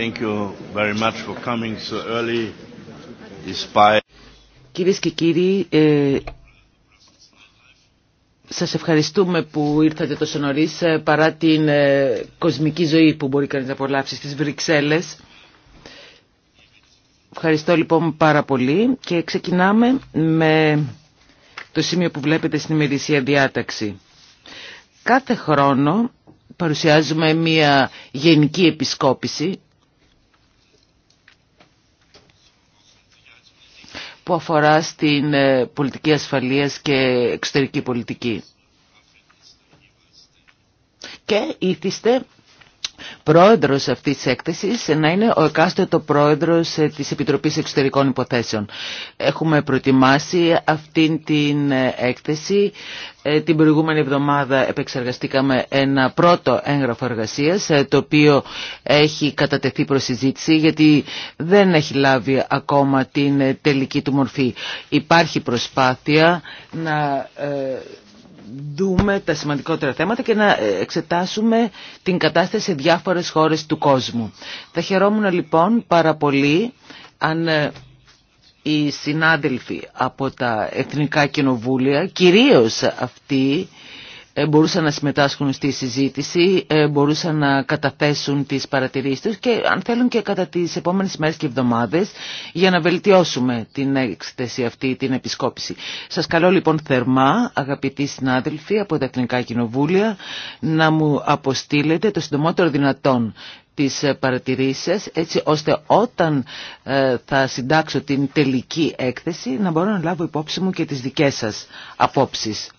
Thank you very much for coming so early. Κυρίες και κύριοι, ε, σας ευχαριστούμε που ήρθατε τόσο νωρίς ε, παρά την ε, κοσμική ζωή που μπορεί κανείς να απολαύσει στις Βρυξέλλες. Ευχαριστώ λοιπόν πάρα πολύ και ξεκινάμε με το σημείο που βλέπετε στην ημερησία διάταξη. Κάθε χρόνο παρουσιάζουμε μια γενική επισκόπηση που αφορά στην ε, πολιτική ασφαλείας και εξωτερική πολιτική. Και ήθιστε πρόεδρος αυτής της έκθεσης να είναι ο το πρόεδρος ε, της Επιτροπής Εξωτερικών Υποθέσεων. Έχουμε προετοιμάσει αυτήν την ε, έκθεση. Ε, την προηγούμενη εβδομάδα επεξεργαστήκαμε ένα πρώτο έγγραφο εργασίας το οποίο έχει κατατεθεί προς συζήτηση γιατί δεν έχει λάβει ακόμα την τελική του μορφή. Υπάρχει προσπάθεια να δούμε τα σημαντικότερα θέματα και να εξετάσουμε την κατάσταση σε διάφορες χώρες του κόσμου. Θα χαιρόμουν λοιπόν πάρα πολύ αν ε, οι συνάδελφοι από τα Εθνικά Κοινοβούλια, κυρίως αυτοί ε, μπορούσαν να συμμετάσχουν στη συζήτηση, ε, μπορούσαν να καταθέσουν τις παρατηρήσεις τους και αν θέλουν και κατά τις επόμενες μέρες και εβδομάδες για να βελτιώσουμε την έκθεση αυτή, την επισκόπηση. Σας καλώ λοιπόν θερμά, αγαπητοί συνάδελφοι από τα Εθνικά Κοινοβούλια, να μου αποστείλετε το συντομότερο δυνατόν τις ε, παρατηρήσεις έτσι ώστε όταν θα συντάξω την τελική έκθεση να μπορώ να λάβω υπόψη μου και τις δικές σας απόψεις.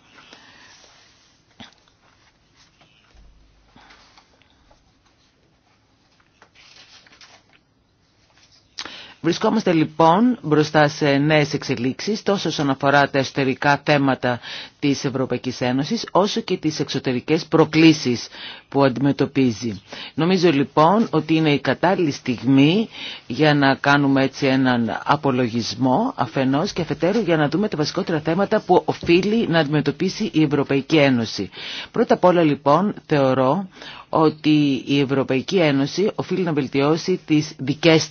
Βρισκόμαστε λοιπόν μπροστά σε νέες εξελίξεις τόσο όσον αφορά τα εσωτερικά θέματα της Ευρωπαϊκής Ένωσης όσο και τις εξωτερικές προκλήσεις που αντιμετωπίζει. Νομίζω λοιπόν ότι είναι η κατάλληλη στιγμή για να κάνουμε έτσι έναν απολογισμό αφενός και αφετέρου για να δούμε τα βασικότερα θέματα που οφείλει να αντιμετωπίσει η Ευρωπαϊκή Ένωση. Πρώτα απ' όλα λοιπόν θεωρώ ότι η Ευρωπαϊκή Ένωση οφείλει να βελτιώσει τις δικές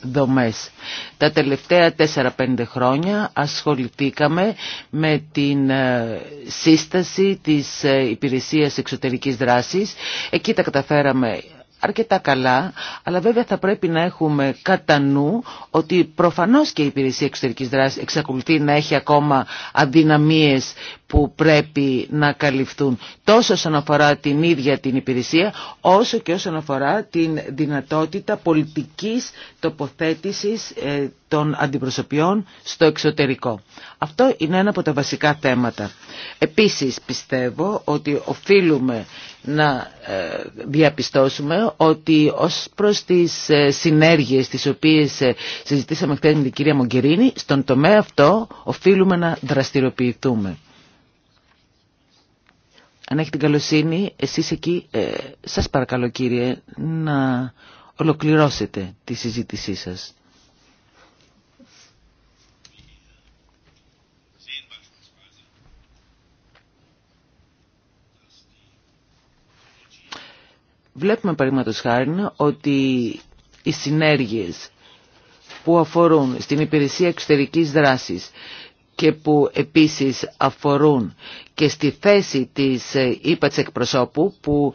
δομές. Τα τελευταία 4-5 χρόνια ασχοληθήκαμε με την ε, σύσταση της ε, υπηρεσίας εξωτερικής δράσης. Εκεί τα καταφέραμε αρκετά καλά, αλλά βέβαια θα πρέπει να έχουμε κατά νου ότι προφανώς και η υπηρεσία εξωτερικής δράσης εξακολουθεί να έχει ακόμα αδυναμίες που πρέπει να καλυφθούν τόσο όσον αφορά την ίδια την υπηρεσία όσο και όσον αφορά την δυνατότητα πολιτικής τοποθέτησης ε, των αντιπροσωπιών στο εξωτερικό. Αυτό είναι ένα από τα βασικά θέματα. Επίσης πιστεύω ότι οφείλουμε να ε, διαπιστώσουμε ότι ως προς τις ε, συνέργειες τις οποίες ε, συζητήσαμε χθε με την κυρία Μογκερίνη, στον τομέα αυτό οφείλουμε να δραστηριοποιηθούμε. Αν έχετε την καλοσύνη, εσείς εκεί, σας παρακαλώ κύριε, να ολοκληρώσετε τη συζήτησή σας. Βλέπουμε παραδείγματος χάρη ότι οι συνέργειες που αφορούν στην υπηρεσία εξωτερικής δράσης και που επίσης αφορούν και στη θέση της ε, ΥΠΑΤΣ εκπροσώπου που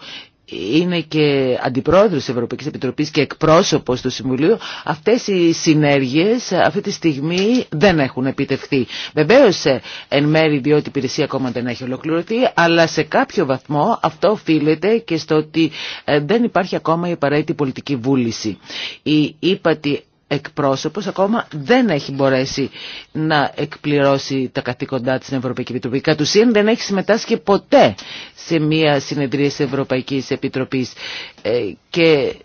είναι και αντιπρόεδρος τη Ευρωπαϊκής Επιτροπής και εκπρόσωπος του Συμβουλίου, αυτές οι συνέργειες αυτή τη στιγμή δεν έχουν επιτευχθεί. Βεβαίως ε, εν μέρη διότι η υπηρεσία ακόμα δεν έχει ολοκληρωθεί, αλλά σε κάποιο βαθμό αυτό οφείλεται και στο ότι ε, δεν υπάρχει ακόμα η απαραίτητη πολιτική βούληση. Η ύπατη εκπρόσωπος ακόμα δεν έχει μπορέσει να εκπληρώσει τα καθήκοντά της στην Ευρωπαϊκή Επιτροπή. Κατ' ουσίαν δεν έχει συμμετάσχει ποτέ σε μία συνεδρία της Ευρωπαϊκής Επιτροπής ε, και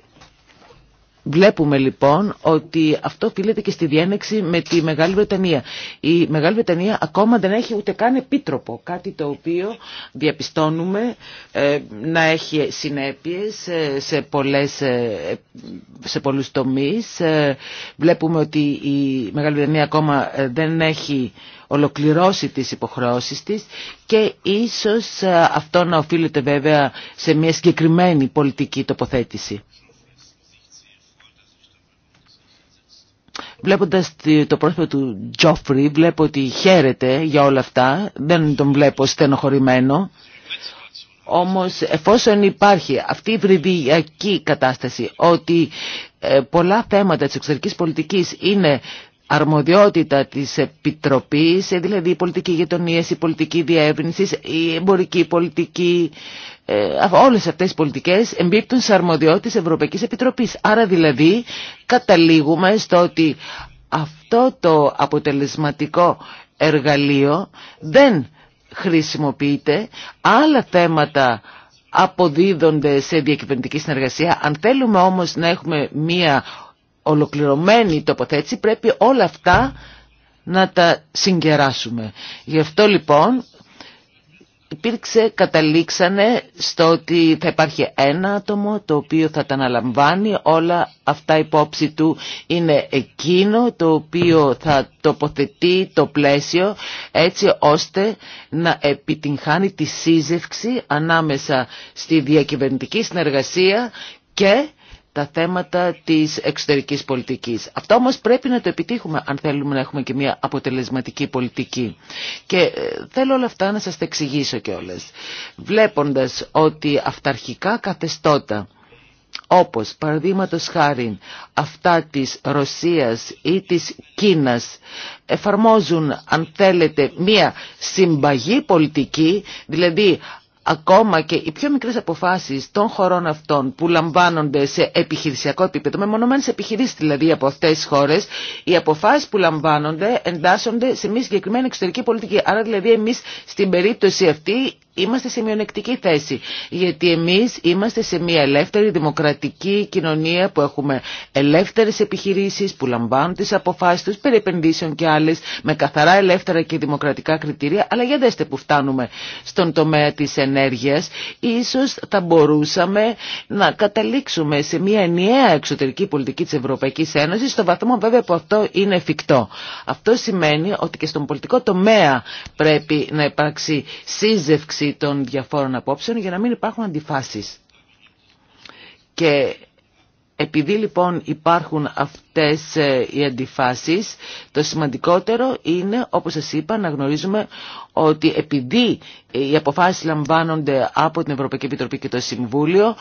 Βλέπουμε λοιπόν ότι αυτό οφείλεται και στη διένεξη με τη Μεγάλη Βρετανία. Η Μεγάλη Βρετανία ακόμα δεν έχει ούτε καν επίτροπο, κάτι το οποίο διαπιστώνουμε ε, να έχει συνέπειες ε, σε, πολλές, ε, σε πολλούς Βλέπουμε ότι η Μεγάλη Βρετανία ακόμα δεν έχει ολοκληρώσει τις υποχρεώσεις της και ίσως αυτό να οφείλεται βέβαια σε μια συγκεκριμένη πολιτική τοποθέτηση. Βλέποντας το πρόσωπο του Τζόφρι βλέπω ότι χαίρεται για όλα αυτά, δεν τον βλέπω στενοχωρημένο. Όμως εφόσον υπάρχει αυτή η βρυβιακή κατάσταση ότι ε, πολλά θέματα της εξωτερικής πολιτικής είναι αρμοδιότητα της Επιτροπής, ε, δηλαδή η πολιτική γειτονία, η πολιτική διεύρυνση, η εμπορική πολιτική, ε, όλες αυτές οι πολιτικές εμπίπτουν σε αρμοδιότητα της Ευρωπαϊκής Επιτροπής. Άρα δηλαδή καταλήγουμε στο ότι αυτό το αποτελεσματικό εργαλείο δεν χρησιμοποιείται, άλλα θέματα αποδίδονται σε διακυβερνητική συνεργασία. Αν θέλουμε όμως να έχουμε μία ολοκληρωμένη τοποθέτηση πρέπει όλα αυτά να τα συγκεράσουμε. Γι' αυτό λοιπόν υπήρξε, καταλήξανε στο ότι θα υπάρχει ένα άτομο το οποίο θα τα αναλαμβάνει όλα αυτά υπόψη του είναι εκείνο το οποίο θα τοποθετεί το πλαίσιο έτσι ώστε να επιτυγχάνει τη σύζευξη ανάμεσα στη διακυβερνητική συνεργασία και τα θέματα της εξωτερικής πολιτικής. Αυτό όμως πρέπει να το επιτύχουμε αν θέλουμε να έχουμε και μια αποτελεσματική πολιτική. Και ε, θέλω όλα αυτά να σας τα εξηγήσω όλες. Βλέποντας ότι αυταρχικά καθεστώτα όπως παραδείγματος χάρη αυτά της Ρωσίας ή της Κίνας εφαρμόζουν αν θέλετε μία συμπαγή πολιτική, δηλαδή ακόμα και οι πιο μικρές αποφάσεις των χωρών αυτών που λαμβάνονται σε επιχειρησιακό επίπεδο, με μονομένες επιχειρήσεις δηλαδή από αυτές τις χώρες, οι αποφάσεις που λαμβάνονται εντάσσονται σε μια συγκεκριμένη εξωτερική πολιτική. Άρα δηλαδή εμείς στην περίπτωση αυτή είμαστε σε μειονεκτική θέση. Γιατί εμείς είμαστε σε μια ελεύθερη δημοκρατική κοινωνία που έχουμε ελεύθερες επιχειρήσεις που λαμβάνουν τις αποφάσεις τους περί και άλλες με καθαρά ελεύθερα και δημοκρατικά κριτήρια. Αλλά για δέστε που φτάνουμε στον τομέα της ενέργειας. Ίσως θα μπορούσαμε να καταλήξουμε σε μια ενιαία εξωτερική πολιτική της Ευρωπαϊκής Ένωσης στο βαθμό βέβαια που αυτό είναι εφικτό. Αυτό σημαίνει ότι και στον πολιτικό τομέα πρέπει να υπάρξει σύζευξη των διαφόρων απόψεων για να μην υπάρχουν αντιφάσεις. Και επειδή λοιπόν υπάρχουν αυτές ε, οι αντιφάσεις, το σημαντικότερο είναι, όπως σας είπα, να γνωρίζουμε ότι επειδή οι αποφάσεις λαμβάνονται από την Ευρωπαϊκή Επιτροπή και το Συμβούλιο,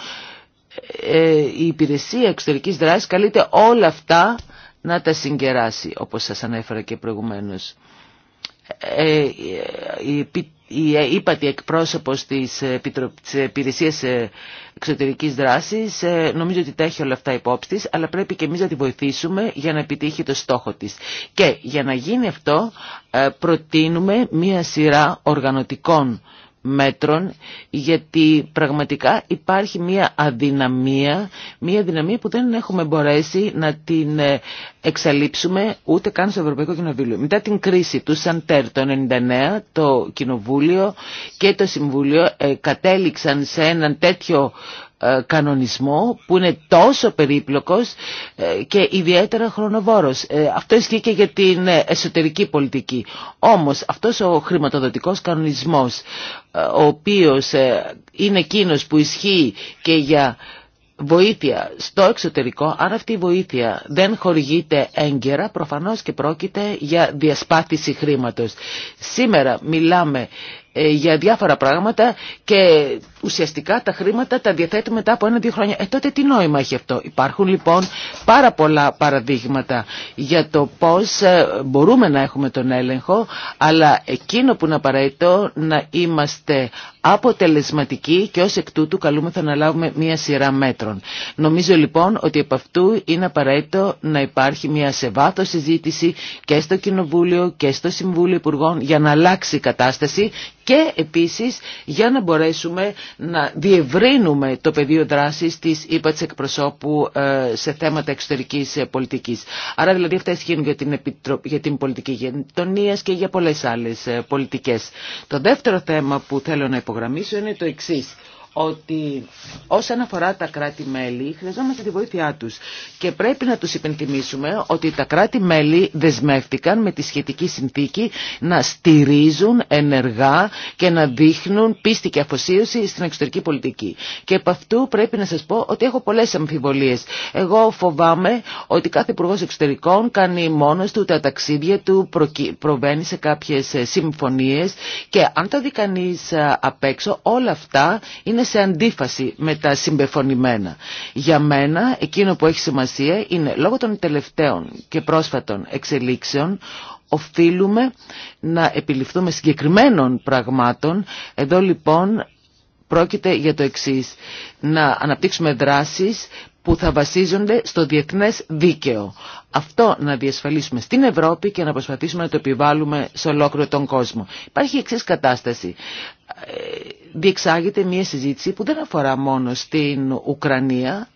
ε, η υπηρεσία εξωτερικής δράσης καλείται όλα αυτά να τα συγκεράσει, όπως σας ανέφερα και προηγουμένως. Ε, η ε, ύπατη εκπρόσωπος της ε, Υπηρεσίας Εξωτερικής Δράσης νομίζω ότι τα έχει όλα αυτά υπόψη αλλά πρέπει και εμείς να τη βοηθήσουμε για να επιτύχει το στόχο της. Και για να γίνει αυτό προτείνουμε μία σειρά οργανωτικών μέτρων γιατί πραγματικά υπάρχει μια αδυναμία, μια δυναμία που δεν έχουμε μπορέσει να την ε, εξαλείψουμε ούτε καν στο Ευρωπαϊκό Κοινοβούλιο. Μετά την κρίση του Σαντέρ το 1999 το Κοινοβούλιο και το Συμβούλιο ε, κατέληξαν σε έναν τέτοιο ε, κανονισμό που είναι τόσο περίπλοκος ε, και ιδιαίτερα χρονοβόρος. Ε, αυτό ισχύει και για την εσωτερική πολιτική. Όμως αυτός ο χρηματοδοτικός κανονισμός ο οποίος είναι εκείνο που ισχύει και για βοήθεια στο εξωτερικό, αν αυτή η βοήθεια δεν χορηγείται έγκαιρα, προφανώς και πρόκειται για διασπάθηση χρήματος. Σήμερα μιλάμε για διάφορα πράγματα και ουσιαστικά τα χρήματα τα διαθέτουμε μετά από ένα-δύο χρόνια. Ε, τότε τι νόημα έχει αυτό. Υπάρχουν λοιπόν πάρα πολλά παραδείγματα για το πώς ε, μπορούμε να έχουμε τον έλεγχο, αλλά εκείνο που είναι απαραίτητο να είμαστε αποτελεσματικοί και ως εκ τούτου καλούμεθα να λάβουμε μία σειρά μέτρων. Νομίζω λοιπόν ότι από αυτού είναι απαραίτητο να υπάρχει μία σε συζήτηση και στο Κοινοβούλιο και στο Συμβούλιο Υπουργών για να αλλάξει η κατάσταση και επίσης για να μπορέσουμε να διευρύνουμε το πεδίο δράσης της ΥΠΑ της εκπροσώπου ε, σε θέματα εξωτερικής ε, πολιτικής. Άρα δηλαδή αυτά ισχύουν για την, για την πολιτική γενιτονίας και για πολλές άλλες ε, πολιτικές. Το δεύτερο θέμα που θέλω να υπογραμμίσω είναι το εξής ότι όσον αφορά τα κράτη-μέλη χρειαζόμαστε τη βοήθειά τους και πρέπει να τους υπενθυμίσουμε ότι τα κράτη-μέλη δεσμεύτηκαν με τη σχετική συνθήκη να στηρίζουν ενεργά και να δείχνουν πίστη και αφοσίωση στην εξωτερική πολιτική. Και από αυτού πρέπει να σας πω ότι έχω πολλές αμφιβολίες. Εγώ φοβάμαι ότι κάθε υπουργό εξωτερικών κάνει μόνος του τα ταξίδια του, προβαίνει σε κάποιες ε, συμφωνίες και αν τα δει κανείς ε, απ' έξω όλα αυτά είναι σε αντίφαση με τα συμπεφωνημένα. Για μένα εκείνο που έχει σημασία είναι λόγω των τελευταίων και πρόσφατων εξελίξεων οφείλουμε να επιληφθούμε συγκεκριμένων πραγμάτων. Εδώ λοιπόν πρόκειται για το εξής, να αναπτύξουμε δράσεις που θα βασίζονται στο διεθνές δίκαιο. Αυτό να διασφαλίσουμε στην Ευρώπη και να προσπαθήσουμε να το επιβάλλουμε σε ολόκληρο τον κόσμο. Υπάρχει κατάσταση. Ε, διεξάγεται μια συζήτηση που δεν αφορά μόνο στην Ουκρανία.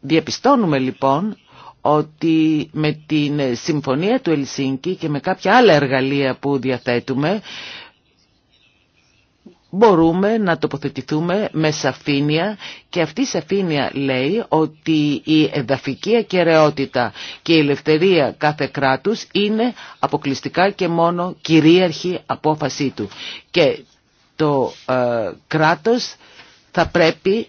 Διαπιστώνουμε λοιπόν ότι με την συμφωνία του Ελσίνκη και με κάποια άλλα εργαλεία που διαθέτουμε μπορούμε να τοποθετηθούμε με σαφήνεια και αυτή η σαφήνεια λέει ότι η εδαφική ακεραιότητα και η ελευθερία κάθε κράτους είναι αποκλειστικά και μόνο κυρίαρχη απόφασή του. Και το ε, κράτος θα πρέπει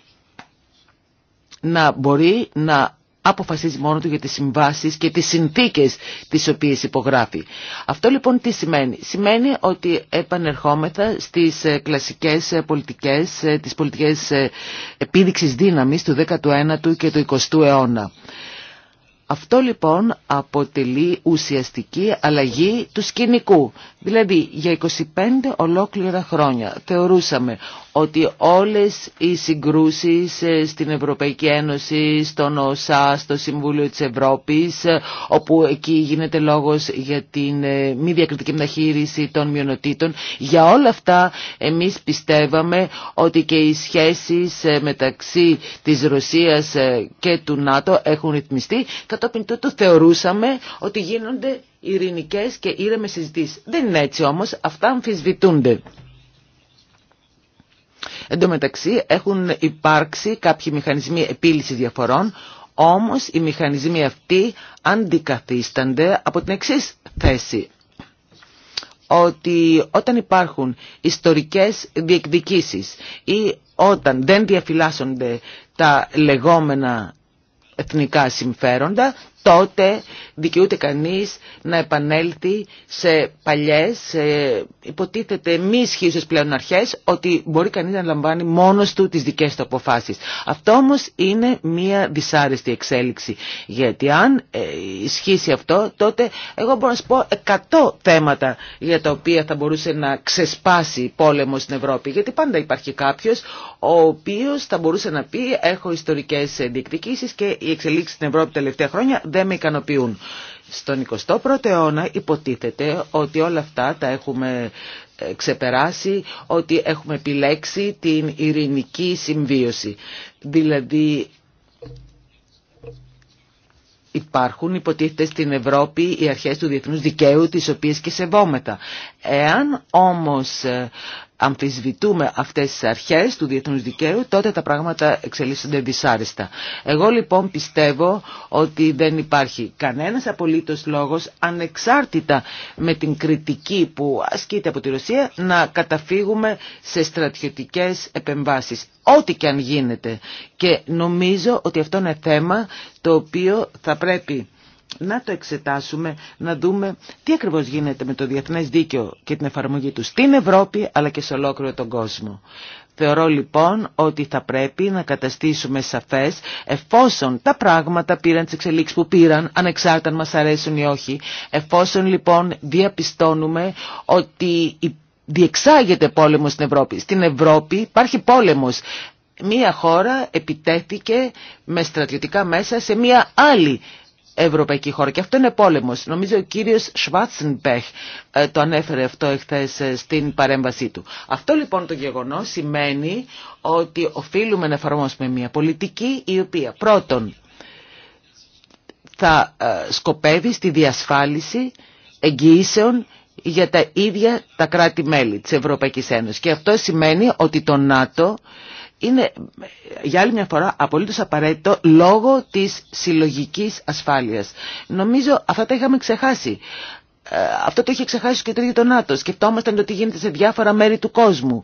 να μπορεί να αποφασίζει μόνο του για τις συμβάσεις και τις συνθήκες τις οποίες υπογράφει. Αυτό λοιπόν τι σημαίνει. Σημαίνει ότι επανερχόμεθα στις ε, κλασικές ε, πολιτικές, τις πολιτικές επίδειξης δύναμης του 19ου και του 20ου αιώνα. Αυτό λοιπόν αποτελεί ουσιαστική αλλαγή του σκηνικού. Δηλαδή για 25 ολόκληρα χρόνια θεωρούσαμε ότι όλες οι συγκρούσεις ε, στην Ευρωπαϊκή Ένωση, στον ΟΣΑ, στο Συμβούλιο της Ευρώπης, ε, όπου εκεί γίνεται λόγος για την ε, μη διακριτική μεταχείριση των μειονοτήτων, για όλα αυτά εμείς πιστεύαμε ότι και οι σχέσεις μεταξύ της Ρωσίας και του ΝΑΤΟ έχουν ρυθμιστεί. Κατόπιν τούτου θεωρούσαμε ότι γίνονται ειρηνικές και ήρεμες συζητήσεις. Δεν είναι έτσι όμως, αυτά αμφισβητούνται. Εν τω μεταξύ έχουν υπάρξει κάποιοι μηχανισμοί επίλυση διαφορών, όμως οι μηχανισμοί αυτοί αντικαθίστανται από την εξής θέση ότι όταν υπάρχουν ιστορικές διεκδικήσεις ή όταν δεν διαφυλάσσονται τα λεγόμενα εθνικά συμφέροντα, τότε δικαιούται κανείς να επανέλθει σε παλιές, σε υποτίθεται μη ισχύουσες πλέον αρχές, ότι μπορεί κανείς να λαμβάνει μόνος του τις δικές του αποφάσεις. Αυτό όμως είναι μία δυσάρεστη εξέλιξη, γιατί αν ε, ισχύσει αυτό, τότε εγώ μπορώ να σου πω 100 θέματα για τα οποία θα μπορούσε να ξεσπάσει πόλεμο στην Ευρώπη, γιατί πάντα υπάρχει κάποιος ο οποίος θα μπορούσε να πει έχω ιστορικές διεκδικήσεις και η εξελίξη στην Ευρώπη τα τελευταία χρόνια δεν με ικανοποιούν. Στον 21ο αιώνα υποτίθεται ότι όλα αυτά τα έχουμε ε, ξεπεράσει, ότι έχουμε επιλέξει την ειρηνική συμβίωση. Δηλαδή υπάρχουν υποτίθεται στην Ευρώπη οι αρχές του διεθνούς δικαίου τις οποίες και σεβόμετα. Εάν όμως ε, αμφισβητούμε αυτές τις αρχές του διεθνούς δικαίου, τότε τα πράγματα εξελίσσονται δυσάρεστα. Εγώ λοιπόν πιστεύω ότι δεν υπάρχει κανένας απολύτως λόγος, ανεξάρτητα με την κριτική που ασκείται από τη Ρωσία, να καταφύγουμε σε στρατιωτικές επεμβάσεις. Ό,τι και αν γίνεται. Και νομίζω ότι αυτό είναι θέμα το οποίο θα πρέπει να το εξετάσουμε, να δούμε τι ακριβώς γίνεται με το διεθνές δίκαιο και την εφαρμογή του στην Ευρώπη αλλά και σε ολόκληρο τον κόσμο. Θεωρώ λοιπόν ότι θα πρέπει να καταστήσουμε σαφές εφόσον τα πράγματα πήραν τις εξελίξεις που πήραν, ανεξάρτητα αν μας αρέσουν ή όχι, εφόσον λοιπόν διαπιστώνουμε ότι διεξάγεται πόλεμο στην Ευρώπη. Στην Ευρώπη υπάρχει πόλεμος. Μία χώρα επιτέθηκε με στρατιωτικά μέσα σε μία άλλη ευρωπαϊκή χώρα. Και αυτό είναι πόλεμος. Νομίζω ο κύριος Σβάτσενπεχ το ανέφερε αυτό εχθές ε, στην παρέμβασή του. Αυτό λοιπόν το γεγονός σημαίνει ότι οφείλουμε να εφαρμόσουμε μια πολιτική η οποία πρώτον θα ε, σκοπεύει στη διασφάλιση εγγυήσεων για τα ίδια τα κράτη-μέλη της Ευρωπαϊκής Ένωσης. Και αυτό σημαίνει ότι το ΝΑΤΟ είναι για άλλη μια φορά απολύτως απαραίτητο λόγω της συλλογικής ασφάλειας. Νομίζω αυτά τα είχαμε ξεχάσει. Ε, αυτό το είχε ξεχάσει και το ίδιο το ΝΑΤΟ. Σκεφτόμασταν το τι γίνεται σε διάφορα μέρη του κόσμου.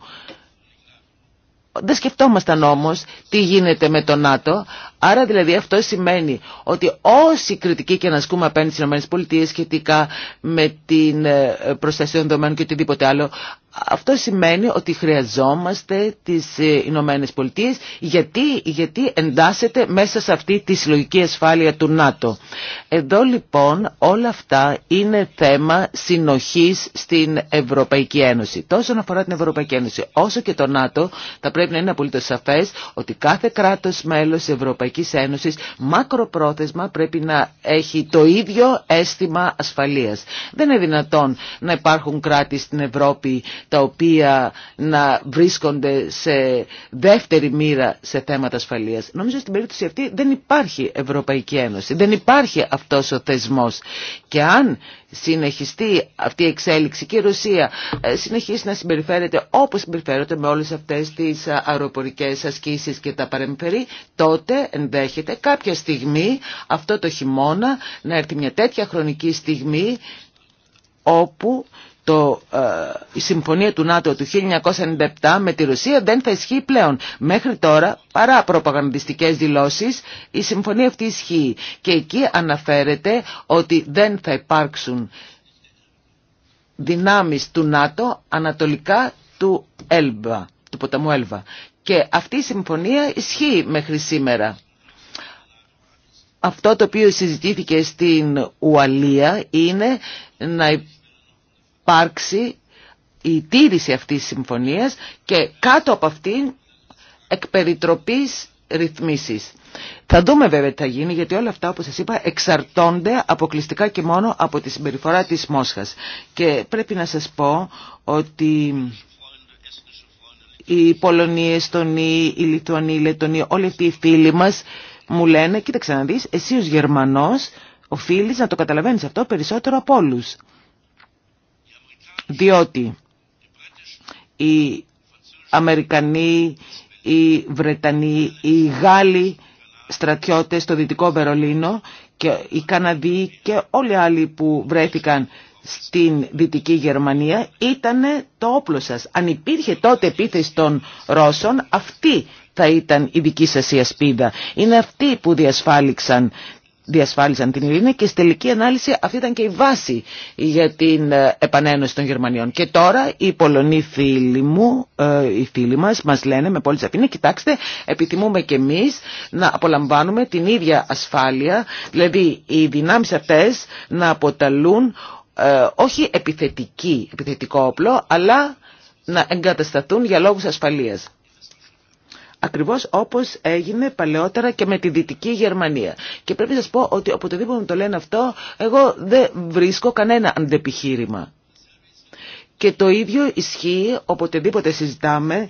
Δεν σκεφτόμασταν όμως τι γίνεται με το ΝΑΤΟ. Άρα δηλαδή αυτό σημαίνει ότι όση κριτική και να ασκούμε απέναντι στις ΗΠΑ σχετικά με την ε, προστασία των δεδομένων και οτιδήποτε άλλο, αυτό σημαίνει ότι χρειαζόμαστε τις ε, Ηνωμένε Πολιτείε γιατί, γιατί εντάσσεται μέσα σε αυτή τη συλλογική ασφάλεια του ΝΑΤΟ. Εδώ λοιπόν όλα αυτά είναι θέμα συνοχής στην Ευρωπαϊκή Ένωση. Τόσο αφορά την Ευρωπαϊκή Ένωση όσο και το ΝΑΤΟ θα πρέπει να είναι απολύτω σαφές ότι κάθε κράτος μέλος της Ευρωπαϊκής Ένωσης μακροπρόθεσμα πρέπει να έχει το ίδιο αίσθημα ασφαλείας. Δεν είναι δυνατόν να υπάρχουν κράτη στην Ευρώπη τα οποία να βρίσκονται σε δεύτερη μοίρα σε θέματα ασφαλείας. Νομίζω στην περίπτωση αυτή δεν υπάρχει Ευρωπαϊκή Ένωση, δεν υπάρχει αυτός ο θεσμός. Και αν συνεχιστεί αυτή η εξέλιξη και η Ρωσία ε, συνεχίσει να συμπεριφέρεται όπως συμπεριφέρεται με όλες αυτές τις ε, αεροπορικές ασκήσεις και τα παρεμφερή, τότε ενδέχεται κάποια στιγμή αυτό το χειμώνα να έρθει μια τέτοια χρονική στιγμή όπου το, ε, η συμφωνία του ΝΑΤΟ του 1997 με τη Ρωσία δεν θα ισχύει πλέον. Μέχρι τώρα, παρά προπαγανδιστικές δηλώσεις, η συμφωνία αυτή ισχύει. Και εκεί αναφέρεται ότι δεν θα υπάρξουν δυνάμεις του ΝΑΤΟ ανατολικά του, Έλβα, του ποταμού Έλβα. Και αυτή η συμφωνία ισχύει μέχρι σήμερα. Αυτό το οποίο συζητήθηκε στην Ουαλία είναι να υπάρξει η τήρηση αυτής της συμφωνίας και κάτω από αυτήν εκπεριτροπής ρυθμίσεις. Θα δούμε βέβαια τι θα γίνει γιατί όλα αυτά όπως σας είπα εξαρτώνται αποκλειστικά και μόνο από τη συμπεριφορά της Μόσχας. Και πρέπει να σας πω ότι οι Πολωνία, οι Εστονοί, οι Λιθουανοί, Λετονοί, όλοι αυτοί οι φίλοι μας μου λένε, κοίταξε να δεις, εσύ ως Γερμανός οφείλεις να το καταλαβαίνεις αυτό περισσότερο από όλους διότι οι Αμερικανοί, οι Βρετανοί, οι Γάλλοι στρατιώτες στο Δυτικό Βερολίνο και οι Καναδοί και όλοι οι άλλοι που βρέθηκαν στην Δυτική Γερμανία ήταν το όπλο σας. Αν υπήρχε τότε επίθεση των Ρώσων, αυτή θα ήταν η δική σας η ασπίδα. Είναι αυτοί που διασφάλιξαν διασφάλισαν την ειρήνη και στη τελική ανάλυση αυτή ήταν και η βάση για την ε, επανένωση των Γερμανιών. Και τώρα οι Πολωνοί φίλοι μου, ε, οι φίλοι μας, μας λένε με πόλη σαφήνεια, κοιτάξτε, επιθυμούμε και εμείς να απολαμβάνουμε την ίδια ασφάλεια, δηλαδή οι δυνάμεις αυτές να αποταλούν ε, όχι επιθετική, επιθετικό όπλο, αλλά να εγκατασταθούν για λόγους ασφαλείας. Ακριβώς όπως έγινε παλαιότερα και με τη Δυτική Γερμανία. Και πρέπει να σας πω ότι οποτεδήποτε μου το λένε αυτό, εγώ δεν βρίσκω κανένα αντεπιχείρημα. Και το ίδιο ισχύει οποτεδήποτε συζητάμε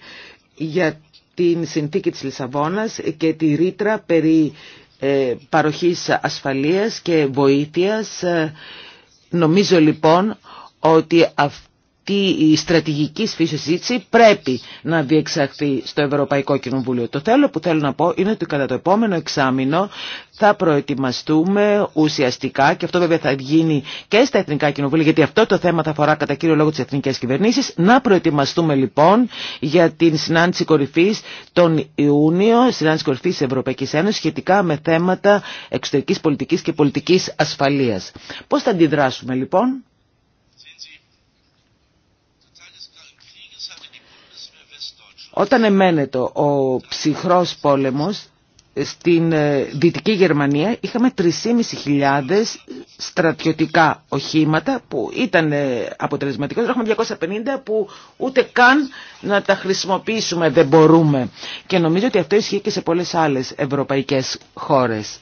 για την συνθήκη της Λισαβόνας και τη ρήτρα περί ε, παροχής ασφαλείας και βοήθειας. Ε, νομίζω λοιπόν ότι αυτό η στρατηγική φύση συζήτηση πρέπει να διεξαχθεί στο Ευρωπαϊκό Κοινοβούλιο. Το θέλω που θέλω να πω είναι ότι κατά το επόμενο εξάμεινο θα προετοιμαστούμε ουσιαστικά και αυτό βέβαια θα γίνει και στα Εθνικά Κοινοβούλια γιατί αυτό το θέμα θα αφορά κατά κύριο λόγο τις εθνικές κυβερνήσεις. Να προετοιμαστούμε λοιπόν για την συνάντηση κορυφής τον Ιούνιο, συνάντηση κορυφής της Ευρωπαϊκής Ένωσης σχετικά με θέματα εξωτερικής πολιτικής και πολιτικής ασφαλείας. Πώς θα αντιδράσουμε λοιπόν. Όταν εμένετο ο ψυχρός πόλεμος ε, στην ε, Δυτική Γερμανία είχαμε 3.500 στρατιωτικά οχήματα που ήταν ε, αποτελεσματικό. έχουμε 250 που ούτε καν να τα χρησιμοποιήσουμε δεν μπορούμε. Και νομίζω ότι αυτό ισχύει και σε πολλές άλλες ευρωπαϊκές χώρες.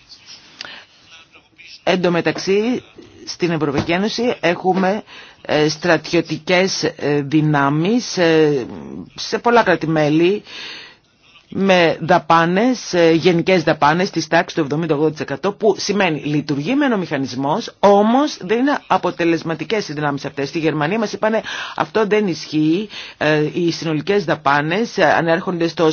Εν τω μεταξύ, στην Ευρωπαϊκή Ένωση έχουμε ε, στρατιωτικές ε, δυνάμεις ε, σε πολλά κρατημέλη με δαπάνες, ε, γενικές δαπάνες της τάξης του 78% που σημαίνει λειτουργεί με ένα μηχανισμός όμως δεν είναι αποτελεσματικές οι δυνάμεις αυτές. Στη Γερμανία μας είπανε αυτό δεν ισχύει, ε, οι συνολικές δαπάνες ε, ανέρχονται στο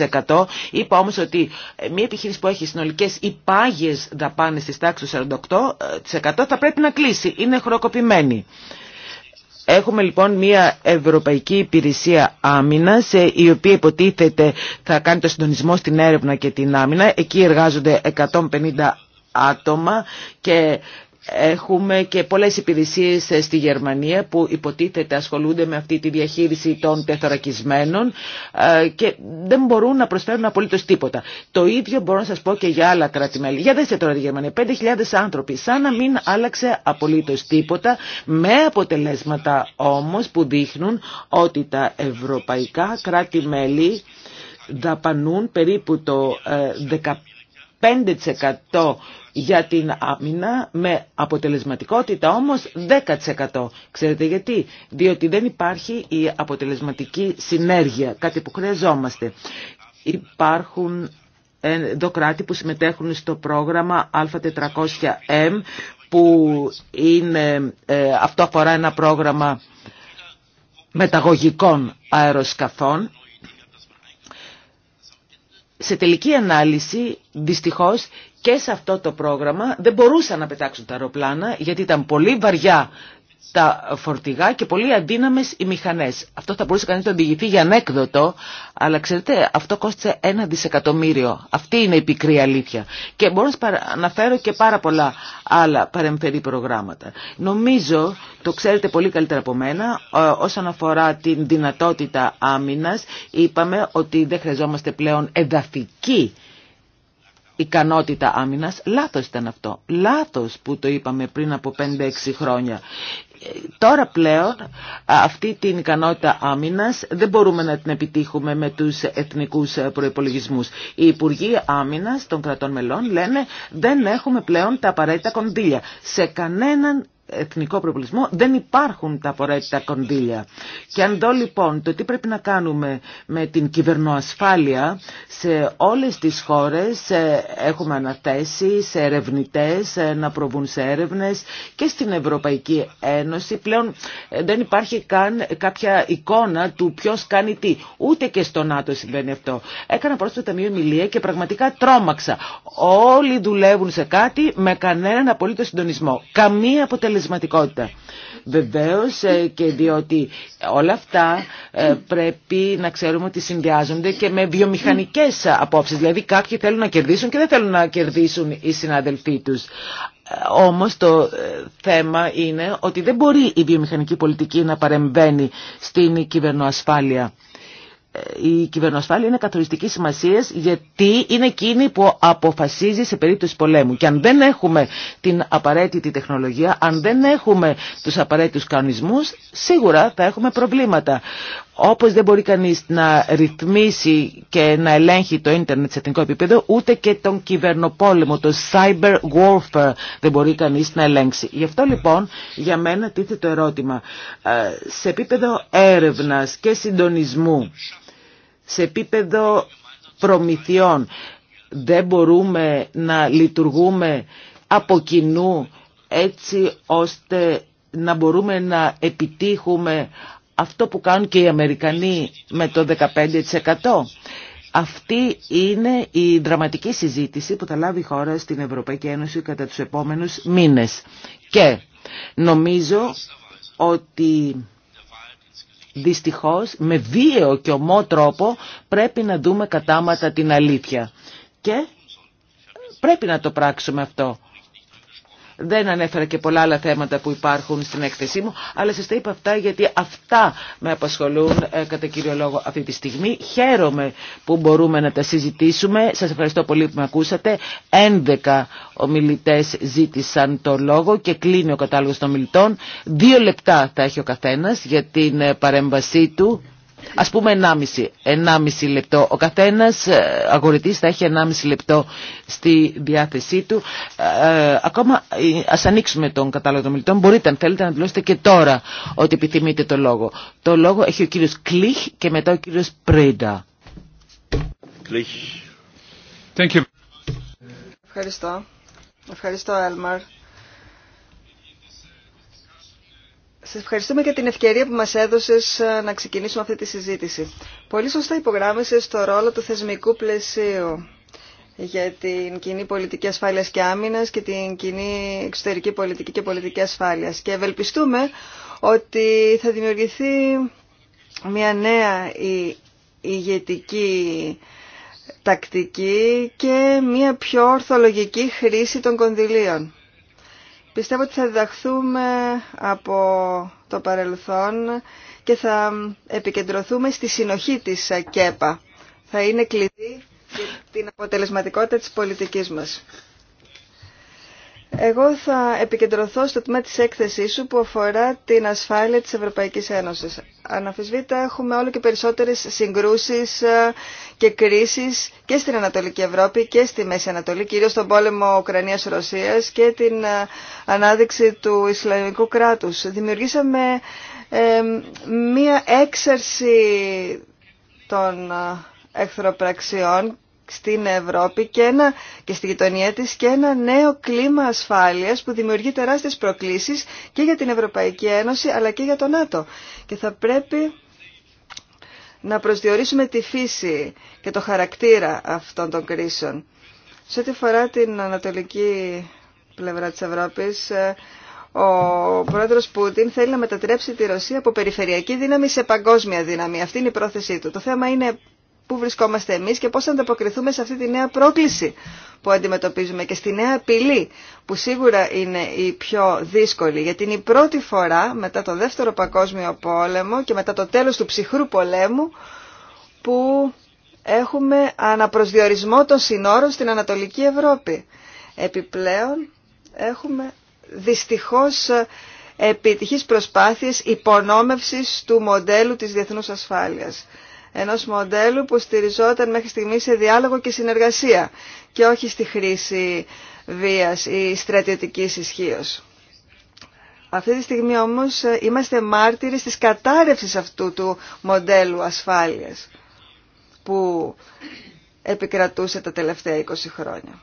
48% είπα όμως ότι μια επιχείρηση που έχει συνολικές υπάγειες δαπάνες της τάξης του 48% θα πρέπει να κλείσει, είναι χροκοπημένη. Έχουμε λοιπόν μια Ευρωπαϊκή Υπηρεσία Άμυνα, ε, η οποία υποτίθεται θα κάνει το συντονισμό στην έρευνα και την άμυνα. Εκεί εργάζονται 150 άτομα και Έχουμε και πολλές υπηρεσίες ε, στη Γερμανία που υποτίθεται ασχολούνται με αυτή τη διαχείριση των τεθωρακισμένων ε, και δεν μπορούν να προσφέρουν απολύτως τίποτα. Το ίδιο μπορώ να σας πω και για άλλα κράτη-μέλη. Για δέστε τώρα τη Γερμανία, 5.000 άνθρωποι, σαν να μην άλλαξε απολύτως τίποτα, με αποτελέσματα όμως που δείχνουν ότι τα ευρωπαϊκά κράτη-μέλη δαπανούν περίπου το 15% ε, για την άμυνα με αποτελεσματικότητα όμως 10%. Ξέρετε γιατί. Διότι δεν υπάρχει η αποτελεσματική συνέργεια, κάτι που χρειαζόμαστε. Υπάρχουν εδώ κράτη που συμμετέχουν στο πρόγραμμα Α400M που είναι, ε, αυτό αφορά ένα πρόγραμμα μεταγωγικών αεροσκαφών. Σε τελική ανάλυση, δυστυχώς, και σε αυτό το πρόγραμμα δεν μπορούσαν να πετάξουν τα αεροπλάνα γιατί ήταν πολύ βαριά τα φορτηγά και πολύ αδύναμες οι μηχανές. Αυτό θα μπορούσε κανείς να το αντιγηθεί για ανέκδοτο, αλλά ξέρετε αυτό κόστησε ένα δισεκατομμύριο. Αυτή είναι η πικρή αλήθεια. Και μπορώ να αναφέρω και πάρα πολλά άλλα παρεμφερή προγράμματα. Νομίζω, το ξέρετε πολύ καλύτερα από μένα, ε, όσον αφορά την δυνατότητα άμυνας, είπαμε ότι δεν χρειαζόμαστε πλέον εδαφική ικανότητα άμυνας. Λάθος ήταν αυτό. Λάθος που το είπαμε πριν από 5-6 χρόνια. Τώρα πλέον αυτή την ικανότητα άμυνας δεν μπορούμε να την επιτύχουμε με τους εθνικούς προϋπολογισμούς. Οι Υπουργοί Άμυνας των κρατών μελών λένε δεν έχουμε πλέον τα απαραίτητα κονδύλια σε κανέναν εθνικό προπολισμό δεν υπάρχουν τα απαραίτητα κονδύλια. Και αν δω λοιπόν το τι πρέπει να κάνουμε με την κυβερνοασφάλεια σε όλες τις χώρες ε, έχουμε αναθέσει σε ερευνητές ε, να προβούν σε έρευνες και στην Ευρωπαϊκή Ένωση πλέον ε, δεν υπάρχει καν κάποια εικόνα του ποιο κάνει τι. Ούτε και στο ΝΑΤΟ συμβαίνει αυτό. Έκανα πρόσφατα μία ομιλία και πραγματικά τρόμαξα. Όλοι δουλεύουν σε κάτι με κανέναν απολύτω συντονισμό. Καμία αποτελεσματικότητα αποτελεσματικότητα. Βεβαίως ε, και διότι όλα αυτά ε, πρέπει να ξέρουμε ότι συνδυάζονται και με βιομηχανικές απόψεις. Δηλαδή κάποιοι θέλουν να κερδίσουν και δεν θέλουν να κερδίσουν οι συναδελφοί τους. Ε, όμως το θέμα είναι ότι δεν μπορεί η βιομηχανική πολιτική να παρεμβαίνει στην κυβερνοασφάλεια η κυβερνοσφάλεια είναι καθοριστική σημασία γιατί είναι εκείνη που αποφασίζει σε περίπτωση πολέμου. Και αν δεν έχουμε την απαραίτητη τεχνολογία, αν δεν έχουμε τους απαραίτητου κανονισμού, σίγουρα θα έχουμε προβλήματα. Όπως δεν μπορεί κανείς να ρυθμίσει και να ελέγχει το ίντερνετ σε εθνικό επίπεδο, ούτε και τον κυβερνοπόλεμο, το cyber warfare δεν μπορεί κανείς να ελέγξει. Γι' αυτό λοιπόν για μένα τίθεται το ερώτημα. Ε, σε επίπεδο έρευνας και συντονισμού, σε επίπεδο προμηθειών, δεν μπορούμε να λειτουργούμε από κοινού έτσι ώστε να μπορούμε να επιτύχουμε αυτό που κάνουν και οι Αμερικανοί με το 15%. Αυτή είναι η δραματική συζήτηση που θα λάβει η χώρα στην Ευρωπαϊκή Ένωση κατά τους επόμενους μήνες. Και νομίζω ότι δυστυχώς με βίαιο και ομό τρόπο πρέπει να δούμε κατάματα την αλήθεια. Και πρέπει να το πράξουμε αυτό. Δεν ανέφερα και πολλά άλλα θέματα που υπάρχουν στην έκθεσή μου, αλλά σας τα είπα αυτά γιατί αυτά με απασχολούν ε, κατά κύριο λόγο αυτή τη στιγμή. Χαίρομαι που μπορούμε να τα συζητήσουμε. Σας ευχαριστώ πολύ που με ακούσατε. 11 ομιλητές ζήτησαν το λόγο και κλείνει ο κατάλογος των ομιλητών. Δύο λεπτά θα έχει ο καθένας για την ε, παρέμβασή του. Ας πούμε 1,5, 1,5 λεπτό. Ο καθένας ε, αγορητής θα έχει 1,5 λεπτό στη διάθεσή του. Ε, ακόμα ε, ας ανοίξουμε τον κατάλογο των μιλητών. Μπορείτε αν θέλετε να δηλώσετε και τώρα ότι επιθυμείτε το λόγο. Το λόγο έχει ο κύριος Κλίχ και μετά ο κύριος Πρέιντα. Κλίχ. Ευχαριστώ. Ευχαριστώ, Έλμαρ. Σα ευχαριστούμε για την ευκαιρία που μα έδωσε ε, να ξεκινήσουμε αυτή τη συζήτηση. Πολύ σωστά υπογράμμισε το ρόλο του θεσμικού πλαισίου για την κοινή πολιτική ασφάλειας και Άμυνα και την κοινή εξωτερική πολιτική και πολιτική ασφάλειας. Και ευελπιστούμε ότι θα δημιουργηθεί μια νέα ηγετική τακτική και μια πιο ορθολογική χρήση των κονδυλίων. Πιστεύω ότι θα διδαχθούμε από το παρελθόν και θα επικεντρωθούμε στη συνοχή της ΚΕΠΑ. Θα είναι κλειδί την αποτελεσματικότητα της πολιτικής μας. Εγώ θα επικεντρωθώ στο τμήμα της έκθεσής σου που αφορά την ασφάλεια της Ευρωπαϊκής Ένωσης. Αναφυσβήτα έχουμε όλο και περισσότερες συγκρούσεις και κρίσεις και στην Ανατολική Ευρώπη και στη Μέση Ανατολή, κυρίως τον πόλεμο Ουκρανίας-Ρωσίας και την ε, ανάδειξη του Ισλαμικού κράτους. Δημιουργήσαμε ε, μία έξαρση των ε, εχθροπραξιών στην Ευρώπη και, ένα, και στη γειτονία της και ένα νέο κλίμα ασφάλειας που δημιουργεί τεράστιες προκλήσεις και για την Ευρωπαϊκή Ένωση αλλά και για το ΝΑΤΟ. Και θα πρέπει να προσδιορίσουμε τη φύση και το χαρακτήρα αυτών των κρίσεων. Σε ό,τι αφορά την ανατολική πλευρά της Ευρώπης, ε, ο πρόεδρος Πούτιν θέλει να μετατρέψει τη Ρωσία από περιφερειακή δύναμη σε παγκόσμια δύναμη. Αυτή είναι η πρόθεσή του. Το θέμα είναι πού βρισκόμαστε εμείς και πώς θα ανταποκριθούμε σε αυτή τη νέα πρόκληση που αντιμετωπίζουμε και στη νέα απειλή που σίγουρα είναι η πιο δύσκολη γιατί είναι η πρώτη φορά μετά το δεύτερο παγκόσμιο πόλεμο και μετά το τέλος του ψυχρού πολέμου που έχουμε αναπροσδιορισμό των συνόρων στην Ανατολική Ευρώπη. Επιπλέον έχουμε δυστυχώς επιτυχής προσπάθειες υπονόμευσης του μοντέλου της διεθνούς ασφάλειας ενός μοντέλου που στηριζόταν μέχρι στιγμή σε διάλογο και συνεργασία και όχι στη χρήση βίας ή στρατιωτικής ισχύω. Αυτή τη στιγμή όμως ε, είμαστε μάρτυρες της κατάρρευσης αυτού του μοντέλου ασφάλειας που επικρατούσε τα τελευταία 20 χρόνια.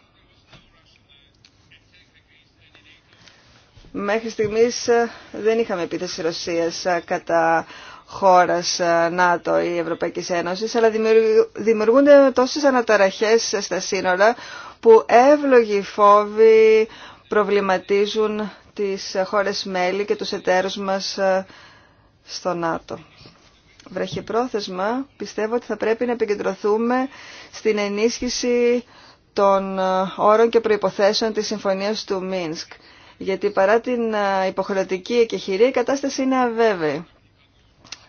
Μέχρι στιγμής ε, δεν είχαμε επίθεση Ρωσίας ε, κατά χώρας ε, ΝΑΤΟ ή Ευρωπαϊκής Ένωσης, αλλά δημιουργούνται τόσες αναταραχές στα σύνορα που εύλογοι φόβοι προβληματίζουν τις χώρες μέλη και τους εταίρους μας ε, στο ΝΑΤΟ. Βραχυπρόθεσμα πιστεύω ότι θα πρέπει να επικεντρωθούμε στην ενίσχυση των ε, όρων και προϋποθέσεων της Συμφωνίας του Μίνσκ. Γιατί παρά την υποχρεωτική εκεχηρία η κατάσταση είναι αβέβαιη.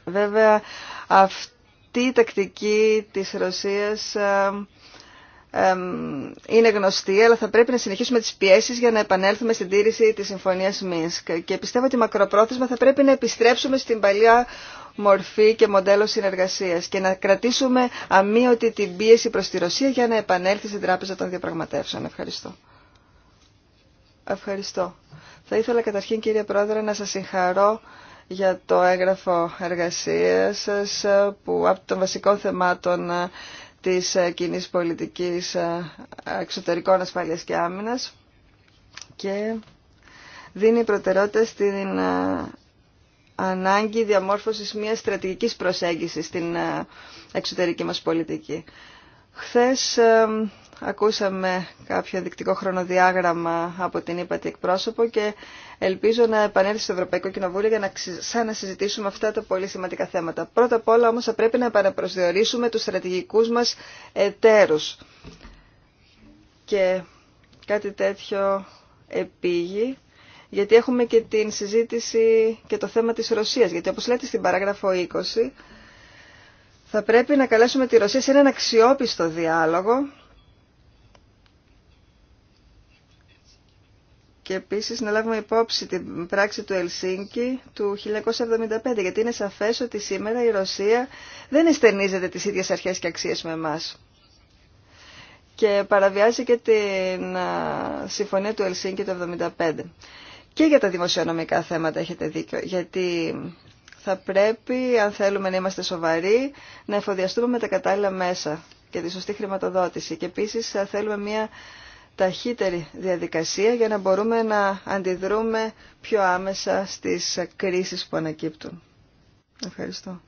Βέβαια αυτή η τακτική της Ρωσίας είναι γνωστή, αλλά θα πρέπει να συνεχίσουμε τις πιέσεις για να επανέλθουμε στην τήρηση της Συμφωνίας Μίνσκ. Και πιστεύω ότι μακροπρόθεσμα θα πρέπει να επιστρέψουμε στην παλιά μορφή και μοντέλο συνεργασίας και να κρατήσουμε αμύωτη την πίεση προς τη Ρωσία για να επανέλθει στην Τράπεζα των Διαπραγματεύσεων. Ευχαριστώ. Ευχαριστώ. Θα ήθελα καταρχήν κύριε Πρόεδρε να σας συγχαρώ για το έγγραφο εργασίας σας που από των βασικών θεμάτων της κοινή πολιτικής ε, εξωτερικών ασφάλειας και άμυνας και δίνει προτεραιότητα στην ε, ανάγκη διαμόρφωσης μιας στρατηγικής προσέγγισης στην ε, εξωτερική μας πολιτική. Χθες ακούσαμε κάποιο δεικτικό χρονοδιάγραμμα από την ΥΠΑΤΗ εκπρόσωπο και ελπίζω να επανέλθει στο Ευρωπαϊκό Κοινοβούλιο για να ξανασυζητήσουμε αυτά τα πολύ σημαντικά θέματα. Πρώτα απ' όλα όμως θα πρέπει να επαναπροσδιορίσουμε τους στρατηγικούς μας εταίρους. Και κάτι τέτοιο επίγει, γιατί έχουμε και την συζήτηση και το θέμα της Ρωσίας. Γιατί όπως λέτε στην παράγραφο 20, θα πρέπει να καλέσουμε τη Ρωσία σε έναν αξιόπιστο διάλογο και επίσης να λάβουμε υπόψη την πράξη του Ελσίνκη του 1975, γιατί είναι σαφές ότι σήμερα η Ρωσία δεν εστερνίζεται τις ίδιες αρχές και αξίες με εμάς. Και παραβιάζει και την συμφωνία του Ελσίνκη του 1975. Και για τα δημοσιονομικά θέματα έχετε δίκιο, γιατί θα πρέπει, αν θέλουμε να είμαστε σοβαροί, να εφοδιαστούμε με τα κατάλληλα μέσα και τη σωστή χρηματοδότηση. Και επίσης θέλουμε μια ταχύτερη διαδικασία για να μπορούμε να αντιδρούμε πιο άμεσα στις κρίσεις που ανακύπτουν. Ευχαριστώ.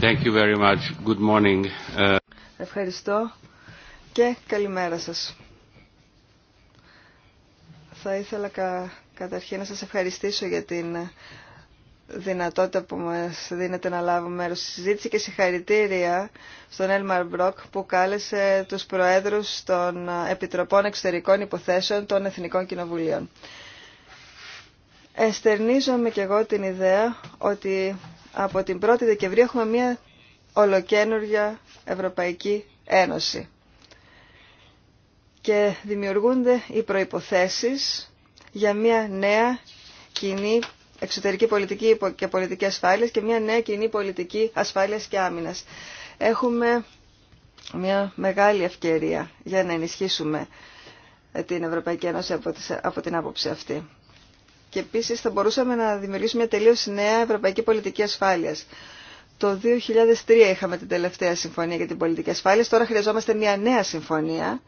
Thank you very much. Good morning. Ευχαριστώ και καλημέρα σας. Θα ήθελα Καταρχήν να σας ευχαριστήσω για την δυνατότητα που μας δίνεται να λάβουμε μέρος στη συζήτηση και συγχαρητήρια στον Έλμαρ Μπροκ που κάλεσε τους Προέδρους των Επιτροπών Εξωτερικών Υποθέσεων των Εθνικών Κοινοβουλίων. Εστερνίζομαι και εγώ την ιδέα ότι από την 1η Δεκεμβρίου έχουμε μια ολοκένουργια Ευρωπαϊκή Ένωση και δημιουργούνται οι προϋποθέσεις για μια νέα κοινή εξωτερική πολιτική και πολιτική ασφάλειας και μια νέα κοινή πολιτική ασφάλειας και άμυνας. Έχουμε μια μεγάλη ευκαιρία για να ενισχύσουμε την Ευρωπαϊκή Ένωση από την άποψη αυτή. Και επίσης θα μπορούσαμε να δημιουργήσουμε μια τελείως νέα Ευρωπαϊκή Πολιτική Ασφάλειας. Το 2003 είχαμε την τελευταία συμφωνία για την πολιτική ασφάλεια, τώρα χρειαζόμαστε μια νέα συμφωνία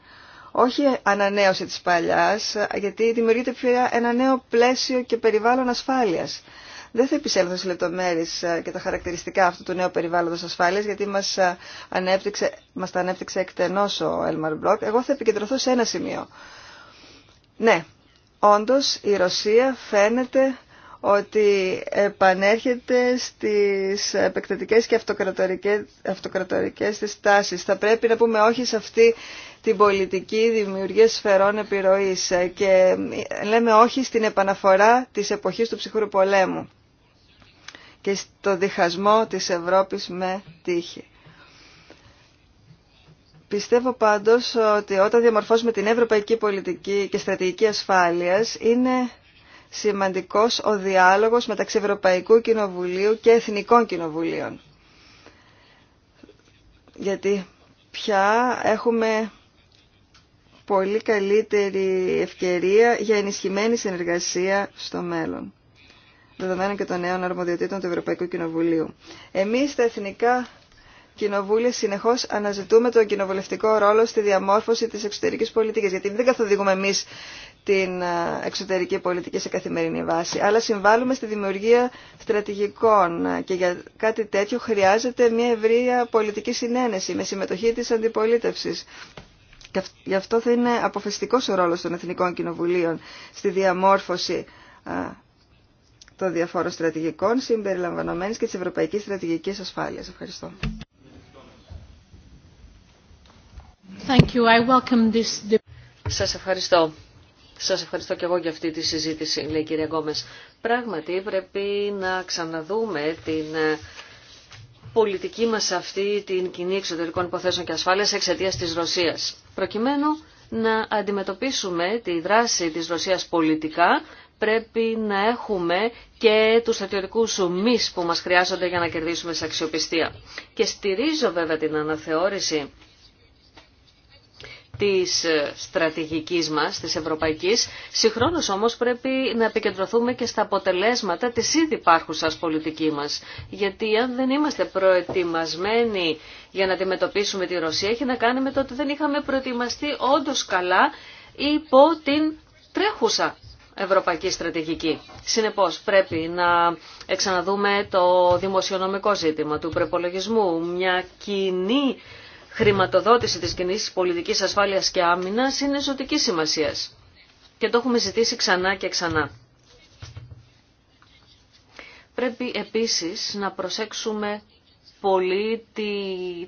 όχι ανανέωση της παλιάς, γιατί δημιουργείται πια ένα νέο πλαίσιο και περιβάλλον ασφάλειας. Δεν θα επισέλθω σε λεπτομέρειες ε, και τα χαρακτηριστικά αυτού του νέου περιβάλλοντος ασφάλειας, γιατί μας, ε, ανέπτυξε, μας τα ανέπτυξε εκτενώς ο Έλμαρ Μπλοκ. Εγώ θα επικεντρωθώ σε ένα σημείο. Ναι, όντως η Ρωσία φαίνεται ότι επανέρχεται στις επεκτατικές και αυτοκρατορικές, αυτοκρατορικές της τάσεις. Θα πρέπει να πούμε όχι σε αυτή την πολιτική δημιουργία σφαιρών επιρροής και λέμε όχι στην επαναφορά της εποχής του ψυχρού πολέμου και στο διχασμό της Ευρώπης με τύχη. Πιστεύω πάντως ότι όταν διαμορφώσουμε την ευρωπαϊκή πολιτική και στρατηγική ασφάλειας είναι σημαντικός ο διάλογος μεταξύ Ευρωπαϊκού Κοινοβουλίου και Εθνικών Κοινοβουλίων. Γιατί πια έχουμε πολύ καλύτερη ευκαιρία για ενισχυμένη συνεργασία στο μέλλον δεδομένων και των νέων αρμοδιοτήτων του Ευρωπαϊκού Κοινοβουλίου. Εμείς τα εθνικά κοινοβούλια συνεχώς αναζητούμε τον κοινοβουλευτικό ρόλο στη διαμόρφωση της εξωτερικής πολιτικής, γιατί δεν καθοδηγούμε εμείς την ε, εξωτερική πολιτική σε καθημερινή βάση, αλλά συμβάλλουμε στη δημιουργία στρατηγικών ε, και για κάτι τέτοιο χρειάζεται μια ευρεία πολιτική συνένεση με συμμετοχή της αντιπολίτευσης. Γι' αυτό θα είναι αποφασιστικός ο ρόλος των Εθνικών Κοινοβουλίων στη διαμόρφωση ε, των διαφόρων στρατηγικών συμπεριλαμβανομένης και της Ευρωπαϊκής Στρατηγικής Ασφάλειας. Ευχαριστώ. Σας ευχαριστώ. Σας ευχαριστώ και εγώ για αυτή τη συζήτηση, λέει η κυρία Γκόμες. Πράγματι πρέπει να ξαναδούμε την ε, πολιτική μας αυτή, την κοινή εξωτερικών υποθέσεων και ασφάλεια εξαιτία της Ρωσίας. Προκειμένου να αντιμετωπίσουμε τη δράση της Ρωσίας πολιτικά, πρέπει να έχουμε και του στρατιωτικού μυς που μα χρειάζονται για να κερδίσουμε σε αξιοπιστία. Και στηρίζω βέβαια την αναθεώρηση της στρατηγικής μας, της ευρωπαϊκής. Συγχρόνως όμως πρέπει να επικεντρωθούμε και στα αποτελέσματα της ήδη υπάρχουσας πολιτική μας. Γιατί αν δεν είμαστε προετοιμασμένοι για να αντιμετωπίσουμε τη Ρωσία, έχει να κάνει με το ότι δεν είχαμε προετοιμαστεί όντω καλά υπό την τρέχουσα ευρωπαϊκή στρατηγική. Συνεπώς πρέπει να εξαναδούμε το δημοσιονομικό ζήτημα του προπολογισμού, μια κοινή χρηματοδότηση της κοινή πολιτικής ασφάλειας και άμυνας είναι ζωτική σημασίας. Και το έχουμε ζητήσει ξανά και ξανά. Πρέπει επίσης να προσέξουμε πολύ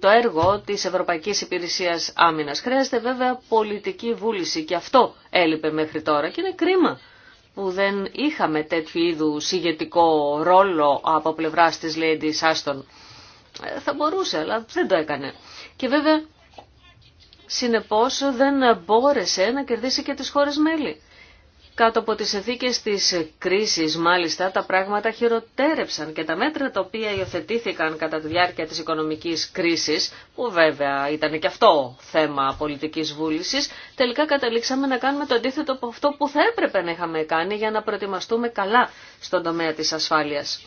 το έργο της Ευρωπαϊκής Υπηρεσίας Άμυνας. Χρειάζεται βέβαια πολιτική βούληση και αυτό έλειπε μέχρι τώρα και είναι κρίμα που δεν είχαμε τέτοιου είδου ηγετικό ρόλο από πλευράς της Lady Άστον. Ε, θα μπορούσε, αλλά δεν το έκανε. Και βέβαια, συνεπώς δεν μπόρεσε να κερδίσει και τις χώρες μέλη. Κάτω από τις συνθήκες της κρίσης, μάλιστα, τα πράγματα χειροτέρεψαν και τα μέτρα τα οποία υιοθετήθηκαν κατά τη διάρκεια της οικονομικής κρίσης, που βέβαια ήταν και αυτό θέμα πολιτικής βούλησης, τελικά καταλήξαμε να κάνουμε το αντίθετο από αυτό που θα έπρεπε να είχαμε κάνει για να προετοιμαστούμε καλά στον τομέα της ασφάλειας.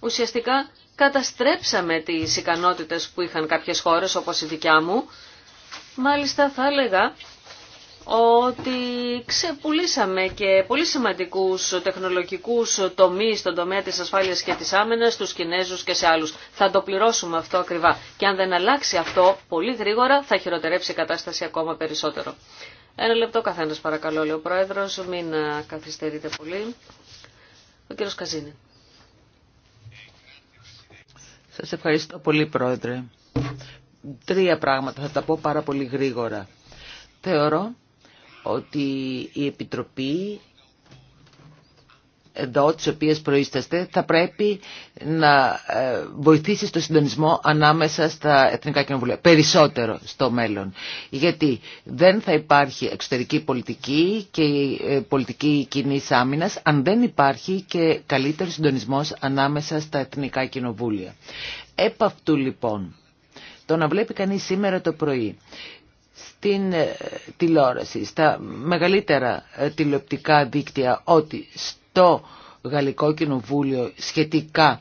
Ουσιαστικά καταστρέψαμε τις ικανότητες που είχαν κάποιες χώρες όπως η δικιά μου. Μάλιστα θα έλεγα ότι ξεπουλήσαμε και πολύ σημαντικούς τεχνολογικούς τομείς στον τομέα της ασφάλειας και της άμενας, στους Κινέζους και σε άλλους. Θα το πληρώσουμε αυτό ακριβά. Και αν δεν αλλάξει αυτό πολύ γρήγορα θα χειροτερέψει η κατάσταση ακόμα περισσότερο. Ένα λεπτό καθένας παρακαλώ, λέει ο Πρόεδρος, μην καθυστερείτε πολύ. Ο κύριος Καζίνη. Σας ευχαριστώ πολύ Πρόεδρε. Τρία πράγματα θα τα πω πάρα πολύ γρήγορα. Θεωρώ ότι η Επιτροπή εδώ, τις οποίες προείσταστε, θα πρέπει να ε, βοηθήσει στο συντονισμό ανάμεσα στα Εθνικά Κοινοβουλία. Περισσότερο στο μέλλον. Γιατί δεν θα υπάρχει εξωτερική πολιτική και ε, πολιτική κοινή άμυνα αν δεν υπάρχει και καλύτερο συντονισμός ανάμεσα στα Εθνικά Κοινοβούλια. Επ' αυτού λοιπόν, το να βλέπει κανείς σήμερα το πρωί στην ε, τηλεόραση, στα μεγαλύτερα τηλεοπτικά δίκτυα ότι το Γαλλικό Κοινοβούλιο σχετικά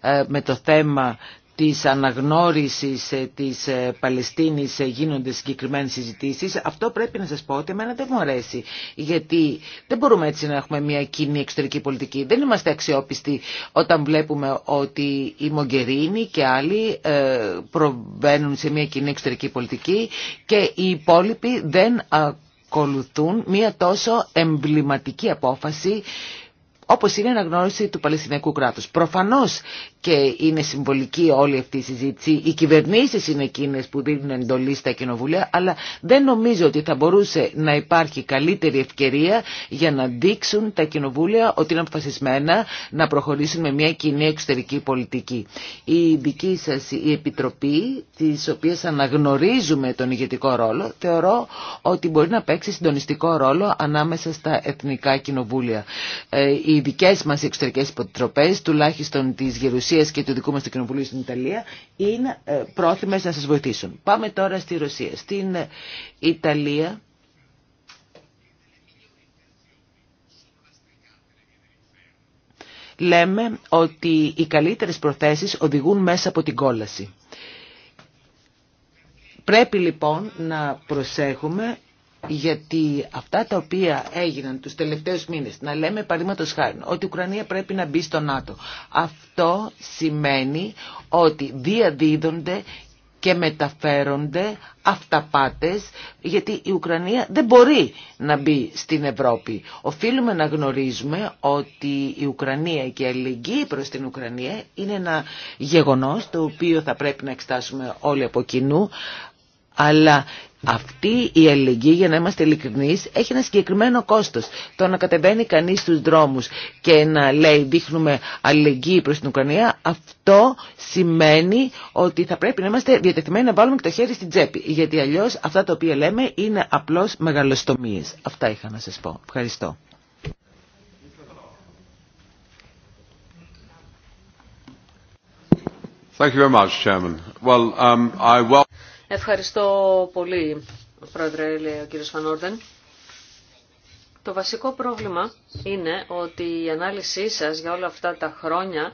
ε, με το θέμα της αναγνώρισης ε, της ε, Παλαιστίνης γίνονται συγκεκριμένες συζητήσεις, αυτό πρέπει να σας πω ότι εμένα δεν μου αρέσει. Γιατί δεν μπορούμε έτσι να έχουμε μια κοινή εξωτερική πολιτική. Δεν είμαστε αξιόπιστοι όταν βλέπουμε ότι οι Μογκερίνοι και άλλοι προβαίνουν σε μια κοινή εξωτερική πολιτική και οι υπόλοιποι δεν ακολουθούν μια τόσο εμβληματική απόφαση όπως είναι η αναγνώριση του Παλαιστινιακού κράτους. Προφανώς και είναι συμβολική όλη αυτή η συζήτηση. Οι κυβερνήσεις είναι εκείνες που δίνουν εντολή στα κοινοβουλία, αλλά δεν νομίζω ότι θα μπορούσε να υπάρχει καλύτερη ευκαιρία για να δείξουν τα κοινοβούλια ότι είναι αποφασισμένα να προχωρήσουν με μια κοινή εξωτερική πολιτική. Η δική σας η Επιτροπή, της οποίας αναγνωρίζουμε τον ηγετικό ρόλο, θεωρώ ότι μπορεί να παίξει συντονιστικό ρόλο ανάμεσα στα εθνικά κοινοβούλια. Ε, οι δικές μας εξωτερικές επιτροπές, τουλάχιστον της Γερουσίας, Λευκορωσίας και του δικού μα του Κοινοβουλίου στην Ιταλία είναι ε, πρόθυμες να σας βοηθήσουν. Πάμε τώρα στη Ρωσία. Στην ε, Ιταλία λέμε ότι οι καλύτερες προθέσεις οδηγούν μέσα από την κόλαση. Πρέπει λοιπόν να προσέχουμε γιατί αυτά τα οποία έγιναν τους τελευταίους μήνες, να λέμε παραδείγματο χάρη, ότι η Ουκρανία πρέπει να μπει στο ΝΑΤΟ, αυτό σημαίνει ότι διαδίδονται και μεταφέρονται αυταπάτες γιατί η Ουκρανία δεν μπορεί να μπει στην Ευρώπη. Οφείλουμε να γνωρίζουμε ότι η Ουκρανία και η αλληλεγγύη προς την Ουκρανία είναι ένα γεγονός το οποίο θα πρέπει να εξτάσουμε όλοι από κοινού αλλά αυτή η αλληλεγγύη, για να είμαστε ειλικρινεί, έχει ένα συγκεκριμένο κόστος. Το να κατεβαίνει κανείς στους δρόμους και να λέει δείχνουμε αλληλεγγύη προς την Ουκρανία, αυτό σημαίνει ότι θα πρέπει να είμαστε διατεθειμένοι να βάλουμε και το χέρι στην τσέπη. Γιατί αλλιώς αυτά τα οποία λέμε είναι απλώς μεγαλοστομίες. Αυτά είχα να σας πω. Ευχαριστώ. Thank you very much, Chairman. Well, um, I Ευχαριστώ πολύ, Πρόεδρε, λέει ο κύριος Φανόρδεν. Το βασικό πρόβλημα είναι ότι η ανάλυση σας για όλα αυτά τα χρόνια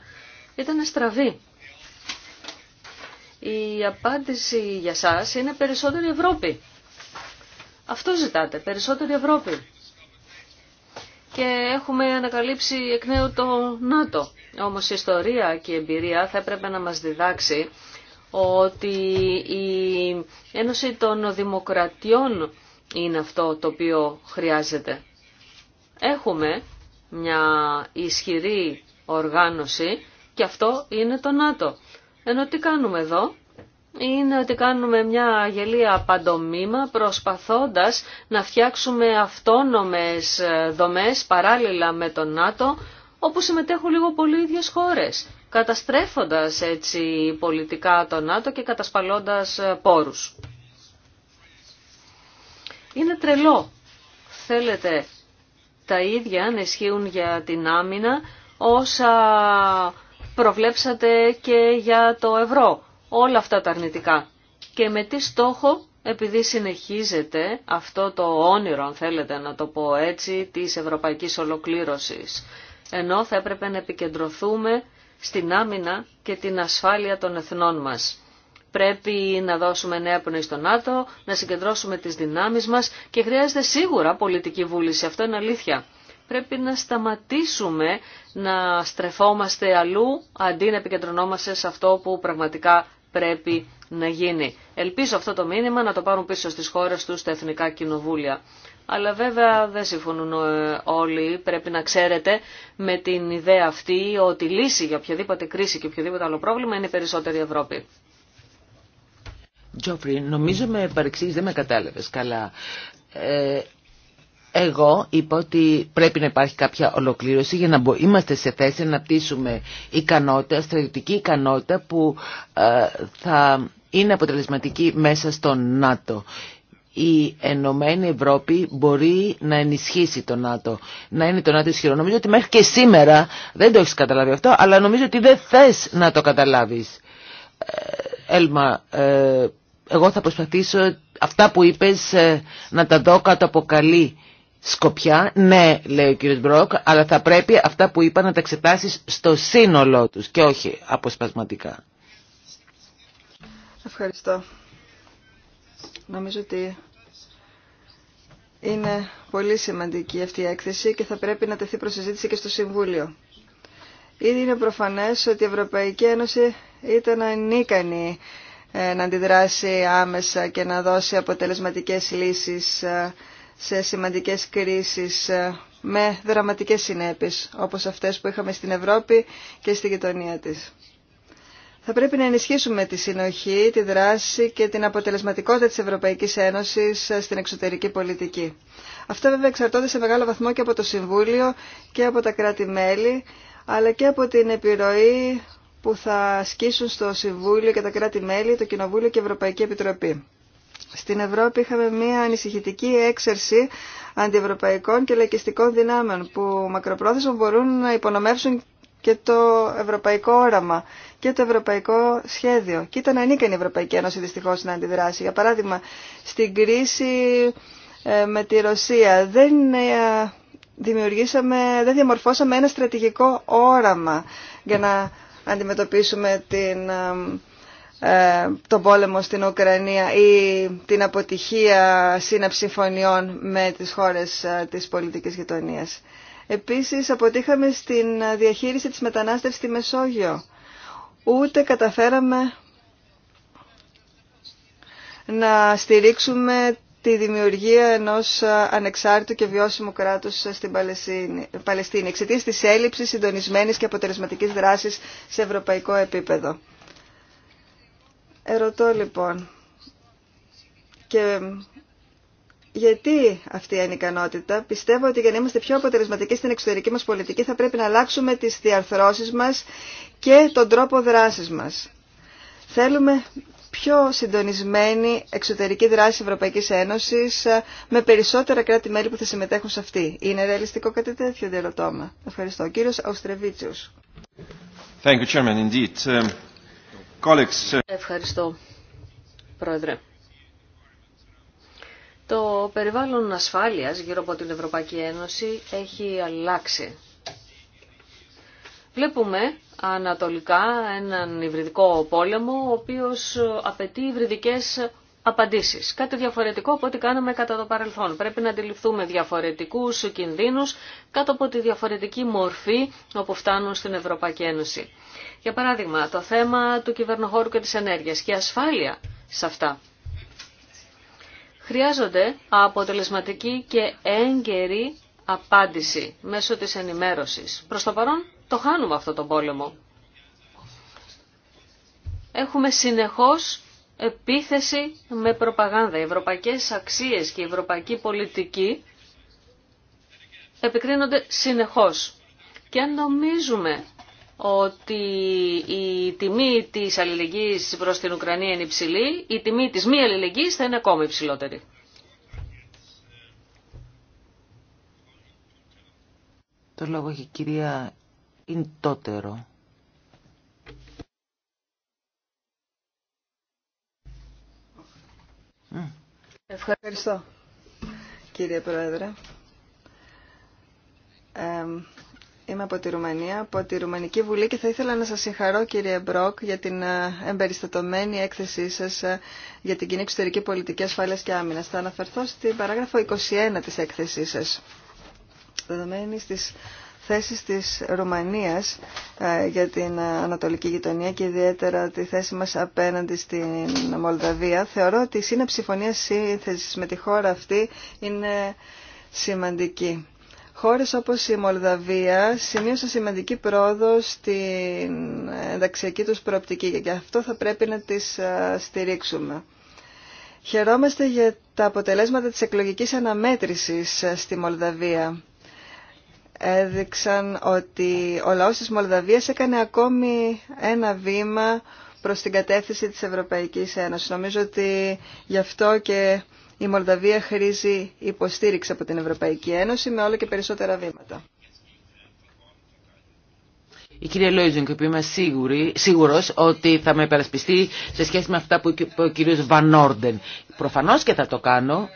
ήταν στραβή. Η απάντηση για σας είναι περισσότερη Ευρώπη. Αυτό ζητάτε, περισσότερη Ευρώπη. Και έχουμε ανακαλύψει εκ νέου το ΝΑΤΟ. Όμως η ιστορία και η εμπειρία θα έπρεπε να μας διδάξει ότι η Ένωση των Δημοκρατιών είναι αυτό το οποίο χρειάζεται. Έχουμε μια ισχυρή οργάνωση και αυτό είναι το ΝΑΤΟ. Ενώ τι κάνουμε εδώ, είναι ότι κάνουμε μια γελία παντομήμα προσπαθώντας να φτιάξουμε αυτόνομες δομές παράλληλα με το ΝΑΤΟ όπου συμμετέχουν λίγο πολύ ίδιες χώρες καταστρέφοντας έτσι πολιτικά το ΝΑΤΟ και κατασπαλώντας ε, πόρους. Είναι τρελό. Θέλετε τα ίδια να ισχύουν για την άμυνα όσα προβλέψατε και για το ευρώ. Όλα αυτά τα αρνητικά. Και με τι στόχο, επειδή συνεχίζεται αυτό το όνειρο, αν θέλετε να το πω έτσι, της ευρωπαϊκής ολοκλήρωσης. Ενώ θα έπρεπε να επικεντρωθούμε στην άμυνα και την ασφάλεια των εθνών μας. Πρέπει να δώσουμε νέα πνοή στο ΝΑΤΟ, να συγκεντρώσουμε τις δυνάμεις μας και χρειάζεται σίγουρα πολιτική βούληση. Αυτό είναι αλήθεια. Πρέπει να σταματήσουμε να στρεφόμαστε αλλού αντί να επικεντρωνόμαστε σε αυτό που πραγματικά πρέπει να γίνει. Ελπίζω αυτό το μήνυμα να το πάρουν πίσω στις χώρες τους τα εθνικά κοινοβούλια. Αλλά βέβαια δεν συμφωνούν ε, όλοι, πρέπει να ξέρετε, με την ιδέα αυτή ότι η λύση για οποιαδήποτε κρίση και οποιοδήποτε άλλο πρόβλημα είναι η περισσότερη Ευρώπη. Τζόφρι, νομίζω με παρεξήγηση δεν με κατάλαβες καλά. Ε, εγώ είπα ότι πρέπει να υπάρχει κάποια ολοκλήρωση για να μπο... είμαστε σε θέση να αναπτύσσουμε ικανότητα, στρατιωτική ικανότητα που ε, θα είναι αποτελεσματική μέσα στον ΝΑΤΟ η Ενωμένη Ευρώπη μπορεί να ενισχύσει το ΝΑΤΟ, να είναι το ΝΑΤΟ ισχυρό. Νομίζω ότι μέχρι και σήμερα δεν το έχεις καταλάβει αυτό, αλλά νομίζω ότι δεν θες να το καταλάβεις. Ε, Έλμα, ε, εγώ θα προσπαθήσω αυτά που είπες ε, να τα δω κάτω από καλή σκοπιά. Ναι, λέει ο κύριος Μπρόκ, αλλά θα πρέπει αυτά που είπα να τα εξετάσεις στο σύνολό τους και όχι αποσπασματικά. Ευχαριστώ. Νομίζω ότι είναι πολύ σημαντική αυτή η έκθεση και θα πρέπει να τεθεί προσυζήτηση και στο Συμβούλιο. Ήδη είναι προφανές ότι η Ευρωπαϊκή Ένωση ήταν ανίκανη ε, να αντιδράσει άμεσα και να δώσει αποτελεσματικές λύσεις ε, σε σημαντικές κρίσεις ε, με δραματικές συνέπειες, όπως αυτές που είχαμε στην Ευρώπη και στη γειτονία της. Θα πρέπει να ενισχύσουμε τη συνοχή, τη δράση και την αποτελεσματικότητα της Ευρωπαϊκής Ένωσης στην εξωτερική πολιτική. Αυτό βέβαια εξαρτώνται σε μεγάλο βαθμό και από το Συμβούλιο και από τα κράτη-μέλη, αλλά και από την επιρροή που θα ασκήσουν στο Συμβούλιο και τα κράτη-μέλη, το Κοινοβούλιο και η Ευρωπαϊκή Επιτροπή. Στην Ευρώπη είχαμε μια ανησυχητική έξαρση αντιευρωπαϊκών και λαϊκιστικών δυνάμεων που μακροπρόθεσμα μπορούν να υπονομεύσουν και το ευρωπαϊκό όραμα και το ευρωπαϊκό σχέδιο. Και ήταν ανίκανη η Ευρωπαϊκή Ένωση δυστυχώ να αντιδράσει. Για παράδειγμα, στην κρίση ε, με τη Ρωσία δεν ε, δημιουργήσαμε, δεν διαμορφώσαμε ένα στρατηγικό όραμα για να αντιμετωπίσουμε την, ε, τον πόλεμο στην Ουκρανία ή την αποτυχία σύναψη συμφωνιών με τις χώρες της πολιτικής γειτονίας. Επίσης αποτύχαμε στην διαχείριση της μετανάστευσης στη Μεσόγειο ούτε καταφέραμε να στηρίξουμε τη δημιουργία ενός ανεξάρτητου και βιώσιμου κράτους στην Παλαιστίνη, εξαιτίας της έλλειψης συντονισμένης και αποτελεσματικής δράσης σε ευρωπαϊκό επίπεδο. Ερωτώ λοιπόν και γιατί αυτή η ανικανότητα. Πιστεύω ότι για να είμαστε πιο αποτελεσματικοί στην εξωτερική μας πολιτική θα πρέπει να αλλάξουμε τις διαρθρώσεις μας και τον τρόπο δράσης μας. Θέλουμε πιο συντονισμένη εξωτερική δράση Ευρωπαϊκής Ένωσης ε, με περισσότερα κράτη-μέλη που θα συμμετέχουν σε αυτή. Είναι ρεαλιστικό κάτι τέτοιο διαρωτώμα. Ευχαριστώ. Κύριος Αουστρεβίτσιος. Um, uh, Ευχαριστώ, Πρόεδρε. Το περιβάλλον ασφάλειας γύρω από την Ευρωπαϊκή Ένωση έχει αλλάξει. Βλέπουμε ανατολικά έναν υβριδικό πόλεμο, ο οποίος απαιτεί υβριδικές απαντήσεις. Κάτι διαφορετικό από ό,τι κάναμε κατά το παρελθόν. Πρέπει να αντιληφθούμε διαφορετικούς κινδύνους κάτω από τη διαφορετική μορφή όπου φτάνουν στην Ευρωπαϊκή Ένωση. Για παράδειγμα, το θέμα του κυβερνοχώρου και της ενέργειας και ασφάλεια σε αυτά χρειάζονται αποτελεσματική και έγκαιρη απάντηση μέσω της ενημέρωσης. Προς το παρόν το χάνουμε αυτό το πόλεμο. Έχουμε συνεχώς επίθεση με προπαγάνδα. Οι ευρωπαϊκές αξίες και η ευρωπαϊκή πολιτική επικρίνονται συνεχώς. Και αν νομίζουμε ότι η τιμή της αλληλεγγύης προς την Ουκρανία είναι υψηλή, η τιμή της μη αλληλεγγύης θα είναι ακόμα υψηλότερη. Το λόγο έχει κυρία Ιντότερο. Ευχαριστώ κύριε Πρόεδρε. Ε, Είμαι από τη Ρουμανία, από τη Ρουμανική Βουλή και θα ήθελα να σας συγχαρώ κύριε Μπρόκ για την ε, εμπεριστατωμένη έκθεσή σας ε, για την κοινή εξωτερική πολιτική ασφάλειας και άμυνας. Θα αναφερθώ στην παράγραφο 21 της έκθεσής σας. Δεδομένη στις θέσεις της Ρουμανίας ε, για την Ανατολική Γειτονία και ιδιαίτερα τη θέση μας απέναντι στην Μολδαβία, θεωρώ ότι η σύναψη συμφωνία σύνθεσης με τη χώρα αυτή είναι σημαντική. Χώρες όπως η Μολδαβία σημείωσαν σημαντική πρόοδο στην ενταξιακή τους προοπτική και αυτό θα πρέπει να τις στηρίξουμε. Χαιρόμαστε για τα αποτελέσματα της εκλογικής αναμέτρησης στη Μολδαβία. Έδειξαν ότι ο λαός της Μολδαβίας έκανε ακόμη ένα βήμα προς την κατεύθυνση της Ευρωπαϊκής Ένωσης. Νομίζω ότι γι' αυτό και η Μολδαβία χρήζει υποστήριξη από την Ευρωπαϊκή Ένωση με όλο και περισσότερα βήματα. Η κυρία Λόιζον, που είμαι σίγουρη, σίγουρος ότι θα με υπερασπιστεί σε σχέση με αυτά που είπε ο κύριος Βανόρντεν. Προφανώς και θα το κάνω,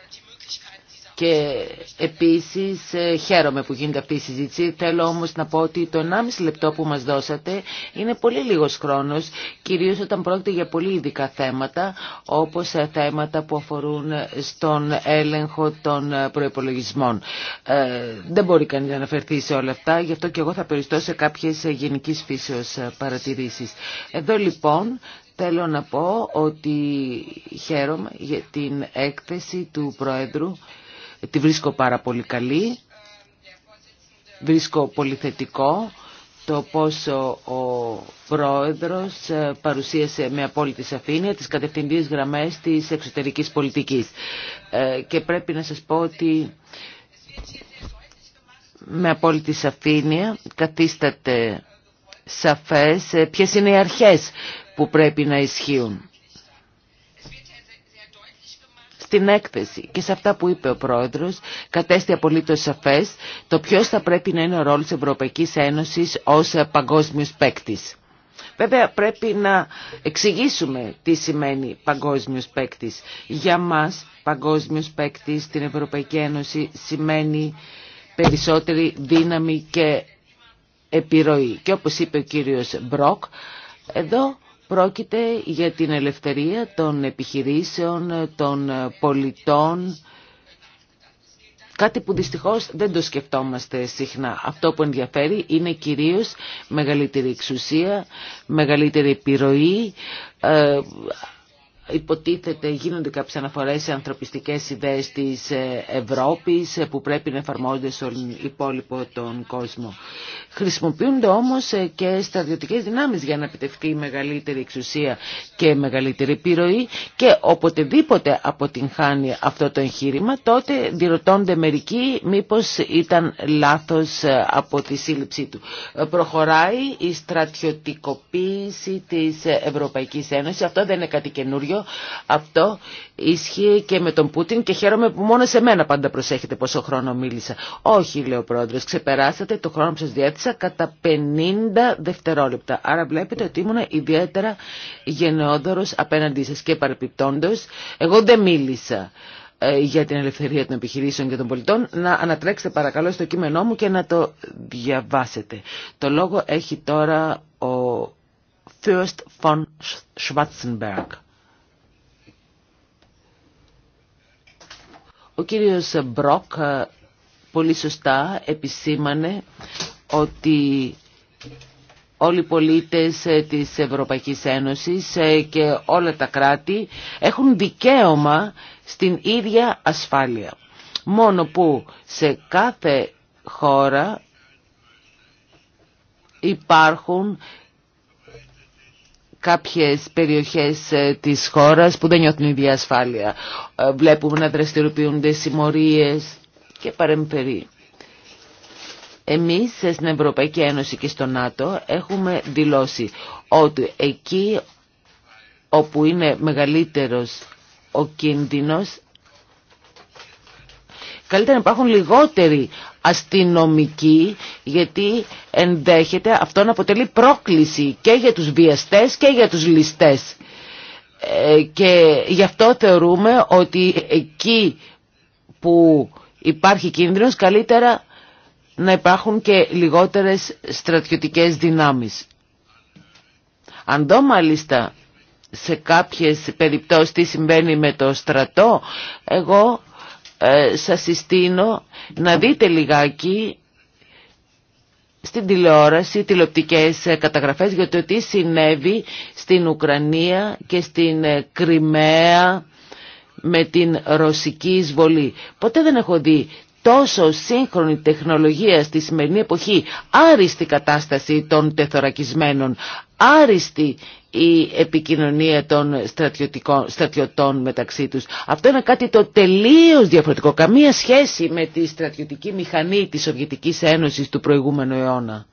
και επίσης ε, χαίρομαι που γίνεται αυτή η συζήτηση. Θέλω όμως να πω ότι το 1,5 λεπτό που μας δώσατε είναι πολύ λίγος χρόνος, κυρίως όταν πρόκειται για πολύ ειδικά θέματα, όπως ε, θέματα που αφορούν στον έλεγχο των ε, προϋπολογισμών. δεν μπορεί κανείς να αναφερθεί σε όλα αυτά, γι' αυτό και εγώ θα περιστώ σε κάποιες γενικής φύσεως παρατηρήσεις. Εδώ λοιπόν θέλω να πω ότι χαίρομαι για την έκθεση του Πρόεδρου τη βρίσκω πάρα πολύ καλή, βρίσκω πολυθετικό το πόσο ο πρόεδρος ε, παρουσίασε με απόλυτη σαφήνεια τις κατευθυντήριες γραμμές της εξωτερικής πολιτικής. Ε, και πρέπει να σας πω ότι με απόλυτη σαφήνεια καθίσταται σαφές ε, ποιες είναι οι αρχές που πρέπει να ισχύουν στην έκθεση και σε αυτά που είπε ο Πρόεδρος κατέστη απολύτως σαφές το ποιος θα πρέπει να είναι ο ρόλος της Ευρωπαϊκής Ένωσης ως παγκόσμιος παίκτη. Βέβαια πρέπει να εξηγήσουμε τι σημαίνει παγκόσμιος παίκτη. Για μας παγκόσμιος παίκτη στην Ευρωπαϊκή Ένωση σημαίνει περισσότερη δύναμη και επιρροή. Και όπως είπε ο κύριος Μπροκ, εδώ Πρόκειται για την ελευθερία των επιχειρήσεων, των πολιτών, κάτι που δυστυχώς δεν το σκεφτόμαστε συχνά. Αυτό που ενδιαφέρει είναι κυρίως μεγαλύτερη εξουσία, μεγαλύτερη επιρροή, ε, Υποτίθεται γίνονται κάποιες αναφορές σε ανθρωπιστικές ιδέες της ε, Ευρώπης ε, που πρέπει να εφαρμόζονται στον υπόλοιπο τον κόσμο. Χρησιμοποιούνται όμως ε, και στρατιωτικές δυνάμεις για να επιτευχθεί μεγαλύτερη εξουσία και μεγαλύτερη επιρροή και οποτεδήποτε αποτυγχάνει αυτό το εγχείρημα τότε διρωτώνται μερικοί μήπως ήταν λάθος από τη σύλληψή του. Προχωράει η στρατιωτικοποίηση της Ευρωπαϊκής Ένωσης. Αυτό δεν είναι κάτι καινούριο. Αυτό ισχύει και με τον Πούτιν και χαίρομαι που μόνο σε μένα πάντα προσέχετε πόσο χρόνο μίλησα. Όχι, λέει ο πρόεδρο, ξεπεράσατε το χρόνο που σα διέθεσα κατά 50 δευτερόλεπτα. Άρα βλέπετε ότι ήμουν ιδιαίτερα γενναιόδωρο απέναντί σα και παρεπιπτόντω Εγώ δεν μίλησα ε, για την ελευθερία των επιχειρήσεων και των πολιτών να ανατρέξετε παρακαλώ στο κείμενό μου και να το διαβάσετε. Το λόγο έχει τώρα ο Fürst von Schwarzenberg. Ο κύριος Μπροκ ε, πολύ σωστά επισήμανε ότι όλοι οι πολίτες ε, της Ευρωπαϊκής Ένωσης ε, και όλα τα κράτη έχουν δικαίωμα στην ίδια ασφάλεια. Μόνο που σε κάθε χώρα υπάρχουν κάποιες περιοχές ε, της χώρας που δεν νιώθουν ίδια ασφάλεια. Ε, βλέπουμε να δραστηριοποιούνται συμμορίες και παρεμφερεί. Εμείς ε, στην Ευρωπαϊκή Ένωση και στο ΝΑΤΟ έχουμε δηλώσει ότι εκεί όπου είναι μεγαλύτερος ο κίνδυνος Καλύτερα να υπάρχουν λιγότεροι αστυνομική γιατί ενδέχεται αυτό να αποτελεί πρόκληση και για τους βιαστές και για τους ληστές. Ε, και γι' αυτό θεωρούμε ότι εκεί που υπάρχει κίνδυνος καλύτερα να υπάρχουν και λιγότερες στρατιωτικές δυνάμεις. Αν δω μάλιστα σε κάποιες περιπτώσεις τι συμβαίνει με το στρατό, εγώ ε, σας συστήνω να δείτε λιγάκι στην τηλεόραση, τηλεοπτικές ε, καταγραφές για το τι συνέβη στην Ουκρανία και στην ε, Κρυμαία με την ρωσική εισβολή. Ποτέ δεν έχω δει τόσο σύγχρονη τεχνολογία στη σημερινή εποχή, άριστη κατάσταση των τεθωρακισμένων, άριστη η επικοινωνία των στρατιωτών μεταξύ τους. Αυτό είναι κάτι το τελείως διαφορετικό. Καμία σχέση με τη στρατιωτική μηχανή της Σοβιετικής Ένωσης του προηγούμενου αιώνα.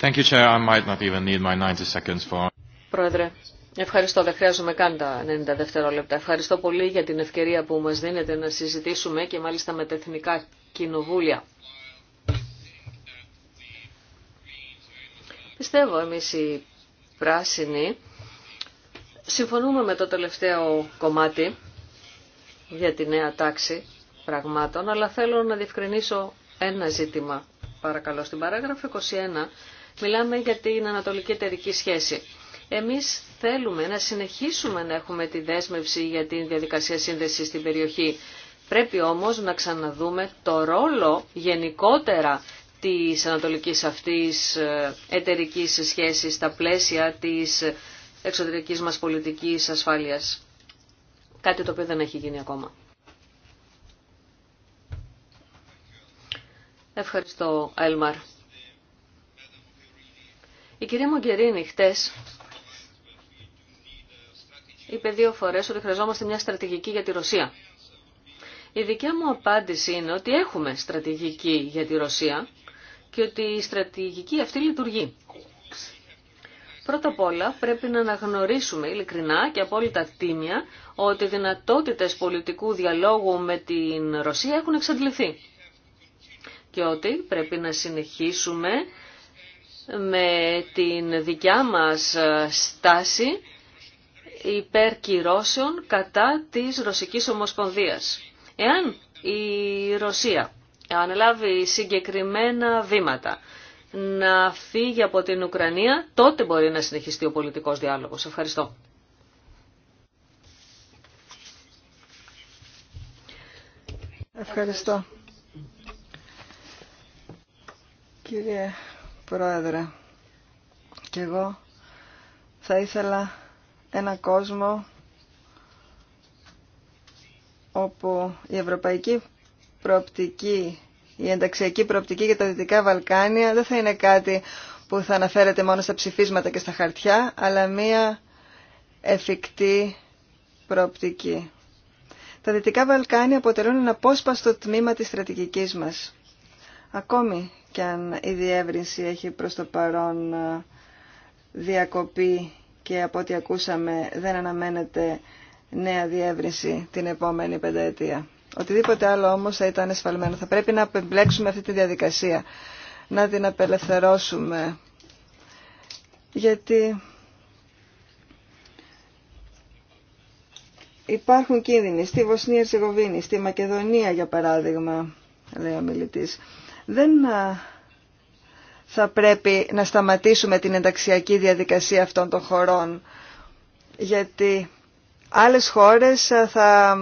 Thank you, Chair. I might not even need my 90 seconds for... Πρόεδρε, ευχαριστώ. Δεν χρειάζομαι καν τα 90 δευτερόλεπτα. Ευχαριστώ πολύ για την ευκαιρία που μας δίνετε να συζητήσουμε και μάλιστα με τα εθνικά κοινοβούλια. Πιστεύω εμείς οι πράσινοι συμφωνούμε με το τελευταίο κομμάτι για τη νέα τάξη πραγμάτων, αλλά θέλω να διευκρινίσω ένα ζήτημα. Παρακαλώ, στην παράγραφο 21 μιλάμε για την ανατολική εταιρική σχέση. Εμείς θέλουμε να συνεχίσουμε να έχουμε τη δέσμευση για την διαδικασία σύνδεσης στην περιοχή. Πρέπει όμως να ξαναδούμε το ρόλο γενικότερα της ανατολικής αυτής ε, εταιρικής σχέσης στα πλαίσια της εξωτερικής μας πολιτικής ασφάλειας. Κάτι το οποίο δεν έχει γίνει ακόμα. Ευχαριστώ, Έλμαρ. Η κυρία Μογκερίνη χτες είπε δύο φορές ότι χρειαζόμαστε μια στρατηγική για τη Ρωσία. Η δικιά μου απάντηση είναι ότι έχουμε στρατηγική για τη Ρωσία και ότι η στρατηγική αυτή λειτουργεί. Πρώτα απ' όλα πρέπει να αναγνωρίσουμε ειλικρινά και απόλυτα τίμια ότι οι δυνατότητες πολιτικού διαλόγου με την Ρωσία έχουν εξαντληθεί και ότι πρέπει να συνεχίσουμε με την δικιά μας στάση υπέρ κυρώσεων κατά της Ρωσικής Ομοσπονδίας. Εάν η Ρωσία λάβει συγκεκριμένα βήματα να φύγει από την Ουκρανία, τότε μπορεί να συνεχιστεί ο πολιτικός διάλογος. Ευχαριστώ. Ευχαριστώ. Κύριε Πρόεδρε, και εγώ θα ήθελα ένα κόσμο όπου η ευρωπαϊκή προοπτική, η ενταξιακή προοπτική για τα Δυτικά Βαλκάνια δεν θα είναι κάτι που θα αναφέρεται μόνο στα ψηφίσματα και στα χαρτιά, αλλά μία εφικτή προοπτική. Τα Δυτικά Βαλκάνια αποτελούν ένα απόσπαστο τμήμα της στρατηγικής μας. Ακόμη και αν η διεύρυνση έχει προς το παρόν ε, διακοπή και από ό,τι ακούσαμε δεν αναμένεται νέα διεύρυνση την επόμενη πενταετία. Οτιδήποτε άλλο όμως θα ήταν εσφαλμένο. Θα πρέπει να απεμπλέξουμε αυτή τη διαδικασία, να την απελευθερώσουμε. Γιατί υπάρχουν κίνδυνοι στη Βοσνία Ερσεγοβίνη, στη Μακεδονία για παράδειγμα, λέει ο μιλητής. Δεν θα πρέπει να σταματήσουμε την ενταξιακή διαδικασία αυτών των χωρών, γιατί άλλες χώρες ε, θα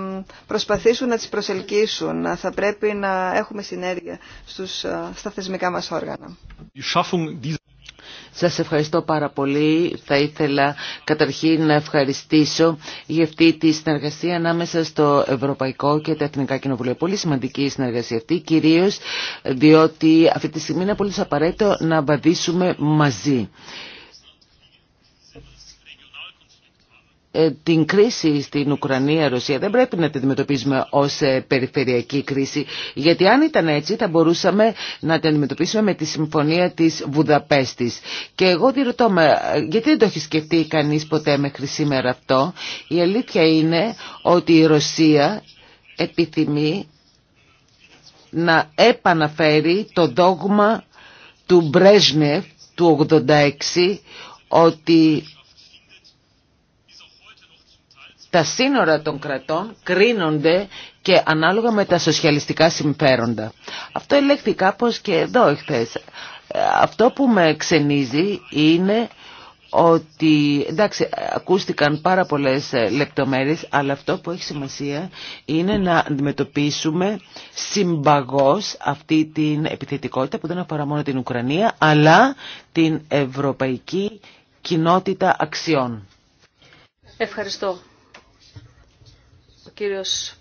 προσπαθήσουν να τις προσελκύσουν. Ε, θα πρέπει να έχουμε συνέργεια στους, ε, στα θεσμικά μας όργανα. Σας ευχαριστώ πάρα πολύ. Θα ήθελα καταρχήν να ευχαριστήσω για αυτή τη συνεργασία ανάμεσα στο Ευρωπαϊκό και τα Εθνικά Κοινοβουλία. Πολύ σημαντική η συνεργασία αυτή, κυρίως διότι αυτή τη στιγμή είναι πολύ απαραίτητο να βαδίσουμε μαζί. Ε, την κρίση στην Ουκρανία-Ρωσία δεν πρέπει να την αντιμετωπίζουμε ως ε, περιφερειακή κρίση γιατί αν ήταν έτσι θα μπορούσαμε να την αντιμετωπίσουμε με τη συμφωνία της Βουδαπέστης και εγώ διερωτώ με γιατί δεν το έχει σκεφτεί κανείς ποτέ μέχρι σήμερα αυτό η αλήθεια είναι ότι η Ρωσία επιθυμεί να επαναφέρει το δόγμα του Μπρέζνεφ του 86 ότι τα σύνορα των κρατών κρίνονται και ανάλογα με τα σοσιαλιστικά συμφέροντα. Αυτό ελέγχθη κάπως και εδώ χθες. Ε, αυτό που με ξενίζει είναι ότι, εντάξει, ακούστηκαν πάρα πολλές ε, λεπτομέρειες, αλλά αυτό που έχει σημασία είναι να αντιμετωπίσουμε συμπαγός αυτή την επιθετικότητα που δεν αφορά μόνο την Ουκρανία, αλλά την ευρωπαϊκή κοινότητα αξιών. Ευχαριστώ κύριος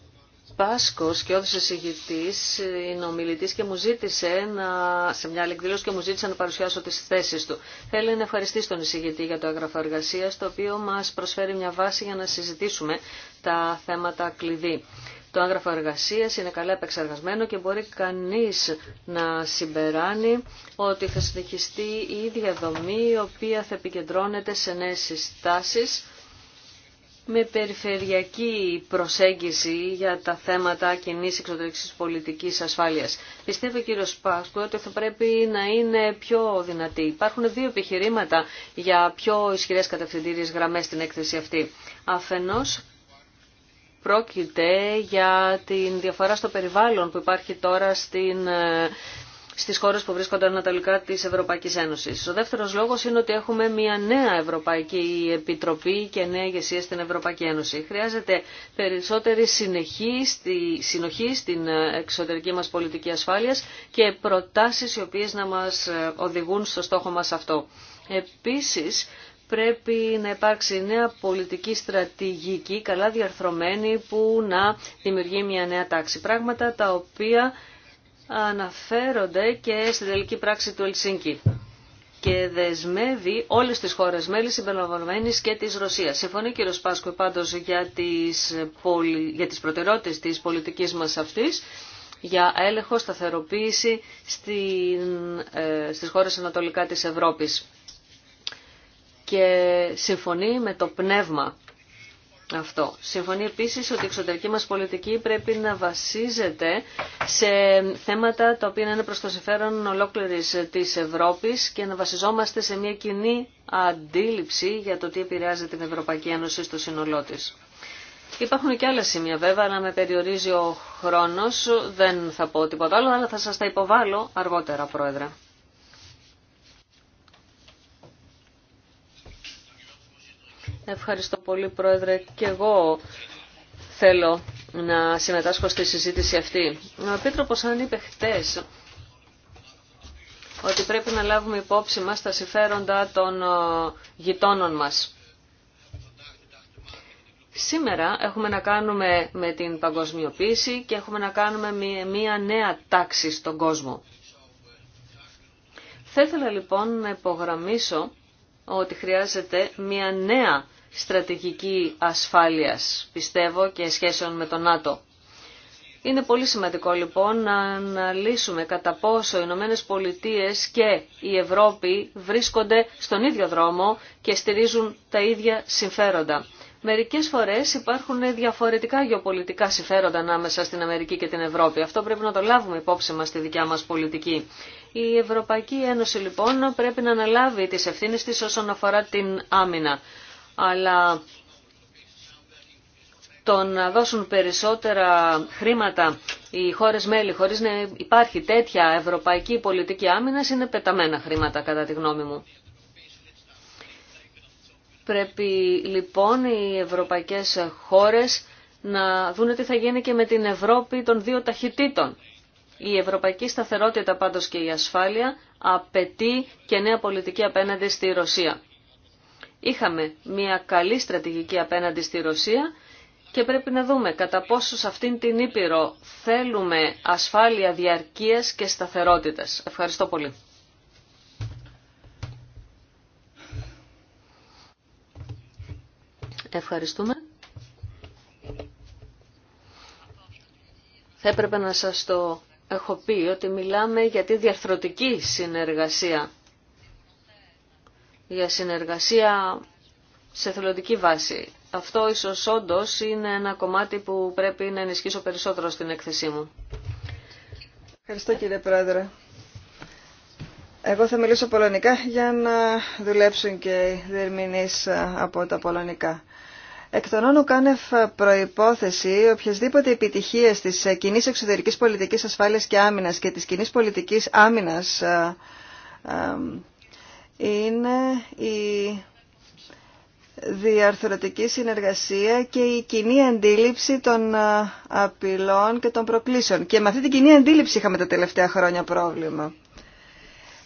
Πάσκος και όδησε εισηγητής είναι ομιλητής και μου ζήτησε να, σε μια άλλη εκδήλωση και μου ζήτησε να παρουσιάσω τις θέσεις του. Θέλει να ευχαριστήσει τον εισηγητή για το έγγραφο εργασία, το οποίο μας προσφέρει μια βάση για να συζητήσουμε τα θέματα κλειδί. Το έγγραφο εργασία είναι καλά επεξεργασμένο και μπορεί κανείς να συμπεράνει ότι θα συνεχιστεί η ίδια δομή η οποία θα επικεντρώνεται σε νέες συστάσεις με περιφερειακή προσέγγιση για τα θέματα κοινή εξωτερική πολιτική ασφάλεια. Πιστεύω, κύριο Πάσκου, ότι θα πρέπει να είναι πιο δυνατή. Υπάρχουν δύο επιχειρήματα για πιο ισχυρέ κατευθυντήριε γραμμέ στην έκθεση αυτή. Αφενό, πρόκειται για την διαφορά στο περιβάλλον που υπάρχει τώρα στην ε, στις χώρε που βρίσκονται ανατολικά της Ευρωπαϊκής Ένωσης. Ο δεύτερο λόγος είναι ότι έχουμε μια νέα Ευρωπαϊκή Επιτροπή και νέα ηγεσία στην Ευρωπαϊκή Ένωση. Χρειάζεται περισσότερη συνεχή στη, συνοχή στην εξωτερική μας πολιτική ασφάλειας και προτάσεις οι οποίες να μας ε, οδηγούν στο στόχο μας αυτό. Επίση, πρέπει να υπάρξει νέα πολιτική στρατηγική, καλά διαρθρωμένη, που να δημιουργεί μια νέα τάξη. Πράγματα τα οποία αναφέρονται και στην τελική πράξη του Ελσίνκη και δεσμεύει όλε τι χώρε μέλη συμπεριλαμβανομένη και τη Ρωσία. Συμφωνεί κύριο Πάσκου πάντω για τι τις προτεραιότητε τη πολιτική μα αυτή για έλεγχο, σταθεροποίηση στην, ε, στις χώρες ανατολικά της Ευρώπης. Και συμφωνεί με το πνεύμα αυτό. Συμφωνεί επίση ότι η εξωτερική μας πολιτική πρέπει να βασίζεται σε θέματα τα οποία είναι προ το συμφέρον ολόκληρη τη Ευρώπης και να βασιζόμαστε σε μια κοινή αντίληψη για το τι επηρεάζει την Ευρωπαϊκή Ένωση στο σύνολό τη. Υπάρχουν και άλλα σημεία βέβαια, αλλά με περιορίζει ο χρόνο, δεν θα πω τίποτα άλλο, αλλά θα σα τα υποβάλω αργότερα, Πρόεδρε. Ευχαριστώ πολύ Πρόεδρε και εγώ θέλω να συμμετάσχω στη συζήτηση αυτή. Ο Επίτροπος αν είπε χτες ότι πρέπει να λάβουμε υπόψη μας τα συμφέροντα των ε, γειτόνων μας. Σήμερα έχουμε να κάνουμε με την παγκοσμιοποίηση και έχουμε να κάνουμε μια νέα τάξη στον κόσμο. Θα ήθελα λοιπόν να υπογραμμίσω ότι χρειάζεται μια νέα στρατηγική ασφάλειας, πιστεύω, και σχέσεων με τον ΝΑΤΟ. Είναι πολύ σημαντικό λοιπόν να αναλύσουμε κατά πόσο οι Ηνωμένε Πολιτείε και η Ευρώπη βρίσκονται στον ίδιο δρόμο και στηρίζουν τα ίδια συμφέροντα. Μερικέ φορέ υπάρχουν διαφορετικά γεωπολιτικά συμφέροντα ανάμεσα στην Αμερική και την Ευρώπη. Αυτό πρέπει να το λάβουμε υπόψη μα στη δικιά μα πολιτική. Η Ευρωπαϊκή Ένωση λοιπόν πρέπει να αναλάβει τι ευθύνε τη όσον αφορά την άμυνα αλλά το να δώσουν περισσότερα χρήματα οι χώρες μέλη χωρίς να υπάρχει τέτοια ευρωπαϊκή πολιτική άμυνα είναι πεταμένα χρήματα κατά τη γνώμη μου. Πρέπει λοιπόν οι ευρωπαϊκές χώρες να δούνε τι θα γίνει και με την Ευρώπη των δύο ταχυτήτων. Η ευρωπαϊκή σταθερότητα πάντως και η ασφάλεια απαιτεί και νέα πολιτική απέναντι στη Ρωσία. Είχαμε μια καλή στρατηγική απέναντι στη Ρωσία και πρέπει να δούμε κατά πόσο σε αυτήν την Ήπειρο θέλουμε ασφάλεια διαρκείας και σταθερότητας. Ευχαριστώ πολύ. Ευχαριστούμε. Θα έπρεπε να σας το έχω πει ότι μιλάμε για τη διαρθρωτική συνεργασία για συνεργασία σε θελοντική βάση. Αυτό ίσως όντω είναι ένα κομμάτι που πρέπει να ενισχύσω περισσότερο στην έκθεσή μου. Ευχαριστώ κύριε Πρόεδρε. Εγώ θα μιλήσω πολωνικά για να δουλέψουν και οι διερμηνείς ε, από τα πολωνικά. Εκ των όνων κάνευ προϋπόθεση, οποιασδήποτε επιτυχίες της ε, κοινή εξωτερικής πολιτικής ασφάλειας και άμυνας και της κοινή πολιτικής άμυνας ε, είναι η διαρθρωτική συνεργασία και η κοινή αντίληψη των ε, απειλών και των προκλήσεων. Και με αυτή την κοινή αντίληψη είχαμε τα τελευταία χρόνια πρόβλημα.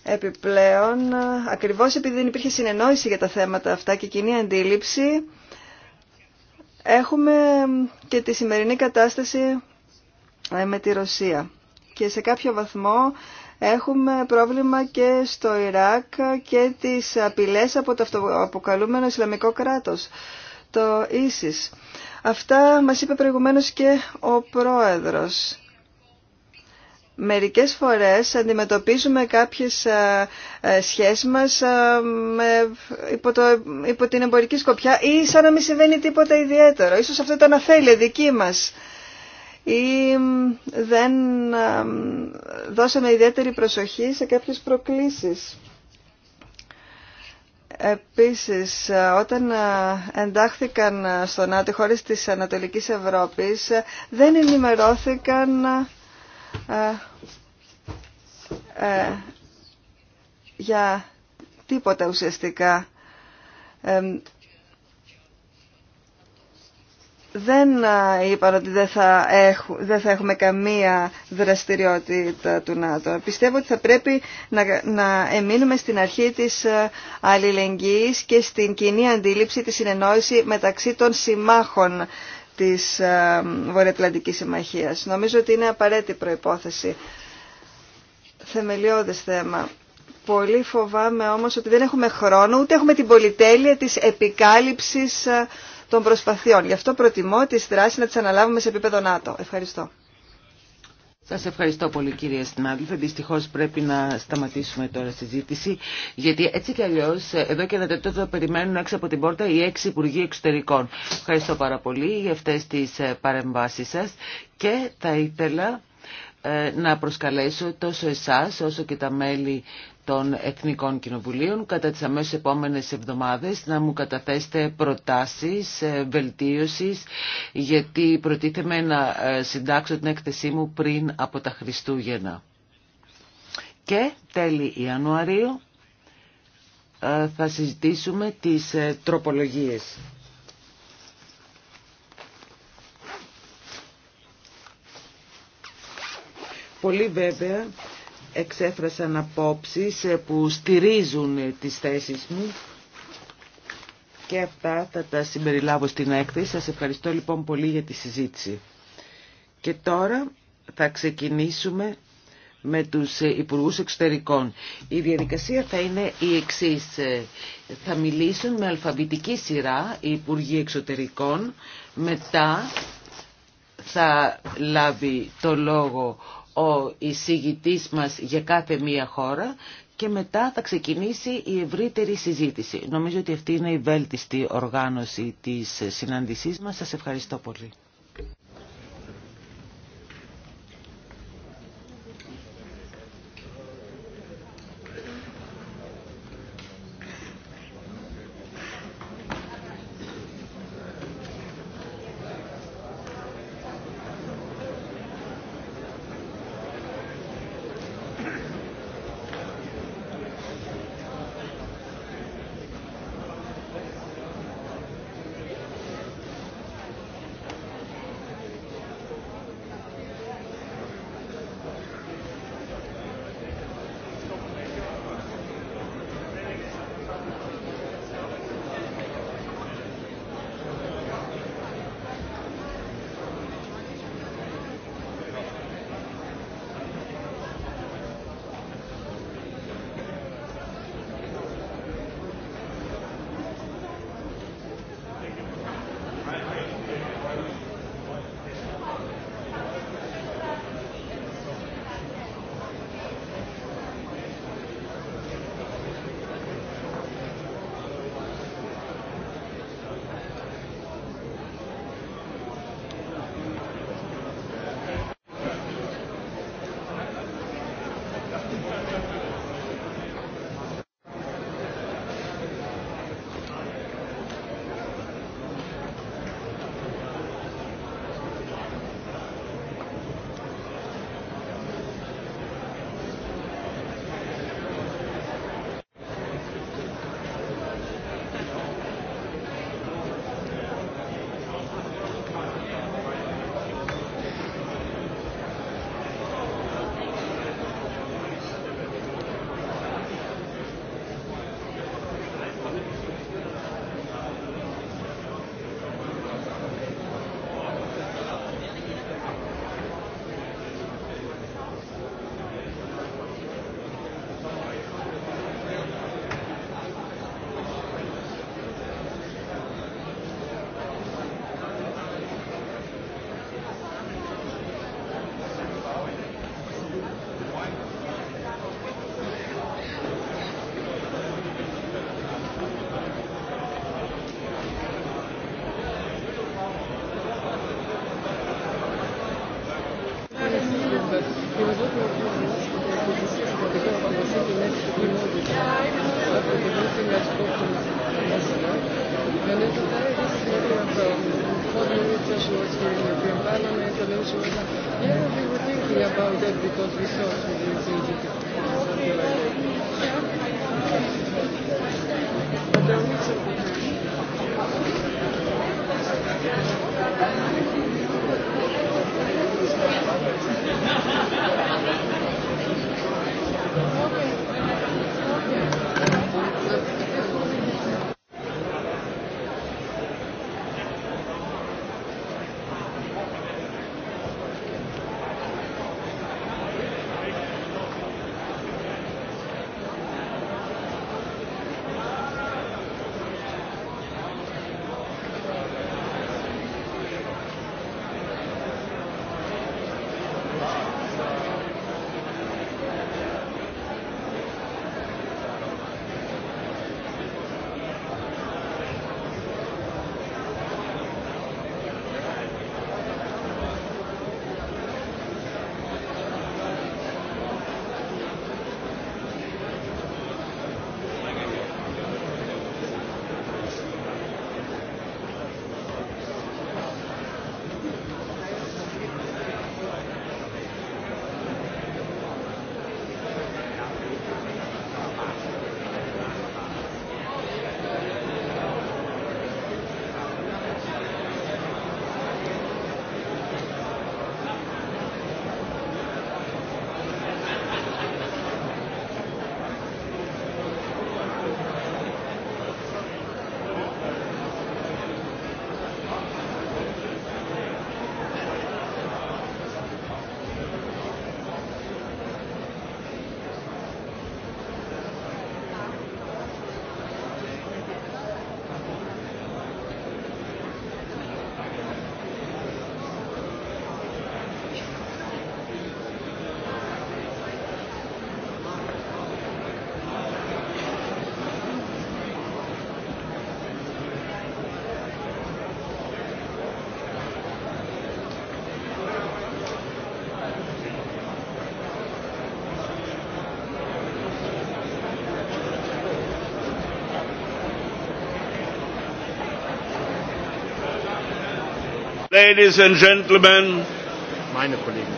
Επιπλέον, ε, ακριβώς επειδή δεν υπήρχε συνεννόηση για τα θέματα αυτά και κοινή αντίληψη, έχουμε και τη σημερινή κατάσταση ε, με τη Ρωσία. Και σε κάποιο βαθμό Έχουμε πρόβλημα και στο Ιράκ και τις απειλές από το αποκαλούμενο Ισλαμικό κράτος, το ΙΣΙΣ. Αυτά μας είπε προηγουμένως και ο πρόεδρος. Μερικές φορές αντιμετωπίζουμε κάποιες ε, ε, σχέσεις μας ε, υπό, το, υπό την εμπορική σκοπιά ή σαν να μην συμβαίνει τίποτα ιδιαίτερο. Ίσως αυτό ήταν αφέλεια δική μας ή δεν δώσαμε ιδιαίτερη προσοχή σε κάποιες προκλήσεις. Επίσης, όταν εντάχθηκαν στο ΝΑΤΟ χώρες της Ανατολικής Ευρώπης, δεν ενημερώθηκαν ε, για τίποτα ουσιαστικά δεν είπαν ότι δεν θα, έχουμε καμία δραστηριότητα του ΝΑΤΟ. Πιστεύω ότι θα πρέπει να, να εμείνουμε στην αρχή της αλληλεγγύης και στην κοινή αντίληψη, της συνεννόηση μεταξύ των συμμάχων της Βορειοατλαντικής Συμμαχίας. Νομίζω ότι είναι απαραίτητη προϋπόθεση. Θεμελιώδες θέμα. Πολύ φοβάμαι όμως ότι δεν έχουμε χρόνο, ούτε έχουμε την πολυτέλεια της επικάλυψης των προσπαθειών. Γι' αυτό προτιμώ τις δράσεις να τις αναλάβουμε σε επίπεδο ΝΑΤΟ. Ευχαριστώ. Σας ευχαριστώ πολύ κύριε συνάδελφε. Δυστυχώ πρέπει να σταματήσουμε τώρα συζήτηση, γιατί έτσι κι αλλιώ εδώ και ένα τέτοιο θα περιμένουν έξω από την πόρτα οι έξι Υπουργοί Εξωτερικών. Ευχαριστώ πάρα πολύ για αυτέ τι ε, παρεμβάσει σα και θα ήθελα ε, να προσκαλέσω τόσο εσάς όσο και τα μέλη των Εθνικών Κοινοβουλίων κατά τις αμέσως επόμενες εβδομάδες να μου καταθέσετε προτάσεις, ε, βελτίωσης γιατί προτίθεμαι να ε, συντάξω την έκθεσή μου πριν από τα Χριστούγεννα. Και τέλη Ιανουαρίου ε, θα συζητήσουμε τις τροπολογίες. Πολύ βέβαια εξέφρασαν απόψεις ε, που στηρίζουν ε, τις θέσεις μου και αυτά θα τα συμπεριλάβω στην έκθεση. Σας ευχαριστώ λοιπόν πολύ για τη συζήτηση. Και τώρα θα ξεκινήσουμε με τους ε, Υπουργούς Εξωτερικών. Η διαδικασία θα είναι η εξής. Θα μιλήσουν με αλφαβητική σειρά οι Υπουργοί Εξωτερικών. Μετά θα λάβει το λόγο ο εισηγητής μας για κάθε μία χώρα και μετά θα ξεκινήσει η ευρύτερη συζήτηση. Νομίζω ότι αυτή είναι η βέλτιστη οργάνωση της συνάντησής μας. Σας ευχαριστώ πολύ. Ladies and gentlemen, meine Kollegen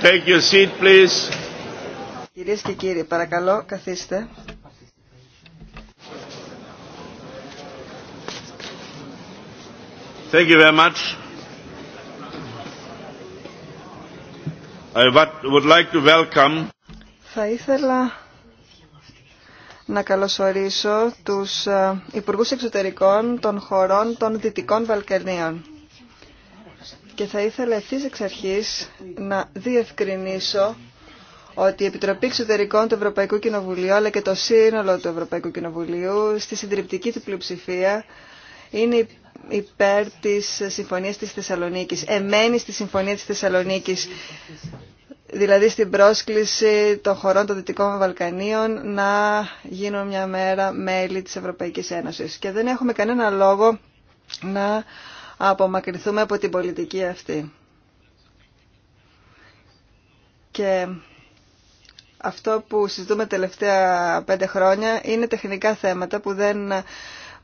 Take your seat, please. Κυρίες και κύριοι, παρακαλώ, καθίστε. Thank you very much. I would like to welcome. Θα ήθελα να καλωσορίσω τους ε, Υπουργούς Εξωτερικών των χωρών των Δυτικών Βαλκανίων. Και θα ήθελα ευθύς εξ αρχής να διευκρινίσω ότι η Επιτροπή Εξωτερικών του Ευρωπαϊκού Κοινοβουλίου αλλά και το σύνολο του Ευρωπαϊκού Κοινοβουλίου στη συντριπτική του πλειοψηφία είναι υπέρ της Συμφωνίας της Θεσσαλονίκης, εμένη στη Συμφωνία της Θεσσαλονίκης δηλαδή στην πρόσκληση των χωρών των Δυτικών Βαλκανίων να γίνουν μια μέρα μέλη της Ευρωπαϊκής Ένωσης. Και δεν έχουμε κανένα λόγο να απομακρυνθούμε από την πολιτική αυτή. Και αυτό που συζητούμε τελευταία πέντε χρόνια είναι τεχνικά θέματα που δεν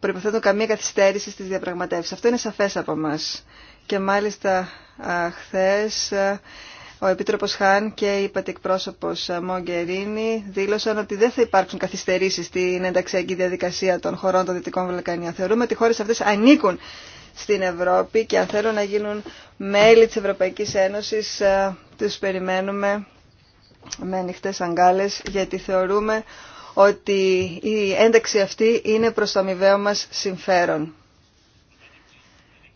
προϋποθέτουν καμία καθυστέρηση στις διαπραγματεύσεις. Αυτό είναι σαφές από μας. Και μάλιστα χθες ο Επίτροπος Χάν και η Πατεκπρόσωπος Μογκερίνη δήλωσαν ότι δεν θα υπάρξουν καθυστερήσεις στην ενταξιακή διαδικασία των χωρών των Δυτικών Βαλκανίων. Θεωρούμε ότι οι χώρες αυτές ανήκουν στην Ευρώπη και αν θέλουν να γίνουν μέλη της Ευρωπαϊκής Ένωσης ε, τους περιμένουμε με ανοιχτέ αγκάλες γιατί θεωρούμε ότι η ένταξη αυτή είναι προς το αμοιβαίο μας συμφέρον.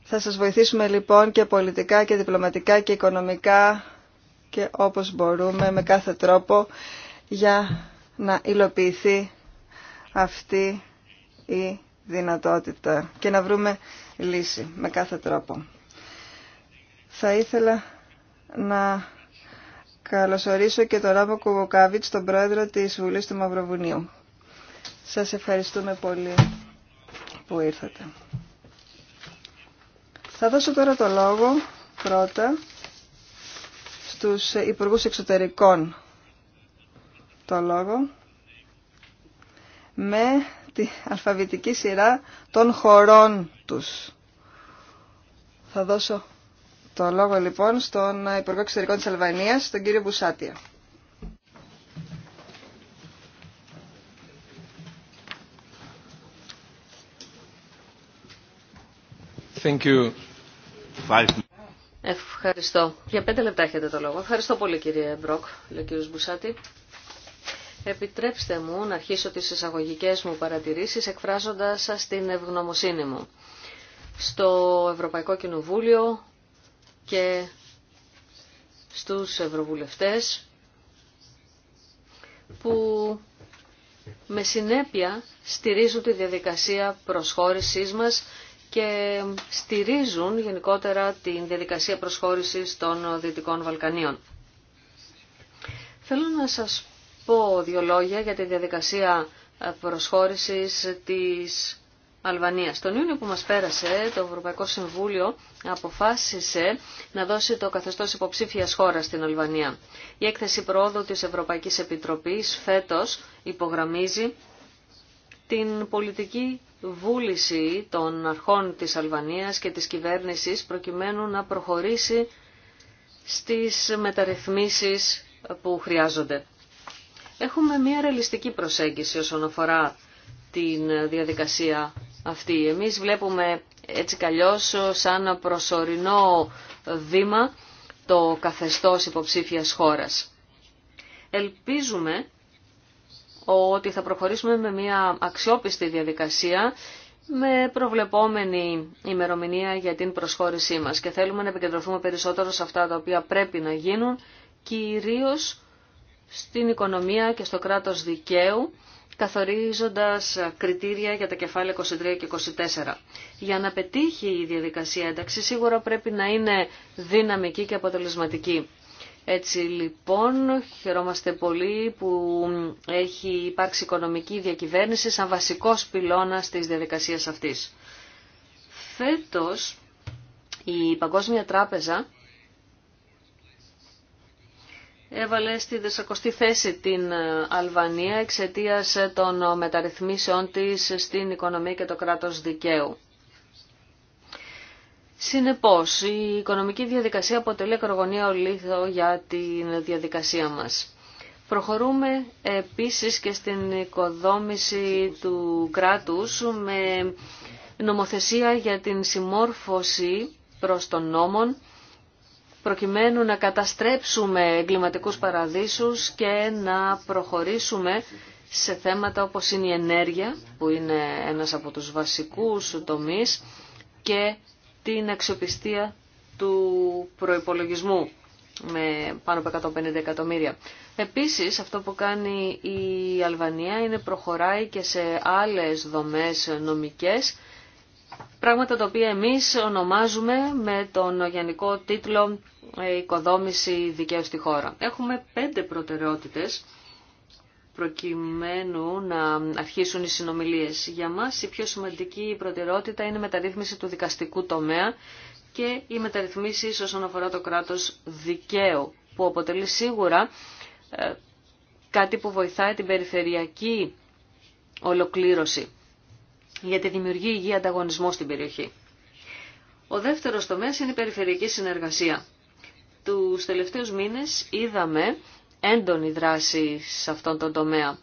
Θα σας βοηθήσουμε λοιπόν και πολιτικά και διπλωματικά και οικονομικά και όπως μπορούμε με κάθε τρόπο για να υλοποιηθεί αυτή η δυνατότητα και να βρούμε λύση με κάθε τρόπο. Θα ήθελα να καλωσορίσω και τον Ράμπο Κουβοκάβιτς, τον πρόεδρο της Βουλής του Μαυροβουνίου. Σας ευχαριστούμε πολύ που ήρθατε. Θα δώσω τώρα το λόγο πρώτα στους Υπουργούς Εξωτερικών το λόγο με τη αλφαβητική σειρά των χωρών τους. Θα δώσω το λόγο λοιπόν στον Υπουργό Εξωτερικών της Αλβανίας, τον κύριο Μπουσάτια. Thank you. Ευχαριστώ. Για πέντε λεπτά έχετε το λόγο. Ευχαριστώ πολύ κύριε Μπροκ, λέει ο κύριος Μπουσάτη. Επιτρέψτε μου να αρχίσω τις εισαγωγικέ μου παρατηρήσεις εκφράζοντας σας την ευγνωμοσύνη μου. Στο Ευρωπαϊκό Κοινοβούλιο και στους Ευρωβουλευτές που με συνέπεια στηρίζουν τη διαδικασία προσχώρησής μας και στηρίζουν γενικότερα την διαδικασία προσχώρησης των Δυτικών Βαλκανίων. Θέλω να σας πω δύο λόγια για τη διαδικασία προσχώρησης της Αλβανίας. Τον Ιούνιο που μας πέρασε, το Ευρωπαϊκό Συμβούλιο αποφάσισε να δώσει το καθεστώς υποψήφιας χώρας στην Αλβανία. Η έκθεση προόδου της Ευρωπαϊκής Επιτροπής φέτος υπογραμμίζει την πολιτική βούληση των αρχών της Αλβανίας και της κυβέρνησης προκειμένου να προχωρήσει στις μεταρρυθμίσεις που χρειάζονται. Έχουμε μια ρεαλιστική προσέγγιση όσον αφορά την διαδικασία αυτή. Εμείς βλέπουμε έτσι καλλιώς σαν προσωρινό βήμα το καθεστώς υποψήφιας χώρας. Ελπίζουμε ότι θα προχωρήσουμε με μια αξιόπιστη διαδικασία με προβλεπόμενη ημερομηνία για την προσχώρησή μας και θέλουμε να επικεντρωθούμε περισσότερο σε αυτά τα οποία πρέπει να γίνουν κυρίως στην οικονομία και στο κράτος δικαίου καθορίζοντας κριτήρια για τα κεφάλαια 23 και 24. Για να πετύχει η διαδικασία ένταξη σίγουρα πρέπει να είναι δυναμική και αποτελεσματική. Έτσι λοιπόν χαιρόμαστε πολύ που έχει υπάρξει οικονομική διακυβέρνηση σαν βασικός πυλώνας της διαδικασίας αυτής. Φέτος η Παγκόσμια Τράπεζα έβαλε στη δεσακοστή θέση την Αλβανία εξαιτίας των μεταρρυθμίσεων της στην οικονομία και το κράτος δικαίου. Συνεπώς, η οικονομική διαδικασία αποτελεί ακρογωνία ολίθο για την διαδικασία μας. Προχωρούμε επίσης και στην οικοδόμηση του κράτους με νομοθεσία για την συμμόρφωση προς τον νόμων προκειμένου να καταστρέψουμε εγκληματικούς παραδείσους και να προχωρήσουμε σε θέματα όπως είναι η ενέργεια, που είναι ένας από τους βασικούς τομείς, και την αξιοπιστία του προϋπολογισμού με πάνω από 150 εκατομμύρια. Επίσης αυτό που κάνει η Αλβανία είναι προχωράει και σε άλλες δομές νομικές, πράγματα τα οποία εμείς ονομάζουμε με τον γενικό τίτλο «Οικοδόμηση δικαίου στη χώρα». Έχουμε πέντε προτεραιότητες προκειμένου να αρχίσουν οι συνομιλίες. Για μας η πιο σημαντική προτεραιότητα είναι η μεταρρύθμιση του δικαστικού τομέα και οι μεταρρυθμίσεις όσον αφορά το κράτος δικαίου, που αποτελεί σίγουρα ε, κάτι που βοηθάει την περιφερειακή ολοκλήρωση, γιατί δημιουργεί υγιή ανταγωνισμό στην περιοχή. Ο δεύτερος τομέας είναι η περιφερειακή συνεργασία. Τους τελευταίους μήνες είδαμε έντονη δράση σε αυτόν τον τομέα.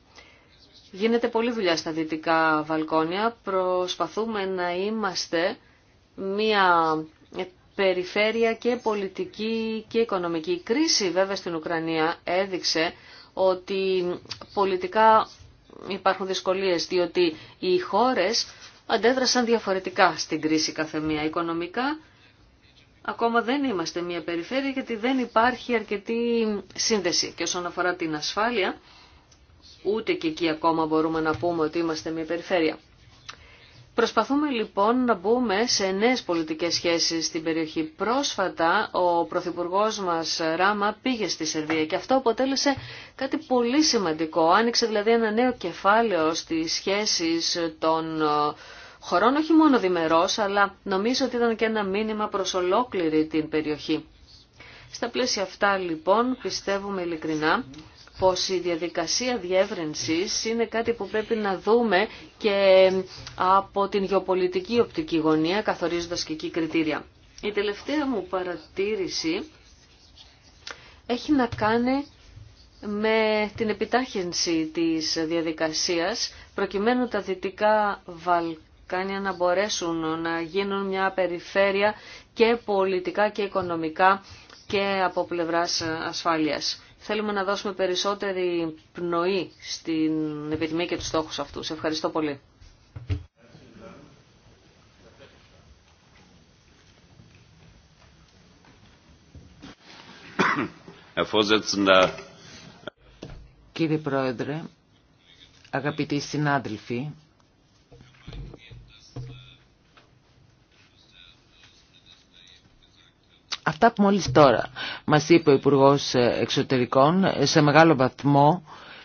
Γίνεται πολλή δουλειά στα Δυτικά Βαλκόνια. Προσπαθούμε να είμαστε μια περιφέρεια και πολιτική και οικονομική. Η κρίση βέβαια στην Ουκρανία έδειξε ότι πολιτικά υπάρχουν δυσκολίες, διότι οι χώρες αντέδρασαν διαφορετικά στην κρίση καθεμία. Οικονομικά Ακόμα δεν είμαστε μια περιφέρεια γιατί δεν υπάρχει αρκετή σύνδεση. Και όσον αφορά την ασφάλεια, ούτε και εκεί ακόμα μπορούμε να πούμε ότι είμαστε μια περιφέρεια. Προσπαθούμε λοιπόν να μπούμε σε νέες πολιτικές σχέσεις στην περιοχή. Πρόσφατα ο Πρωθυπουργό μας Ράμα πήγε στη Σερβία και αυτό αποτέλεσε κάτι πολύ σημαντικό. Άνοιξε δηλαδή ένα νέο κεφάλαιο στις σχέσεις των χωρών, όχι μόνο διμερός, αλλά νομίζω ότι ήταν και ένα μήνυμα προς ολόκληρη την περιοχή. Στα πλαίσια αυτά λοιπόν πιστεύουμε ειλικρινά πως η διαδικασία διεύρυνσης είναι κάτι που πρέπει να δούμε και από την γεωπολιτική οπτική γωνία, καθορίζοντας και εκεί κριτήρια. Η τελευταία μου παρατήρηση έχει να κάνει με την επιτάχυνση της διαδικασίας προκειμένου τα Δυτικά Βαλκάνια κάνει να μπορέσουν να γίνουν μια περιφέρεια και πολιτικά και οικονομικά και από πλευράς ασφάλειας. Θέλουμε να δώσουμε περισσότερη πνοή στην επιθυμία και τους στόχους αυτούς. Ευχαριστώ πολύ. Κύριε Πρόεδρε, αγαπητοί συνάδελφοι, Αυτά που μόλις τώρα μας είπε ο Υπουργός Εξωτερικών σε μεγάλο βαθμό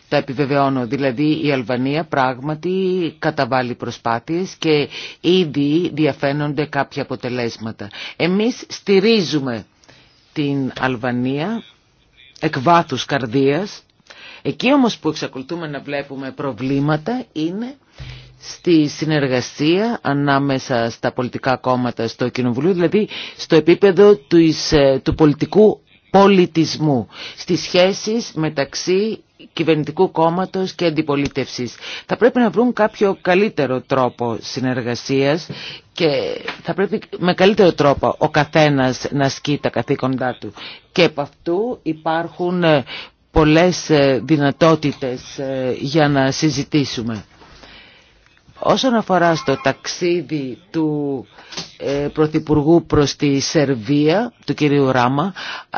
τα επιβεβαιώνω. Δηλαδή η Αλβανία πράγματι καταβάλει προσπάθειες και ήδη διαφαίνονται κάποια αποτελέσματα. Εμείς στηρίζουμε την Αλβανία εκ βάθους καρδίας. Εκεί όμως που εξακολουθούμε να βλέπουμε προβλήματα είναι στη συνεργασία ανάμεσα στα πολιτικά κόμματα στο Κοινοβουλίο, δηλαδή στο επίπεδο ε, του πολιτικού πολιτισμού, στις σχέσεις μεταξύ κυβερνητικού κόμματος και αντιπολίτευσης. Θα πρέπει να βρουν κάποιο καλύτερο τρόπο συνεργασίας και θα πρέπει με καλύτερο τρόπο ο καθένας να ασκεί τα καθήκοντά του. Και από αυτού υπάρχουν ε, πολλές ε, δυνατότητες για να συζητήσουμε. Όσον αφορά στο ταξίδι του ε, Πρωθυπουργού προς τη Σερβία, του κυρίου Ράμα, ε,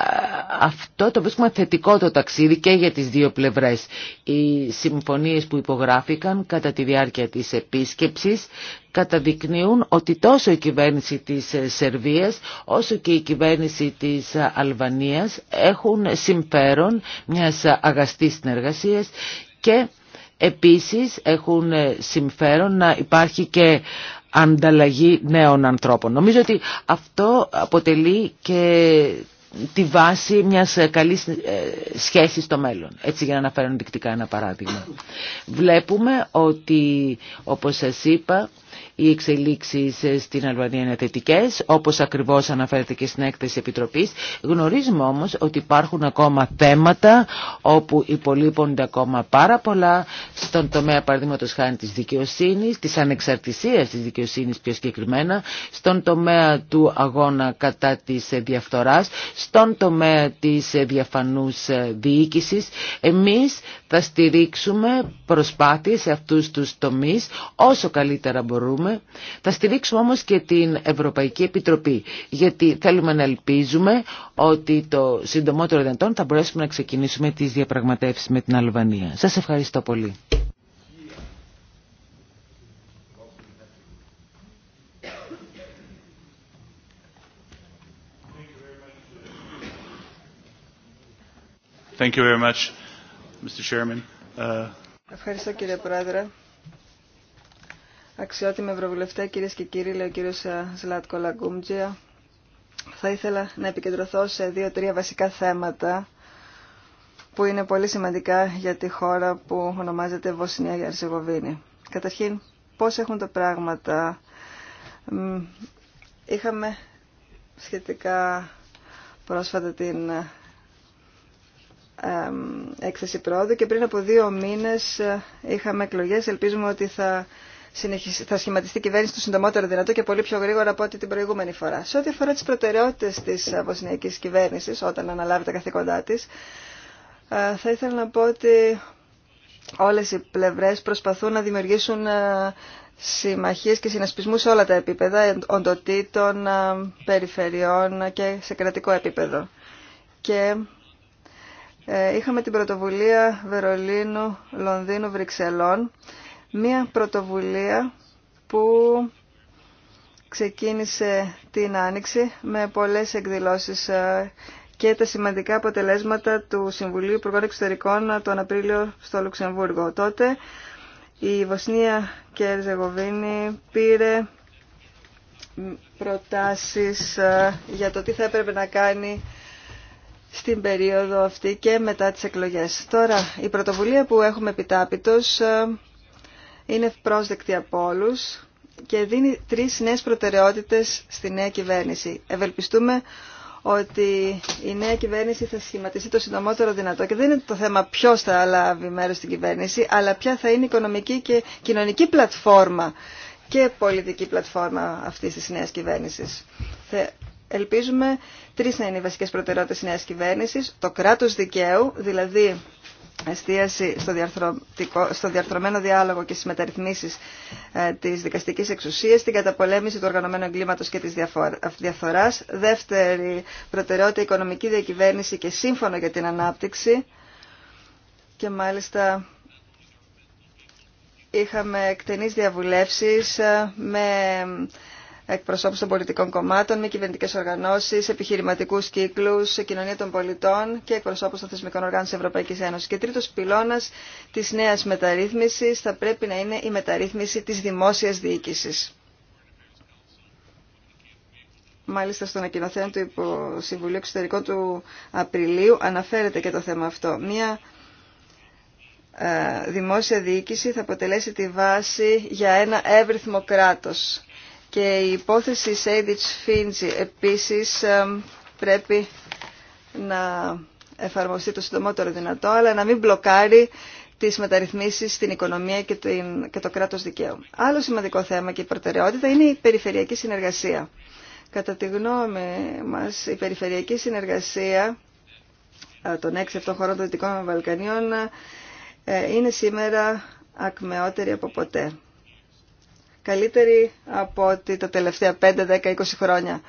αυτό το βρίσκουμε θετικό το ταξίδι και για τις δύο πλευρές. Οι συμφωνίες που υπογράφηκαν κατά τη διάρκεια της επίσκεψης καταδεικνύουν ότι τόσο η κυβέρνηση της ε, Σερβίας όσο και η κυβέρνηση της Αλβανίας έχουν συμφέρον μιας αγαστής συνεργασίας και Επίσης έχουν ε, συμφέρον να υπάρχει και ανταλλαγή νέων ανθρώπων. Νομίζω ότι αυτό αποτελεί και τη βάση μιας ε, καλής ε, σχέσης στο μέλλον. Έτσι για να αναφέρω ενδεικτικά ένα παράδειγμα. Βλέπουμε ότι, όπως σας είπα, οι εξελίξεις ε, στην Αλβανία είναι θετικές, όπως ακριβώς αναφέρεται και στην έκθεση Επιτροπής. Γνωρίζουμε όμως ότι υπάρχουν ακόμα θέματα όπου υπολείπονται ακόμα πάρα πολλά στον τομέα παραδείγματος χάρη της δικαιοσύνης, της ανεξαρτησίας της δικαιοσύνης πιο συγκεκριμένα, στον τομέα του αγώνα κατά της διαφθοράς, στον τομέα της διαφανούς ε, διοίκησης. Εμείς θα στηρίξουμε προσπάθειες σε αυτούς τους τομείς όσο καλύτερα μπορούμε θα στηρίξουμε όμως και την Ευρωπαϊκή Επιτροπή, γιατί θέλουμε να ελπίζουμε ότι το συντομότερο δυνατόν θα μπορέσουμε να ξεκινήσουμε τις διαπραγματεύσεις με την Αλβανία. Σας ευχαριστώ πολύ. Thank you very much, Mr. Chairman. Uh, ευχαριστώ κύριε Πρόεδρε. Αξιότιμη Ευρωβουλευτέ, κυρίε και κύριοι, λέει ο κύριο ε, Ζλάτκο Λαγκούμτζια. Θα ήθελα να επικεντρωθώ σε δύο-τρία βασικά θέματα που είναι πολύ σημαντικά για τη χώρα που ονομάζεται Βοσνία και Αρσεγοβίνη. Καταρχήν, πώς έχουν τα πράγματα. Είχαμε σχετικά πρόσφατα την ε, έκθεση πρόοδου και πριν από δύο μήνες ε, είχαμε εκλογές. Ελπίζουμε ότι θα θα σχηματιστεί η κυβέρνηση το συντομότερο δυνατό και πολύ πιο γρήγορα από ό,τι την προηγούμενη φορά. Σε ό,τι αφορά τι προτεραιότητε τη ε, βοσνιακή κυβέρνηση, όταν αναλάβει τα καθήκοντά τη, ε, θα ήθελα να πω ότι όλες οι πλευρές προσπαθούν να δημιουργήσουν ε, συμμαχίες και συνασπισμούς σε όλα τα επίπεδα, οντοτήτων, περιφερειών και σε κρατικό επίπεδο. Και είχαμε την πρωτοβουλία Βερολίνου, Λονδίνου, Βρυξελών μία πρωτοβουλία που ξεκίνησε την Άνοιξη με πολλές εκδηλώσεις ε, και τα σημαντικά αποτελέσματα του Συμβουλίου Υπουργών Εξωτερικών τον Απρίλιο στο Λουξεμβούργο. Τότε η Βοσνία και Ερζεγοβίνη πήρε προτάσεις ε, για το τι θα έπρεπε να κάνει στην περίοδο αυτή και μετά τις εκλογές. Τώρα, η πρωτοβουλία που έχουμε επιτάπητος ε, είναι ευπρόσδεκτη από όλου και δίνει τρει νέε προτεραιότητε στη νέα κυβέρνηση. Ευελπιστούμε ότι η νέα κυβέρνηση θα σχηματιστεί το συντομότερο δυνατό και δεν είναι το θέμα ποιο θα λάβει μέρο στην κυβέρνηση, αλλά ποια θα είναι η οικονομική και κοινωνική πλατφόρμα και πολιτική πλατφόρμα αυτή τη νέα κυβέρνηση. Ελπίζουμε τρει να είναι οι βασικέ προτεραιότητε τη νέα κυβέρνηση. Το κράτο δικαίου, δηλαδή εστίαση στο, στο διαρθρωμένο διάλογο και στις μεταρρυθμίσεις ε, της δικαστικής εξουσίας, την καταπολέμηση του οργανωμένου εγκλήματος και της διαφθοράς, δεύτερη προτεραιότητα οικονομική διακυβέρνηση και σύμφωνο για την ανάπτυξη και μάλιστα είχαμε εκτενείς διαβουλεύσεις ε, με εκπροσώπους των πολιτικών κομμάτων, μη κυβερνητικέ οργανώσει, επιχειρηματικού κύκλου, κοινωνία των πολιτών και εκπροσώπους των θεσμικών οργάνων τη Ευρωπαϊκής Ένωσης. Και τρίτο πυλώνας τη νέα μεταρρύθμισης θα πρέπει να είναι η μεταρρύθμιση τη δημόσια διοίκηση. Μάλιστα στον ανακοινωθέν του Υποσυμβουλίου Εξωτερικών του Απριλίου αναφέρεται και το θέμα αυτό. Μία ε, δημόσια διοίκηση θα αποτελέσει τη βάση για ένα εύρυθμο κράτος και η υπόθεση Σέιδιτς Φίντζη επίσης πρέπει να εφαρμοστεί το συντομότερο δυνατό, αλλά να μην μπλοκάρει τις μεταρρυθμίσεις στην οικονομία και, και το κράτος δικαίου. Άλλο σημαντικό θέμα και η προτεραιότητα είναι η περιφερειακή συνεργασία. Κατά τη γνώμη μας, η περιφερειακή συνεργασία ε, των 6-7 χωρών των Δυτικών Βαλκανίων ε, είναι σήμερα ακμεότερη από ποτέ καλύτερη από ότι τα τελευταία 5, 10, 20 χρόνια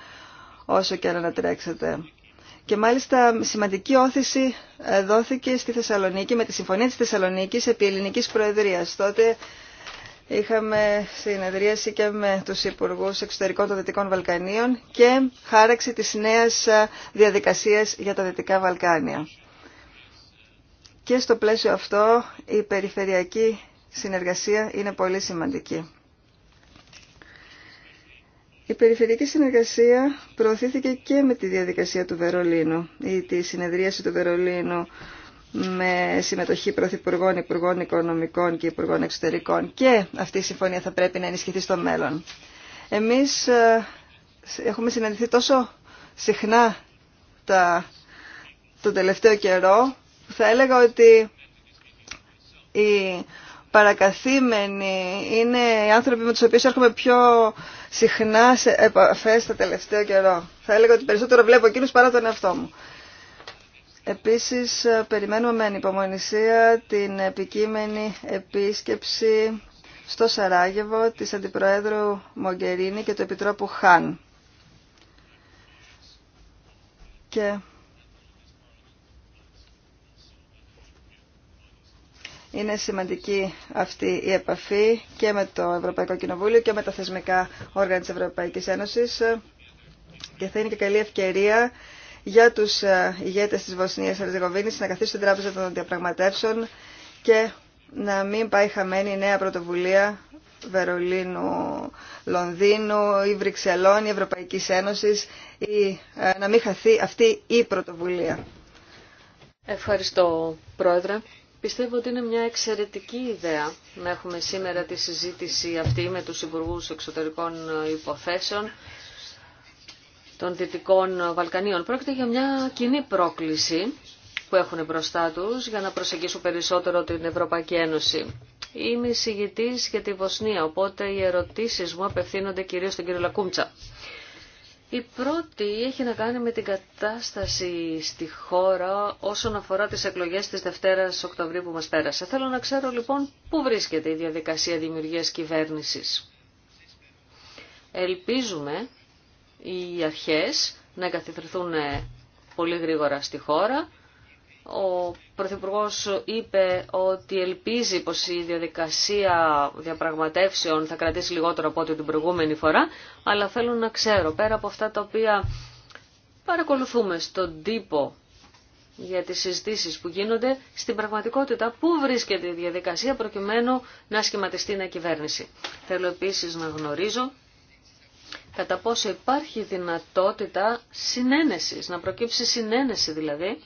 όσο και να ανατρέξετε. Και μάλιστα σημαντική όθηση ε, δόθηκε στη Θεσσαλονίκη με τη Συμφωνία της Θεσσαλονίκης επί ελληνικής προεδρίας. Τότε είχαμε συνεδρίαση και με τους Υπουργούς Εξωτερικών των Δυτικών Βαλκανίων και χάραξη της νέας ε, διαδικασίας για τα Δυτικά Βαλκάνια. Και στο πλαίσιο αυτό η περιφερειακή συνεργασία είναι πολύ σημαντική. Η περιφερειακή συνεργασία προωθήθηκε και με τη διαδικασία του Βερολίνου ή τη συνεδρίαση του Βερολίνου με συμμετοχή πρωθυπουργών, υπουργών οικονομικών και υπουργών εξωτερικών και αυτή η συμφωνία θα πρέπει να ενισχυθεί στο μέλλον. Εμείς ε, έχουμε συναντηθεί τόσο συχνά τα, τον τελευταίο καιρό που θα έλεγα ότι οι παρακαθήμενοι είναι οι άνθρωποι με τους οποίους έρχομαι πιο συχνά σε επαφές το τελευταίο καιρό. Θα έλεγα ότι περισσότερο βλέπω εκείνους παρά τον εαυτό μου. Επίσης, ε, περιμένουμε με ανυπομονησία την επικείμενη επίσκεψη στο Σαράγεβο της Αντιπροέδρου Μογκερίνη και του Επιτρόπου Χάν. Και Είναι σημαντική αυτή η επαφή και με το Ευρωπαϊκό Κοινοβούλιο και με τα θεσμικά όργανα της Ευρωπαϊκής Ένωσης και θα είναι και καλή ευκαιρία για τους ε, ηγέτες της Βοσνίας Αρζεγοβίνης να καθίσουν στην Τράπεζα των Διαπραγματεύσεων και να μην πάει χαμένη η νέα πρωτοβουλία Βερολίνου, Λονδίνου ή Βρυξελών ή ευρωπαικη Ένωσης ή ε, να μην χαθεί αυτή η πρωτοβουλία. Ευχαριστώ Πρόεδρε. Πιστεύω ότι είναι μια εξαιρετική ιδέα να έχουμε σήμερα τη συζήτηση αυτή με τους Υπουργού Εξωτερικών Υποθέσεων των Δυτικών Βαλκανίων. Πρόκειται για μια κοινή πρόκληση που έχουν μπροστά τους για να προσεγγίσουν περισσότερο την Ευρωπαϊκή Ένωση. Είμαι εισηγητής για τη Βοσνία, οπότε οι ερωτήσεις μου απευθύνονται κυρίως στον κύριο Λακούμτσα. Η πρώτη έχει να κάνει με την κατάσταση στη χώρα όσον αφορά τις εκλογές της Δευτέρας Οκτωβρίου που μας πέρασε. Θέλω να ξέρω λοιπόν πού βρίσκεται η διαδικασία δημιουργίας κυβέρνησης. Ελπίζουμε οι αρχές να εγκαθιδρυθούν ε, πολύ γρήγορα στη χώρα ο Πρωθυπουργό είπε ότι ελπίζει πως η διαδικασία διαπραγματεύσεων θα κρατήσει λιγότερο από ό,τι την προηγούμενη φορά, αλλά θέλω να ξέρω, πέρα από αυτά τα οποία παρακολουθούμε στον τύπο για τις συζητήσεις που γίνονται, στην πραγματικότητα πού βρίσκεται η διαδικασία προκειμένου να σχηματιστεί μια κυβέρνηση. Θέλω επίσης να γνωρίζω κατά πόσο υπάρχει δυνατότητα συνένεσης, να προκύψει συνένεση δηλαδή,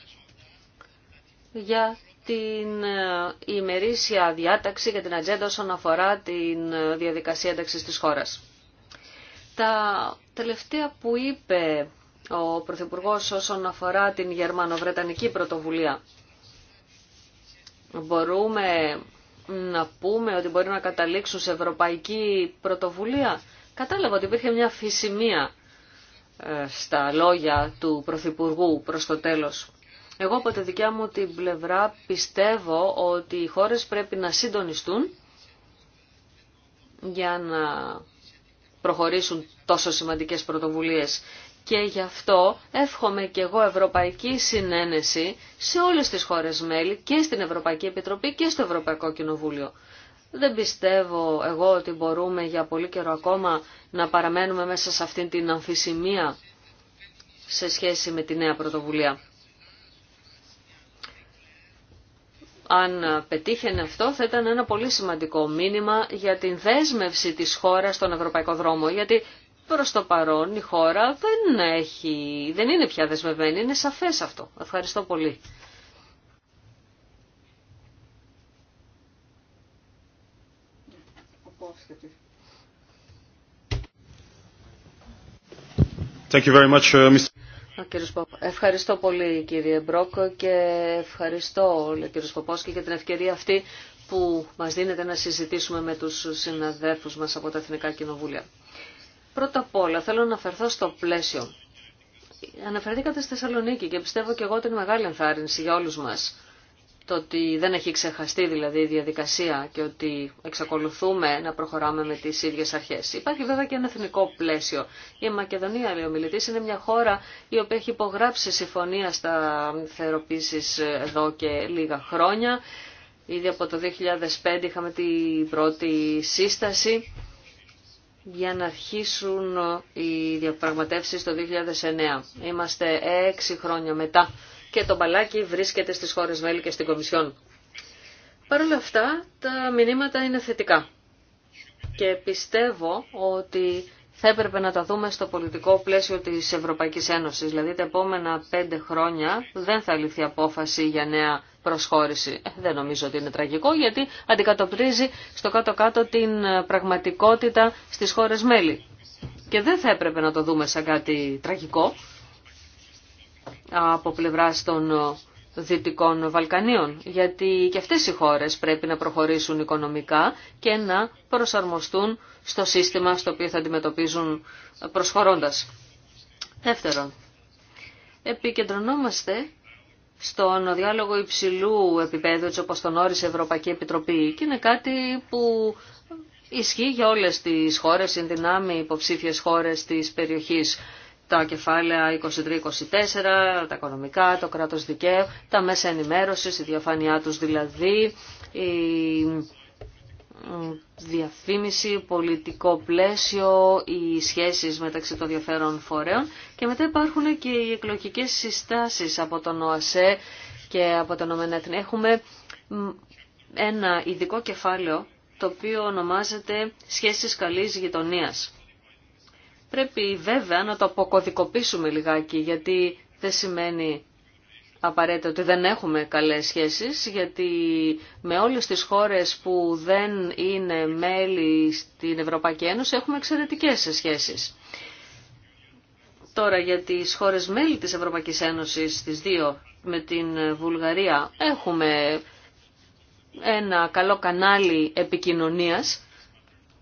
για την ε, ημερήσια διάταξη και την ατζέντα όσον αφορά την ε, διαδικασία ένταξης της χώρας. Τα τελευταία που είπε ο Πρωθυπουργό όσον αφορά την γερμανοβρετανική πρωτοβουλία. Μπορούμε να πούμε ότι μπορεί να καταλήξουν σε ευρωπαϊκή πρωτοβουλία. Κατάλαβα ότι υπήρχε μια φυσιμία ε, στα λόγια του Πρωθυπουργού προς το τέλος. Εγώ από τη δικιά μου την πλευρά πιστεύω ότι οι χώρες πρέπει να συντονιστούν για να προχωρήσουν τόσο σημαντικές πρωτοβουλίες. Και γι' αυτό εύχομαι και εγώ ευρωπαϊκή συνένεση σε όλες τις χώρες μέλη και στην Ευρωπαϊκή Επιτροπή και στο Ευρωπαϊκό Κοινοβούλιο. Δεν πιστεύω εγώ ότι μπορούμε για πολύ καιρό ακόμα να παραμένουμε μέσα σε αυτήν την αμφισημία σε σχέση με τη νέα πρωτοβουλία. Αν πετύχαινε αυτό θα ήταν ένα πολύ σημαντικό μήνυμα για την δέσμευση της χώρας στον ευρωπαϊκό δρόμο, γιατί προς το παρόν η χώρα δεν, έχει, δεν είναι πια δεσμευμένη, είναι σαφές αυτό. Ευχαριστώ πολύ. Thank you very much, uh, ευχαριστώ πολύ κύριε Μπρόκ και ευχαριστώ κύριο Σποπόσκη για την ευκαιρία αυτή που μας δίνεται να συζητήσουμε με τους συναδέρφους μας από τα Εθνικά Κοινοβούλια. Πρώτα απ' όλα θέλω να αναφερθώ στο πλαίσιο. Αναφερθήκατε στη Θεσσαλονίκη και πιστεύω και εγώ την μεγάλη ενθάρρυνση για όλους μας το ότι δεν έχει ξεχαστεί δηλαδή η διαδικασία και ότι εξακολουθούμε να προχωράμε με τις ίδιες αρχές. Υπάρχει βέβαια και ένα εθνικό πλαίσιο. Η Μακεδονία, λέει ο μιλητής, είναι μια χώρα η οποία έχει υπογράψει συμφωνία στα θεροποίησης εδώ και λίγα χρόνια. Ήδη από το 2005 είχαμε την πρώτη σύσταση για να αρχίσουν οι διαπραγματεύσεις το 2009. Είμαστε έξι χρόνια μετά και το μπαλάκι βρίσκεται στις χώρες μέλη και στην Κομισιόν. Παρ' όλα αυτά τα μηνύματα είναι θετικά και πιστεύω ότι θα έπρεπε να τα δούμε στο πολιτικό πλαίσιο της Ευρωπαϊκής Ένωσης. Δηλαδή τα επόμενα πέντε χρόνια δεν θα λυθεί απόφαση για νέα προσχώρηση. Ε, δεν νομίζω ότι είναι τραγικό γιατί αντικατοπτρίζει στο κάτω-κάτω την πραγματικότητα στις χώρες μέλη. Και δεν θα έπρεπε να το δούμε σαν κάτι τραγικό, από πλευράς των ε, Δυτικών Βαλκανίων, γιατί και αυτές οι χώρες πρέπει να προχωρήσουν οικονομικά και να προσαρμοστούν στο σύστημα στο οποίο θα αντιμετωπίζουν ε, προσχωρώντας. Δεύτερον, επικεντρωνόμαστε στον διάλογο υψηλού επίπεδου, έτσι όπως τον όρισε η Ευρωπαϊκή Επιτροπή και είναι κάτι που ισχύει για όλες τις χώρες, συνδυνάμει υποψήφιες χώρες της περιοχής τα κεφάλαια 23-24, τα οικονομικά, το κράτος δικαίου, τα μέσα ενημέρωσης, η διαφάνειά τους δηλαδή, η διαφήμιση, πολιτικό πλαίσιο, οι σχέσεις μεταξύ των διαφέρων φορέων και μετά υπάρχουν και οι εκλογικές συστάσεις από τον ΟΑΣΕ και από τον ΟΜΕΝΕΤΝ. Έχουμε ένα ειδικό κεφάλαιο το οποίο ονομάζεται «Σχέσεις καλής γειτονίας». Πρέπει βέβαια να το αποκωδικοποιήσουμε λιγάκι γιατί δεν σημαίνει απαραίτητα ότι δεν έχουμε καλές σχέσεις γιατί με όλες τις χώρες που δεν είναι μέλη στην Ευρωπαϊκή Ένωση έχουμε εξαιρετικές σχέσεις. Τώρα για τις χώρες μέλη της Ευρωπαϊκής Ένωσης, τις δύο με την Βουλγαρία, έχουμε ένα καλό κανάλι επικοινωνίας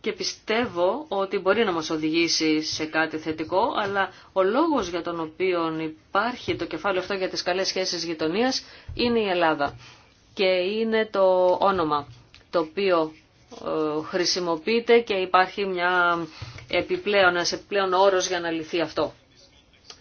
και πιστεύω ότι μπορεί να μας οδηγήσει σε κάτι θετικό, αλλά ο λόγος για τον οποίο υπάρχει το κεφάλαιο αυτό για τις καλές σχέσεις γειτονίας είναι η Ελλάδα. Και είναι το όνομα το οποίο ε, χρησιμοποιείται και υπάρχει μια επιπλέον, ένας επιπλέον όρος για να λυθεί αυτό.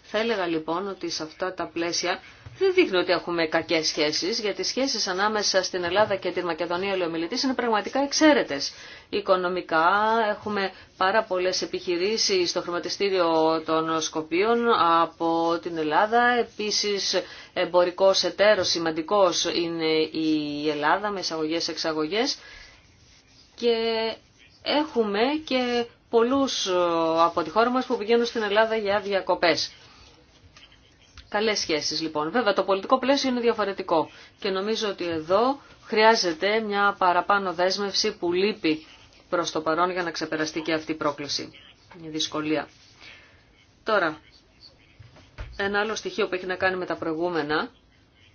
Θα έλεγα λοιπόν ότι σε αυτά τα πλαίσια δεν δείχνει ότι έχουμε κακές σχέσεις, γιατί οι σχέσεις ανάμεσα στην Ελλάδα και τη Μακεδονία, λέει ο είναι πραγματικά εξαίρετες. Οικονομικά έχουμε πάρα πολλές επιχειρήσεις στο χρηματιστήριο των Σκοπίων από την Ελλάδα. Επίσης εμπορικό εταίρος σημαντικός είναι η Ελλάδα με εισαγωγές-εξαγωγές και έχουμε και πολλούς από τη χώρα μας που πηγαίνουν στην Ελλάδα για διακοπές. Καλέ σχέσει λοιπόν. Βέβαια το πολιτικό πλαίσιο είναι διαφορετικό και νομίζω ότι εδώ χρειάζεται μια παραπάνω δέσμευση που λείπει προ το παρόν για να ξεπεραστεί και αυτή η πρόκληση, η δυσκολία. Τώρα, ένα άλλο στοιχείο που έχει να κάνει με τα προηγούμενα,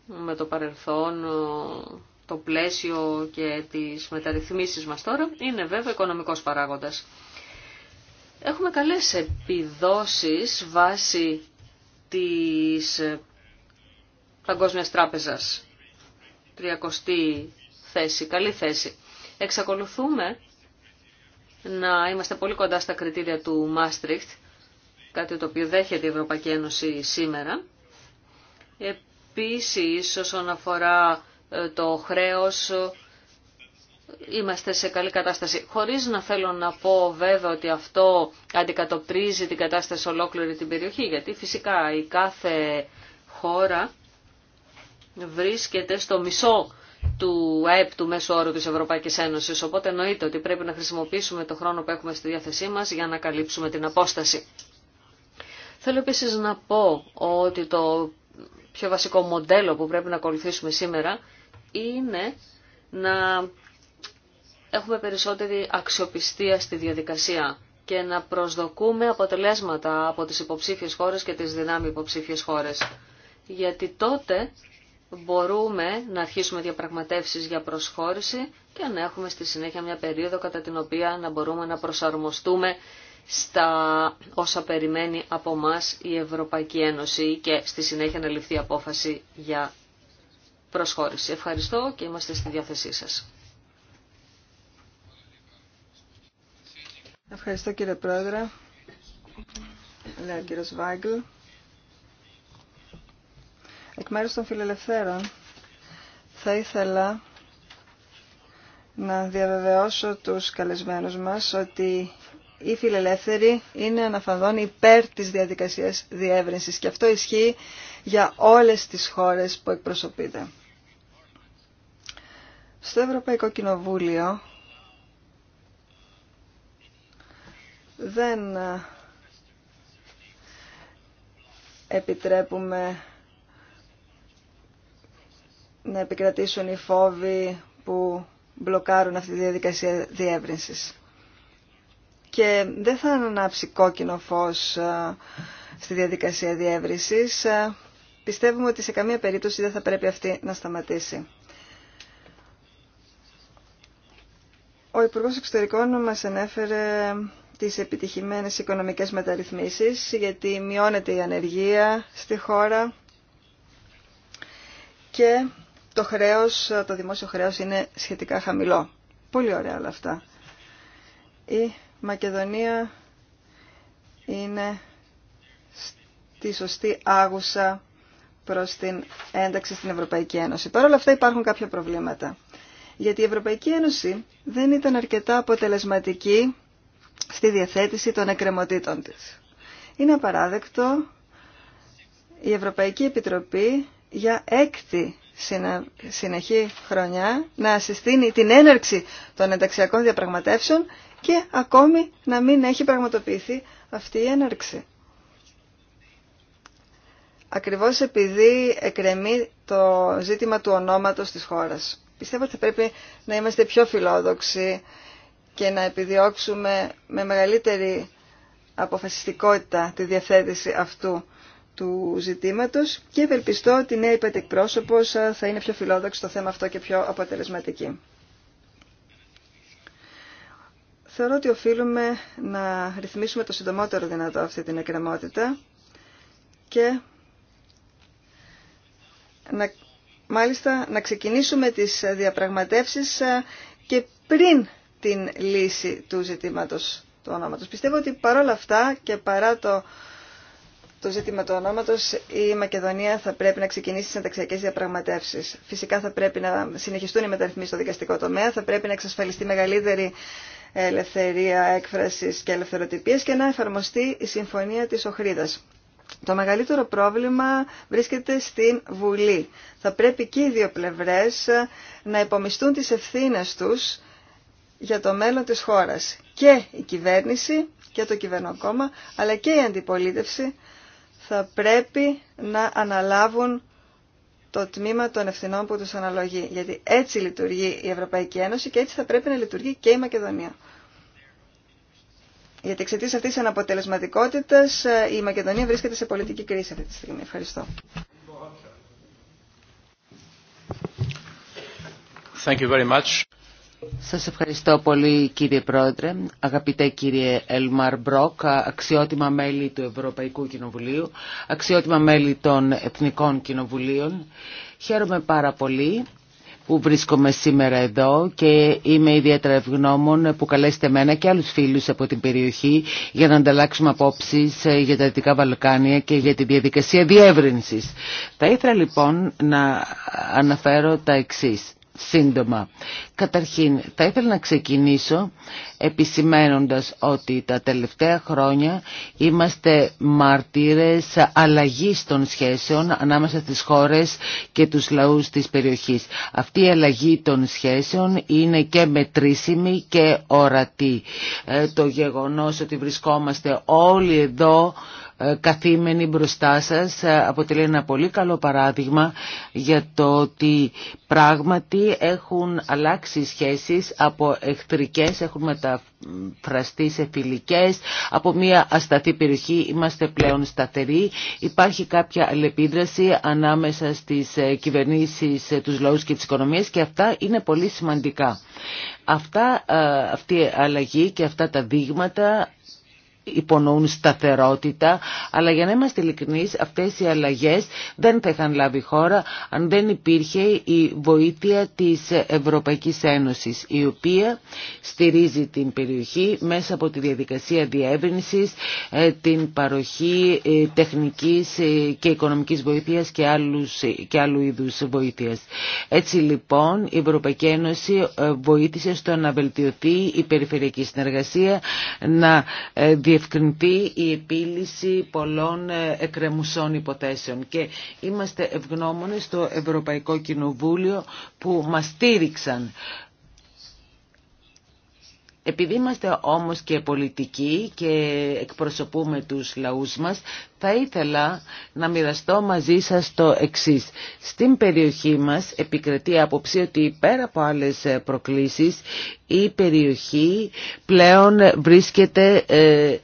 με το παρελθόν, το πλαίσιο και τις μεταρρυθμίσεις μας τώρα, είναι βέβαια οικονομικός παράγοντας. Έχουμε καλές επιδόσεις βάσει της Παγκόσμιας Τράπεζας. Τριακοστή θέση, καλή θέση. Εξακολουθούμε να είμαστε πολύ κοντά στα κριτήρια του Μάστριχτ, κάτι το οποίο δέχεται η Ευρωπαϊκή Ένωση σήμερα. Επίσης, όσον αφορά ε, το χρέος, είμαστε σε καλή κατάσταση. Χωρίς να θέλω να πω βέβαια ότι αυτό αντικατοπτρίζει την κατάσταση ολόκληρη την περιοχή, γιατί φυσικά η κάθε χώρα βρίσκεται στο μισό του ΑΕΠ, του μέσου όρου της Ευρωπαϊκής Ένωσης, οπότε εννοείται ότι πρέπει να χρησιμοποιήσουμε το χρόνο που έχουμε στη διάθεσή μας για να καλύψουμε την απόσταση. Θέλω επίσης να πω ότι το πιο βασικό μοντέλο που πρέπει να ακολουθήσουμε σήμερα είναι να έχουμε περισσότερη αξιοπιστία στη διαδικασία και να προσδοκούμε αποτελέσματα από τις υποψήφιες χώρες και τις δυνάμει υποψήφιες χώρες. Γιατί τότε μπορούμε να αρχίσουμε διαπραγματεύσεις για προσχώρηση και να έχουμε στη συνέχεια μια περίοδο κατά την οποία να μπορούμε να προσαρμοστούμε στα όσα περιμένει από μας η Ευρωπαϊκή Ένωση και στη συνέχεια να ληφθεί απόφαση για προσχώρηση. Ευχαριστώ και είμαστε στη διάθεσή σας. Ευχαριστώ κύριε Πρόεδρε. Λέω κύριος Βάγκλ. Εκ μέρους των φιλελευθέρων θα ήθελα να διαβεβαιώσω τους καλεσμένους μας ότι οι φιλελεύθεροι είναι αναφανδόν υπέρ της διαδικασίας διεύρυνσης και αυτό ισχύει για όλες τις χώρες που εκπροσωπείται. Στο Ευρωπαϊκό Κοινοβούλιο δεν ε, επιτρέπουμε να επικρατήσουν οι φόβοι που μπλοκάρουν αυτή τη διαδικασία διεύρυνσης. Και δεν θα ανάψει κόκκινο φως ε, στη διαδικασία διεύρυνσης. Ε, πιστεύουμε ότι σε καμία περίπτωση δεν θα πρέπει αυτή να σταματήσει. Ο Υπουργός Εξωτερικών μας ενέφερε τις επιτυχημένες οικονομικές μεταρρυθμίσεις, γιατί μειώνεται η ανεργία στη χώρα και το χρέος, το δημόσιο χρέος είναι σχετικά χαμηλό. Πολύ ωραία όλα αυτά. Η Μακεδονία είναι στη σωστή άγουσα προς την ένταξη στην Ευρωπαϊκή Ένωση. Παρ' όλα αυτά υπάρχουν κάποια προβλήματα. Γιατί η Ευρωπαϊκή Ένωση δεν ήταν αρκετά αποτελεσματική στη διαθέτηση των εκκρεμωτήτων της. Είναι απαράδεκτο η Ευρωπαϊκή Επιτροπή για έκτη συνεχή χρονιά να συστήνει την έναρξη των ενταξιακών διαπραγματεύσεων και ακόμη να μην έχει πραγματοποιηθεί αυτή η έναρξη. Ακριβώς επειδή εκρεμεί το ζήτημα του ονόματος της χώρας. Πιστεύω ότι θα πρέπει να είμαστε πιο φιλόδοξοι και να επιδιώξουμε με μεγαλύτερη αποφασιστικότητα τη διαθέτηση αυτού του ζητήματος και ευελπιστώ ότι η νέα εκπρόσωπος ε, θα είναι πιο φιλόδοξη στο θέμα αυτό και πιο αποτελεσματική. Θεωρώ ότι οφείλουμε να ρυθμίσουμε το συντομότερο δυνατό αυτή την εκκρεμότητα και να, μάλιστα να ξεκινήσουμε τις διαπραγματεύσεις ε, και πριν την λύση του ζητήματος του ονόματος. Πιστεύω ότι παρόλα αυτά και παρά το, το ζήτημα του ονόματος η Μακεδονία θα πρέπει να ξεκινήσει τις ανταξιακές διαπραγματεύσεις. Φυσικά θα πρέπει να συνεχιστούν οι μεταρρυθμίσεις στο δικαστικό τομέα, θα πρέπει να εξασφαλιστεί μεγαλύτερη ελευθερία έκφρασης και ελευθεροτυπίας και να εφαρμοστεί η Συμφωνία της Οχρίδας. Το μεγαλύτερο πρόβλημα βρίσκεται στην Βουλή. Θα πρέπει και οι δύο πλευρές να υπομιστούν τις ευθύνες τους για το μέλλον της χώρας. Και η κυβέρνηση και το κυβερνοκόμμα, αλλά και η αντιπολίτευση θα πρέπει να αναλάβουν το τμήμα των ευθυνών που τους αναλογεί. Γιατί έτσι λειτουργεί η Ευρωπαϊκή Ένωση και έτσι θα πρέπει να λειτουργεί και η Μακεδονία. Γιατί εξαιτία αυτή τη αναποτελεσματικότητα ε, η Μακεδονία βρίσκεται σε πολιτική κρίση αυτή τη στιγμή. Ευχαριστώ. Thank you very much. Σας ευχαριστώ πολύ κύριε Πρόεδρε, αγαπητέ κύριε Ελμαρ Μπρόκ, αξιότιμα μέλη του Ευρωπαϊκού Κοινοβουλίου, αξιότιμα μέλη των Εθνικών Κοινοβουλίων. Χαίρομαι πάρα πολύ που βρίσκομαι σήμερα εδώ και είμαι ιδιαίτερα ευγνώμων που καλέσετε μένα και άλλους φίλους από την περιοχή για να ανταλλάξουμε απόψεις ε, για τα Δυτικά Βαλκάνια και για τη διαδικασία διεύρυνσης. Θα ήθελα λοιπόν να αναφέρω τα εξής σύντομα. Καταρχήν, θα ήθελα να ξεκινήσω επισημένοντας ότι τα τελευταία χρόνια είμαστε μάρτυρες αλλαγής των σχέσεων ανάμεσα στις χώρες και τους λαούς της περιοχής. Αυτή η αλλαγή των σχέσεων είναι και μετρήσιμη και ορατή. Ε, το γεγονός ότι βρισκόμαστε όλοι εδώ ε, καθήμενη μπροστά σας ε, αποτελεί ένα πολύ καλό παράδειγμα για το ότι πράγματι έχουν αλλάξει σχέσεις από εχθρικές, έχουν μεταφραστεί σε φιλικές, από μια ασταθή περιοχή είμαστε πλέον σταθεροί, υπάρχει κάποια αλληλεπίδραση ανάμεσα στις ε, κυβερνήσεις, τους λαούς και τις οικονομίες και αυτά είναι πολύ σημαντικά. Αυτά, αυτή η αλλαγή και αυτά τα δείγματα υπονοούν σταθερότητα, αλλά για να είμαστε ειλικρινεί, αυτές οι αλλαγές δεν θα είχαν λάβει χώρα αν δεν υπήρχε η βοήθεια της Ευρωπαϊκής Ένωσης, η οποία στηρίζει την περιοχή μέσα από τη διαδικασία διεύρυνσης, ε, την παροχή ε, τεχνικής ε, και οικονομικής βοήθειας και, και άλλου είδους βοήθειας. Έτσι λοιπόν η Ευρωπαϊκή Ένωση βοήθησε στο να βελτιωθεί η περιφερειακή συνεργασία, να διευκρινθεί η επίλυση πολλών ε, εκκρεμουσών υποθέσεων. Και είμαστε ευγνώμονες στο Ευρωπαϊκό Κοινοβούλιο που μας στήριξαν επειδή είμαστε όμως και πολιτικοί και εκπροσωπούμε τους λαούς μας, θα ήθελα να μοιραστώ μαζί σας το εξής. Στην περιοχή μας επικρατεί άποψη ότι πέρα από άλλες προκλήσεις, η περιοχή πλέον βρίσκεται ε,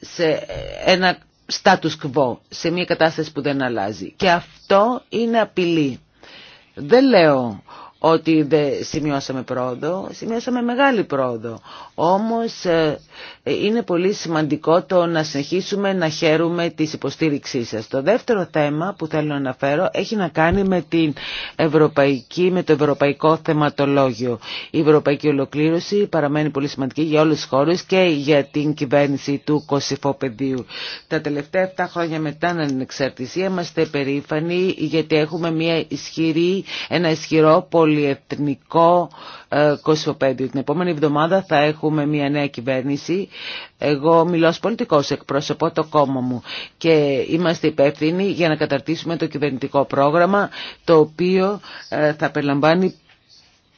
σε ένα status quo, σε μια κατάσταση που δεν αλλάζει. Και αυτό είναι απειλή. Δεν λέω ότι δεν σημειώσαμε πρόοδο, σημειώσαμε μεγάλη πρόοδο. Όμως ε, είναι πολύ σημαντικό το να συνεχίσουμε να χαίρουμε τις υποστήριξή σας. Το δεύτερο θέμα που θέλω να αναφέρω έχει να κάνει με, την ευρωπαϊκή, με το ευρωπαϊκό θεματολόγιο. Η ευρωπαϊκή ολοκλήρωση παραμένει πολύ σημαντική για όλες τις χώρες και για την κυβέρνηση του Κωσυφοπεδίου. Τα τελευταία 7 χρόνια μετά την εξαρτησία είμαστε περήφανοι γιατί έχουμε μια ισχυρή, ένα ισχυρό πολιτικό πολυεθνικό ε, κοσμοπέδιο. Την επόμενη εβδομάδα θα έχουμε μια νέα κυβέρνηση. Εγώ μιλώ ως πολιτικός, εκπροσωπώ το κόμμα μου και είμαστε υπεύθυνοι για να καταρτήσουμε το κυβερνητικό πρόγραμμα το οποίο ε, θα περιλαμβάνει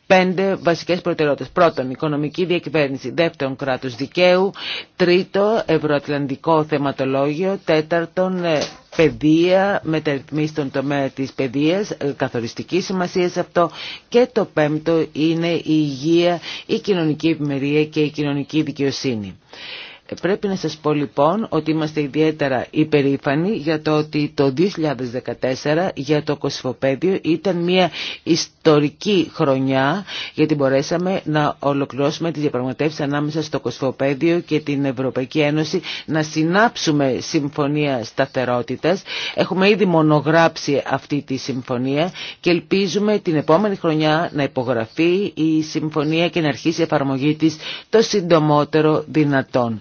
πέντε βασικές προτεραιότητες. Πρώτον, οικονομική διακυβέρνηση. Δεύτερον, κράτος δικαίου. Τρίτο, ευρωατλαντικό θεματολόγιο. Τέταρτον, ε, παιδεία, μεταρρυθμίσεις στον τομέα της παιδείας, ε, καθοριστική σημασία σε αυτό. Και το πέμπτο είναι η υγεία, η κοινωνική ευημερία και η κοινωνική δικαιοσύνη. Πρέπει να σας πω λοιπόν ότι είμαστε ιδιαίτερα υπερήφανοι για το ότι το 2014 για το Κωσυφοπέδιο ήταν μια ιστορική χρονιά γιατί μπορέσαμε να ολοκληρώσουμε τις διαπραγματεύσεις ανάμεσα στο Κωσυφοπέδιο και την Ευρωπαϊκή Ένωση να συνάψουμε συμφωνία σταθερότητας. Έχουμε ήδη μονογράψει αυτή τη συμφωνία και ελπίζουμε την επόμενη χρονιά να υπογραφεί η συμφωνία και να αρχίσει η εφαρμογή της το συντομότερο δυνατόν.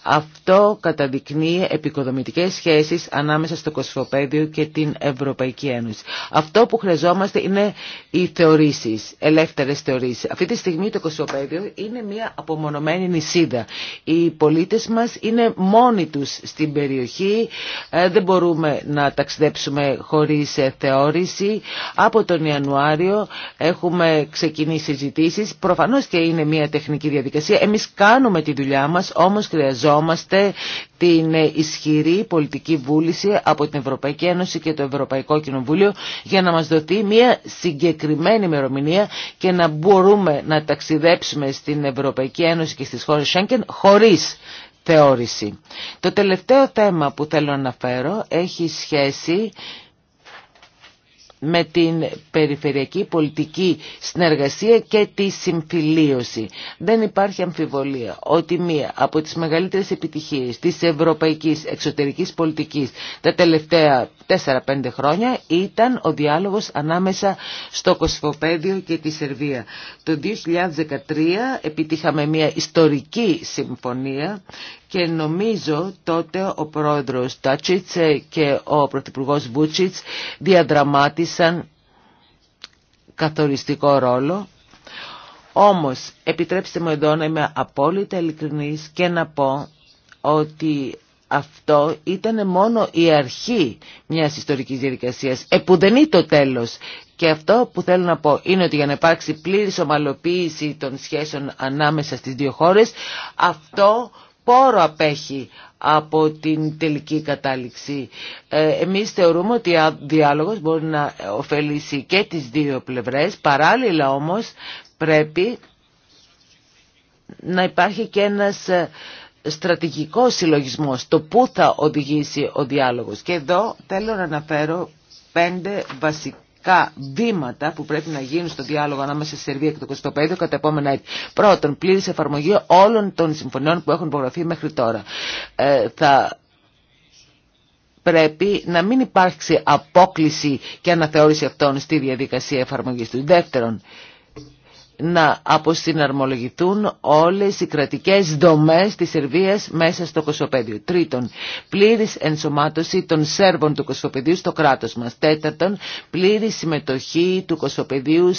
Αυτό καταδεικνύει επικοδομητικές σχέσεις ανάμεσα στο Κοσμοπέδιο και την Ευρωπαϊκή Ένωση. Αυτό που χρειαζόμαστε είναι οι θεωρήσεις, ελεύθερες θεωρήσεις. Αυτή τη στιγμή το Κοσμοπέδιο είναι μια απομονωμένη νησίδα. Οι πολίτες μας είναι μόνοι τους στην περιοχή. Ε, δεν μπορούμε να ταξιδέψουμε χωρίς ε, θεώρηση. Από τον Ιανουάριο έχουμε ξεκινήσει συζητήσεις. Προφανώς και είναι μια τεχνική διαδικασία. Εμείς κάνουμε τη δουλειά μας, όμως χρειαζόμαστε χρειαζόμαστε την ισχυρή πολιτική βούληση από την Ευρωπαϊκή Ένωση και το Ευρωπαϊκό Κοινοβούλιο για να μας δοθεί μια συγκεκριμένη ημερομηνία και να μπορούμε να ταξιδέψουμε στην Ευρωπαϊκή Ένωση και στις χώρες Σέγγεν χωρίς θεώρηση. Το τελευταίο θέμα που θέλω να αναφέρω έχει σχέση με την περιφερειακή πολιτική συνεργασία και τη συμφιλίωση. Δεν υπάρχει αμφιβολία ότι μία από τις μεγαλύτερες επιτυχίες της ευρωπαϊκής εξωτερικής πολιτικής τα τελευταία 4-5 χρόνια ήταν ο διάλογος ανάμεσα στο Κοσφοπέδιο και τη Σερβία. Το 2013 επιτύχαμε μία ιστορική συμφωνία και νομίζω τότε ο πρόεδρος Τάτσιτς και ο πρωθυπουργός Βούτσιτς διαδραμάτισαν καθοριστικό ρόλο. Όμως επιτρέψτε μου εδώ να είμαι απόλυτα ειλικρινής και να πω ότι αυτό ήταν μόνο η αρχή μιας ιστορικής διαδικασίας, ε, που δεν είναι το τέλος. Και αυτό που θέλω να πω είναι ότι για να υπάρξει πλήρης ομαλοποίηση των σχέσεων ανάμεσα στις δύο χώρες, αυτό πόρο απέχει από την τελική κατάληξη. Ε, εμείς θεωρούμε ότι ο διάλογος μπορεί να ωφελήσει και τις δύο πλευρές, παράλληλα όμως πρέπει να υπάρχει και ένας ε, στρατηγικός συλλογισμός. το πού θα οδηγήσει ο διάλογος. Και εδώ θέλω να αναφέρω πέντε βασικά βασικά βήματα που πρέπει να γίνουν στο διάλογο ανάμεσα στη Σερβία και το Κωνσταντοπέδιο κατά επόμενα έτη. Πρώτον, πλήρης εφαρμογή όλων των συμφωνιών που έχουν υπογραφεί μέχρι τώρα. Ε, θα πρέπει να μην υπάρξει απόκληση και αναθεώρηση αυτών στη διαδικασία εφαρμογής του. Δεύτερον, να αποσυναρμολογηθούν όλες οι κρατικές δομές της Σερβίας μέσα στο Κοσοπέδιο. Τρίτον, πλήρης ενσωμάτωση των Σέρβων του Κοσοπεδίου στο κράτος μας. Τέταρτον, πλήρη συμμετοχή του Κοσοπεδίου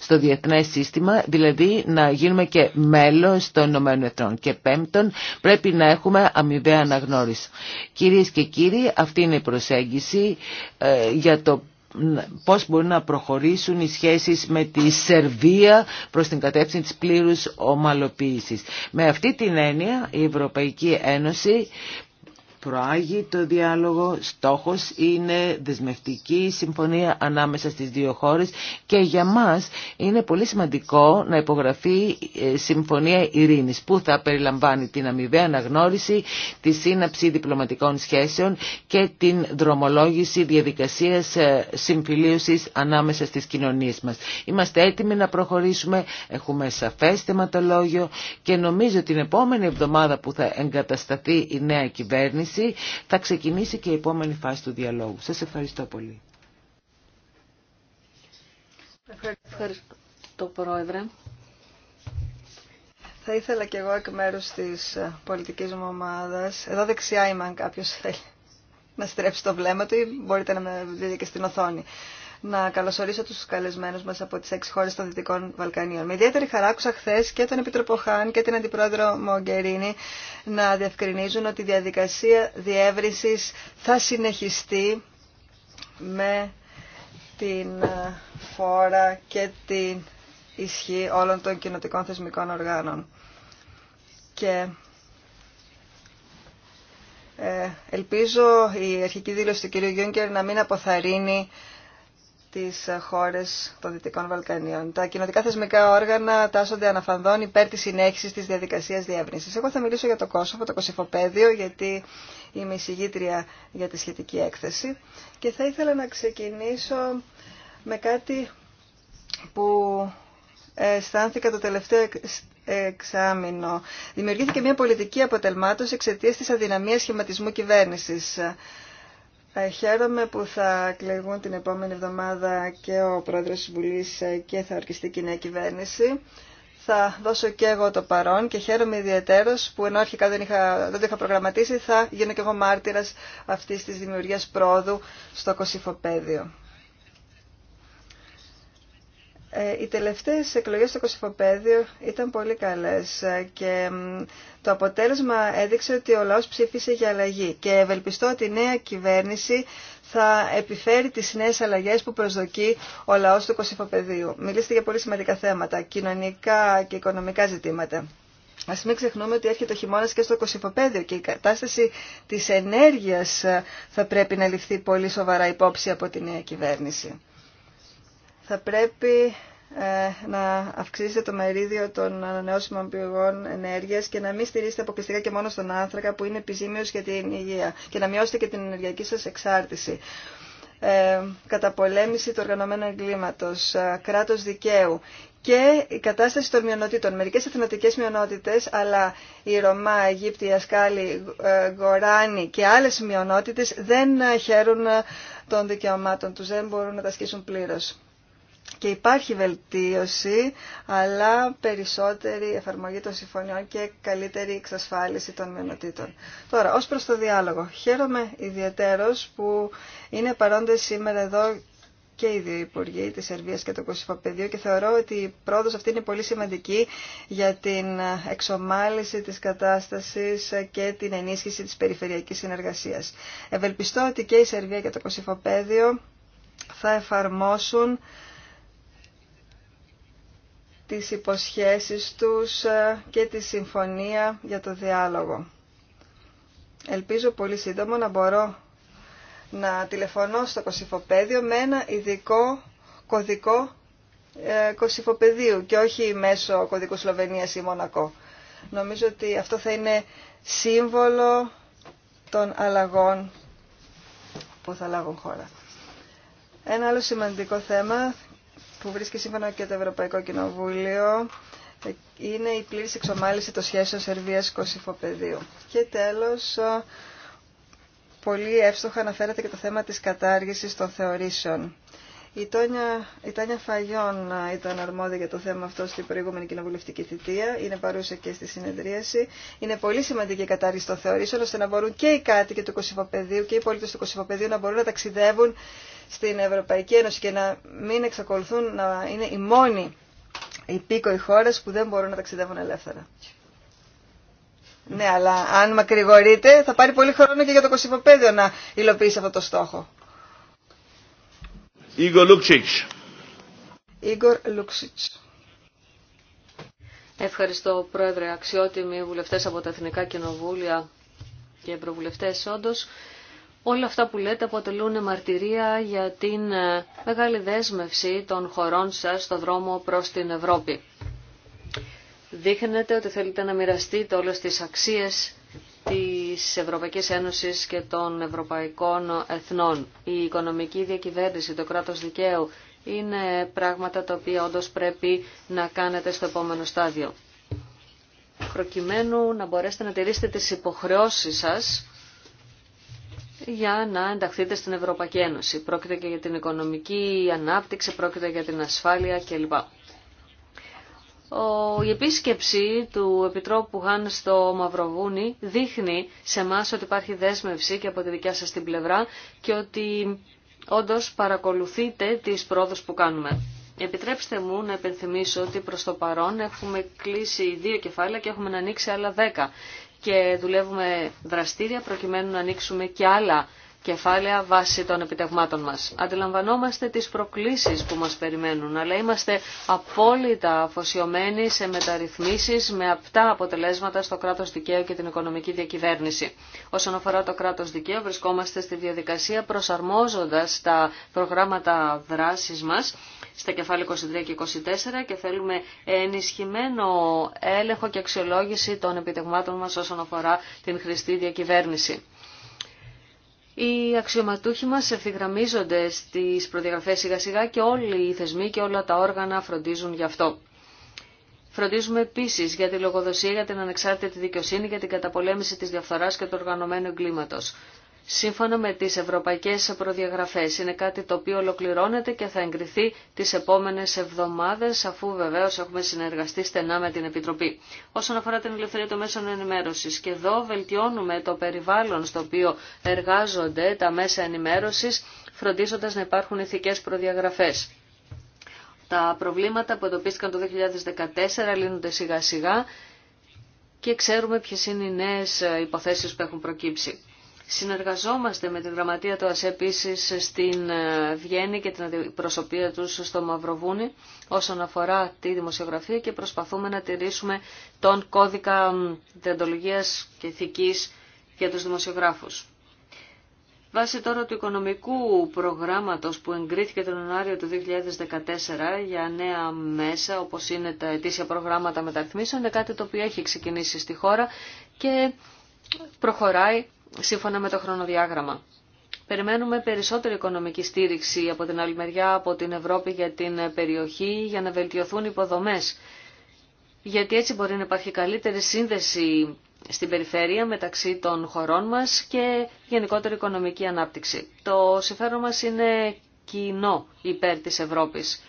στο διεθνές σύστημα, δηλαδή να γίνουμε και μέλος των ΗΕ. Και πέμπτον, πρέπει να έχουμε αμοιβαία αναγνώριση. Κυρίες και κύριοι, αυτή είναι η προσέγγιση ε, για το πώς μπορούν να προχωρήσουν οι σχέσεις με τη Σερβία προς την κατεύθυνση της πλήρους ομαλοποίησης. Με αυτή την έννοια η Ευρωπαϊκή Ένωση προάγει το διάλογο, στόχος είναι δεσμευτική συμφωνία ανάμεσα στις δύο χώρες και για μας είναι πολύ σημαντικό να υπογραφεί ε, συμφωνία ειρήνης που θα περιλαμβάνει την αμοιβαία αναγνώριση, τη σύναψη διπλωματικών σχέσεων και την δρομολόγηση διαδικασίας ε, συμφιλίωσης ανάμεσα στις κοινωνίες μας. Είμαστε έτοιμοι να προχωρήσουμε, έχουμε σαφές θεματολόγιο και νομίζω την επόμενη εβδομάδα που θα εγκατασταθεί η νέα κυβέρνηση θα ξεκινήσει και η επόμενη φάση του διαλόγου. Σας ευχαριστώ πολύ. Ευχαριστώ, Πρόεδρε. Θα ήθελα κι εγώ εκ μέρου τη πολιτική μου ομάδα. Εδώ δεξιά είμαι, αν κάποιο θέλει να στρέψει το βλέμμα του, ή μπορείτε να με δείτε και στην οθόνη να καλωσορίσω τους καλεσμένους μας από τις έξι χώρε των Δυτικών Βαλκανίων. Με ιδιαίτερη χαρά άκουσα χθε και τον Επίτροπο Χάν και την Αντιπρόεδρο Μογκερίνη να διευκρινίζουν ότι η διαδικασία διεύρυνση θα συνεχιστεί με την ε, φόρα και την ισχύ όλων των κοινοτικών θεσμικών οργάνων. Και ε, ελπίζω η αρχική δήλωση του κ. Γιούγκερ να μην αποθαρρύνει τις χώρες των Δυτικών Βαλκανίων. Τα κοινοτικά θεσμικά όργανα τάσσονται αναφανδών υπέρ της συνέχισης της διαδικασίας διεύρυνσης. Εγώ θα μιλήσω για το Κόσοβο, το Κωσυφοπαίδιο, γιατί είμαι εισηγήτρια για τη σχετική έκθεση. Και θα ήθελα να ξεκινήσω με κάτι που αισθάνθηκα το τελευταίο εξάμεινο. Δημιουργήθηκε μια πολιτική αποτελμάτωση εξαιτία τη αδυναμία σχηματισμού κυβέρνηση. Ε, χαίρομαι που θα κλεγούν την επόμενη εβδομάδα και ο Πρόεδρος της Βουλής ε, και θα ορκιστεί και η νέα κυβέρνηση. Θα δώσω και εγώ το παρόν και χαίρομαι ιδιαίτερο που ενώ αρχικά δεν, είχα, δεν το είχα προγραμματίσει θα γίνω και εγώ μάρτυρας αυτής της δημιουργίας πρόοδου στο Κωσυφοπαίδιο. Ε, οι τελευταίες εκλογές στο Κωσυφοπαίδιο ήταν πολύ καλές ε, και το αποτέλεσμα έδειξε ότι ο λαός ψήφισε για αλλαγή και ευελπιστώ ότι η νέα κυβέρνηση θα επιφέρει τις νέες αλλαγές που προσδοκεί ο λαός του Κωσυφοπαιδίου. Μιλήστε για πολύ σημαντικά θέματα, κοινωνικά και οικονομικά ζητήματα. Α μην ξεχνούμε ότι έρχεται ο χειμώνα και στο Κωσυφοπαίδιο και η κατάσταση τη ενέργεια ε, θα πρέπει να ληφθεί πολύ σοβαρά υπόψη από τη νέα κυβέρνηση θα πρέπει ε, να αυξήσετε το μερίδιο των ανανεώσιμων πηγών ενέργεια και να μην στηρίζετε αποκλειστικά και μόνο στον άνθρακα που είναι επιζήμιο για την υγεία και να μειώσετε και την ενεργειακή σα εξάρτηση. Ε, καταπολέμηση του οργανωμένου εγκλήματο, ε, κράτο δικαίου και η κατάσταση των μειονοτήτων. Μερικέ εθνοτικέ μειονότητε, αλλά η Ρωμά, η Αιγύπτιοι, Ασκάλοι, ε, Γοράνη και άλλε μειονότητε δεν χαίρουν των δικαιωμάτων του, δεν μπορούν να τα ασκήσουν πλήρω και υπάρχει βελτίωση, αλλά περισσότερη εφαρμογή των συμφωνιών και καλύτερη εξασφάλιση των μειονοτήτων. Τώρα, ως προς το διάλογο. Χαίρομαι ιδιαίτερος που είναι παρόντες σήμερα εδώ και οι δύο Υπουργοί τη Σερβία και το Κωσυφοπεδίου και θεωρώ ότι η πρόοδο αυτή είναι πολύ σημαντική για την εξομάλυση της κατάστασης και την ενίσχυση τη περιφερειακή συνεργασίας. Ευελπιστώ ότι και η Σερβία και το Κωσυφοπέδιο θα εφαρμόσουν τις υποσχέσεις τους ε, και τη συμφωνία για το διάλογο. Ελπίζω πολύ σύντομα να μπορώ να τηλεφωνώ στο κοσυφοπέδιο με ένα ειδικό κωδικό ε, κοσυφοπεδίου και όχι μέσω κωδικού Σλοβενίας ή Μονακό. Νομίζω ότι αυτό θα είναι σύμβολο των αλλαγών που θα λάβουν χώρα. Ένα άλλο σημαντικό θέμα που βρίσκει σύμφωνα και το Ευρωπαϊκό Κοινοβούλιο είναι η πλήρης εξομάλυση των σχέσεων Σερβίας-Κωσυφοπεδίου. Και τέλος, πολύ εύστοχα αναφέρατε και το θέμα της κατάργησης των θεωρήσεων. Η Τάνια, η Τάνια Φαγιόν ήταν αρμόδια για το θέμα αυτό στην προηγούμενη κοινοβουλευτική θητεία. Είναι παρούσα και στη συνεδρίαση. Είναι πολύ σημαντική η κατάργηση των θεωρήσεων ώστε να μπορούν και οι κάτοικοι του Κωσυφοπεδίου και οι πολίτε του Κωσυφοπεδίου να μπορούν να ταξιδεύουν στην Ευρωπαϊκή Ένωση και να μην εξακολουθούν να είναι οι μόνοι υπήκοοι χώρε που δεν μπορούν να ταξιδεύουν ελεύθερα. Ναι, αλλά αν μακρηγορείτε θα πάρει πολύ χρόνο και για το κοσυφοπαίδιο να υλοποιήσει αυτό το στόχο. Igor Λουξίτς. Ευχαριστώ Πρόεδρε, αξιότιμοι βουλευτές από τα Εθνικά Κοινοβούλια και Ευρωβουλευτές όντως. Όλα αυτά που λέτε αποτελούν μαρτυρία για την ε, μεγάλη δέσμευση των χωρών σας στο δρόμο προς την Ευρώπη. Δείχνετε ότι θέλετε να μοιραστείτε όλες τις αξίες της Ευρωπαϊκής Ένωσης και των Ευρωπαϊκών Εθνών. Η οικονομική διακυβέρνηση, το κράτος δικαίου είναι πράγματα τα οποία όντω πρέπει να κάνετε στο επόμενο στάδιο. Προκειμένου να μπορέσετε να τηρήσετε τις υποχρεώσεις σας για να ενταχθείτε στην Ευρωπαϊκή Ένωση. Πρόκειται και για την οικονομική ανάπτυξη, πρόκειται για την ασφάλεια κλπ. η επίσκεψη του Επιτρόπου Χάν στο Μαυροβούνι δείχνει σε εμά ότι υπάρχει δέσμευση και από τη δικιά σας την πλευρά και ότι όντως παρακολουθείτε τις πρόοδους που κάνουμε. Επιτρέψτε μου να επενθυμίσω ότι προς το παρόν έχουμε κλείσει δύο κεφάλαια και έχουμε να ανοίξει άλλα δέκα και δουλεύουμε δραστήρια προκειμένου να ανοίξουμε και άλλα κεφάλαια βάση των επιτευγμάτων μας. Αντιλαμβανόμαστε τις προκλήσεις που μας περιμένουν, αλλά είμαστε απόλυτα αφοσιωμένοι σε μεταρρυθμίσεις με απτά αποτελέσματα στο κράτος δικαίου και την οικονομική διακυβέρνηση. Όσον αφορά το κράτος δικαίου, βρισκόμαστε στη διαδικασία προσαρμόζοντας τα προγράμματα δράσης μας στα κεφάλαια 23 και 24 και θέλουμε ενισχυμένο έλεγχο και αξιολόγηση των επιτευγμάτων μας όσον αφορά την χρηστή διακυβέρνηση. Οι αξιωματούχοι μας ευθυγραμμίζονται στις προδιαγραφές σιγά σιγά και όλοι οι θεσμοί και όλα τα όργανα φροντίζουν γι' αυτό. Φροντίζουμε επίση για τη λογοδοσία, για την ανεξάρτητη δικαιοσύνη, για την καταπολέμηση τη διαφθοράς και του οργανωμένου εγκλήματο σύμφωνα με τις ευρωπαϊκές προδιαγραφές. Είναι κάτι το οποίο ολοκληρώνεται και θα εγκριθεί τις επόμενες εβδομάδες, αφού βεβαίως έχουμε συνεργαστεί στενά με την Επιτροπή. Όσον αφορά την ελευθερία των μέσων ενημέρωσης, και εδώ βελτιώνουμε το περιβάλλον στο οποίο εργάζονται τα μέσα ενημέρωσης, φροντίζοντας να υπάρχουν ηθικές προδιαγραφές. Τα προβλήματα που εντοπίστηκαν το 2014 λύνονται σιγά σιγά και ξέρουμε ποιες είναι οι νέες υποθέσεις που έχουν προκύψει. Συνεργαζόμαστε με τη γραμματεία του ΑΣΕ στην ε, Βιέννη και την προσωπία τους στο Μαυροβούνι όσον αφορά τη δημοσιογραφία και προσπαθούμε να τηρήσουμε τον κώδικα διοντολογίας και ηθικής για τους δημοσιογράφους. Βάσει τώρα του οικονομικού προγράμματος που εγκρίθηκε τον Ιανουάριο του 2014 για νέα μέσα, όπως είναι τα ετήσια προγράμματα μεταρρυθμίσεων, είναι κάτι το οποίο έχει ξεκινήσει στη χώρα και προχωράει σύμφωνα με το χρονοδιάγραμμα. Περιμένουμε περισσότερη οικονομική στήριξη από την άλλη μεριά, από την Ευρώπη για την περιοχή, για να βελτιωθούν οι υποδομές. Γιατί έτσι μπορεί να υπάρχει καλύτερη σύνδεση στην περιφέρεια μεταξύ των χωρών μας και γενικότερη οικονομική ανάπτυξη. Το συμφέρον μας είναι κοινό υπέρ της Ευρώπης.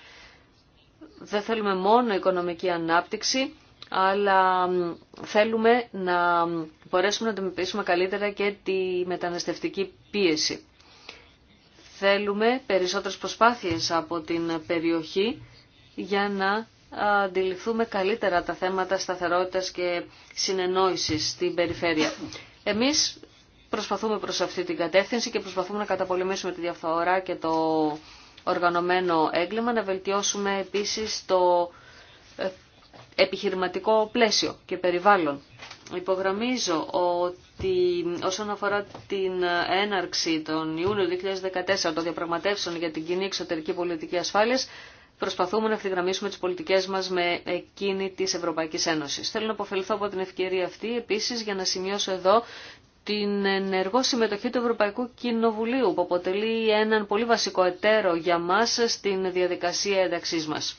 Δεν θέλουμε μόνο οικονομική ανάπτυξη, αλλά θέλουμε να μπορέσουμε να αντιμετωπίσουμε καλύτερα και τη μεταναστευτική πίεση. Θέλουμε περισσότερες προσπάθειες από την περιοχή για να αντιληφθούμε καλύτερα τα θέματα σταθερότητας και συνεννόησης στην περιφέρεια. Εμείς προσπαθούμε προς αυτή την κατεύθυνση και προσπαθούμε να καταπολεμήσουμε τη διαφθορά και το οργανωμένο έγκλημα, να βελτιώσουμε επίσης το ε, επιχειρηματικό πλαίσιο και περιβάλλον. Υπογραμμίζω ότι όσον αφορά την έναρξη τον Ιούνιο 2014 των διαπραγματεύσεων για την κοινή εξωτερική πολιτική ασφάλειας, προσπαθούμε να ευθυγραμμίσουμε τις πολιτικές μας με εκείνη της Ευρωπαϊκής Ένωσης. Θέλω να αποφελθώ από την ευκαιρία αυτή επίσης για να σημειώσω εδώ την ενεργό συμμετοχή του Ευρωπαϊκού Κοινοβουλίου που αποτελεί έναν πολύ βασικό εταίρο για μας στην διαδικασία ένταξής μας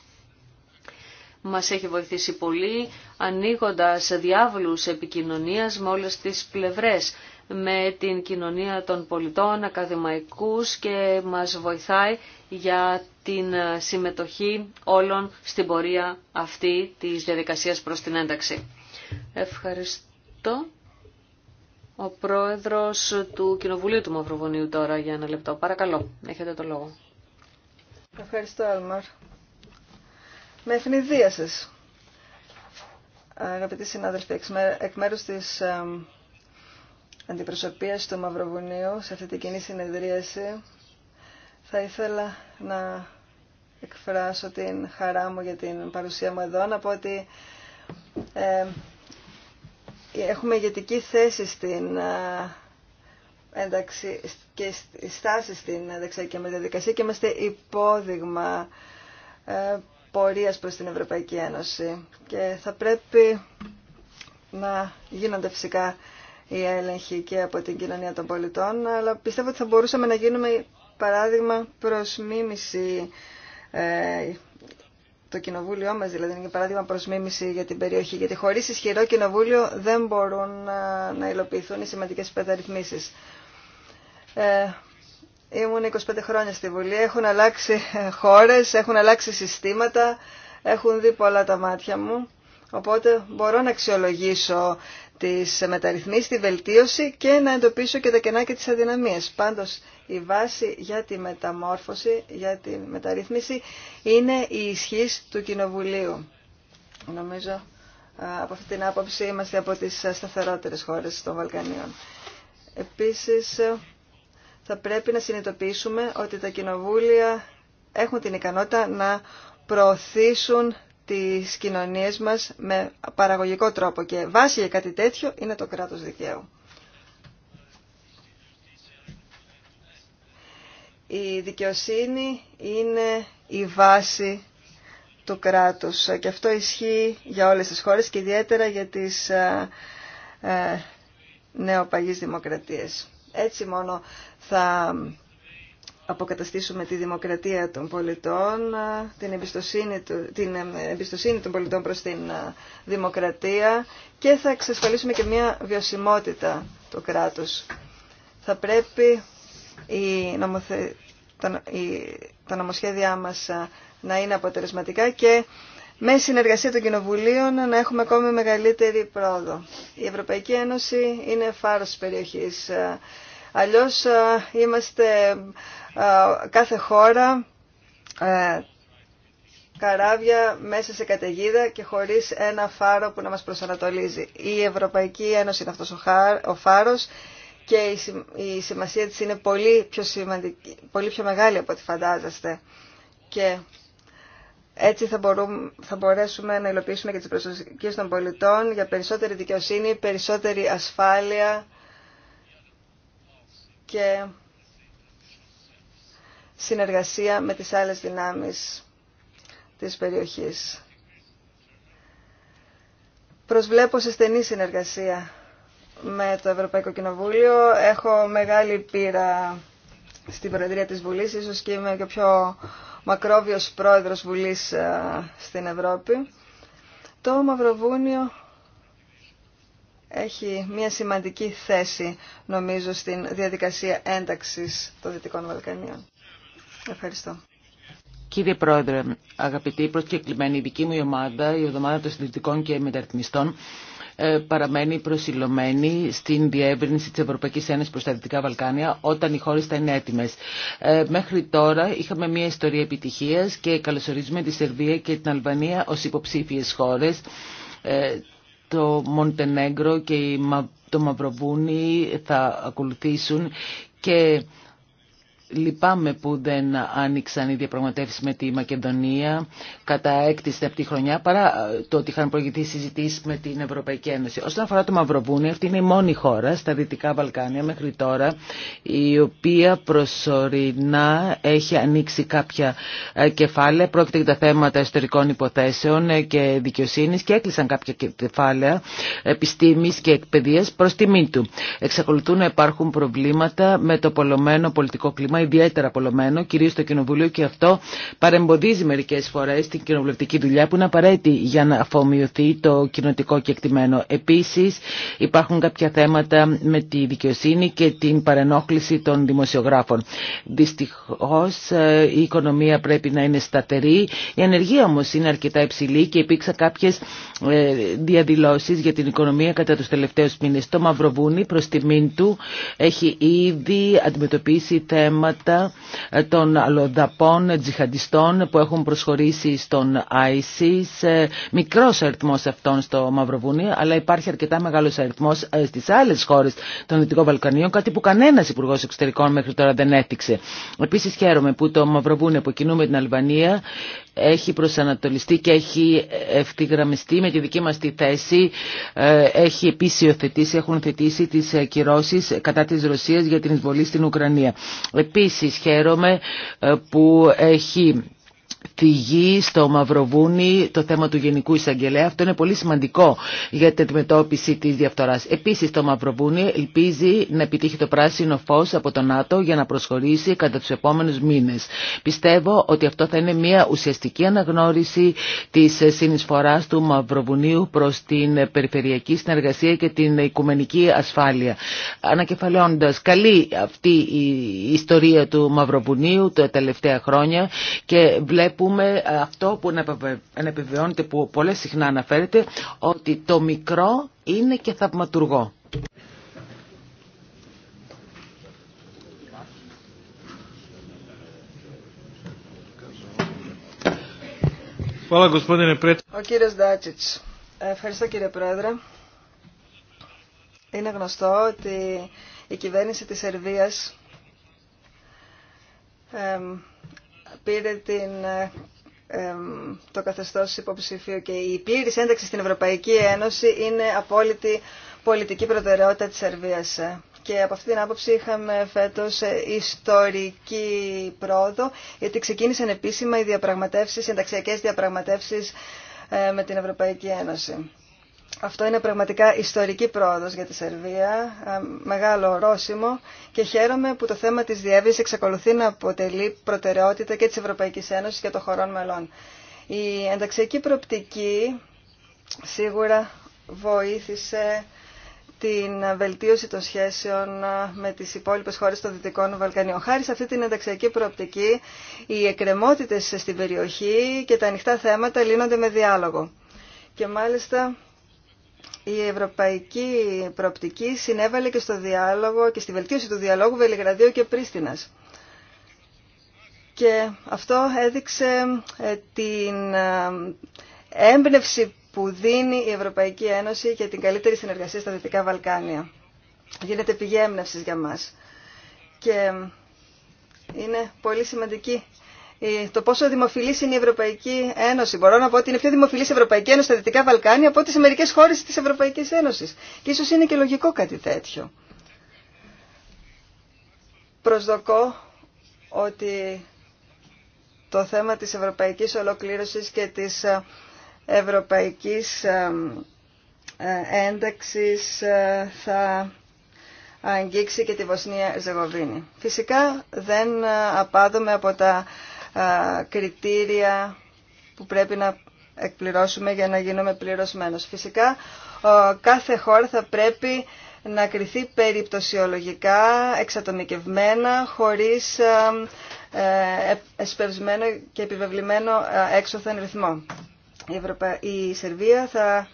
μας έχει βοηθήσει πολύ ανοίγοντας διάβλους επικοινωνίας με όλες τις πλευρές με την κοινωνία των πολιτών, ακαδημαϊκούς και μας βοηθάει για την συμμετοχή όλων στην πορεία αυτή της διαδικασίας προς την ένταξη. Ευχαριστώ. Ο πρόεδρος του Κοινοβουλίου του Μαυροβονίου τώρα για ένα λεπτό. Παρακαλώ, έχετε το λόγο. Ευχαριστώ, Αλμαρ με ευνηδία σα, Αγαπητοί συνάδελφοι, εκ μέρους της αντιπροσωπείας του Μαυροβουνίου σε αυτή την κοινή συνεδρίαση θα ήθελα να εκφράσω την χαρά μου για την παρουσία μου εδώ, να πω ότι ε, έχουμε ηγετική θέση στην ε, και στάση στην και με διαδικασία και είμαστε υπόδειγμα ε, πορείας προς την Ευρωπαϊκή Ένωση και θα πρέπει να γίνονται φυσικά οι έλεγχοι και από την κοινωνία των πολιτών, αλλά πιστεύω ότι θα μπορούσαμε να γίνουμε παράδειγμα προς μίμηση ε, το κοινοβούλιο μας δηλαδή είναι παράδειγμα προς μίμηση για την περιοχή γιατί χωρίς ισχυρό κοινοβούλιο δεν μπορούν να, να υλοποιηθούν οι σημαντικές μεταρρυθμίσεις. Ε, Ήμουν 25 χρόνια στη Βουλή, έχουν αλλάξει χώρες, έχουν αλλάξει συστήματα, έχουν δει πολλά τα μάτια μου. Οπότε μπορώ να αξιολογήσω τις μεταρρυθμίσεις, τη βελτίωση και να εντοπίσω και τα κενά και τις αδυναμίες. Πάντως η βάση για τη μεταμόρφωση, για τη μεταρρύθμιση είναι η ισχύς του Κοινοβουλίου. Νομίζω από αυτή την άποψη είμαστε από τις σταθερότερες χώρες των Βαλκανίων. Επίσης θα πρέπει να συνειδητοποιήσουμε ότι τα κοινοβούλια έχουν την ικανότητα να προωθήσουν τις κοινωνίες μας με παραγωγικό τρόπο και βάση για κάτι τέτοιο είναι το κράτος δικαίου. Η δικαιοσύνη είναι η βάση του κράτους και αυτό ισχύει για όλες τις χώρες και ιδιαίτερα για τις ε, ε, νεοπαγείς δημοκρατίες. Έτσι μόνο θα αποκαταστήσουμε τη δημοκρατία των πολιτών, την εμπιστοσύνη, την των πολιτών προς την ε, δημοκρατία και θα εξασφαλίσουμε και μια βιωσιμότητα του κράτους. Θα πρέπει η νομοθε... τα... τα νομοσχέδιά μας ε, να είναι αποτελεσματικά και με συνεργασία των κοινοβουλίων να έχουμε ακόμη μεγαλύτερη πρόοδο. Η Ευρωπαϊκή Ένωση είναι φάρος της περιοχής. Ε, αλλιώς ε, είμαστε ε, κάθε χώρα καράβια μέσα σε καταιγίδα και χωρίς ένα φάρο που να μας προσανατολίζει. Η Ευρωπαϊκή Ένωση είναι αυτός ο φάρος και η σημασία της είναι πολύ πιο, σημαντική, πολύ πιο μεγάλη από ό,τι φαντάζεστε. Και έτσι θα, μπορούμε, θα μπορέσουμε να υλοποιήσουμε και τις προσδοκίες των πολιτών για περισσότερη δικαιοσύνη, περισσότερη ασφάλεια και συνεργασία με τις άλλες δυνάμεις της περιοχής. Προσβλέπω σε στενή συνεργασία με το Ευρωπαϊκό Κοινοβούλιο. Έχω μεγάλη πείρα στην Προεδρία της Βουλής, ίσως και είμαι και πιο μακρόβιος πρόεδρος Βουλής ε, στην Ευρώπη, το Μαυροβούνιο έχει μια σημαντική θέση, νομίζω, στην διαδικασία ένταξης των Δυτικών Βαλκανίων. Ευχαριστώ. Κύριε Πρόεδρε, αγαπητοί προσκεκλημένοι, η δική μου ομάδα, η Εβδομάδα των Συντηρητικών και Μεταρρυθμιστών, ε, παραμένει προσιλωμένη στην διεύρυνση της Ευρωπαϊκής Ένωσης προς τα Δυτικά Βαλκάνια όταν οι χώρες θα είναι έτοιμες. Ε, μέχρι τώρα είχαμε μια ιστορία επιτυχίας και καλωσορίζουμε τη Σερβία και την Αλβανία ως υποψήφιες χώρες ε, το Μοντενέγκρο και το Μαυροβούνι θα ακολουθήσουν και Λυπάμαι που δεν άνοιξαν οι διαπραγματεύσει με τη Μακεδονία κατά έκτη αυτή τη χρονιά παρά ε, το ότι είχαν προηγηθεί συζητήσει με την Ευρωπαϊκή Ένωση. Όσον αφορά το Μαυροβούνιο, αυτή είναι η μόνη χώρα στα Δυτικά Βαλκάνια μέχρι τώρα η οποία προσωρινά έχει ανοίξει κάποια ε, κεφάλαια. Πρόκειται για τα θέματα εσωτερικών υποθέσεων ε, και δικαιοσύνη και έκλεισαν κάποια κεφάλαια επιστήμη και εκπαιδεία προ τιμή του. Εξακολουθούν να υπάρχουν προβλήματα με το πολλωμένο πολιτικό κλίμα ιδιαίτερα απολωμένο, κυρίως στο Κοινοβουλίο και αυτό παρεμποδίζει μερικές φορές την κοινοβουλευτική δουλειά που είναι απαραίτητη για να αφομοιωθεί το κοινοτικό κεκτημένο. Επίσης υπάρχουν κάποια θέματα με τη δικαιοσύνη και την παρενόχληση των δημοσιογράφων. Δυστυχώς ε, η οικονομία πρέπει να είναι σταθερή, η ανεργία όμως είναι αρκετά υψηλή και υπήρξαν κάποιες ε, διαδηλώσεις για την οικονομία κατά τους τελευταίους μήνες. Το Μαυροβούνι προς τιμήν του έχει ήδη αντιμετωπίσει θέμα θύματα ε, των αλλοδαπών τζιχαντιστών που έχουν προσχωρήσει στον ISIS. Ε, μικρός αριθμός αυτών στο Μαυροβούνιο, αλλά υπάρχει αρκετά μεγάλος αριθμός ε, στις άλλες χώρες των Δυτικών Βαλκανίων, κάτι που κανένας υπουργό Εξωτερικών μέχρι τώρα δεν έφτιαξε. Επίσης χαίρομαι που το Μαυροβούνιο που κινούμε την Αλβανία έχει προσανατολιστεί και έχει ευθυγραμμιστεί με τη δική μας τη θέση. Έχει επίσης υιοθετήσει, έχουν θετήσει τις κυρώσεις κατά της Ρωσίας για την εισβολή στην Ουκρανία. Επίσης, Επίσης χαίρομαι ε, που έχει γη, στο Μαυροβούνι το θέμα του Γενικού Εισαγγελέα. Αυτό είναι πολύ σημαντικό για την αντιμετώπιση της διαφθοράς. Επίσης το Μαυροβούνι ελπίζει να επιτύχει το πράσινο φως από το ΝΑΤΟ για να προσχωρήσει κατά τους επόμενους μήνες. Πιστεύω ότι αυτό θα είναι μια ουσιαστική αναγνώριση της συνεισφοράς του Μαυροβουνίου προς την περιφερειακή συνεργασία και την οικουμενική ασφάλεια. Ανακεφαλαιώντα, καλή αυτή η ιστορία του Μαυροβουνίου τα τελευταία χρόνια και βλέπουμε βλέπουμε ε, αυτό που επιβεβαιώνεται που πολύ συχνά αναφέρεται, ότι το μικρό είναι και θαυματουργό. Ο κύριος Ντάτσιτς. Ευχαριστώ κύριε Πρόεδρε. Είναι γνωστό ότι η κυβέρνηση της Σερβίας πήρε την, το καθεστώς υποψηφίου και η πλήρης ένταξη στην Ευρωπαϊκή Ένωση είναι απόλυτη πολιτική προτεραιότητα της Σερβίας. Και από αυτή την άποψη είχαμε φέτος ιστορική πρόοδο, γιατί ξεκίνησαν επίσημα οι διαπραγματεύσεις, οι ενταξιακές διαπραγματεύσεις ε, με την Ευρωπαϊκή Ένωση. Αυτό είναι πραγματικά ιστορική πρόοδος για τη Σερβία, μεγάλο ορόσημο και χαίρομαι που το θέμα της διεύρυνσης εξακολουθεί να αποτελεί προτεραιότητα και της Ευρωπαϊκής Ένωσης και των χωρών μελών. Η ενταξιακή προοπτική σίγουρα βοήθησε την βελτίωση των σχέσεων με τις υπόλοιπες χώρες των Δυτικών Βαλκανίων. Χάρη σε αυτή την ενταξιακή προοπτική, οι εκκρεμότητες στην περιοχή και τα ανοιχτά θέματα λύνονται με διάλογο. Και μάλιστα η ευρωπαϊκή προοπτική συνέβαλε και στο διάλογο και στη βελτίωση του διαλόγου Βελιγραδίου και Πρίστινας. Και αυτό έδειξε ε, την ε, έμπνευση που δίνει η Ευρωπαϊκή Ένωση για την καλύτερη συνεργασία στα Δυτικά Βαλκάνια. Γίνεται πηγή έμπνευσης για μας. Και ε, είναι πολύ σημαντική ε, το πόσο δημοφιλή είναι η Ευρωπαϊκή Ένωση. Μπορώ να πω ότι είναι πιο δημοφιλή η Ευρωπαϊκή Ένωση στα Δυτικά Βαλκάνια από ό,τι σε μερικέ χώρε τη Ευρωπαϊκή Ένωση. Και ίσω είναι και λογικό κάτι τέτοιο. Προσδοκώ ότι το θέμα της ευρωπαϊκής ολοκλήρωσης και της ε, ευρωπαϊκής ε, ένταξης θα αγγίξει και τη Βοσνία Ζεγοβίνη. Φυσικά δεν απάδομαι από τα κριτήρια που πρέπει να εκπληρώσουμε για να γίνουμε πλήρως Φυσικά, κάθε χώρα θα πρέπει να κριθεί περιπτωσιολογικά, εξατομικευμένα, χωρίς ε, εσπευσμένο και επιβεβλημένο έξωθεν ρυθμό. Η, Ευρωπα... η Σερβία θα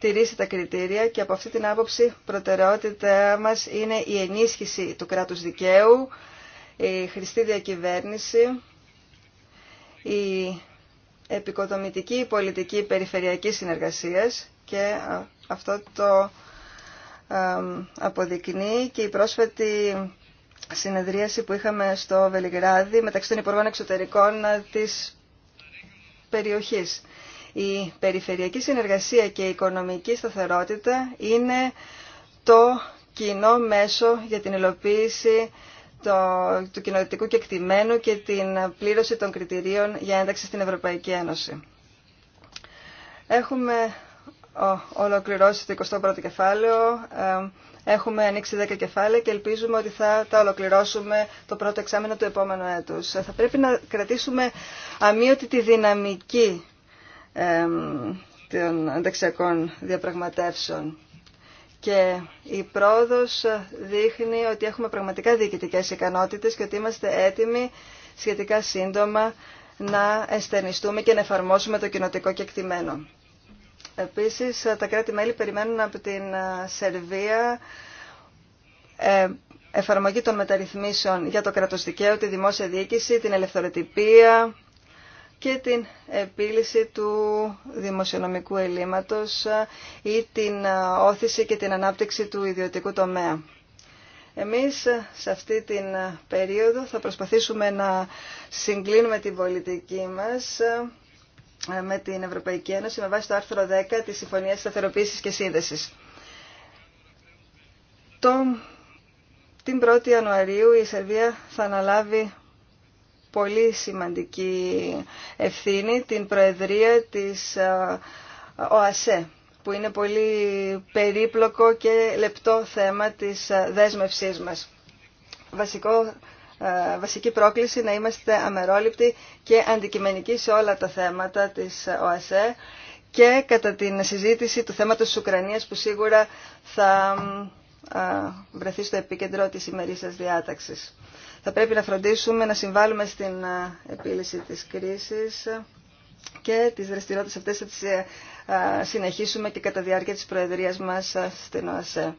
τηρήσει τα κριτήρια και από αυτή την άποψη προτεραιότητα μας είναι η ενίσχυση του κράτους δικαίου, η χρηστή διακυβέρνηση η επικοδομητική πολιτική περιφερειακή συνεργασίας και αυτό το αποδεικνύει και η πρόσφατη συνεδρίαση που είχαμε στο Βελιγράδι μεταξύ των Υπουργών Εξωτερικών ε, της περιοχής. Η περιφερειακή συνεργασία και η οικονομική σταθερότητα είναι το κοινό μέσο για την υλοποίηση το, του κοινοτικού κεκτημένου και την πλήρωση των κριτηρίων για ένταξη στην Ευρωπαϊκή Ένωση. Έχουμε ολοκληρώσει το 21ο κεφάλαιο, ε, έχουμε ανοίξει 10 κεφάλαια και ελπίζουμε ότι θα τα ολοκληρώσουμε το πρώτο εξάμεινο του επόμενου έτους. Ε, θα πρέπει να κρατήσουμε αμύωτη τη δυναμική ε, των ανταξιακών διαπραγματεύσεων και η πρόοδος δείχνει ότι έχουμε πραγματικά διοικητικές ικανότητες και ότι είμαστε έτοιμοι σχετικά σύντομα να εστερνιστούμε και να εφαρμόσουμε το κοινοτικό κεκτημένο. Επίσης, τα κράτη-μέλη περιμένουν από την Σερβία ε, εφαρμογή των μεταρρυθμίσεων για το κρατοστικαίο, τη δημόσια διοίκηση, την ελευθερωτυπία, και την επίλυση του δημοσιονομικού ελλείμματος ή την όθηση και την ανάπτυξη του ιδιωτικού τομέα. Εμείς σε αυτή την περίοδο θα προσπαθήσουμε να συγκλίνουμε την πολιτική μας ε, με την Ευρωπαϊκή Ένωση με βάση το άρθρο 10 της Συμφωνίας Σταθεροποίησης και Σύνδεσης. Το, την 1η Ιανουαρίου η Σερβία θα αναλάβει πολύ σημαντική ευθύνη, την Προεδρία της ε, ΟΑΣΕ που είναι πολύ περίπλοκο και λεπτό θέμα της ε, δέσμευσής μας. Βασικό, ε, βασική πρόκληση να είμαστε αμερόληπτοι και αντικειμενικοί σε όλα τα θέματα της ΟΑΣΕ και κατά την συζήτηση του θέματος της Ουκρανίας που σίγουρα θα βρεθεί στο επίκεντρο της ημερής σας διάταξης θα πρέπει να φροντίσουμε να συμβάλλουμε στην ε, επίλυση της κρίσης και τις δραστηριότητες αυτές θα τις ε, συνεχίσουμε και κατά διάρκεια της Προεδρίας μας ε, στην ΟΑΣΕ.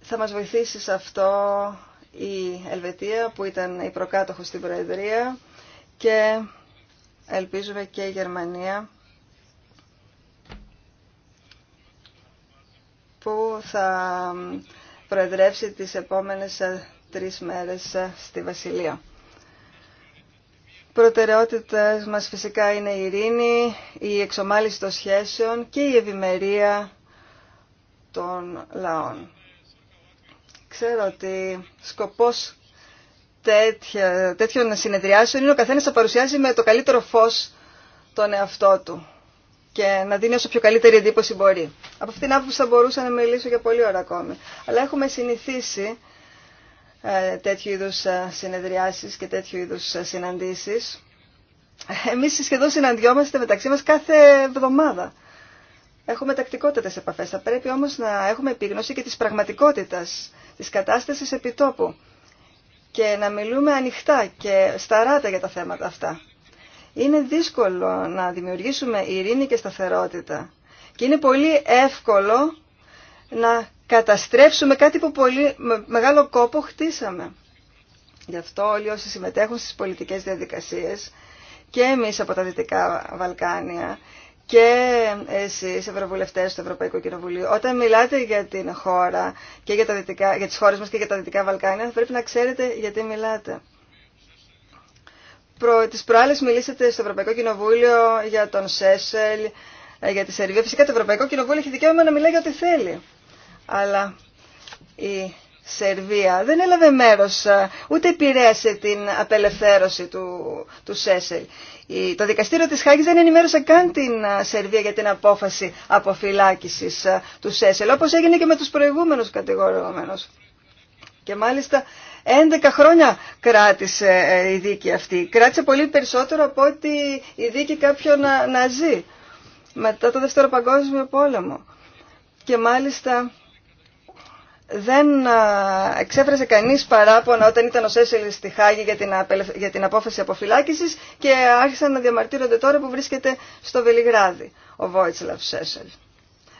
Θα μας βοηθήσει σε αυτό η Ελβετία που ήταν η προκάτοχος στην Προεδρία και ελπίζουμε και η Γερμανία που θα προεδρεύσει τις επόμενες τρεις μέρες ε, στη Βασιλεία. Προτεραιότητες μας φυσικά είναι η ειρήνη, η εξομάλυση των σχέσεων και η ευημερία των λαών. Ξέρω ότι σκοπός τέτοια, τέτοιων συνεδριάσεων είναι ο καθένας να παρουσιάζει με το καλύτερο φως τον εαυτό του και να δίνει όσο πιο καλύτερη εντύπωση μπορεί. Από αυτήν την άποψη θα μπορούσα να μιλήσω για πολλή ώρα ακόμη. Αλλά έχουμε συνηθίσει ε, τέτοιου είδους ε, συνεδριάσεις και τέτοιου είδους ε, συναντήσεις. Εμείς σχεδόν συναντιόμαστε μεταξύ μας κάθε εβδομάδα. Έχουμε τακτικότητες επαφές. Θα πρέπει όμως να έχουμε επίγνωση και της πραγματικότητας, της κατάστασης επιτόπου και να μιλούμε ανοιχτά και σταράτα για τα θέματα αυτά. Είναι δύσκολο να δημιουργήσουμε ειρήνη και σταθερότητα και είναι πολύ εύκολο να καταστρέψουμε κάτι που πολύ με μεγάλο κόπο χτίσαμε. Γι' αυτό όλοι όσοι συμμετέχουν στις πολιτικές διαδικασίες και εμείς από τα Δυτικά Βαλκάνια και εσείς ευρωβουλευτές του Ευρωπαϊκού Κοινοβουλίου όταν μιλάτε για την χώρα και για, τα δυτικά, για τις χώρες μας και για τα Δυτικά Βαλκάνια θα πρέπει να ξέρετε γιατί μιλάτε. Προ, τις προάλλες μιλήσατε στο Ευρωπαϊκό Κοινοβούλιο για τον Σέσελ, ε, για τη Σερβία. Φυσικά το Ευρωπαϊκό Κοινοβούλιο έχει δικαίωμα να μιλάει για ό,τι θέλει αλλά η Σερβία δεν έλαβε μέρος, ούτε επηρέασε την απελευθέρωση του, του Σέσελ. Το δικαστήριο της Χάγης δεν ενημέρωσε καν την Σερβία για την απόφαση αποφυλάκησης του Σέσελ, όπως έγινε και με τους προηγούμενους κατηγορούμενους. Και μάλιστα 11 χρόνια κράτησε ε, η δίκη αυτή. Κράτησε πολύ περισσότερο από ότι η δίκη να ζει μετά το Δεύτερο Παγκόσμιο Πόλεμο. Και μάλιστα δεν εξέφρασε κανείς παράπονα όταν ήταν ο Σέσελ στη Χάγη για την, για την απόφαση αποφυλάκησης και άρχισαν να διαμαρτύρονται τώρα που βρίσκεται στο Βελιγράδι ο Βόιτσλαφ Σέσελ.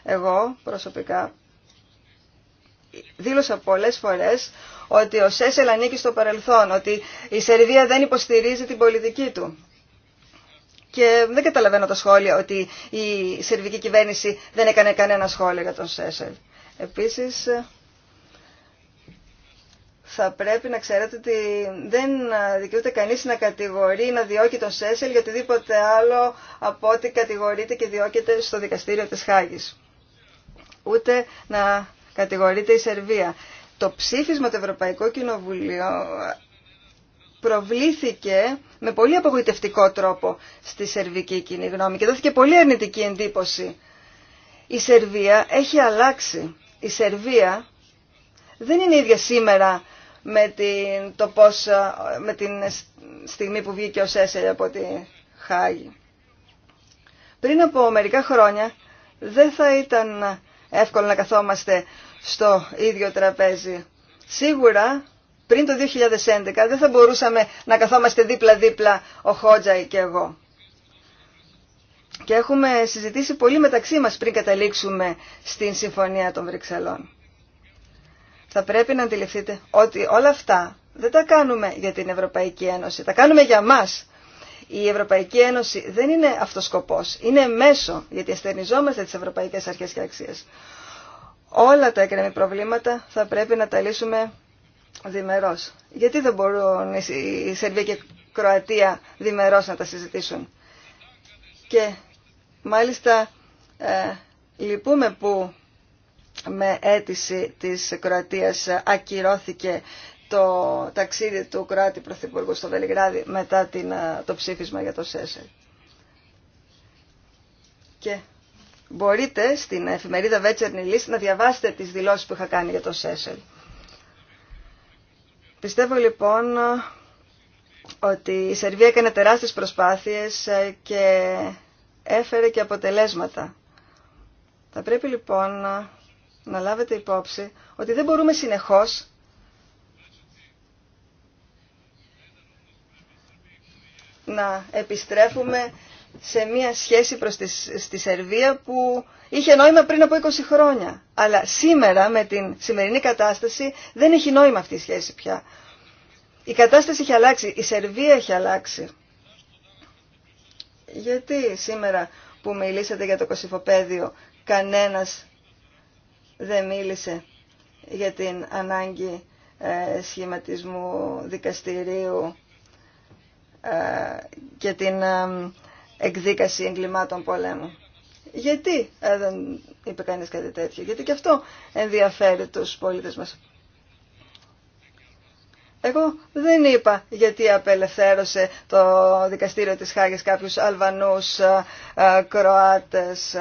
Εγώ προσωπικά δήλωσα πολλές φορές ότι ο Σέσελ ανήκει στο παρελθόν, ότι η Σερβία δεν υποστηρίζει την πολιτική του. Και δεν καταλαβαίνω τα σχόλια ότι η σερβική κυβέρνηση δεν έκανε κανένα σχόλιο για τον Σέσελ. Επίσης, θα πρέπει να ξέρετε ότι δεν δικαιούται κανείς να κατηγορεί ή να διώκει τον Σέσελ για οτιδήποτε άλλο από ό,τι κατηγορείται και διώκεται στο δικαστήριο της Χάγης. Ούτε να κατηγορείται Σερβία. Το ψήφισμα του Ευρωπαϊκού Κοινοβουλίου προβλήθηκε με πολύ απογοητευτικό τρόπο στη σερβική κοινή γνώμη και δόθηκε πολύ αρνητική εντύπωση. Η Σερβία έχει αλλάξει. Η Σερβία δεν είναι ίδια σήμερα με την, το με την στιγμή που βγήκε ο Σέσελ από τη Χάγη. Πριν από μερικά χρόνια δεν θα ήταν εύκολο να καθόμαστε στο ίδιο τραπέζι. Σίγουρα πριν το 2011 δεν θα μπορούσαμε να καθόμαστε δίπλα-δίπλα ο Χότζα και εγώ. Και έχουμε συζητήσει πολύ μεταξύ μας πριν καταλήξουμε στην Συμφωνία των Βρυξελών θα πρέπει να αντιληφθείτε ότι όλα αυτά δεν τα κάνουμε για την Ευρωπαϊκή Ένωση, τα κάνουμε για μας. Η Ευρωπαϊκή Ένωση δεν είναι αυτός σκοπός, είναι μέσο, γιατί αστερνιζόμαστε τις ευρωπαϊκές αρχές και αξίες. Όλα τα έκρεμη προβλήματα θα πρέπει να τα λύσουμε διμερώς. Γιατί δεν μπορούν η Σερβία και η Κροατία διμερώς να τα συζητήσουν. Και μάλιστα ε, λυπούμε που με αίτηση της Κροατίας ακυρώθηκε το ταξίδι του Κροάτη Πρωθυπουργού στο Βελιγράδι μετά την, το ψήφισμα για το ΣΕΣΕ. Και μπορείτε στην εφημερίδα Βέτσερνη Λίστη να διαβάσετε τις δηλώσεις που είχα κάνει για το ΣΕΣΕΛ. Πιστεύω λοιπόν ότι η Σερβία έκανε τεράστιες προσπάθειες ε, και έφερε και αποτελέσματα. Θα πρέπει λοιπόν να λάβετε υπόψη ότι δεν μπορούμε συνεχώς να επιστρέφουμε σε μια σχέση προς τη, στη Σερβία που είχε νόημα πριν από 20 χρόνια. Αλλά σήμερα με την σημερινή κατάσταση δεν έχει νόημα αυτή η σχέση πια. Η κατάσταση έχει αλλάξει, η Σερβία έχει αλλάξει. Γιατί σήμερα που μιλήσατε για το κοσυφοπέδιο κανένας δεν μίλησε για την ανάγκη ε, σχηματισμού δικαστηρίου ε, και την ε, εκδίκαση εγκλημάτων πολέμου. Γιατί δεν είπε κανείς κάτι τέτοιο. Γιατί και αυτό ενδιαφέρει τους πολίτες μας. Εγώ δεν είπα γιατί απελευθέρωσε το δικαστήριο της Χάγης κάποιους Αλβανούς, Κροάτες,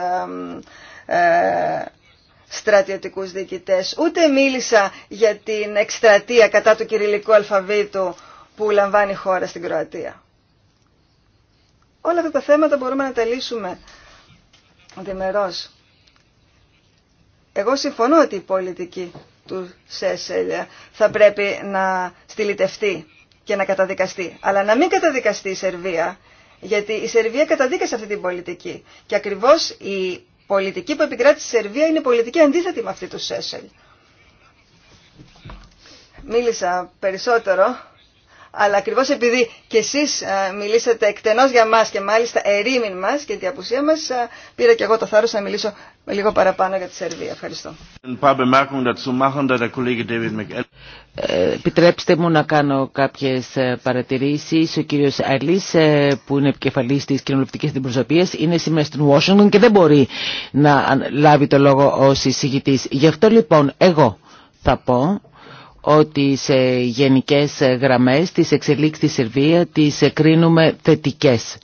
στρατιωτικούς διοικητές, ούτε μίλησα για την εκστρατεία κατά του κυριλικού αλφαβήτου που λαμβάνει η χώρα στην Κροατία. Όλα αυτά τα θέματα μπορούμε να τα λύσουμε διμερώς. Εγώ συμφωνώ ότι η πολιτική του Σέσελια θα πρέπει να στυλιτευτεί και να καταδικαστεί. Αλλά να μην καταδικαστεί η Σερβία, γιατί η Σερβία καταδίκασε αυτή την πολιτική. Και ακριβώς η πολιτική που επικράτησε στη Σερβία είναι πολιτική αντίθετη με αυτή του Σέσελ. Μίλησα περισσότερο, αλλά ακριβώ επειδή και εσεί ε, μιλήσατε εκτενώ για μα και μάλιστα ερήμην μα και την απουσία μα, ε, πήρα και εγώ το θάρρο να μιλήσω λίγο παραπάνω για τη Σερβία. Ευχαριστώ. Επιτρέψτε μου να κάνω κάποιες ε, παρατηρήσεις. Ο κύριος Αλής ε, που είναι επικεφαλής της κοινοβουλευτικής αντιπροσωπείας είναι σήμερα στην Ουάσιγκτον και δεν μπορεί να λάβει το λόγο ως εισηγητής. Γι' αυτό λοιπόν εγώ θα πω ότι σε γενικές ε, γραμμές της εξελίξης της Σερβία τις κρίνουμε θετικές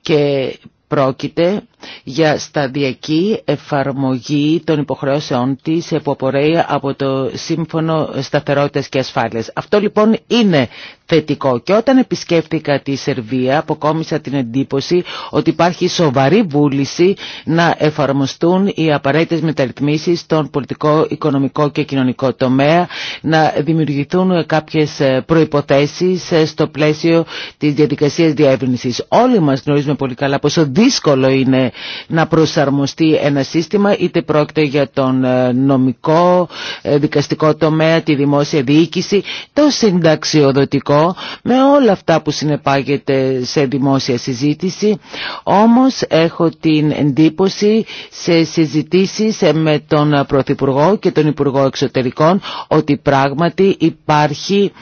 και πρόκειται για σταδιακή εφαρμογή των υποχρεώσεών της που απορρέει από το Σύμφωνο Σταθερότητας και Ασφάλειας. Αυτό λοιπόν είναι θετικό και όταν επισκέφτηκα τη Σερβία αποκόμισα την εντύπωση ότι υπάρχει σοβαρή βούληση να εφαρμοστούν οι απαραίτητες μεταρρυθμίσεις στον πολιτικό, οικονομικό και κοινωνικό τομέα, να δημιουργηθούν κάποιες προϋποθέσεις στο πλαίσιο της διαδικασίας διεύρυνσης. Όλοι μας γνωρίζουμε πολύ καλά πόσο δύσκολο είναι να προσαρμοστεί ένα σύστημα είτε πρόκειται για τον ε, νομικό, ε, δικαστικό τομέα, τη δημόσια διοίκηση, το συνταξιοδοτικό με όλα αυτά που συνεπάγεται σε δημόσια συζήτηση. Όμως έχω την εντύπωση σε συζητήσεις ε, με τον Πρωθυπουργό και τον Υπουργό Εξωτερικών ότι πράγματι υπάρχει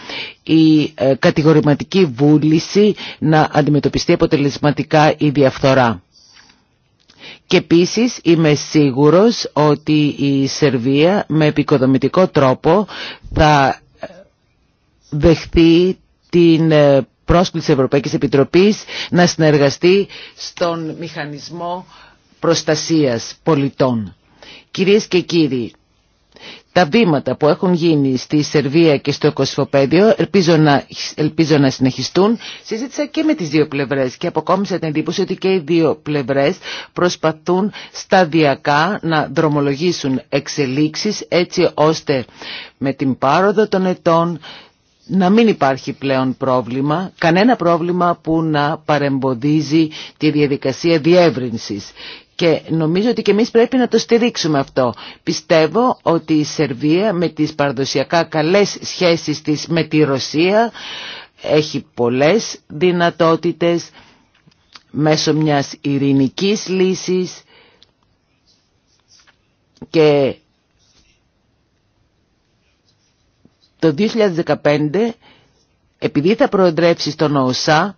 η κατηγορηματική βούληση να αντιμετωπιστεί αποτελεσματικά η διαφθορά. Και επίση, είμαι σίγουρος ότι η Σερβία με επικοδομητικό τρόπο θα δεχθεί την ε, πρόσκληση Ευρωπαϊκής Επιτροπής να συνεργαστεί στον μηχανισμό προστασίας πολιτών. Κυρίες και κύριοι, τα βήματα που έχουν γίνει στη Σερβία και στο Κοσφοπέδιο ελπίζω να, ελπίζω να συνεχιστούν. Συζήτησα και με τις δύο πλευρές και αποκόμισα την εντύπωση ότι και οι δύο πλευρές προσπαθούν σταδιακά να δρομολογήσουν εξελίξεις έτσι ώστε με την πάροδο των ετών να μην υπάρχει πλέον πρόβλημα, κανένα πρόβλημα που να παρεμποδίζει τη διαδικασία διεύρυνσης. Και νομίζω ότι και εμείς πρέπει να το στηρίξουμε αυτό. Πιστεύω ότι η Σερβία με τις παραδοσιακά καλές σχέσεις της με τη Ρωσία έχει πολλές δυνατότητες μέσω μιας ειρηνικής λύσης και το 2015 επειδή θα προεδρεύσει στον ΟΣΑ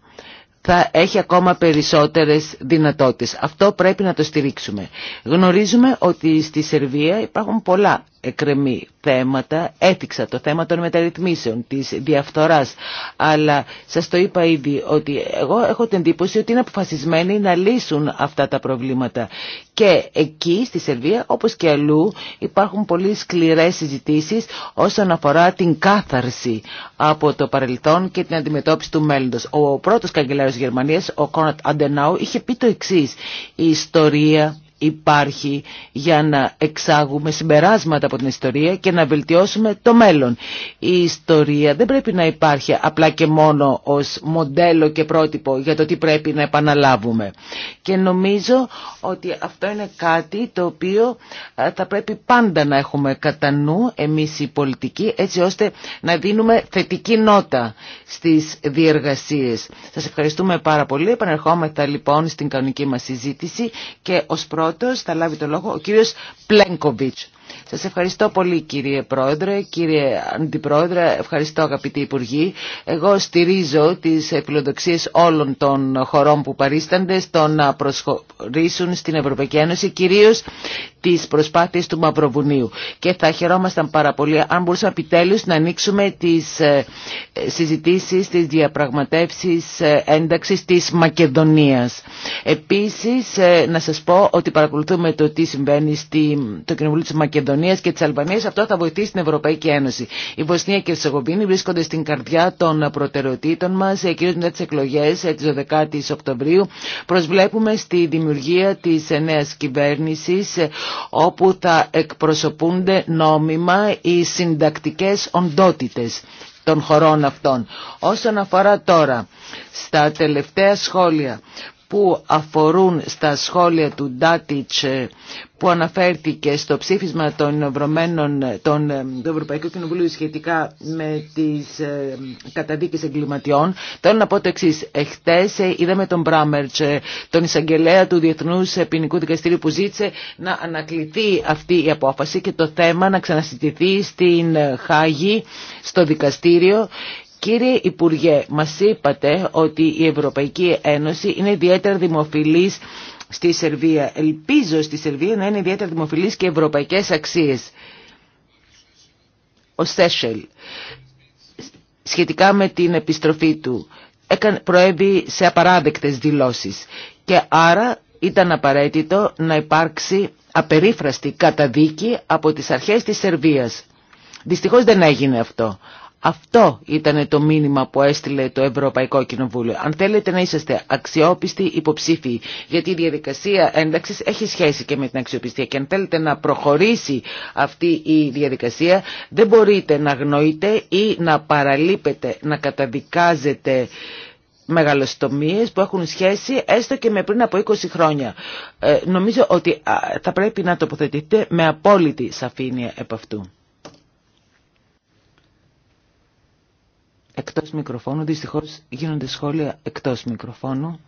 θα έχει ακόμα περισσότερες δυνατότητες. Αυτό πρέπει να το στηρίξουμε. Γνωρίζουμε ότι στη Σερβία υπάρχουν πολλά εκκρεμή θέματα. Έθιξα το θέμα των μεταρρυθμίσεων, της διαφθοράς. Αλλά σας το είπα ήδη ότι εγώ έχω την εντύπωση ότι είναι αποφασισμένοι να λύσουν αυτά τα προβλήματα. Και εκεί στη Σερβία όπως και αλλού υπάρχουν πολύ σκληρές συζητήσεις όσον αφορά την κάθαρση από το παρελθόν και την αντιμετώπιση του μέλλοντος. Ο πρώτος καγκελάριος Γερμανίας, ο Κόνατ Αντενάου, είχε πει το εξή Η ιστορία υπάρχει για να εξάγουμε συμπεράσματα από την ιστορία και να βελτιώσουμε το μέλλον. Η ιστορία δεν πρέπει να υπάρχει απλά και μόνο ως μοντέλο και πρότυπο για το τι πρέπει να επαναλάβουμε. Και νομίζω ότι αυτό είναι κάτι το οποίο θα πρέπει πάντα να έχουμε κατά νου εμείς οι πολιτικοί έτσι ώστε να δίνουμε θετική νότα στις διεργασίες. Σας ευχαριστούμε πάρα πολύ. Επανερχόμεθα λοιπόν στην κανονική μας συζήτηση και ως πρώτος θα λάβει το λόγο ο κύριος Πλένκοβιτς. Σας ευχαριστώ πολύ κύριε Πρόεδρε, κύριε Αντιπρόεδρε, ευχαριστώ αγαπητοί Υπουργοί. Εγώ στηρίζω τις φιλοδοξίες όλων των χωρών που παρίστανται στο να προσχωρήσουν στην Ευρωπαϊκή Ένωση, κυρίως τις προσπάθειες του Μαυροβουνίου. Και θα χαιρόμασταν πάρα πολύ αν μπορούσαμε επιτέλους να ανοίξουμε τις ε, συζητήσεις, τις διαπραγματεύσεις ε, ένταξης της Μακεδονίας. Επίσης, ε, να σας πω ότι παρακολουθούμε το τι συμβαίνει στο Κοινοβουλίο της Μακεδονία. Μακεδονία και τη Αλβανία, αυτό θα βοηθήσει την Ευρωπαϊκή Ένωση. Η Βοσνία και η Σεγοβίνη βρίσκονται στην καρδιά των προτεραιοτήτων μα ε, κυρίω μετά τι εκλογέ τη 12 η Οκτωβρίου. Προσβλέπουμε στη δημιουργία τη ε, νέα κυβέρνηση, ε, όπου θα εκπροσωπούνται νόμιμα οι συντακτικέ οντότητε των χωρών αυτών. Όσον αφορά τώρα στα τελευταία σχόλια που αφορούν στα σχόλια του Ντάτιτς ε, που αναφέρθηκε στο ψήφισμα των, Ευρωμένων, ε, των, ε, του Ευρωπαϊκού Κοινοβουλίου σχετικά με τις ε, καταδίκες εγκληματιών. Θέλω να πω το εξή. Εχθές είδαμε τον Μπράμερτς, τον εισαγγελέα του Διεθνούς Ποινικού Δικαστηρίου που ζήτησε να ανακληθεί αυτή η απόφαση και το θέμα να ξανασυντηθεί στην Χάγη, στο δικαστήριο Κύριε Υπουργέ, μας είπατε ότι η Ευρωπαϊκή Ένωση είναι ιδιαίτερα δημοφιλής στη Σερβία. Ελπίζω στη Σερβία να είναι ιδιαίτερα δημοφιλής και ευρωπαϊκές αξίες. Ο Σέσελ, σχετικά με την επιστροφή του, προέβη σε απαράδεκτες δηλώσεις και άρα ήταν απαραίτητο να υπάρξει απερίφραστη καταδίκη από τις αρχές της Σερβίας. Δυστυχώς δεν έγινε αυτό. Αυτό ήταν το μήνυμα που έστειλε το Ευρωπαϊκό Κοινοβούλιο. Αν θέλετε να είσαστε αξιόπιστοι υποψήφοι, γιατί η διαδικασία ένταξη έχει σχέση και με την αξιοπιστία και αν θέλετε να προχωρήσει αυτή η διαδικασία, δεν μπορείτε να γνωείτε ή να παραλείπετε, να καταδικάζετε μεγαλοστομίες που έχουν σχέση έστω και με πριν από 20 χρόνια. Ε, νομίζω ότι θα πρέπει να τοποθετείτε με απόλυτη σαφήνεια επ' αυτού. εκτός μικροφώνου. Δυστυχώς γίνονται σχόλια εκτός μικροφώνου.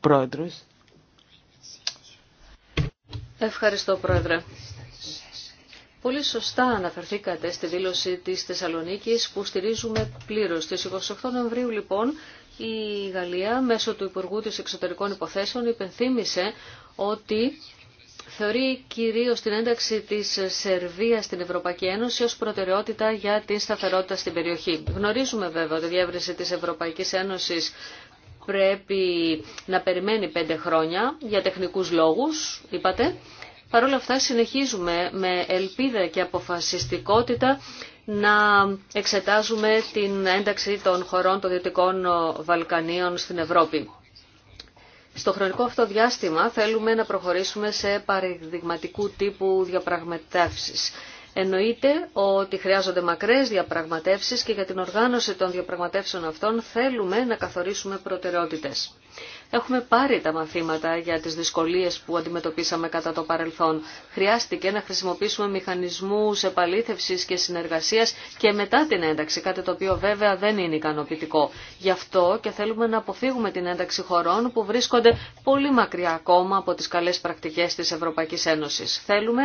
Πρόεδρος. Ευχαριστώ, Πρόεδρε. Πολύ σωστά αναφερθήκατε στη δήλωση της Θεσσαλονίκης που στηρίζουμε πλήρως. Στις 28 Νοεμβρίου, λοιπόν, η Γαλλία μέσω του Υπουργού της Εξωτερικών Υποθέσεων υπενθύμησε ότι θεωρεί κυρίως την ένταξη της Σερβίας στην Ευρωπαϊκή Ένωση ως προτεραιότητα για την σταθερότητα στην περιοχή. Γνωρίζουμε βέβαια ότι η διεύρυνση της Ευρωπαϊκής Ένωσης πρέπει να περιμένει πέντε χρόνια για τεχνικούς λόγους, είπατε. Παρ' όλα αυτά συνεχίζουμε με ελπίδα και αποφασιστικότητα να εξετάζουμε την ένταξη των χωρών των Δυτικών Βαλκανίων στην Ευρώπη. Στο χρονικό αυτό διάστημα θέλουμε να προχωρήσουμε σε παραδειγματικού τύπου διαπραγματεύσεις. Εννοείται ότι χρειάζονται μακρές διαπραγματεύσεις και για την οργάνωση των διαπραγματεύσεων αυτών θέλουμε να καθορίσουμε προτεραιότητες. Έχουμε πάρει τα μαθήματα για τις δυσκολίες που αντιμετωπίσαμε κατά το παρελθόν. Χρειάστηκε να χρησιμοποιήσουμε μηχανισμούς επαλήθευσης και συνεργασίας και μετά την ένταξη, κάτι το οποίο βέβαια δεν είναι ικανοποιητικό. Γι' αυτό και θέλουμε να αποφύγουμε την ένταξη χωρών που βρίσκονται πολύ μακριά ακόμα από τις καλές πρακτικές της Ευρωπαϊκής Ένωσης. Θέλουμε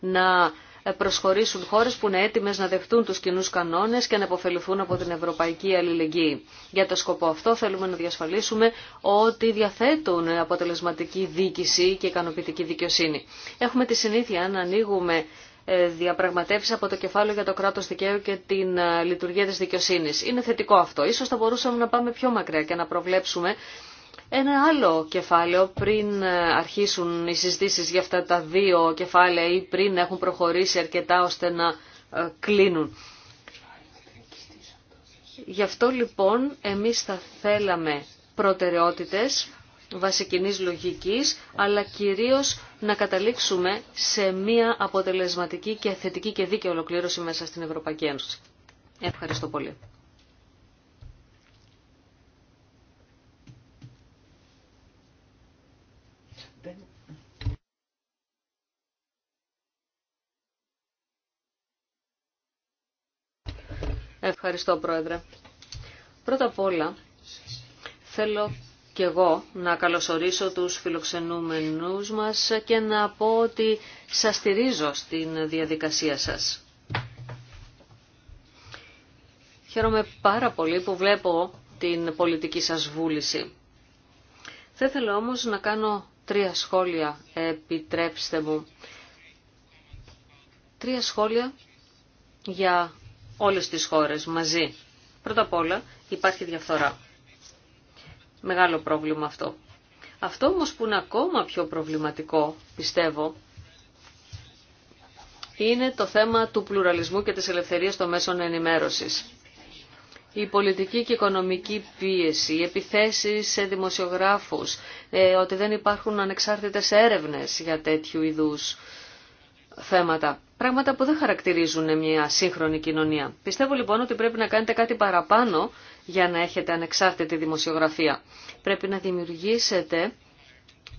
να προσχωρήσουν χώρες που είναι έτοιμες να δεχτούν τους κοινούς κανόνες και να αποφεληθούν από την ευρωπαϊκή αλληλεγγύη. Για το σκοπό αυτό θέλουμε να διασφαλίσουμε ότι διαθέτουν αποτελεσματική δίκηση και ικανοποιητική δικαιοσύνη. Έχουμε τη συνήθεια να ανοίγουμε ε, διαπραγματεύσει από το κεφάλαιο για το κράτο δικαίου και την ε, λειτουργία τη δικαιοσύνη. Είναι θετικό αυτό. Σω θα μπορούσαμε να πάμε πιο μακριά και να προβλέψουμε ένα άλλο κεφάλαιο πριν ε, αρχίσουν οι συζητήσεις για αυτά τα δύο κεφάλαια ή πριν έχουν προχωρήσει αρκετά ώστε να ε, κλείνουν. Γι' αυτό λοιπόν εμείς θα θέλαμε προτεραιότητες βασικινής λογικής, αλλά κυρίως να καταλήξουμε σε μια αποτελεσματική και θετική και δίκαιη ολοκλήρωση μέσα στην Ευρωπαϊκή Ένωση. Ευχαριστώ πολύ. Ευχαριστώ, Πρόεδρε. Πρώτα απ' όλα, θέλω και εγώ να καλωσορίσω τους φιλοξενούμενους μας και να πω ότι σας στηρίζω στην διαδικασία σας. Χαίρομαι πάρα πολύ που βλέπω την πολιτική σας βούληση. Θα ήθελα όμως να κάνω τρία σχόλια, επιτρέψτε μου. Τρία σχόλια για όλες τις χώρες μαζί. Πρώτα απ' όλα υπάρχει διαφθορά. Μεγάλο πρόβλημα αυτό. Αυτό όμως που είναι ακόμα πιο προβληματικό, πιστεύω, είναι το θέμα του πλουραλισμού και της ελευθερίας των μέσων ενημέρωσης. Η πολιτική και οικονομική πίεση, οι επιθέσεις σε δημοσιογράφους, ε, ότι δεν υπάρχουν ανεξάρτητες έρευνες για τέτοιου είδους θέματα. Πράγματα που δεν χαρακτηρίζουν μια σύγχρονη κοινωνία. Πιστεύω λοιπόν ότι πρέπει να κάνετε κάτι παραπάνω για να έχετε ανεξάρτητη δημοσιογραφία. Πρέπει να δημιουργήσετε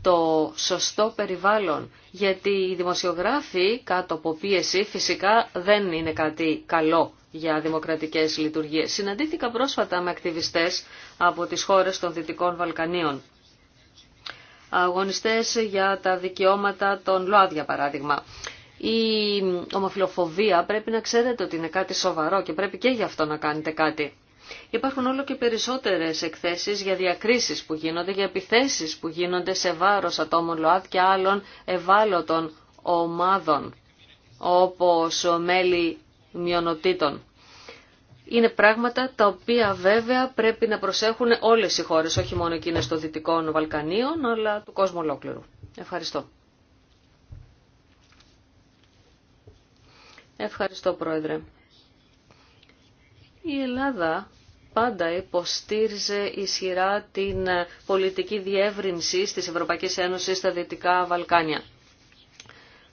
το σωστό περιβάλλον, γιατί οι δημοσιογράφοι κάτω από πίεση φυσικά δεν είναι κάτι καλό για δημοκρατικές λειτουργίες. Συναντήθηκα πρόσφατα με ακτιβιστές από τις χώρες των Δυτικών Βαλκανίων. Αγωνιστές για τα δικαιώματα των ΛΟΑΔ, για παράδειγμα. Η ομοφιλοφοβία πρέπει να ξέρετε ότι είναι κάτι σοβαρό και πρέπει και γι' αυτό να κάνετε κάτι. Υπάρχουν όλο και περισσότερες εκθέσεις για διακρίσεις που γίνονται, για επιθέσεις που γίνονται σε βάρος ατόμων ΛΟΑΤ και άλλων ευάλωτων ομάδων, όπως μέλη μειονοτήτων. Είναι πράγματα τα οποία βέβαια πρέπει να προσέχουν όλες οι χώρες, όχι μόνο εκείνες των Δυτικών Βαλκανίων, αλλά του κόσμου ολόκληρου. Ευχαριστώ. Ευχαριστώ, Πρόεδρε. Η Ελλάδα πάντα υποστήριζε ισχυρά την πολιτική διεύρυνση της Ευρωπαϊκής Ένωσης στα Δυτικά Βαλκάνια.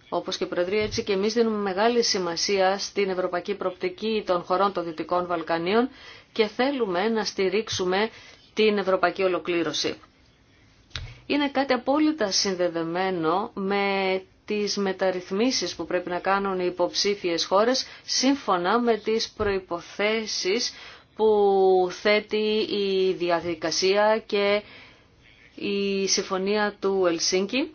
Όπως και η Προεδρία, έτσι και εμείς δίνουμε μεγάλη σημασία στην ευρωπαϊκή προπτική των χωρών των Δυτικών Βαλκανίων και θέλουμε να στηρίξουμε την ευρωπαϊκή ολοκλήρωση. Είναι κάτι απόλυτα συνδεδεμένο με τις μεταρρυθμίσεις που πρέπει να κάνουν οι υποψήφιες χώρες σύμφωνα με τις προϋποθέσεις που θέτει η διαδικασία και η συμφωνία του Ελσίνκη.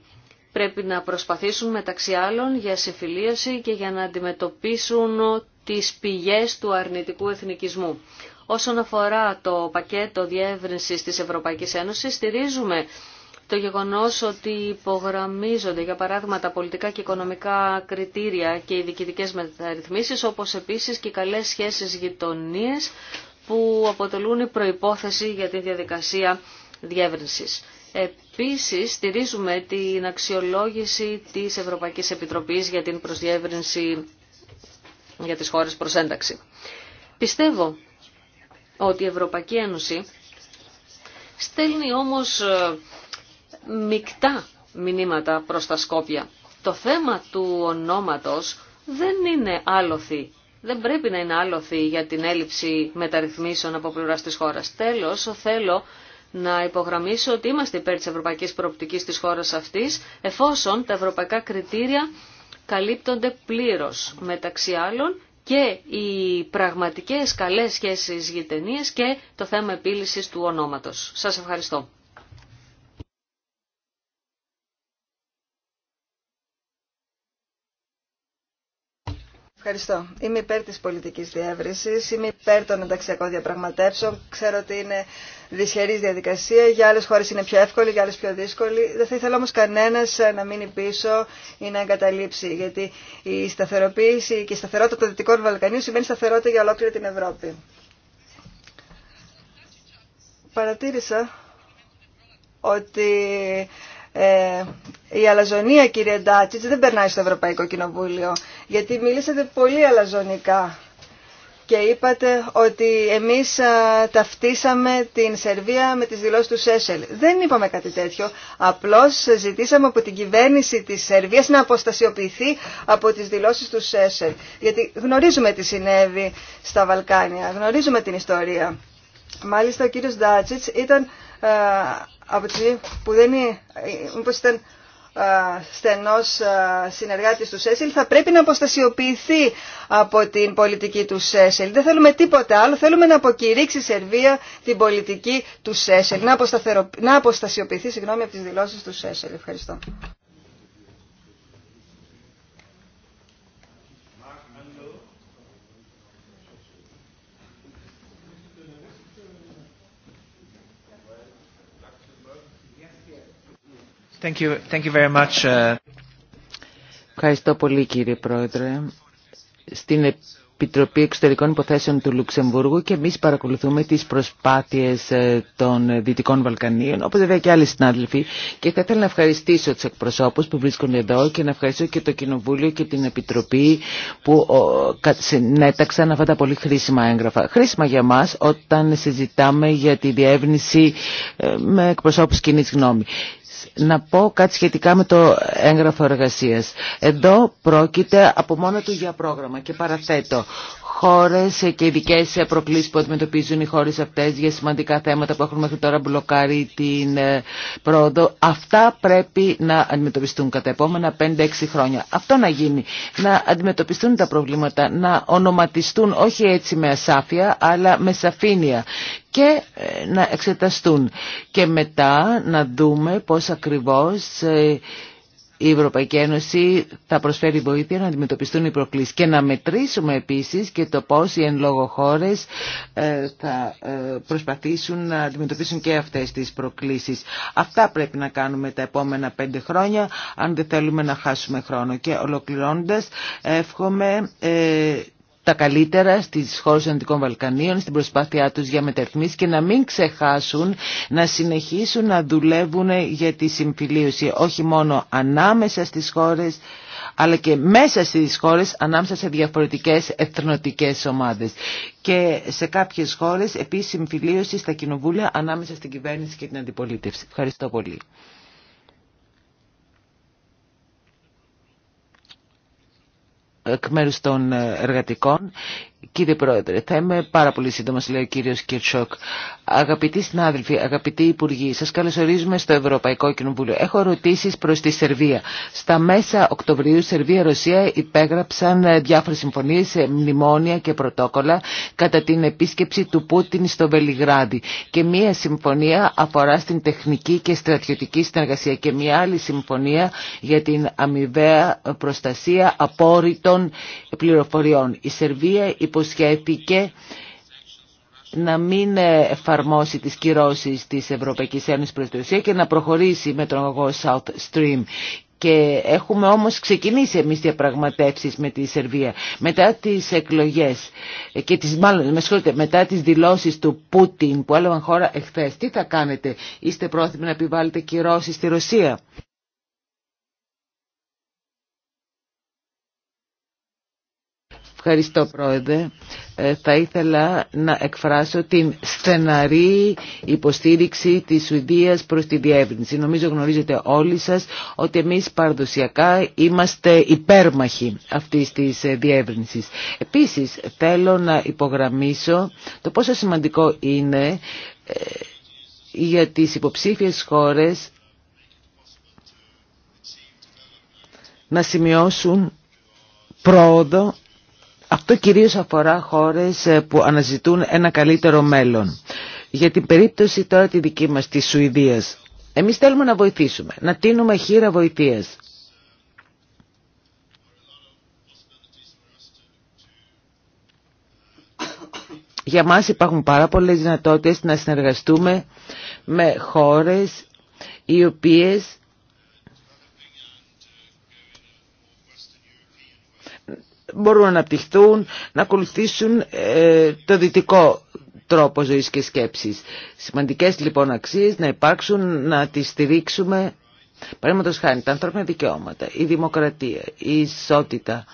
Πρέπει να προσπαθήσουν μεταξύ άλλων για συμφιλίωση και για να αντιμετωπίσουν τις πηγές του αρνητικού εθνικισμού. Όσον αφορά το πακέτο διεύρυνσης της Ευρωπαϊκής Ένωσης, στηρίζουμε το γεγονός ότι υπογραμμίζονται για παράδειγμα τα πολιτικά και οικονομικά κριτήρια και οι διοικητικές μεταρρυθμίσεις όπως επίσης και οι καλές σχέσεις γειτονίες που αποτελούν προϋπόθεση για τη διαδικασία διεύρυνσης. Επίσης, στηρίζουμε την αξιολόγηση της Ευρωπαϊκής Επιτροπής για την προσδιεύρυνση για τις χώρες προς ένταξη. Πιστεύω ότι η Ευρωπαϊκή Ένωση στέλνει όμως ε, μεικτά μηνύματα προς τα Σκόπια. Το θέμα του ονόματος δεν είναι άλοθη. Δεν πρέπει να είναι άλοθη για την έλλειψη μεταρρυθμίσεων από πλευρά της χώρας. Τέλος, θέλω να υπογραμμίσω ότι είμαστε υπέρ της ευρωπαϊκής προοπτικής της χώρας αυτής, εφόσον τα ευρωπαϊκά κριτήρια καλύπτονται πλήρως, μεταξύ άλλων και οι πραγματικές καλές σχέσεις γειτενίε και το θέμα επίλυσης του ονόματος. Σας ευχαριστώ. Ευχαριστώ. Είμαι υπέρ τη πολιτική διεύρυνση, είμαι υπέρ των ενταξιακών διαπραγματεύσεων. Ξέρω ότι είναι δυσχερή διαδικασία, για άλλε χώρε είναι πιο εύκολη, για άλλε πιο δύσκολη. Δεν θα ήθελα όμω κανένας να μείνει πίσω ή να εγκαταλείψει, γιατί η σταθεροποίηση και η σταθερότητα των Δυτικών Βαλκανίων σημαίνει σταθερότητα για ολόκληρη την Ευρώπη. Παρατήρησα ότι ε, η αλαζονία, κύριε Ντάτσιτ δεν περνάει στο Ευρωπαϊκό Κοινοβούλιο, γιατί μιλήσατε πολύ αλαζονικά και είπατε ότι εμείς ταυτίσαμε την Σερβία με τις δηλώσεις του Σέσελ. Δεν είπαμε κάτι τέτοιο. Απλώς ζητήσαμε από την κυβέρνηση της Σερβίας να αποστασιοποιηθεί από τις δηλώσεις του Σέσελ. Γιατί γνωρίζουμε τι συνέβη στα Βαλκάνια, γνωρίζουμε την ιστορία. Μάλιστα ο κύριος Ντάτσιτς ήταν ε, από τη που δεν είναι, μήπως ήταν ε, στενός ε, συνεργάτης του Σέσελ θα πρέπει να αποστασιοποιηθεί από την πολιτική του Σέσελ Δεν θέλουμε τίποτα άλλο, θέλουμε να αποκηρύξει η Σερβία την πολιτική του Σέσελ να, αποστασιοποιηθεί συγγνώμη από τις δηλώσεις του Σέσελ Ευχαριστώ. Uh, Ευχαριστώ πολύ κύριε Πρόεδρε. Στην Επιτροπή Εξωτερικών Υποθέσεων του Λουξεμβούργου και εμείς παρακολουθούμε τις προσπάθειες ε, των Δυτικών Βαλκανίων, όπως βέβαια και άλλοι συνάδελφοι. Και θα ήθελα να ευχαριστήσω τους εκπροσώπους που βρίσκονται εδώ και να ευχαριστήσω και το Κοινοβούλιο και την Επιτροπή που συνέταξαν αυτά τα πολύ χρήσιμα έγγραφα. Χρήσιμα για μας όταν συζητάμε για τη διεύνηση ε, με εκπροσώπους κοινή γνώμη να πω κάτι σχετικά με το έγγραφο εργασίας. Εδώ πρόκειται από μόνο του για πρόγραμμα και παραθέτω χώρες και ειδικέ προκλήσεις που αντιμετωπίζουν οι χώρες αυτές για σημαντικά θέματα που έχουν μέχρι τώρα μπλοκάρει την ε, πρόοδο. Αυτά πρέπει να αντιμετωπιστούν κατά επόμενα 5-6 χρόνια. Αυτό να γίνει. Να αντιμετωπιστούν τα προβλήματα, να ονοματιστούν όχι έτσι με ασάφεια αλλά με σαφήνεια και ε, να εξεταστούν και μετά να δούμε πώς ακριβώς ε, η Ευρωπαϊκή Ένωση θα προσφέρει βοήθεια να αντιμετωπιστούν οι προκλήσεις και να μετρήσουμε επίσης και το πώς οι εν λόγω χώρες ε, θα προσπαθήσουν να αντιμετωπίσουν και αυτές τις προκλήσεις. Αυτά πρέπει να κάνουμε τα επόμενα πέντε χρόνια αν δεν θέλουμε να χάσουμε χρόνο. Και ολοκληρώνοντας εύχομαι τα καλύτερα στις χώρες των Βαλκανίων, στην προσπάθειά τους για μετερθμίσεις και να μην ξεχάσουν να συνεχίσουν να δουλεύουν για τη συμφιλίωση όχι μόνο ανάμεσα στις χώρες αλλά και μέσα στις χώρες ανάμεσα σε διαφορετικές εθνοτικές ομάδες και σε κάποιες χώρες επίσης συμφιλίωση στα κοινοβούλια ανάμεσα στην κυβέρνηση και την αντιπολίτευση. Ευχαριστώ πολύ. εκ μέρους των εργατικών Κύριε Πρόεδρε, θα είμαι πάρα πολύ σύντομο λέει ο κύριο Κιρτσόκ. Αγαπητοί συνάδελφοι, αγαπητοί υπουργοί, σα καλωσορίζουμε στο Ευρωπαϊκό Κοινοβούλιο. Έχω ρωτήσει προ τη Σερβία. Στα μέσα Οκτωβρίου, Σερβία-Ρωσία υπέγραψαν διάφορε συμφωνίε, ε, μνημόνια και πρωτόκολλα κατά την επίσκεψη του Πούτιν στο Βελιγράδι. Και μία συμφωνία αφορά στην τεχνική και στρατιωτική συνεργασία. Και μία άλλη συμφωνία για την αμοιβαία προστασία απόρριτων πληροφοριών. Η Σερβία υποσχέθηκε να μην εφαρμόσει τις κυρώσεις της Ευρωπαϊκής Ένωσης προς τη Ρωσία και να προχωρήσει με τον αγωγό South Stream. Και έχουμε όμως ξεκινήσει εμείς διαπραγματεύσει με τη Σερβία. Μετά τις εκλογές ε, και τις, μάλλον, με μετά τις δηλώσεις του Πούτιν που έλαβαν χώρα εχθές, τι θα κάνετε, είστε πρόθυμοι να επιβάλλετε κυρώσεις στη Ρωσία. Ευχαριστώ Πρόεδρε. Ε, θα ήθελα να εκφράσω την στεναρή υποστήριξη της Σουηδίας προς τη διεύρυνση. Νομίζω γνωρίζετε όλοι σας ότι εμείς παραδοσιακά είμαστε υπέρμαχοι αυτής της ε, διεύρυνσης. Επίσης θέλω να υπογραμμίσω το πόσο σημαντικό είναι ε, για τις υποψήφιες χώρες να σημειώσουν πρόοδο αυτό κυρίως αφορά χώρες ε, που αναζητούν ένα καλύτερο μέλλον. Για την περίπτωση τώρα τη δική μας, της Σουηδίας, εμείς θέλουμε να βοηθήσουμε, να τίνουμε χείρα βοηθείας. Για μας υπάρχουν πάρα πολλές δυνατότητες να συνεργαστούμε με χώρες οι οποίες μπορούν να αναπτυχθούν, να ακολουθήσουν ε, το δυτικό τρόπο ζωής και σκέψης. Σημαντικές λοιπόν αξίες να υπάρξουν, να τις στηρίξουμε. Παραδείγματος χάνει τα ανθρώπινα δικαιώματα, η δημοκρατία, η ισότητα,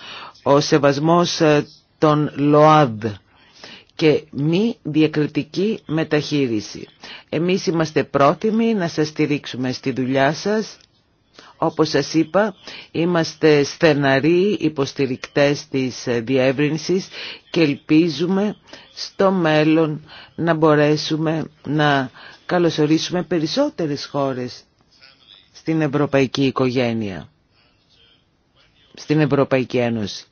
ο σεβασμός ε, των ΛΟΑΔ και μη διακριτική μεταχείριση. Εμείς είμαστε πρόθυμοι να σας στηρίξουμε στη δουλειά σας όπως σας είπα, είμαστε στεναροί υποστηρικτές της διεύρυνσης και ελπίζουμε στο μέλλον να μπορέσουμε να καλωσορίσουμε περισσότερες χώρες στην Ευρωπαϊκή Οικογένεια, στην Ευρωπαϊκή Ένωση.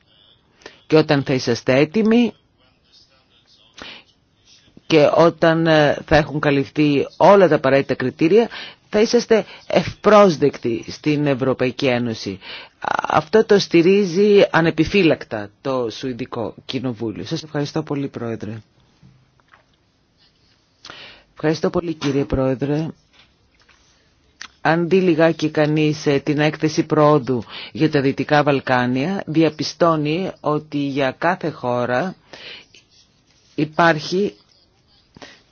Και όταν θα είσαστε έτοιμοι και όταν ε, θα έχουν καλυφθεί όλα τα απαραίτητα κριτήρια θα είσαστε ευπρόσδεκτοι στην Ευρωπαϊκή Ένωση. Αυτό το στηρίζει ανεπιφύλακτα το Σουηδικό Κοινοβούλιο. Σας ευχαριστώ πολύ Πρόεδρε. Ευχαριστώ πολύ κύριε Πρόεδρε. Αν λιγάκι κανείς ε, την έκθεση πρόοδου για τα Δυτικά Βαλκάνια, διαπιστώνει ότι για κάθε χώρα υπάρχει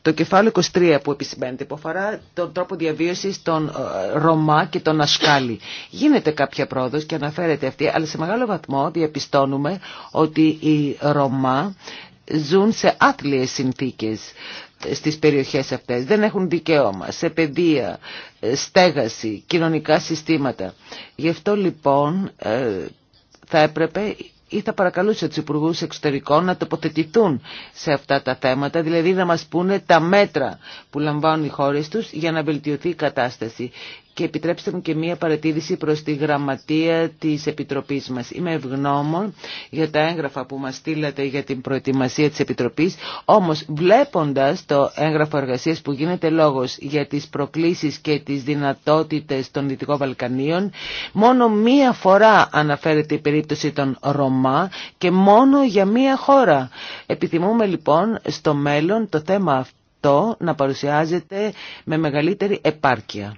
το κεφάλαιο 23 που επισημαίνεται που αφορά τον τρόπο διαβίωσης των ε, Ρωμά και των Ασκάλι. Γίνεται κάποια πρόοδος και αναφέρεται αυτή, αλλά σε μεγάλο βαθμό διαπιστώνουμε ότι οι Ρωμά ζουν σε άθλιες συνθήκες στις περιοχές αυτές. Δεν έχουν δικαίωμα σε παιδεία, ε, στέγαση, κοινωνικά συστήματα. Γι' αυτό λοιπόν ε, θα έπρεπε ή θα παρακαλούσε τους υπουργού εξωτερικών να τοποθετηθούν σε αυτά τα θέματα, δηλαδή να μας πούνε τα μέτρα που λαμβάνουν οι χώρες τους για να βελτιωθεί η κατάσταση. Και επιτρέψτε μου και μία παρατήρηση προς τη γραμματεία της Επιτροπής μας. Είμαι ευγνώμων για τα έγγραφα που μας στείλατε για την προετοιμασία της Επιτροπής, όμως βλέποντας το έγγραφο εργασίας που γίνεται λόγος για τις προκλήσεις και τις δυνατότητες των Δυτικών Βαλκανίων, μόνο μία φορά αναφέρεται η περίπτωση των Ρωμά και μόνο για μία χώρα. Επιθυμούμε λοιπόν στο μέλλον το θέμα αυτό να παρουσιάζεται με μεγαλύτερη επάρκεια.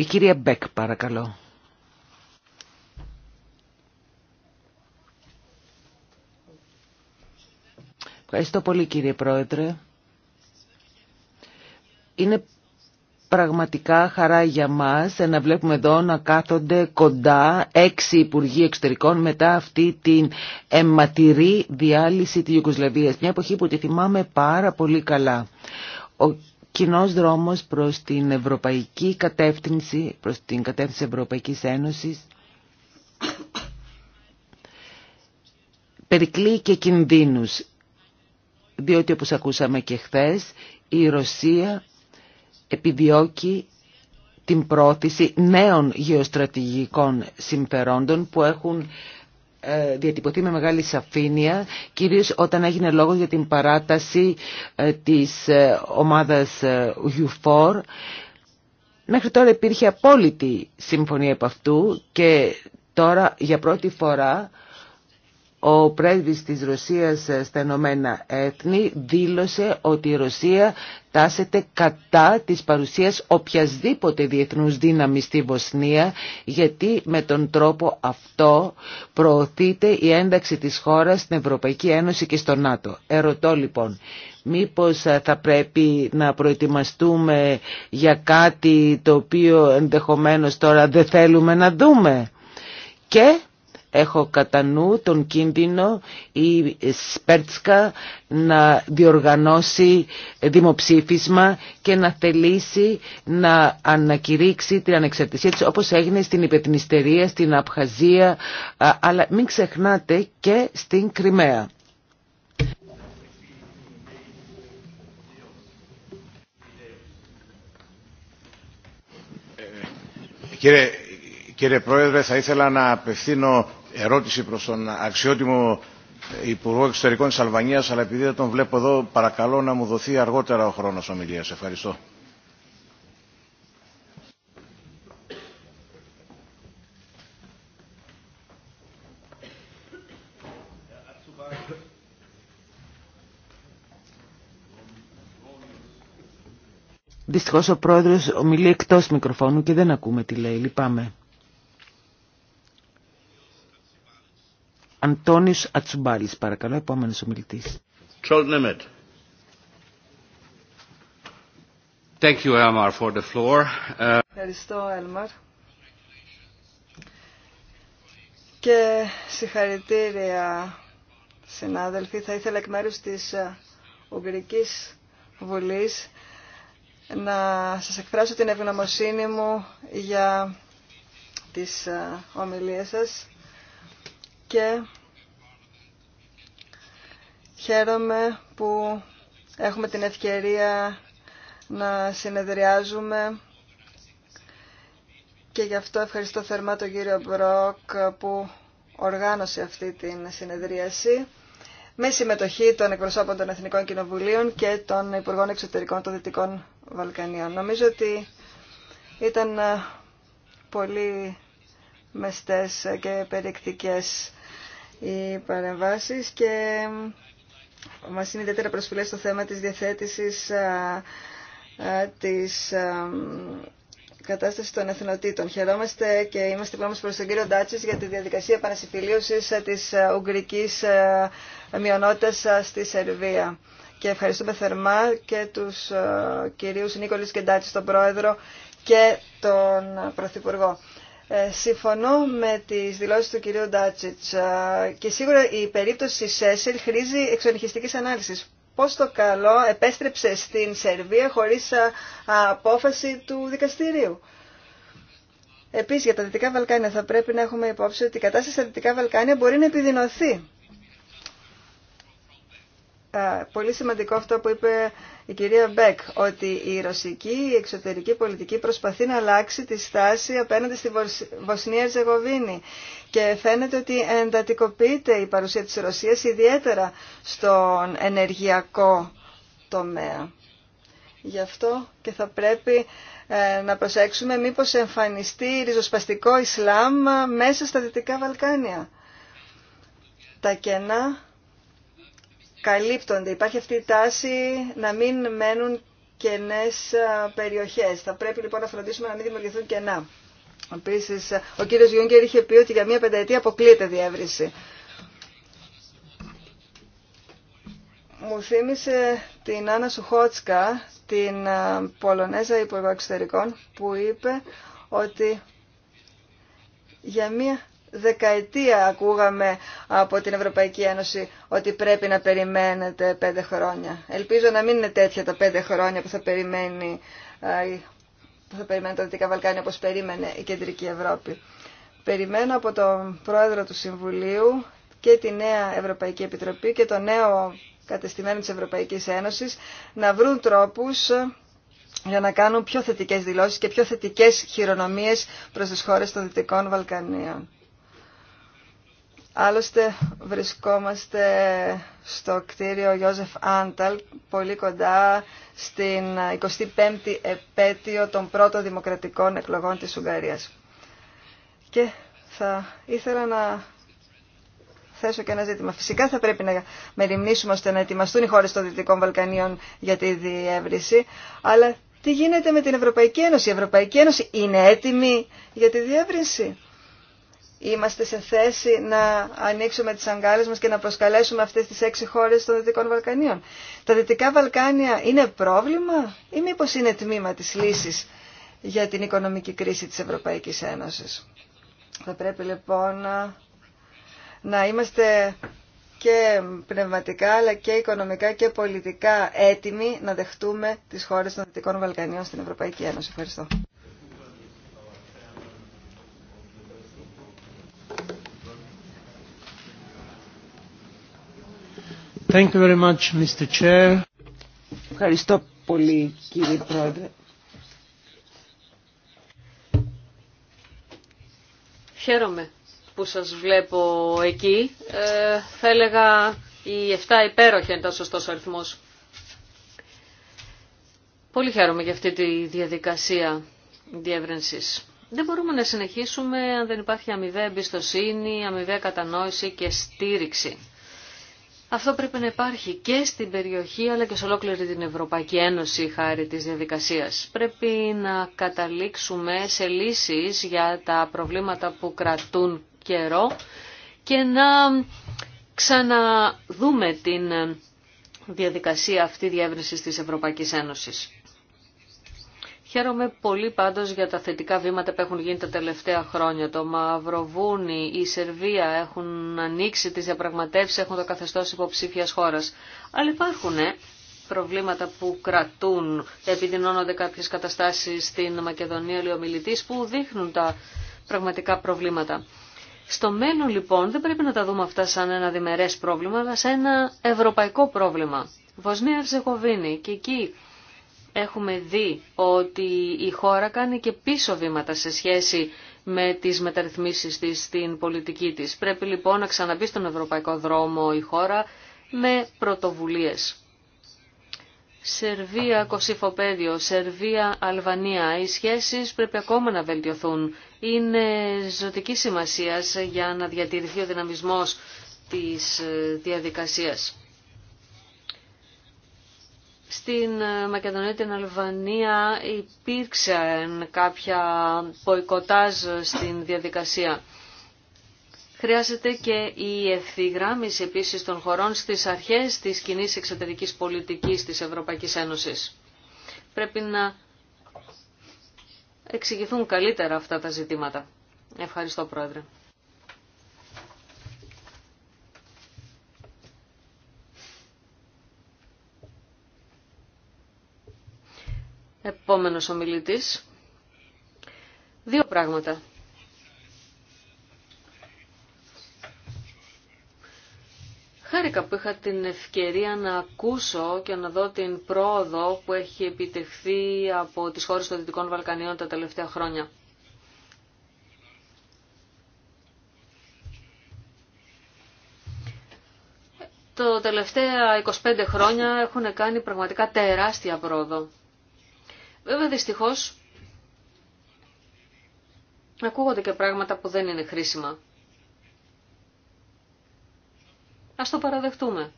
Η κυρία Μπέκ παρακαλώ. Ευχαριστώ πολύ κύριε Πρόεδρε. Είναι πραγματικά χαρά για μας να βλέπουμε εδώ να κάθονται κοντά έξι Υπουργοί Εξωτερικών μετά αυτή την αιματηρή διάλυση της Ιουγκοσλαβίας. Μια εποχή που τη θυμάμαι πάρα πολύ καλά κοινός δρόμος προς την ευρωπαϊκή κατεύθυνση, προς την κατεύθυνση Ευρωπαϊκής Ένωσης, περικλεί και κινδύνους, διότι όπως ακούσαμε και χθες, η Ρωσία επιδιώκει την πρόθεση νέων γεωστρατηγικών συμφερόντων που έχουν ε, διατυπωθεί με μεγάλη σαφήνεια, κυρίως όταν έγινε λόγο για την παράταση ε, της ε, ομάδας U4. Μέχρι τώρα υπήρχε απόλυτη συμφωνία από αυτού και τώρα για πρώτη φορά ο πρέσβης της Ρωσίας στα Ηνωμένα Έθνη δήλωσε ότι η Ρωσία τάσεται κατά της παρουσίας οποιασδήποτε διεθνούς δύναμης στη Βοσνία γιατί με τον τρόπο αυτό προωθείται η ένταξη της χώρας στην Ευρωπαϊκή Ένωση και στο ΝΑΤΟ. Ερωτώ λοιπόν, μήπως ε, θα πρέπει να προετοιμαστούμε για κάτι το οποίο ενδεχομένως τώρα δεν θέλουμε να δούμε. Και Έχω κατά νου τον κίνδυνο η Σπέρτσκα να διοργανώσει δημοψήφισμα και να θελήσει να ανακηρύξει την ανεξαρτησία της όπως έγινε στην Υπετινιστερία, στην Απχαζία αλλά μην ξεχνάτε και στην Κρυμαία. Ε, κύριε, κύριε Πρόεδρε, θα ήθελα να απευθύνω ερώτηση προς τον αξιότιμο Υπουργό Εξωτερικών της Αλβανίας, αλλά επειδή δεν τον βλέπω εδώ, παρακαλώ να μου δοθεί αργότερα ο χρόνος ομιλίας. Ευχαριστώ. Δυστυχώς ο πρόεδρος ομιλεί εκτός μικροφώνου και δεν ακούμε τι λέει. Λυπάμαι. Αντώνιος Ατσουμπάλης, παρακαλώ, επόμενος ομιλητής. Uh, Ευχαριστώ, Έλμαρ. Και συγχαρητήρια, συνάδελφοι. Θα ήθελα εκ μέρους της ε, Ουγγρικής Βουλής να σας εκφράσω την ευγνωμοσύνη μου για τις ε, ομιλίες σας και χαίρομαι που έχουμε την ευκαιρία να συνεδριάζουμε και γι' αυτό ευχαριστώ θερμά τον κύριο Μπρόκ που οργάνωσε αυτή την συνεδρίαση με συμμετοχή των εκπροσώπων των Εθνικών Κοινοβουλίων και των Υπουργών Εξωτερικών των Δυτικών Βαλκανίων. Νομίζω ότι ήταν ε, πολύ μεστές και περιεκτικές οι παρεμβάσεις και μας είναι ιδιαίτερα προσφυλές στο θέμα της διαθέτησης της κατάσταση των εθνοτήτων. Χαιρόμαστε και είμαστε πλέον προς τον κύριο Ντάτσης για τη διαδικασία επανασυμφιλίωσης ε, της ε, ουγγρικής ε, μειονότητας στη Σερβία. Και ευχαριστούμε θερμά και τους κυρίους Νίκολης και Ντάτσης, τον πρόεδρο και τον πρωθυπουργό. Ε, συμφωνώ με τις δηλώσεις του κυρίου Ντάτσιτς ε, και σίγουρα η περίπτωση Σέσελ χρήζει εξονυχιστικής ανάλυσης. Πώς το καλό επέστρεψε στην Σερβία χωρίς ε, απόφαση του δικαστηρίου. Επίσης για τα Δυτικά Βαλκάνια θα πρέπει να έχουμε υπόψη ότι η κατάσταση στα Δυτικά Βαλκάνια μπορεί να επιδεινωθεί. Πολύ σημαντικό αυτό που είπε η κυρία Μπέκ ότι η ρωσική η εξωτερική πολιτική προσπαθεί να αλλάξει τη στάση απέναντι στη Βοσνία Ερζεγοβίνη και φαίνεται ότι εντατικοποιείται η παρουσία της Ρωσίας ιδιαίτερα στον ενεργειακό τομέα. Γι' αυτό και θα πρέπει ε, να προσέξουμε μήπως εμφανιστεί ριζοσπαστικό Ισλάμ μέσα στα Δυτικά Βαλκάνια. Τα κενά καλύπτονται. Υπάρχει αυτή η τάση να μην μένουν κενές περιοχές. Θα πρέπει λοιπόν να φροντίσουμε να μην δημιουργηθούν κενά. Επίση, ο κύριο Γιούγκερ είχε πει ότι για μία πενταετία αποκλείεται διεύρυνση. Μου θύμισε την Άννα Σουχότσκα, την Πολωνέζα Υπουργό Εξωτερικών, που είπε ότι για μία δεκαετία ακούγαμε από την Ευρωπαϊκή Ένωση ότι πρέπει να περιμένετε πέντε χρόνια. Ελπίζω να μην είναι τέτοια τα πέντε χρόνια που θα περιμένει που θα περιμένει τα Δυτικά Βαλκάνια όπως περίμενε η Κεντρική Ευρώπη. Περιμένω από τον Πρόεδρο του Συμβουλίου και τη νέα Ευρωπαϊκή Επιτροπή και το νέο κατεστημένο της Ευρωπαϊκής Ένωσης να βρουν τρόπους για να κάνουν πιο θετικές δηλώσεις και πιο θετικές χειρονομίες προς τις χώρες των Δυτικών Βαλκανίων. Άλλωστε βρισκόμαστε στο κτίριο Γιώζεφ Άνταλ, πολύ κοντά στην 25η επέτειο των πρώτων δημοκρατικών εκλογών της Ουγγαρίας. Και θα ήθελα να θέσω και ένα ζήτημα. Φυσικά θα πρέπει να μεριμνήσουμε ώστε να ετοιμαστούν οι χώρες των Δυτικών Βαλκανίων για τη διεύρυνση, αλλά τι γίνεται με την Ευρωπαϊκή Ένωση. Η Ευρωπαϊκή Ένωση είναι έτοιμη για τη διεύρυνση. Είμαστε σε θέση να ανοίξουμε τις αγκάλες μας και να προσκαλέσουμε αυτές τις έξι χώρες των Δυτικών Βαλκανίων. Τα Δυτικά Βαλκάνια είναι πρόβλημα ή μήπως είναι τμήμα της λύσης για την οικονομική κρίση της Ευρωπαϊκής Ένωσης. Θα πρέπει λοιπόν να είμαστε και πνευματικά αλλά και οικονομικά και πολιτικά έτοιμοι να δεχτούμε τις χώρες των Δυτικών Βαλκανίων στην Ευρωπαϊκή Ένωση. Ευχαριστώ. Thank you Ευχαριστώ πολύ κύριε Πρόεδρε. Χαίρομαι που σας βλέπω εκεί. Ε, θα έλεγα οι 7 υπέροχοι είναι το σωστός αριθμός. Πολύ χαίρομαι για αυτή τη διαδικασία διεύρυνσης. Δεν μπορούμε να συνεχίσουμε αν δεν υπάρχει αμοιβαία εμπιστοσύνη, αμοιβαία κατανόηση και στήριξη. Αυτό πρέπει να υπάρχει και στην περιοχή αλλά και σε ολόκληρη την Ευρωπαϊκή Ένωση χάρη της διαδικασίας. Πρέπει να καταλήξουμε σε λύσεις για τα προβλήματα που κρατούν καιρό και να ξαναδούμε την διαδικασία αυτή διεύρυνσης της Ευρωπαϊκής Ένωσης. Χαίρομαι πολύ πάντως για τα θετικά βήματα που έχουν γίνει τα τελευταία χρόνια. Το Μαυροβούνι, η Σερβία έχουν ανοίξει τις διαπραγματεύσεις, έχουν το καθεστώς υποψήφιας χώρας. Αλλά υπάρχουν ε, προβλήματα που κρατούν, επιδεινώνονται κάποιες καταστάσεις στην Μακεδονία, λέει ο που δείχνουν τα πραγματικά προβλήματα. Στο μέλλον λοιπόν δεν πρέπει να τα δούμε αυτά σαν ένα διμερές πρόβλημα, αλλά σαν ένα ευρωπαϊκό πρόβλημα. Βοσνία-Ερζεγοβίνη και εκεί έχουμε δει ότι η χώρα κάνει και πίσω βήματα σε σχέση με τις μεταρρυθμίσεις της στην πολιτική της. Πρέπει λοιπόν να ξαναμπεί στον ευρωπαϊκό δρόμο η χώρα με πρωτοβουλίες. Σερβία, πεδιο Σερβία, Αλβανία. Οι σχέσεις πρέπει ακόμα να βελτιωθούν. Είναι ζωτική σημασία για να διατηρηθεί ο δυναμισμός της ε, διαδικασίας. Στην ε, Μακεδονία, την Αλβανία υπήρξαν κάποια ποικοτάζ στην διαδικασία. Χρειάζεται και η ευθυγράμμιση επίσης των χωρών στις αρχές της κοινή εξωτερικής πολιτικής της Ευρωπαϊκής Ένωσης. Πρέπει να εξηγηθούν καλύτερα αυτά τα ζητήματα. Ευχαριστώ Πρόεδρε. Επόμενος ομιλητής. Δύο πράγματα. Χάρηκα που είχα την ευκαιρία να ακούσω και να δω την πρόοδο που έχει επιτευχθεί από τις χώρες των Δυτικών Βαλκανίων τα τελευταία χρόνια. Το τελευταία 25 χρόνια έχουν κάνει πραγματικά τεράστια πρόοδο. Βέβαια δυστυχώς ακούγονται και πράγματα που δεν είναι χρήσιμα. Ας το παραδεχτούμε.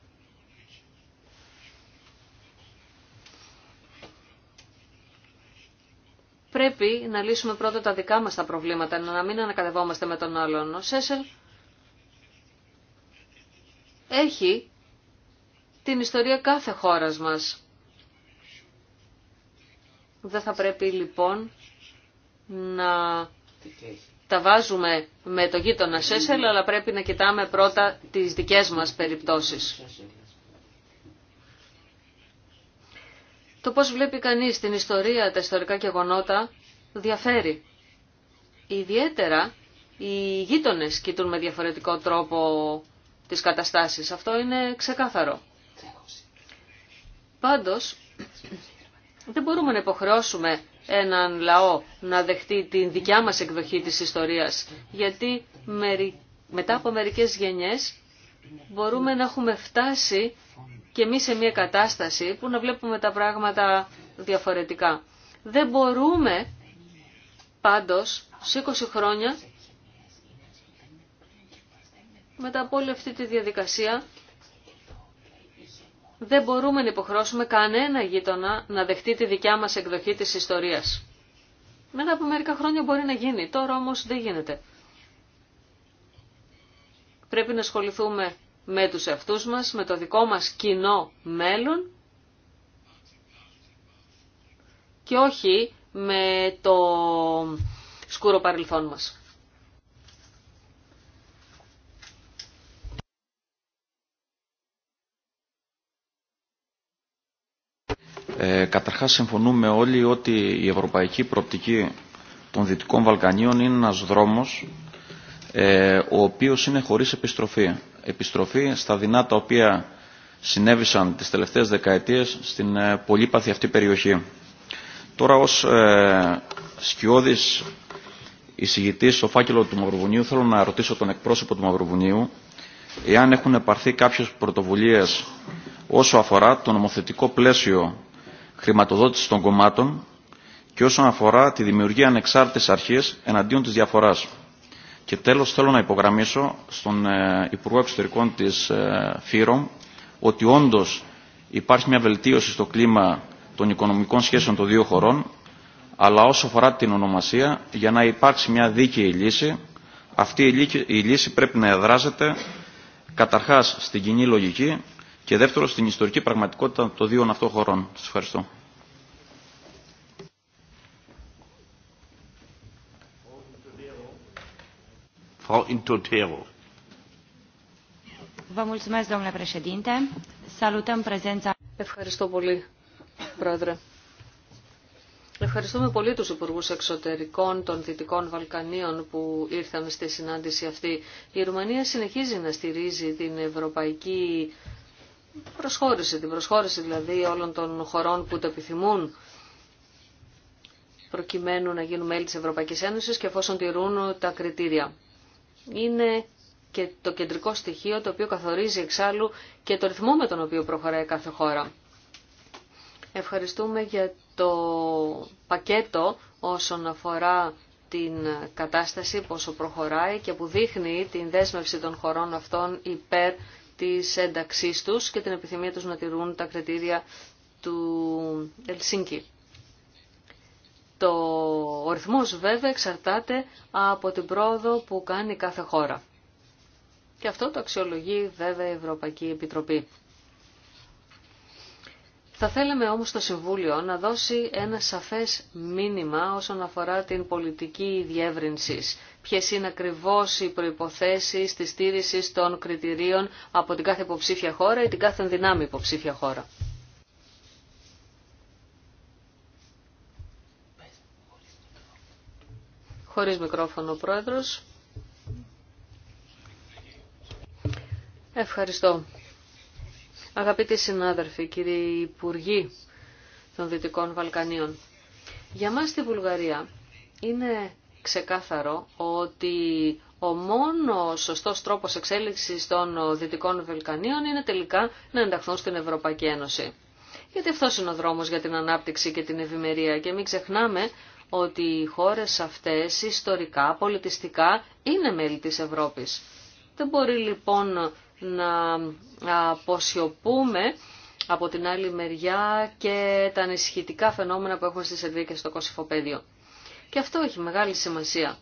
Πρέπει να λύσουμε πρώτα τα δικά μας τα προβλήματα, να μην ανακατευόμαστε με τον άλλον. Ο Σέσελ έχει την ιστορία κάθε χώρας μας. Δεν θα πρέπει λοιπόν να τα βάζουμε με το γείτονα Σέσελ, αλλά πρέπει να κοιτάμε πρώτα τις δικές μας περιπτώσεις. Το πώς βλέπει κανείς την ιστορία, τα ιστορικά γεγονότα, διαφέρει. Ιδιαίτερα οι γείτονες κοιτούν με διαφορετικό τρόπο τις καταστάσεις. Αυτό είναι ξεκάθαρο. Πάντως, δεν μπορούμε να υποχρεώσουμε έναν λαό να δεχτεί την δικιά μας εκδοχή της ιστορίας, γιατί μετά από μερικές γενιές μπορούμε να έχουμε φτάσει και εμείς σε μια κατάσταση που να βλέπουμε τα πράγματα διαφορετικά. Δεν μπορούμε πάντως σε 20 χρόνια μετά από όλη αυτή τη διαδικασία δεν μπορούμε να υποχρώσουμε κανένα γείτονα να δεχτεί τη δικιά μας εκδοχή της ιστορίας. Μετά από μερικά χρόνια μπορεί να γίνει, τώρα όμως δεν γίνεται. Πρέπει να ασχοληθούμε με τους εαυτούς μας, με το δικό μας κοινό μέλλον και όχι με το σκούρο παρελθόν μας. Ε, καταρχάς συμφωνούμε όλοι ότι η ευρωπαϊκή προοπτική των Δυτικών Βαλκανίων είναι ένας δρόμος ε, ο οποίος είναι χωρίς επιστροφή. Επιστροφή στα δεινά τα οποία συνέβησαν τις τελευταίες δεκαετίες στην ε, πολύπαθη αυτή περιοχή. Τώρα ως ε, σκιώδης εισηγητής στο φάκελο του Μαυροβουνίου θέλω να ρωτήσω τον εκπρόσωπο του Μαυροβουνίου εάν έχουν επαρθεί κάποιες πρωτοβουλίες όσο αφορά το νομοθετικό πλαίσιο χρηματοδότηση των κομμάτων και όσον αφορά τη δημιουργία ανεξάρτητης αρχής εναντίον της διαφοράς. Και τέλος θέλω να υπογραμμίσω στον ε, Υπουργό Εξωτερικών της ε, ΦΥΡΟΜ ότι όντως υπάρχει μια βελτίωση στο κλίμα των οικονομικών σχέσεων των δύο χωρών αλλά όσο αφορά την ονομασία, για να υπάρξει μια δίκαιη λύση, αυτή η λύση πρέπει να εδράζεται καταρχάς στην κοινή λογική και δεύτερο στην ιστορική πραγματικότητα των δύο αυτών χωρών. Σας ευχαριστώ. Ευχαριστώ πολύ, Πρόεδρε. Ευχαριστούμε πολύ τους Υπουργούς Εξωτερικών των Δυτικών Βαλκανίων που ήρθαν στη συνάντηση αυτή. Η Ρουμανία συνεχίζει να στηρίζει την ευρωπαϊκή προσχώρηση, την προσχώρηση δηλαδή όλων των χωρών που το επιθυμούν προκειμένου να γίνουν μέλη της Ευρωπαϊκής Ένωσης και εφόσον τηρούν τα κριτήρια. Είναι και το κεντρικό στοιχείο το οποίο καθορίζει εξάλλου και το ρυθμό με τον οποίο προχωράει κάθε χώρα. Ευχαριστούμε για το πακέτο όσον αφορά την κατάσταση, πόσο προχωράει και που δείχνει την δέσμευση των χωρών αυτών υπέρ Τη ένταξή τους και την επιθυμία τους να τηρούν τα κριτήρια του Ελσίνκη. Το ο ρυθμός βέβαια εξαρτάται από την πρόοδο που κάνει κάθε χώρα. Και αυτό το αξιολογεί βέβαια η Ευρωπαϊκή Επιτροπή. Θα θέλαμε όμως το Συμβούλιο να δώσει ένα σαφές μήνυμα όσον αφορά την πολιτική διεύρυνση. Ποιε είναι ακριβώ οι προϋποθέσεις της στήριξη των κριτηρίων από την κάθε υποψήφια χώρα ή την κάθε δυνάμει υποψήφια χώρα. Χωρίς μικρόφωνο, Πρόεδρος. Ευχαριστώ. Αγαπητοί συνάδελφοι, κύριοι Υπουργοί των Δυτικών Βαλκανίων, για μας στη Βουλγαρία είναι ξεκάθαρο ότι ο μόνο σωστό τρόπος εξέλιξης των Δυτικών Βαλκανίων είναι τελικά να ενταχθούν στην Ευρωπαϊκή Ένωση. Γιατί αυτό είναι ο δρόμο για την ανάπτυξη και την ευημερία και μην ξεχνάμε ότι οι χώρες αυτές ιστορικά, πολιτιστικά είναι μέλη της Ευρώπη. Δεν μπορεί λοιπόν να αποσιωπούμε από την άλλη μεριά και τα ανησυχητικά φαινόμενα που έχουμε στη Σερβία και στο Κωσυφοπέδιο. Και αυτό έχει μεγάλη σημασία.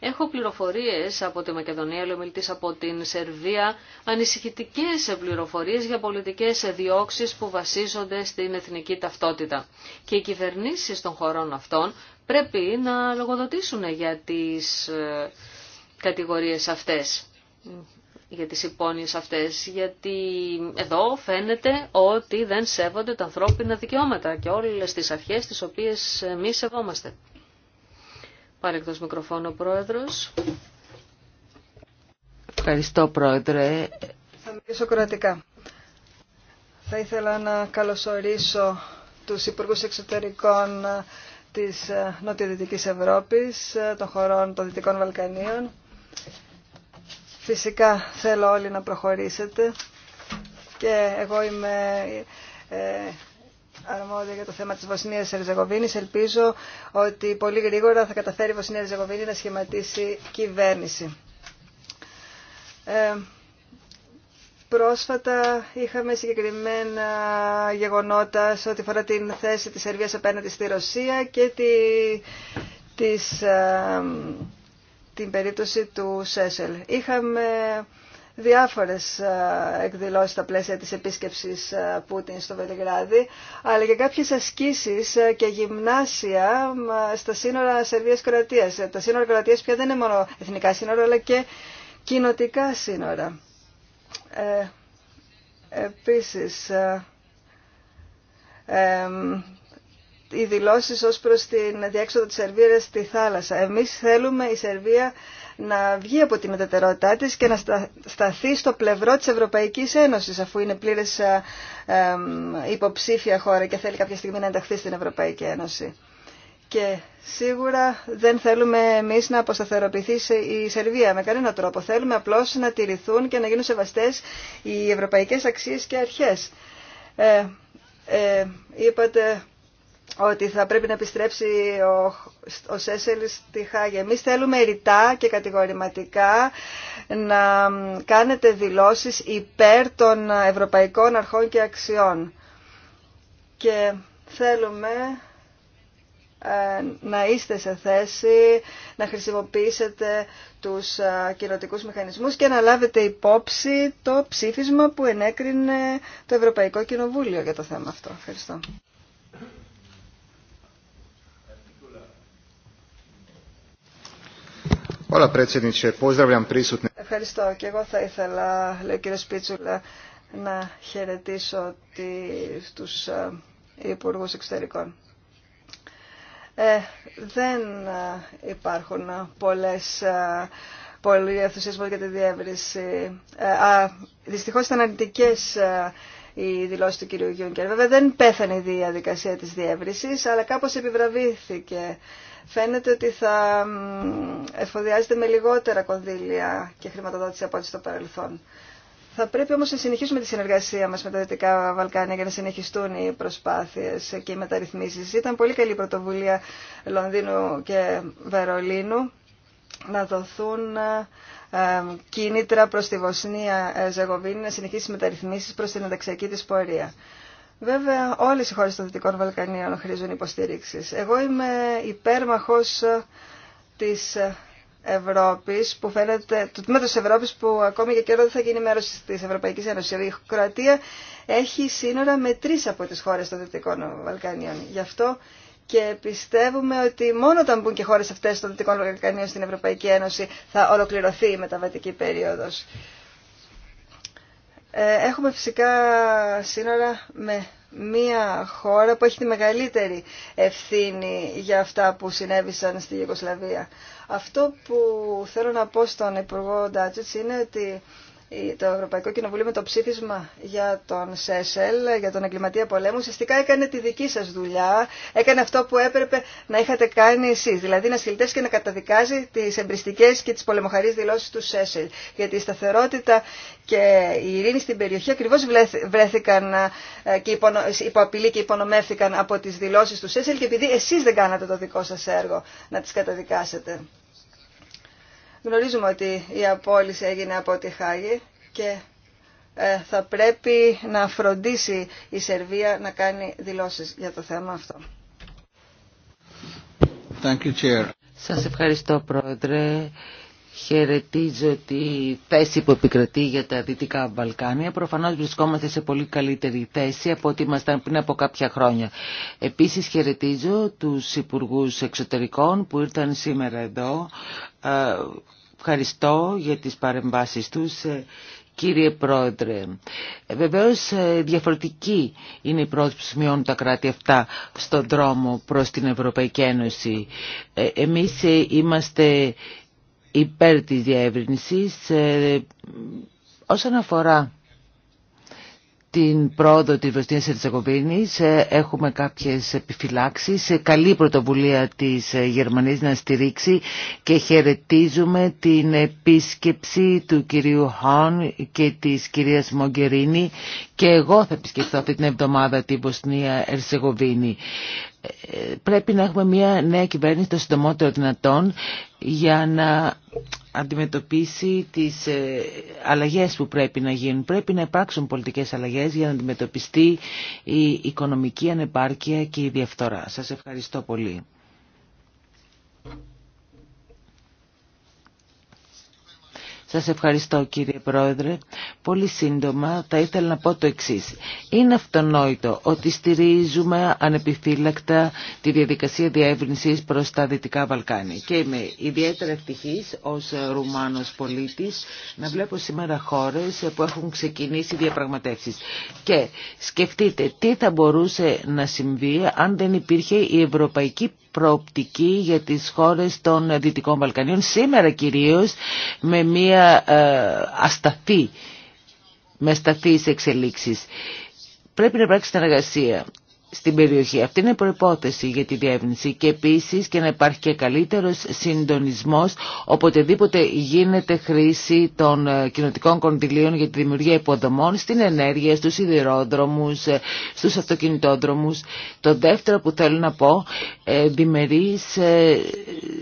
Έχω πληροφορίες από τη Μακεδονία, λέει από την Σερβία, ανησυχητικές πληροφορίες για πολιτικές διώξεις που βασίζονται στην εθνική ταυτότητα. Και οι κυβερνήσεις των χωρών αυτών πρέπει να λογοδοτήσουν για τις ε, κατηγορίες αυτές για τις υπόνοιες αυτές, γιατί εδώ φαίνεται ότι δεν σέβονται τα ανθρώπινα δικαιώματα και όλες τις αρχές τις οποίες εμεί σεβόμαστε. Πάρε εκτός μικροφώνου ο Πρόεδρος. Ευχαριστώ Πρόεδρε. Θα μιλήσω κρατικά. Θα ήθελα να καλωσορίσω τους Υπουργούς Εξωτερικών της Νοτιοδυτικής Ευρώπης, των χωρών των Δυτικών Βαλκανίων Φυσικά θέλω όλοι να προχωρήσετε και εγώ είμαι ε, αρμόδια για το θέμα της Βοσνίας Ερζεγοβίνης. Ελπίζω ότι πολύ γρήγορα θα καταφέρει η Βοσνία Ερζεγοβίνη να σχηματίσει κυβέρνηση. Ε, πρόσφατα είχαμε συγκεκριμένα γεγονότα σε ό,τι φορά την θέση της Σερβίας απέναντι στη Ρωσία και τη, της ε, την περίπτωση του Σέσελ. Είχαμε διάφορες ε, εκδηλώσεις στα πλαίσια της επίσκεψης ε, Πούτιν στο Βελιγράδι, αλλά και κάποιες ασκήσεις ε, και γυμνάσια στα σύνορα Σερβίας-Κροατίας. Τα σύνορα Κροατίας πια δεν είναι μόνο εθνικά σύνορα, αλλά και κοινοτικά σύνορα. Ε, επίσης, οι δηλώσεις ως προς την διέξοδο της Σερβίας στη θάλασσα. Εμείς θέλουμε η Σερβία να βγει από την εντετερότητά της και να σταθεί στο πλευρό της Ευρωπαϊκής Ένωσης αφού είναι πλήρες ε, υποψήφια χώρα και θέλει κάποια στιγμή να ενταχθεί στην Ευρωπαϊκή Ένωση. Και σίγουρα δεν θέλουμε εμεί να αποσταθεροποιηθεί η Σερβία με κανένα τρόπο. Θέλουμε απλώς να τηρηθούν και να γίνουν σεβαστές οι ευρωπαϊκές αξίες και αρχέ. Ε, ε, είπατε ότι θα πρέπει να επιστρέψει ο, ο Σέσελ στη Χάγη. Εμείς θέλουμε ρητά και κατηγορηματικά να κάνετε δηλώσεις υπέρ των ευρωπαϊκών αρχών και αξιών. Και θέλουμε ε, να είστε σε θέση να χρησιμοποιήσετε τους ε, κοινοτικούς μηχανισμούς και να λάβετε υπόψη το ψήφισμα που ενέκρινε το Ευρωπαϊκό Κοινοβούλιο για το θέμα αυτό. Ευχαριστώ. Ευχαριστώ και εγώ θα ήθελα, λέει ο κύριος Πίτσουλα, να χαιρετήσω τους ε, Υπουργούς Εξωτερικών. Ε, δεν ε, υπάρχουν πολλές, ε, πολλοί ενθουσιασμό για τη διεύρυνση. Ε, α, δυστυχώς ήταν αρνητικές οι δηλώσεις του κυρίου Γιούνκερ. Βέβαια δεν πέθανε η διαδικασία της διεύρυνσης, αλλά κάπως επιβραβήθηκε φαίνεται ότι θα εφοδιάζεται με λιγότερα κονδύλια και χρηματοδότηση από ό,τι στο παρελθόν. Θα πρέπει όμως να συνεχίσουμε τη συνεργασία μας με τα Δυτικά Βαλκάνια για να συνεχιστούν οι προσπάθειες και οι μεταρρυθμίσεις. Ήταν πολύ καλή η πρωτοβουλία Λονδίνου και Βερολίνου να δοθούν ε, κίνητρα προς τη Βοσνία Ζεγοβίνη να συνεχίσει μεταρρυθμίσεις προς την ενταξιακή της πορεία. Βέβαια, όλε οι χώρε των Δυτικών Βαλκανίων χρήζουν υποστήριξη. Εγώ είμαι υπέρμαχος ε, τη ε, Ευρώπη, που φαίνεται, του τμήματο της Ευρώπης που ακόμη για καιρό δεν θα γίνει μέρο τη Ευρωπαϊκή Ένωση. Η Κροατία έχει σύνορα με τρει από τι χώρε των Δυτικών Βαλκανίων. Γι' αυτό και πιστεύουμε ότι μόνο όταν μπουν και χώρε αυτέ των Δυτικών Βαλκανίων στην Ευρωπαϊκή Ένωση θα ολοκληρωθεί η μεταβατική περίοδος. Ε, έχουμε φυσικά σύνορα με μία χώρα που έχει τη μεγαλύτερη ευθύνη για αυτά που συνέβησαν στη Ιουγκοσλαβία. Αυτό που θέλω να πω στον Υπουργό Ντάτσιτς είναι ότι το Ευρωπαϊκό Κοινοβούλιο με το ψήφισμα για τον ΣΕΣΕΛ, για τον εγκληματία πολέμου, ουσιαστικά έκανε τη δική σας δουλειά, έκανε αυτό που έπρεπε να είχατε κάνει εσείς, δηλαδή να στυλτές και να καταδικάζει τις εμπριστικές και τις πολεμοχαρείς δηλώσεις του ΣΕΣΕΛ. Γιατί η σταθερότητα και η ειρήνη στην περιοχή ακριβώς βρέθηκαν ε, και υπό απειλή και υπονομεύθηκαν από τις δηλώσεις του ΣΕΣΕΛ και επειδή εσείς δεν κάνατε το δικό σας έργο να τις καταδικάσετε. Γνωρίζουμε ότι η απόλυση έγινε από τη Χάγη και ε, θα πρέπει να φροντίσει η Σερβία να κάνει δηλώσεις για το θέμα αυτό. Thank you, Chair. Σας ευχαριστώ Πρόεδρε. Χαιρετίζω τη θέση που επικρατεί για τα Δυτικά Βαλκάνια. Προφανώς βρισκόμαστε σε πολύ καλύτερη θέση από ό,τι ήμασταν πριν από κάποια χρόνια. Επίσης χαιρετίζω τους Υπουργούς Εξωτερικών που ήρθαν σήμερα εδώ ε, Ευχαριστώ για τις παρεμβάσεις τους. Ε, κύριε Πρόεδρε, ε, βεβαίως ε, διαφορετική είναι η πρόοδος που σημειώνουν τα κράτη αυτά στον δρόμο προς την Ευρωπαϊκή Ένωση. Εμείς είμαστε υπέρ της διεύρυνσης όσον αφορά την πρόοδο της Βοσνίας Ερτσακοβίνης ε, έχουμε κάποιες επιφυλάξεις. Ε, καλή πρωτοβουλία της ε, Γερμανία, να στηρίξει και χαιρετίζουμε την επίσκεψη του κυρίου Χάν και της κυρίας Μογκερίνη και εγώ θα επισκεφθώ αυτή την εβδομάδα την Βοσνία Ερσεγοβίνη. Ε, πρέπει να έχουμε μια νέα κυβέρνηση το συντομότερο δυνατόν για να αντιμετωπίσει τις ε, αλλαγές που πρέπει να γίνουν. Πρέπει να υπάρξουν πολιτικές αλλαγές για να αντιμετωπιστεί η οικονομική ανεπάρκεια και η διαφθορά. Σας ευχαριστώ πολύ. Σας ευχαριστώ κύριε Πρόεδρε. Πολύ σύντομα θα ήθελα να πω το εξής. Είναι αυτονόητο ότι στηρίζουμε ανεπιφύλακτα τη διαδικασία διεύρυνσης προς τα Δυτικά Βαλκάνια. Και είμαι ιδιαίτερα ευτυχής ως Ρουμάνος πολίτης να βλέπω σήμερα χώρες που έχουν ξεκινήσει διαπραγματεύσεις. Και σκεφτείτε τι θα μπορούσε να συμβεί αν δεν υπήρχε η ευρωπαϊκή προοπτική για τις χώρες των Δυτικών Βαλκανίων, σήμερα κυρίως με μια ε, ασταθή, με ασταθείς εξελίξεις. Πρέπει να υπάρξει συνεργασία στην περιοχή. Αυτή είναι προπόθεση για τη διεύνηση και επίσης και να υπάρχει και καλύτερος συντονισμός οποτεδήποτε γίνεται χρήση των ε, κοινοτικών κονδυλίων για τη δημιουργία υποδομών στην ενέργεια, στους σιδηρόδρομους, ε, στους αυτοκινητόδρομους. Το δεύτερο που θέλω να πω, ε, διμερείς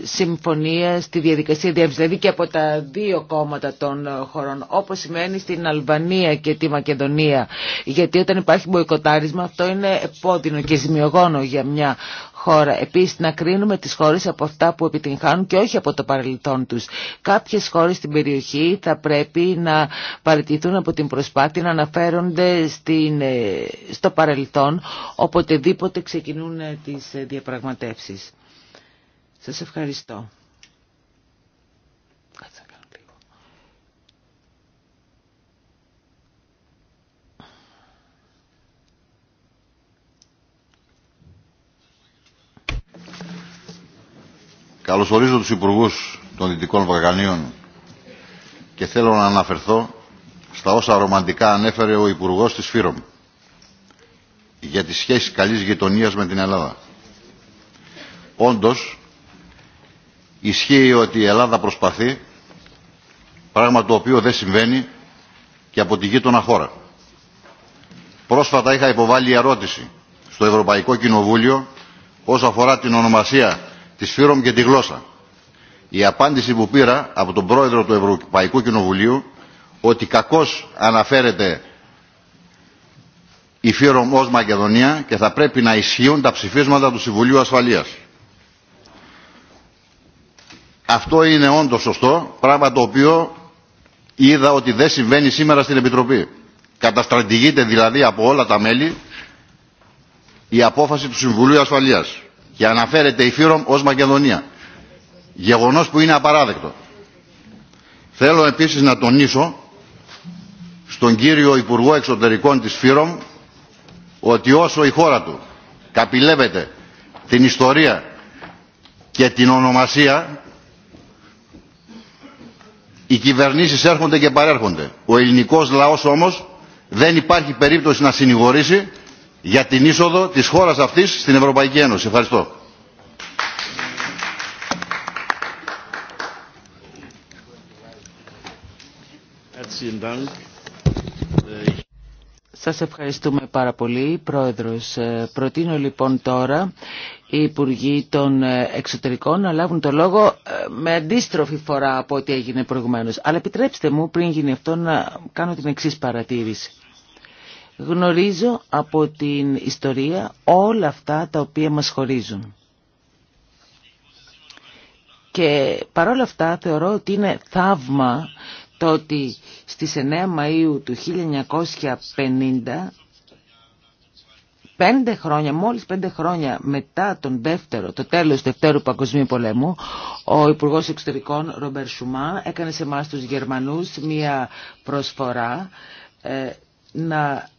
συμφωνία στη διαδικασία διεύνηση, δηλαδή και από τα δύο κόμματα των χωρών, όπως σημαίνει στην Αλβανία και τη Μακεδονία, γιατί όταν υπάρχει μποϊκοτάρισμα αυτό είναι κίνδυνο και ζημιογόνο για μια χώρα. Επίσης να κρίνουμε τις χώρες από αυτά που επιτυγχάνουν και όχι από το παρελθόν τους. Κάποιες χώρες στην περιοχή θα πρέπει να παραιτηθούν από την προσπάθεια να αναφέρονται στην, ε, στο παρελθόν οποτεδήποτε ξεκινούν ε, τις ε, διαπραγματεύσεις. Σας ευχαριστώ. Καλωσορίζω τους Υπουργούς των Δυτικών Βαγανίων και θέλω να αναφερθώ στα όσα ρομαντικά ανέφερε ο Υπουργός της Φύρομ για τις σχέσεις καλής γειτονίας με την Ελλάδα. Όντως, ισχύει ότι η Ελλάδα προσπαθεί, πράγμα το οποίο δεν συμβαίνει και από τη γείτονα χώρα. Πρόσφατα είχα υποβάλει ερώτηση στο Ευρωπαϊκό Κοινοβούλιο όσον αφορά την ονομασία τη Φύρομ και τη γλώσσα. Η απάντηση που πήρα από τον πρόεδρο του Ευρωπαϊκού Κοινοβουλίου ότι κακώς αναφέρεται η Φύρομ ως Μακεδονία και θα πρέπει να ισχύουν τα ψηφίσματα του Συμβουλίου Ασφαλείας. Αυτό είναι όντως σωστό, πράγμα το οποίο είδα ότι δεν συμβαίνει σήμερα στην Επιτροπή. Καταστρατηγείται δηλαδή από όλα τα μέλη η απόφαση του Συμβουλίου Ασφαλείας και αναφέρεται η Φύρομ ως Μακεδονία. Γεγονός που είναι απαράδεκτο. Θέλω επίσης να τονίσω στον κύριο Υπουργό Εξωτερικών της Φύρομ ότι όσο η χώρα του καπηλεύεται την ιστορία και την ονομασία οι κυβερνήσεις έρχονται και παρέρχονται. Ο ελληνικός λαός όμως δεν υπάρχει περίπτωση να συνηγορήσει για την είσοδο της χώρας αυτής στην Ευρωπαϊκή Ένωση. Ευχαριστώ. Σας ευχαριστούμε πάρα πολύ, Πρόεδρος. Ε, προτείνω λοιπόν τώρα οι Υπουργοί των ε, Εξωτερικών να λάβουν το λόγο ε, με αντίστροφη φορά από ό,τι έγινε προηγουμένως. Αλλά επιτρέψτε μου πριν γίνει αυτό να κάνω την εξής παρατήρηση. Γνωρίζω από την ιστορία όλα αυτά τα οποία μας χωρίζουν. Και παρόλα αυτά θεωρώ ότι είναι θαύμα το ότι στις 9 Μαΐου του 1950, πέντε χρόνια, μόλις πέντε χρόνια μετά τον δεύτερο, το τέλος του Δευτέρου Παγκοσμίου Πολέμου, ο Υπουργός Εξωτερικών Ρομπερ Σουμά έκανε σε εμάς τους Γερμανούς μία προσφορά ε, να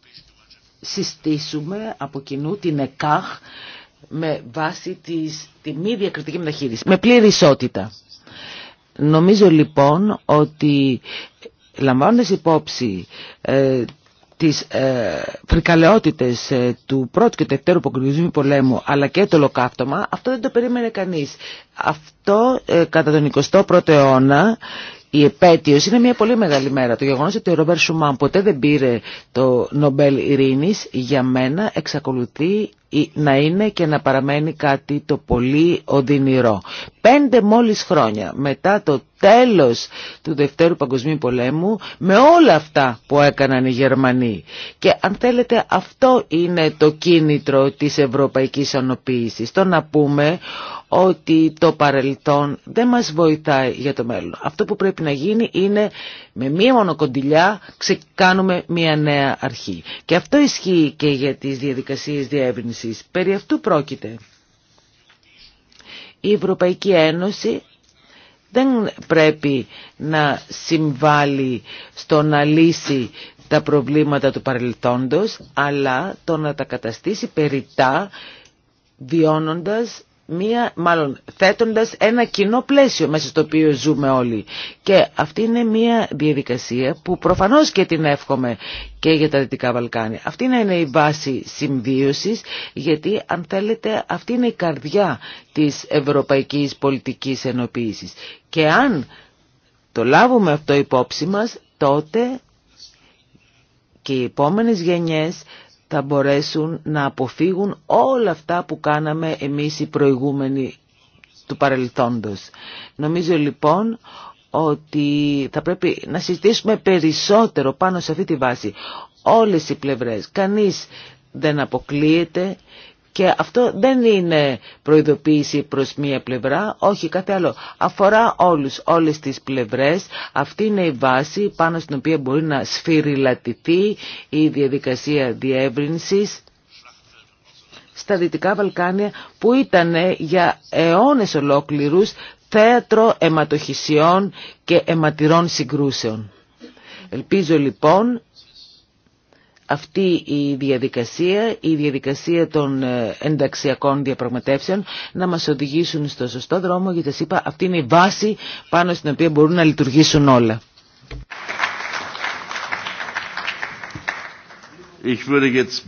συστήσουμε από κοινού την ΕΚΑΧ με βάση της, τη μη διακριτική μεταχείριση, με πλήρη ισότητα. Νομίζω λοιπόν ότι λαμβάνοντας υπόψη ε, τις ε, φρικαλαιότητες ε, του πρώτου και τελευταίου αποκριβισμού πολέμου αλλά και το ολοκαύτωμα, αυτό δεν το περίμενε κανείς. Αυτό ε, κατά τον 21ο αιώνα η επέτειος είναι μια πολύ μεγάλη μέρα. Το γεγονός ότι ο Ρόμπερ Σουμάν ποτέ δεν πήρε το Νομπέλ Ειρήνης για μένα εξακολουθεί να είναι και να παραμένει κάτι το πολύ οδυνηρό. Πέντε μόλις χρόνια μετά το τέλος του Δευτέρου Παγκοσμίου Πολέμου με όλα αυτά που έκαναν οι Γερμανοί. Και αν θέλετε αυτό είναι το κίνητρο της ευρωπαϊκής ανοποίησης. Το να πούμε ότι το παρελθόν δεν μας βοηθάει για το μέλλον. Αυτό που πρέπει να γίνει είναι με μία μονοκοντιλιά ξεκάνουμε μία νέα αρχή. Και αυτό ισχύει και για τις διαδικασίες διεύρυνσης. Περί αυτού πρόκειται. Η Ευρωπαϊκή Ένωση δεν πρέπει να συμβάλλει στο να λύσει τα προβλήματα του παρελθόντος, αλλά το να τα καταστήσει περιτά βιώνοντας μία, μάλλον θέτοντας ένα κοινό πλαίσιο μέσα στο οποίο ζούμε όλοι. Και αυτή είναι μία διαδικασία που προφανώς και την εύχομαι και για τα Δυτικά Βαλκάνια. Αυτή είναι η βάση συμβίωσης γιατί αν θέλετε αυτή είναι η καρδιά της ευρωπαϊκής πολιτικής ενοποίησης. Και αν το λάβουμε αυτό υπόψη μας τότε και οι επόμενες γενιές θα μπορέσουν να αποφύγουν όλα αυτά που κάναμε εμείς οι προηγούμενοι του παρελθόντος. Νομίζω λοιπόν ότι θα πρέπει να συζητήσουμε περισσότερο πάνω σε αυτή τη βάση όλες οι πλευρές. Κανείς δεν αποκλείεται και αυτό δεν είναι προειδοποίηση προς μία πλευρά, όχι κάτι άλλο. Αφορά όλους, όλες τις πλευρές. Αυτή είναι η βάση πάνω στην οποία μπορεί να σφυριλατηθεί η διαδικασία διεύρυνσης στα Δυτικά Βαλκάνια που ήταν για αιώνες ολόκληρους θέατρο αιματοχυσιών και αιματηρών συγκρούσεων. Ελπίζω λοιπόν αυτή η διαδικασία, η διαδικασία των ε, ενταξιακών διαπραγματεύσεων να μας οδηγήσουν στο σωστό δρόμο γιατί σας είπα αυτή είναι η βάση πάνω στην οποία μπορούν να λειτουργήσουν όλα. Ich würde jetzt...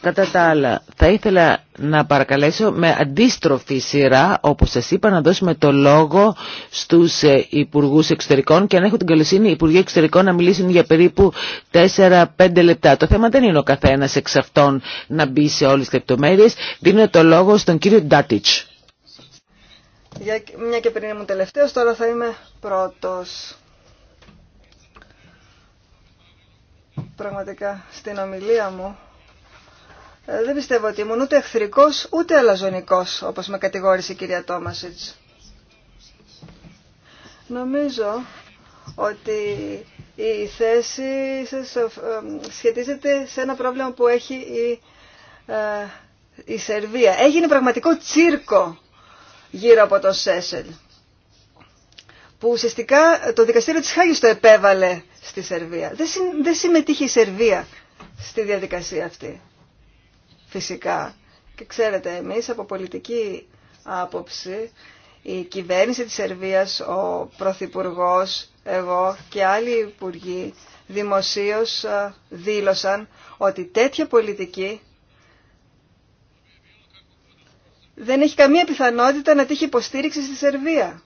Κατά τα άλλα, θα ήθελα να παρακαλέσω με αντίστροφη σειρά, όπως σας είπα, να δώσουμε το λόγο στους ε, Υπουργούς Εξωτερικών και αν έχω την καλοσύνη οι Υπουργοί Εξωτερικών να μιλήσουν για περίπου 4-5 λεπτά. Το θέμα δεν είναι ο καθένας εξ αυτών να μπει σε όλες τις λεπτομέρειες. Δίνω το λόγο στον κύριο Ντάτιτς. Για μια και πριν ήμουν τελευταίος, τώρα θα είμαι πρώτος. Πραγματικά στην ομιλία μου δεν πιστεύω ότι ήμουν ούτε εχθρικός ούτε αλαζονικός, όπως με κατηγόρησε η κυρία Τόμασιτς. Νομίζω ότι η θέση σας ε, ε, σχετίζεται σε ένα πρόβλημα που έχει η, ε, η Σερβία. Έγινε πραγματικό τσίρκο γύρω από το Σέσελ, που ουσιαστικά το δικαστήριο της Χάγης το επέβαλε στη Σερβία. Δεν συμμετείχε η Σερβία στη διαδικασία αυτή φυσικά. Και ξέρετε, εμείς από πολιτική άποψη, η κυβέρνηση της Σερβίας, ο Πρωθυπουργός, εγώ και άλλοι υπουργοί δημοσίως ε, δήλωσαν ότι τέτοια πολιτική δεν έχει καμία πιθανότητα να τύχει υποστήριξη στη Σερβία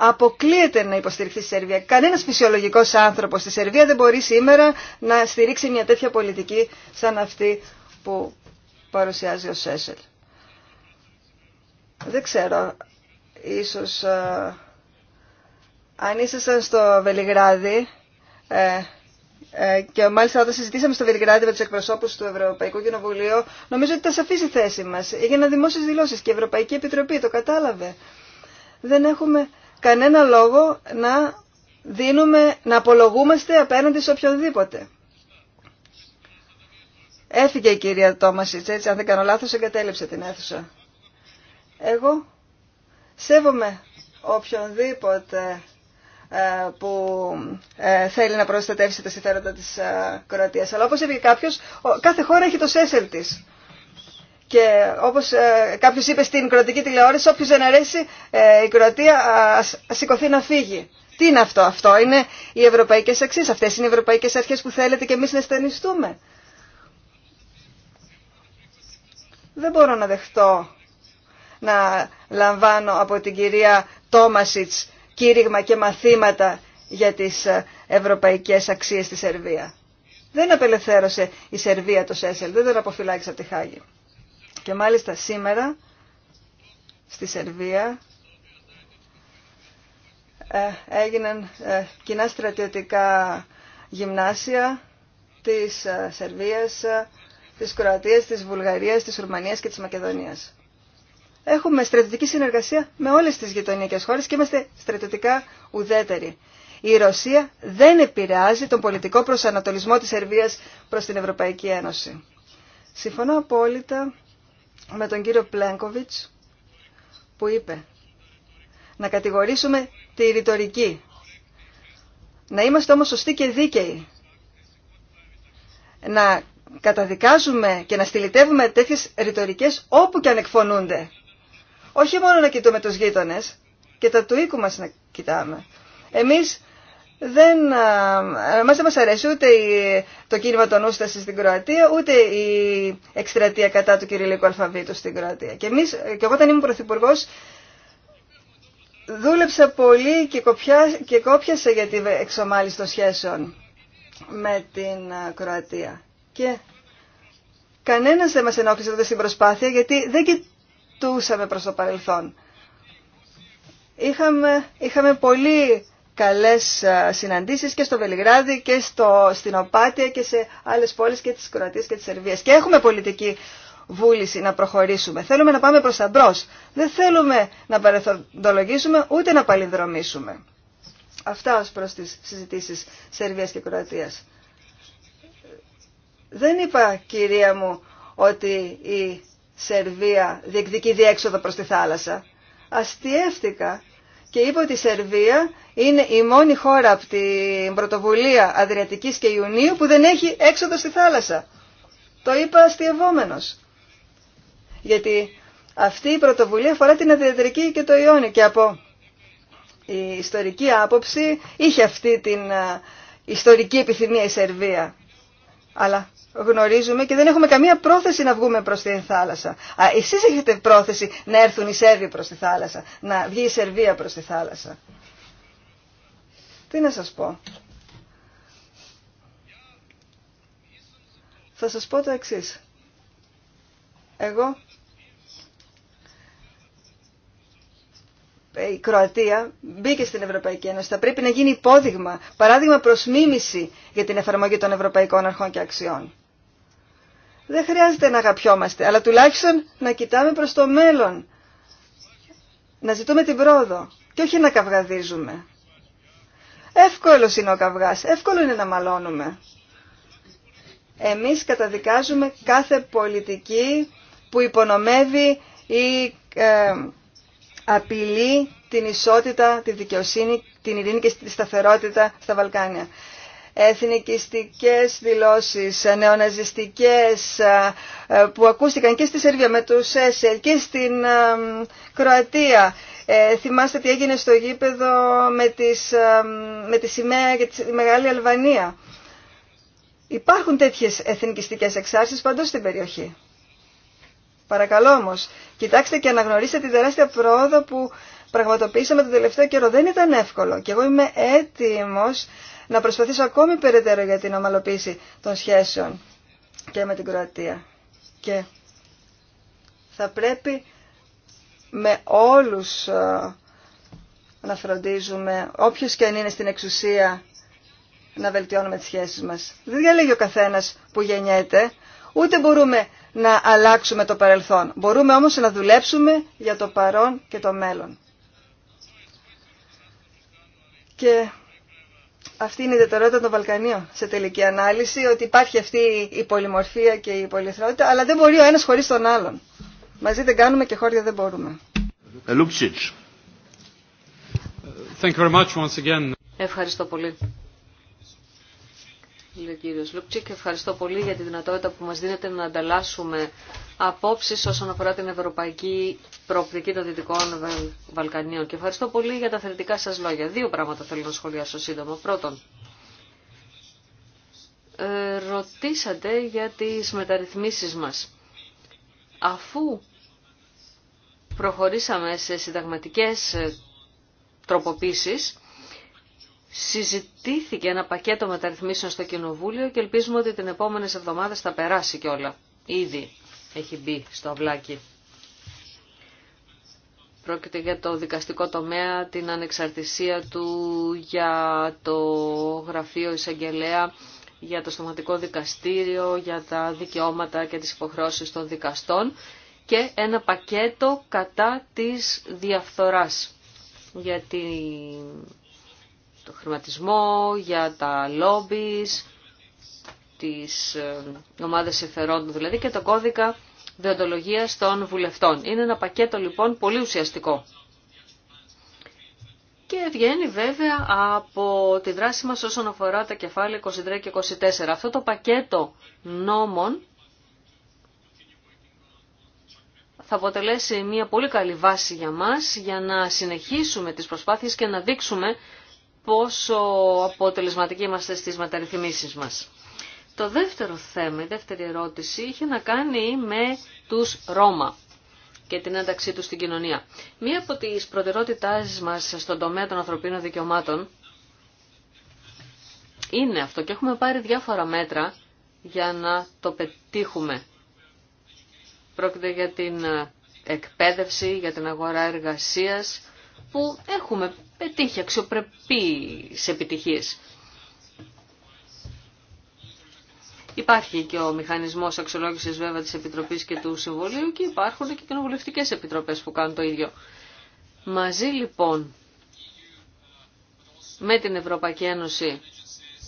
αποκλείεται να υποστηριχθεί στη Σερβία. Κανένας φυσιολογικός άνθρωπος στη Σερβία δεν μπορεί σήμερα να στηρίξει μια τέτοια πολιτική σαν αυτή που παρουσιάζει ο Σέσελ. Δεν ξέρω, ίσως ε, αν ήσασταν στο Βελιγράδι ε, ε, και μάλιστα όταν συζητήσαμε στο Βελιγράδι με τους εκπροσώπους του Ευρωπαϊκού Κοινοβουλίου νομίζω ότι τα σαφίζει η θέση μας. Έγιναν δημόσιες δηλώσεις και η Ευρωπαϊκή Επιτροπή το κατάλαβε. Δεν έχουμε κανένα λόγο να δίνουμε, να απολογούμαστε απέναντι σε οποιονδήποτε. Έφυγε η κυρία Τόμασιτς, έτσι, αν δεν κάνω λάθος, εγκατέλειψε την αίθουσα. Εγώ σέβομαι οποιονδήποτε ε, που ε, θέλει να προστατεύσει τα συμφέροντα της ε, Κροατίας. Αλλά όπως είπε κάποιος, κάθε χώρα έχει το σέσελ της. Και όπως ε, κάποιος είπε στην κροατική τηλεόραση, όποιος δεν αρέσει ε, η Κροατία ας σηκωθεί να φύγει. Τι είναι αυτό, αυτό είναι οι ευρωπαϊκές αξίες, αυτές είναι οι ευρωπαϊκές αρχές που θέλετε και εμείς να στενιστούμε. Δεν μπορώ να δεχτώ να λαμβάνω από την κυρία Τόμασιτς κήρυγμα και μαθήματα για τις ε, ευρωπαϊκές αξίες στη Σερβία. Δεν απελευθέρωσε η Σερβία το ΣΕΣΕΛ, δεν τον αποφυλάξει από τη Χάγη. Και μάλιστα σήμερα στη Σερβία ε, έγιναν ε, κοινά στρατιωτικά γυμνάσια της ε, Σερβίας, της Κροατίας, της Βουλγαρίας, της Ουρμανίας και της Μακεδονίας. Έχουμε στρατιωτική συνεργασία με όλες τις γειτονικές χώρες και είμαστε στρατιωτικά ουδέτεροι. Η Ρωσία δεν επηρεάζει τον πολιτικό προσανατολισμό της Σερβίας προς την Ευρωπαϊκή Ένωση. Συμφωνώ απόλυτα με τον κύριο Πλένκοβιτς που είπε να κατηγορήσουμε τη ρητορική. Να είμαστε όμως σωστοί και δίκαιοι. Να καταδικάζουμε και να στυλιτεύουμε τέτοιες ρητορικές όπου και αν εκφωνούνται. Όχι μόνο να κοιτούμε τους γείτονες και τα του οίκου μας να κοιτάμε. Εμείς δεν, δεν μας αρέσει ούτε το κίνημα των ούστασης στην Κροατία, ούτε η εκστρατεία κατά του κυριλικού αλφαβήτου στην Κροατία. Και, εμείς, και εγώ όταν ήμουν Πρωθυπουργό. Δούλεψα πολύ και, κοπιά, και κόπιασα για την εξομάλυση σχέσεων με την Κροατία. Και κανένας δεν μας ενόχλησε τότε στην προσπάθεια γιατί δεν κοιτούσαμε προς το παρελθόν. είχαμε πολύ καλές συναντήσεις και στο Βελιγράδι και στο, στην Οπάτια και σε άλλες πόλεις και της Κροατίας και της Σερβίας. Και έχουμε πολιτική βούληση να προχωρήσουμε. Θέλουμε να πάμε προς τα μπρος. Δεν θέλουμε να παρεθοντολογήσουμε ούτε να παλινδρομήσουμε. Αυτά ως προς τις συζητήσεις Σερβίας και Κροατίας. Δεν είπα, κυρία μου, ότι η Σερβία διεκδικεί διέξοδο προς τη θάλασσα. Αστιεύτηκα και είπε ότι η Σερβία είναι η μόνη χώρα από την πρωτοβουλία Αδριατικής και Ιουνίου που δεν έχει έξοδο στη θάλασσα. Το είπα αστειευόμενος. Γιατί αυτή η πρωτοβουλία αφορά την Αδριατική και το Ιόνιο και από η ιστορική άποψη είχε αυτή την ε, ιστορική επιθυμία η Σερβία. Αλλά γνωρίζουμε και δεν έχουμε καμία πρόθεση να βγούμε προς τη θάλασσα. Α, εσείς έχετε πρόθεση να έρθουν οι Σέρβοι προς τη θάλασσα, να βγει η Σερβία προς τη θάλασσα. Τι να σας πω. Θα σας πω το εξής. Εγώ Ε, η Κροατία μπήκε στην Ευρωπαϊκή Ένωση. Θα πρέπει να γίνει υπόδειγμα, παράδειγμα προ μίμηση για την εφαρμογή των ευρωπαϊκών αρχών και αξιών. Δεν χρειάζεται να αγαπιόμαστε, αλλά τουλάχιστον να κοιτάμε προ το μέλλον. Να ζητούμε την πρόοδο και όχι να καυγαδίζουμε. Εύκολο είναι ο καυγάς, εύκολο είναι να μαλώνουμε. Εμείς καταδικάζουμε κάθε πολιτική που υπονομεύει ή ε, απειλεί την ισότητα, τη δικαιοσύνη, την ειρήνη και τη σταθερότητα στα Βαλκάνια. Εθνικιστικές δηλώσεις, νεοναζιστικές ε, ε, που ακούστηκαν και στη Σερβία με τους ΕΣΕΛ και στην ε, Κροατία. θυμάστε τι έγινε στο γήπεδο με, τις, με τη σημαία και τη Μεγάλη Αλβανία. Υπάρχουν τέτοιες εθνικιστικές εξάρσεις παντού στην περιοχή. Παρακαλώ όμω, κοιτάξτε και αναγνωρίστε τη τεράστια πρόοδο που πραγματοποιήσαμε τον τελευταίο καιρό. Δεν ήταν εύκολο και εγώ είμαι έτοιμο να προσπαθήσω ακόμη περαιτέρω για την ομαλοποίηση των σχέσεων και με την Κροατία. Και θα πρέπει με όλους ε, να φροντίζουμε, όποιος και αν είναι στην εξουσία, να βελτιώνουμε τις σχέσεις μας. Δεν διαλέγει ο καθένας που γεννιέται, ούτε μπορούμε να αλλάξουμε το παρελθόν. Μπορούμε όμως να δουλέψουμε για το παρόν και το μέλλον. Και αυτή είναι η ιδιαιτερότητα των Βαλκανίων σε τελική ανάλυση, ότι υπάρχει αυτή η πολυμορφία και η πολυεθνότητα, αλλά δεν μπορεί ο ένας χωρίς τον άλλον. Μαζί δεν κάνουμε και χώρια δεν μπορούμε. Ευχαριστώ πολύ λέει ο κύριος Ευχαριστώ πολύ για τη δυνατότητα που μας δίνετε να ανταλλάσσουμε απόψεις όσον αφορά την ευρωπαϊκή προοπτική των Δυτικών Βαλκανίων. Και ευχαριστώ πολύ για τα θετικά σας λόγια. Δύο πράγματα θέλω να σχολιάσω σύντομα. Πρώτον, ε, ρωτήσατε για τις μεταρρυθμίσεις μας. Αφού προχωρήσαμε σε συνταγματικές ε, τροποποίησεις, συζητήθηκε ένα πακέτο μεταρρυθμίσεων στο Κοινοβούλιο και ελπίζουμε ότι την επόμενη εβδομάδα θα περάσει κιόλα. Ήδη έχει μπει στο αυλάκι. Πρόκειται για το δικαστικό τομέα, την ανεξαρτησία του, για το γραφείο εισαγγελέα, για το στοματικό δικαστήριο, για τα δικαιώματα και τις υποχρεώσεις των δικαστών και ένα πακέτο κατά της διαφθοράς για το χρηματισμό, για τα λόμπις, τις ε, ομάδες συμφερόντων δηλαδή και το κώδικα διοντολογίας των βουλευτών. Είναι ένα πακέτο λοιπόν πολύ ουσιαστικό. Και βγαίνει βέβαια από τη δράση μας όσον αφορά τα κεφάλαια 23 και 24. Αυτό το πακέτο νόμων θα αποτελέσει μια πολύ καλή βάση για μας για να συνεχίσουμε τις προσπάθειες και να δείξουμε πόσο αποτελεσματικοί είμαστε στις μεταρρυθμίσεις μας. Το δεύτερο θέμα, η δεύτερη ερώτηση, είχε να κάνει με τους Ρώμα και την ένταξή τους στην κοινωνία. Μία από τις προτεραιότητάς μας στον τομέα των ανθρωπίνων δικαιωμάτων είναι αυτό και έχουμε πάρει διάφορα μέτρα για να το πετύχουμε. Πρόκειται για την εκπαίδευση, για την αγορά εργασίας, που έχουμε πετύχει αξιοπρεπείς επιτυχίες. Υπάρχει και ο μηχανισμός αξιολόγησης βέβαια της Επιτροπής και του Συμβουλίου και υπάρχουν και κοινοβουλευτικές επιτροπές που κάνουν το ίδιο. Μαζί λοιπόν με την Ευρωπαϊκή Ένωση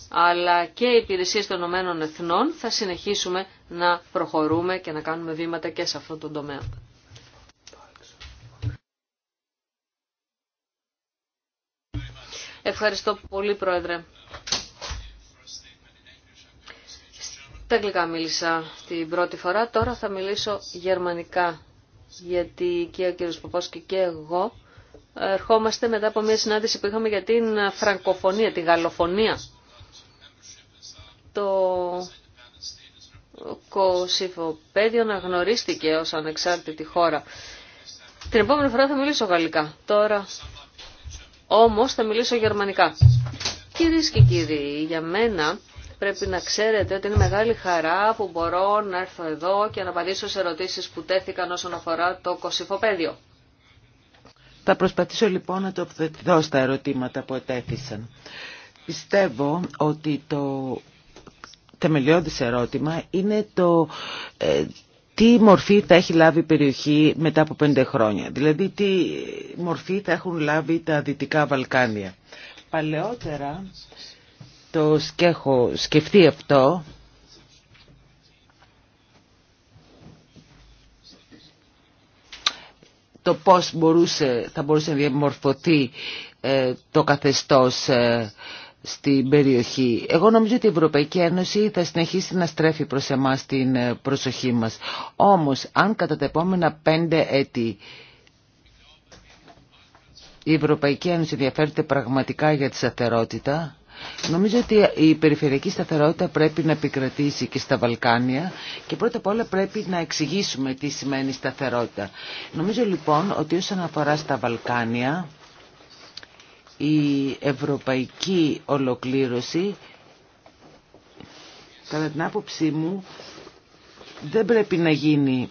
αλλά και οι υπηρεσίες των Ηνωμένων Εθνών θα συνεχίσουμε να προχωρούμε και να κάνουμε βήματα και σε αυτόν τον τομέα. Ευχαριστώ πολύ, Πρόεδρε. Τα αγγλικά μίλησα την πρώτη φορά, τώρα θα μιλήσω γερμανικά, γιατί και ο κύριος Παπόσκη και, και εγώ ερχόμαστε μετά από μια συνάντηση που είχαμε για την φραγκοφωνία, τη γαλλοφωνία. Το κοσυφοπέδιο αναγνωρίστηκε ως ανεξάρτητη χώρα. Την επόμενη φορά θα μιλήσω γαλλικά. Τώρα όμως θα μιλήσω γερμανικά. Κυρίες και κύριοι, για μένα πρέπει να ξέρετε ότι είναι μεγάλη χαρά που μπορώ να έρθω εδώ και να απαντήσω σε ερωτήσεις που τέθηκαν όσον αφορά το κοσυφοπέδιο. Θα προσπαθήσω λοιπόν να το δω στα ερωτήματα που ετέθησαν. Πιστεύω ότι το θεμελιώδης ερώτημα είναι το, ε, τι μορφή θα έχει λάβει η περιοχή μετά από πέντε χρόνια. Δηλαδή τι μορφή θα έχουν λάβει τα Δυτικά Βαλκάνια. Παλαιότερα το σκέχω σκεφτεί αυτό το πώς μπορούσε, θα μπορούσε να διαμορφωθεί ε, το καθεστώς ε, στην περιοχή. Εγώ νομίζω ότι η Ευρωπαϊκή Ένωση θα συνεχίσει να στρέφει προς εμάς την ε, προσοχή μας. Όμως, αν κατά τα επόμενα πέντε έτη η Ευρωπαϊκή Ένωση ενδιαφέρεται πραγματικά για τη σταθερότητα, Νομίζω ότι η περιφερειακή σταθερότητα πρέπει να επικρατήσει και στα Βαλκάνια και πρώτα απ' όλα πρέπει να εξηγήσουμε τι σημαίνει σταθερότητα. Νομίζω λοιπόν ότι όσον αφορά στα Βαλκάνια η ευρωπαϊκή ολοκλήρωση κατά την άποψή μου δεν πρέπει να γίνει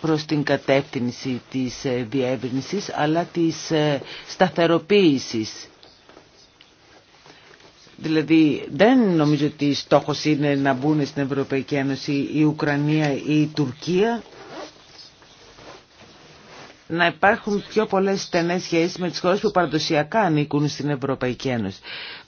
προς την κατεύθυνση της ε, διεύρυνσης αλλά της ε, σταθεροποίησης. Δηλαδή δεν νομίζω ότι στόχος είναι να μπουν στην Ευρωπαϊκή Ένωση η Ουκρανία ή η Τουρκία να υπάρχουν πιο πολλές στενές σχέσεις με τις χώρες που παραδοσιακά ανήκουν στην Ευρωπαϊκή Ένωση.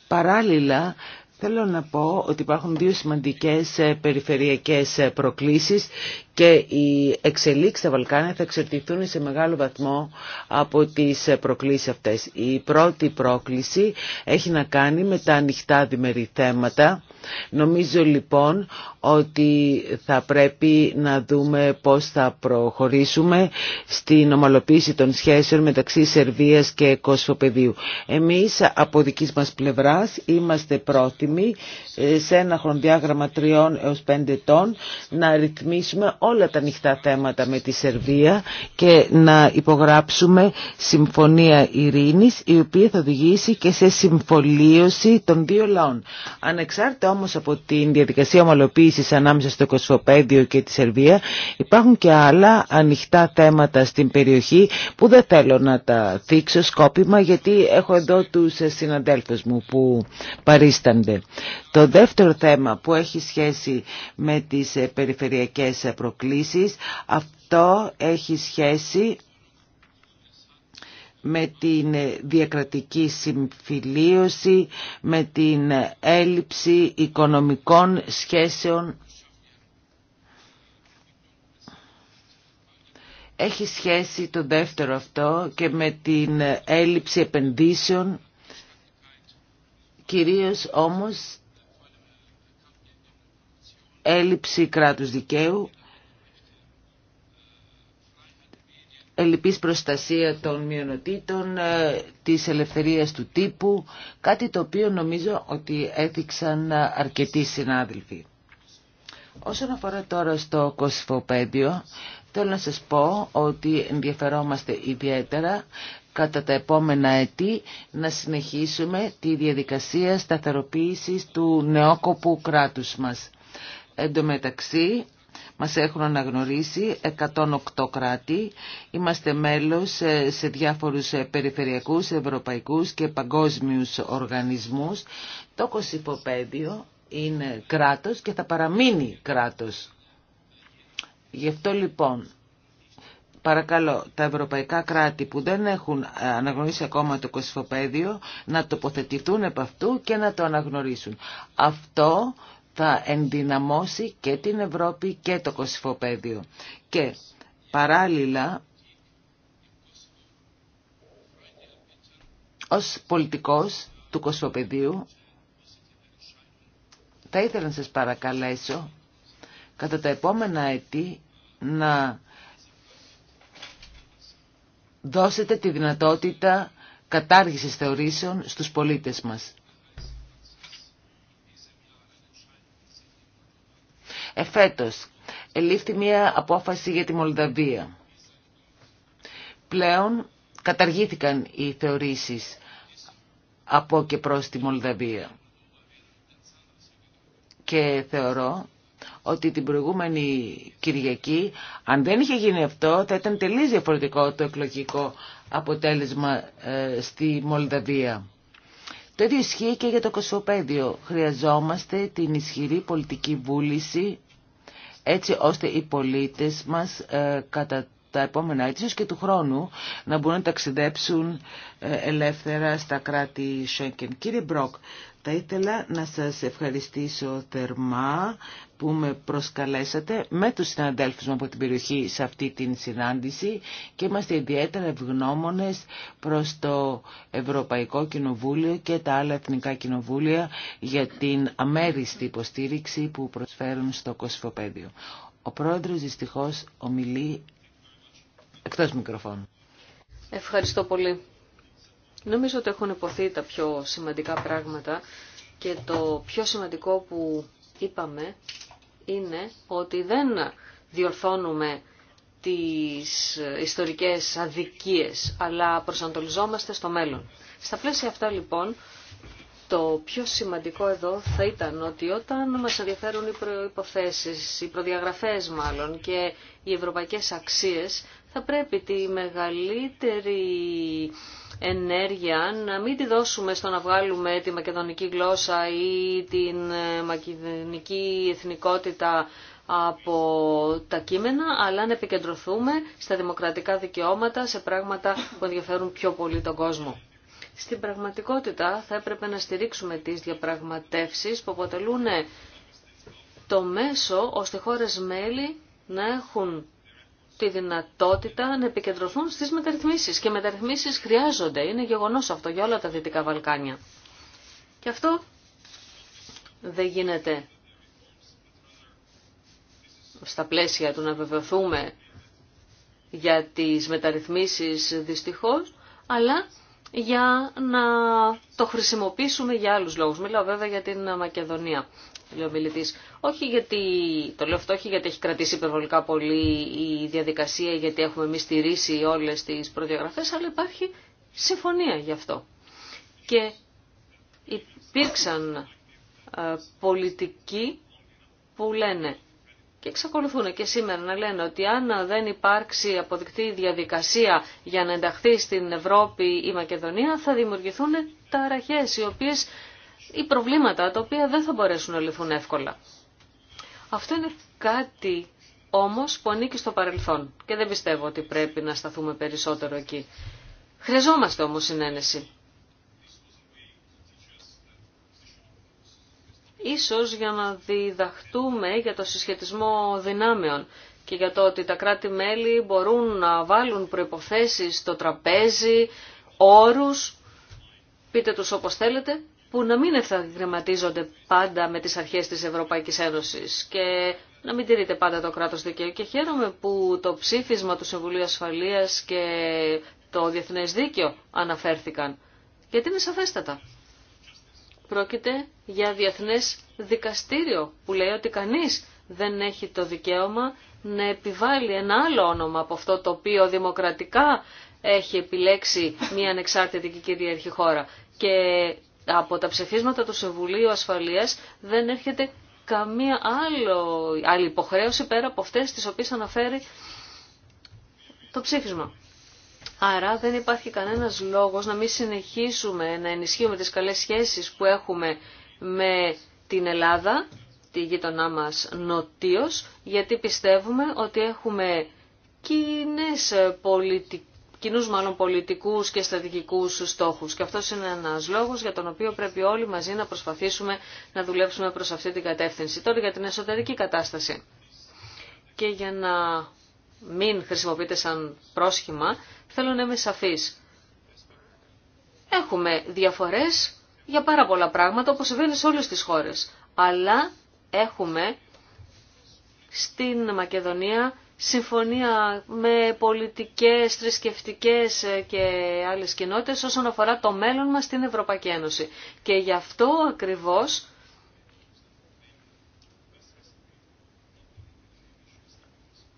Παράλληλα, Θέλω να πω ότι υπάρχουν δύο σημαντικές ε, περιφερειακές ε, προκλήσεις και οι εξελίξεις στα Βαλκάνια θα εξαρτηθούν σε μεγάλο βαθμό από τις προκλήσεις αυτές. Η πρώτη πρόκληση έχει να κάνει με τα ανοιχτά διμερή θέματα. Νομίζω λοιπόν ότι θα πρέπει να δούμε πώς θα προχωρήσουμε στην ομαλοποίηση των σχέσεων μεταξύ Σερβίας και Κοσφοπεδίου. Εμείς από δικής μας πλευράς είμαστε πρόθυμοι ε, σε ένα χρονοδιάγραμμα τριών έως πέντε ετών να ρυθμίσουμε όλα τα ανοιχτά θέματα με τη Σερβία και να υπογράψουμε συμφωνία ειρήνης η οποία θα οδηγήσει και σε συμφωλίωση των δύο λαών. Ανεξάρτητα όμως από την διαδικασία ομαλοποίησης ανάμεσα στο κοσφοπέδιο και τη Σερβία υπάρχουν και άλλα ανοιχτά θέματα στην περιοχή που δεν θέλω να τα δείξω σκόπιμα γιατί έχω εδώ τους συναντέλφους μου που παρίστανται. Το δεύτερο θέμα που έχει σχέση με τις περιφερειακές αυτό έχει σχέση με την διακρατική συμφιλίωση, με την έλλειψη οικονομικών σχέσεων. Έχει σχέση το δεύτερο αυτό και με την έλλειψη επενδύσεων, κυρίως όμως έλλειψη κράτους δικαίου ελλειπής προστασία των μειονοτήτων, ε, της ελευθερίας του τύπου, κάτι το οποίο νομίζω ότι έδειξαν ε, αρκετοί συνάδελφοι. Όσον αφορά τώρα στο κοσφοπέδιο, θέλω να σας πω ότι ενδιαφερόμαστε ιδιαίτερα κατά τα επόμενα έτη να συνεχίσουμε τη διαδικασία σταθεροποίησης του νεόκοπου κράτους μας. Εν τω μεταξύ, μας έχουν αναγνωρίσει 108 κράτη. Είμαστε μέλος σε διάφορους ε, περιφερειακούς, ευρωπαϊκούς και παγκόσμιους οργανισμούς. Το Κωσυφοπαίδιο είναι κράτος και θα παραμείνει κράτος. Γι' αυτό λοιπόν παρακαλώ τα ευρωπαϊκά κράτη που δεν έχουν ε, αναγνωρίσει ακόμα το κοσυφοπαίδιο να τοποθετηθούν επ' αυτού και να το αναγνωρίσουν. Αυτό θα ενδυναμώσει και την Ευρώπη και το κοσυφοπαίδιο. Και παράλληλα, ως πολιτικός του κοσμοπεδίου, θα ήθελα να σας παρακαλέσω κατά τα επόμενα έτη να δώσετε τη δυνατότητα κατάργησης θεωρήσεων στους πολίτες μας. Εφέτος, ελήφθη μία απόφαση για τη Μολδαβία. Πλέον καταργήθηκαν οι θεωρήσεις από και προς τη Μολδαβία. Και θεωρώ ότι την προηγούμενη Κυριακή, αν δεν είχε γίνει αυτό, θα ήταν τελείως διαφορετικό το εκλογικό αποτέλεσμα ε, στη Μολδαβία. Το ίδιο ισχύει και για το Κοσμοπέδιο. Χρειαζόμαστε την ισχυρή πολιτική βούληση έτσι ώστε οι πολίτες μας ε, κατά τα επόμενα έτσι και του χρόνου να μπορούν να ταξιδέψουν ε, ελεύθερα στα κράτη Σέγγεν. Κύριε Μπροκ, θα ήθελα να σας ευχαριστήσω θερμά που με προσκαλέσατε με τους συναντέλφους μου από την περιοχή σε αυτή την συνάντηση και είμαστε ιδιαίτερα ευγνώμονες προς το Ευρωπαϊκό Κοινοβούλιο και τα άλλα εθνικά κοινοβούλια για την αμέριστη υποστήριξη που προσφέρουν στο Κοσφοπέδιο. Ο πρόεδρος δυστυχώς ομιλεί εκτός μικροφώνου. Ευχαριστώ πολύ. Νομίζω ότι έχουν υποθεί τα πιο σημαντικά πράγματα και το πιο σημαντικό που είπαμε είναι ότι δεν διορθώνουμε τις ιστορικές αδικίες, αλλά προσανατολιζόμαστε στο μέλλον. Στα πλαίσια αυτά λοιπόν, το πιο σημαντικό εδώ θα ήταν ότι όταν μας ενδιαφέρουν οι προϋποθέσεις, οι προδιαγραφές μάλλον και οι ευρωπαϊκές αξίες, θα πρέπει τη μεγαλύτερη ενέργεια να μην τη δώσουμε στο να βγάλουμε τη μακεδονική γλώσσα ή την ε, μακεδονική εθνικότητα από τα κείμενα, αλλά να επικεντρωθούμε στα δημοκρατικά δικαιώματα, σε πράγματα που ενδιαφέρουν πιο πολύ τον κόσμο. Στην πραγματικότητα θα έπρεπε να στηρίξουμε τις διαπραγματεύσεις που αποτελούν το μέσο ώστε χώρες μέλη να έχουν τη δυνατότητα να επικεντρωθούν στις μεταρρυθμίσεις. Και μεταρρυθμίσεις χρειάζονται. Είναι γεγονός αυτό για όλα τα Δυτικά Βαλκάνια. Και αυτό δεν γίνεται στα πλαίσια του να βεβαιωθούμε για τις μεταρρυθμίσεις δυστυχώς, αλλά για να το χρησιμοποιήσουμε για άλλους λόγους. Μιλάω βέβαια για την Μακεδονία λέει Όχι γιατί, το λέω αυτό όχι γιατί έχει κρατήσει υπερβολικά πολύ η διαδικασία, γιατί έχουμε εμεί στηρίσει όλες τις προδιαγραφέ, αλλά υπάρχει συμφωνία γι' αυτό. Και υπήρξαν ε, πολιτικοί που λένε και εξακολουθούν και σήμερα να λένε ότι αν δεν υπάρξει αποδεικτή διαδικασία για να ενταχθεί στην Ευρώπη η Μακεδονία θα δημιουργηθούν ταραχές οι οποίες ή προβλήματα τα οποία δεν θα μπορέσουν να λυθούν εύκολα. Αυτό είναι κάτι όμως που ανήκει στο παρελθόν και δεν πιστεύω ότι πρέπει να σταθούμε περισσότερο εκεί. Χρειαζόμαστε όμως συνένεση. Ίσως για να διδαχτούμε για το συσχετισμό δυνάμεων και για το ότι τα κράτη-μέλη μπορούν να βάλουν προϋποθέσεις στο τραπέζι, όρους, πείτε τους όπως θέλετε, που να μην ευθαγραμματίζονται πάντα με τις αρχές της Ευρωπαϊκής Ένωσης και να μην τηρείται πάντα το κράτος δικαίου. Και χαίρομαι που το ψήφισμα του Συμβουλίου Ασφαλείας και το Διεθνές Δίκαιο αναφέρθηκαν. Γιατί είναι σαφέστατα. Πρόκειται για Διεθνές Δικαστήριο που λέει ότι κανείς δεν έχει το δικαίωμα να επιβάλλει ένα άλλο όνομα από αυτό το οποίο δημοκρατικά έχει επιλέξει μια ανεξάρτητη και κυρίαρχη χώρα. Και από τα ψηφίσματα του Συμβουλίου Ασφαλείας δεν έρχεται καμία άλλο, άλλη υποχρέωση πέρα από αυτές τις οποίες αναφέρει το ψήφισμα. Άρα δεν υπάρχει κανένας λόγος να μην συνεχίσουμε να ενισχύουμε τις καλές σχέσεις που έχουμε με την Ελλάδα, τη γείτονά μας νοτίως, γιατί πιστεύουμε ότι έχουμε κοινέ πολιτικές κοινούς μάλλον πολιτικούς και στρατηγικούς στόχους. Και αυτός είναι ένας λόγος για τον οποίο πρέπει όλοι μαζί να προσπαθήσουμε να δουλέψουμε προς αυτή την κατεύθυνση. Τώρα για την εσωτερική κατάσταση. Και για να μην χρησιμοποιείται σαν πρόσχημα, θέλω να είμαι σαφής. Έχουμε διαφορές για πάρα πολλά πράγματα, όπως συμβαίνει σε όλες τις χώρες. Αλλά έχουμε στην Μακεδονία συμφωνία με πολιτικές, θρησκευτικέ ε, και άλλες κοινότητες όσον αφορά το μέλλον μας στην Ευρωπαϊκή Ένωση. Και γι' αυτό ακριβώς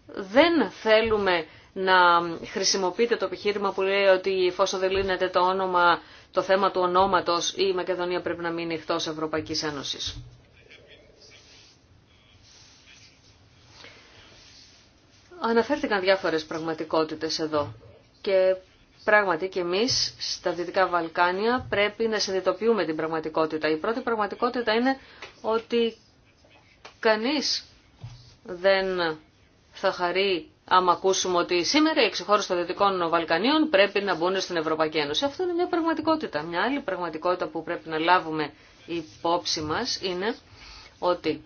δεν θέλουμε να χρησιμοποιείτε το επιχείρημα που λέει ότι εφόσον δεν λύνεται το, όνομα, το θέμα του ονόματος η Μακεδονία πρέπει να μείνει εκτός Ευρωπαϊκής Ένωσης. Αναφέρθηκαν διάφορες πραγματικότητες εδώ και πράγματι και εμείς στα Δυτικά Βαλκάνια πρέπει να συνειδητοποιούμε την πραγματικότητα. Η πρώτη πραγματικότητα είναι ότι κανείς δεν θα χαρεί άμα ακούσουμε ότι σήμερα οι εξωχώρες των Δυτικών Βαλκανίων πρέπει να μπουν στην Ευρωπαϊκή Ένωση. Αυτό είναι μια πραγματικότητα. Μια άλλη πραγματικότητα που πρέπει να λάβουμε υπόψη μας είναι ότι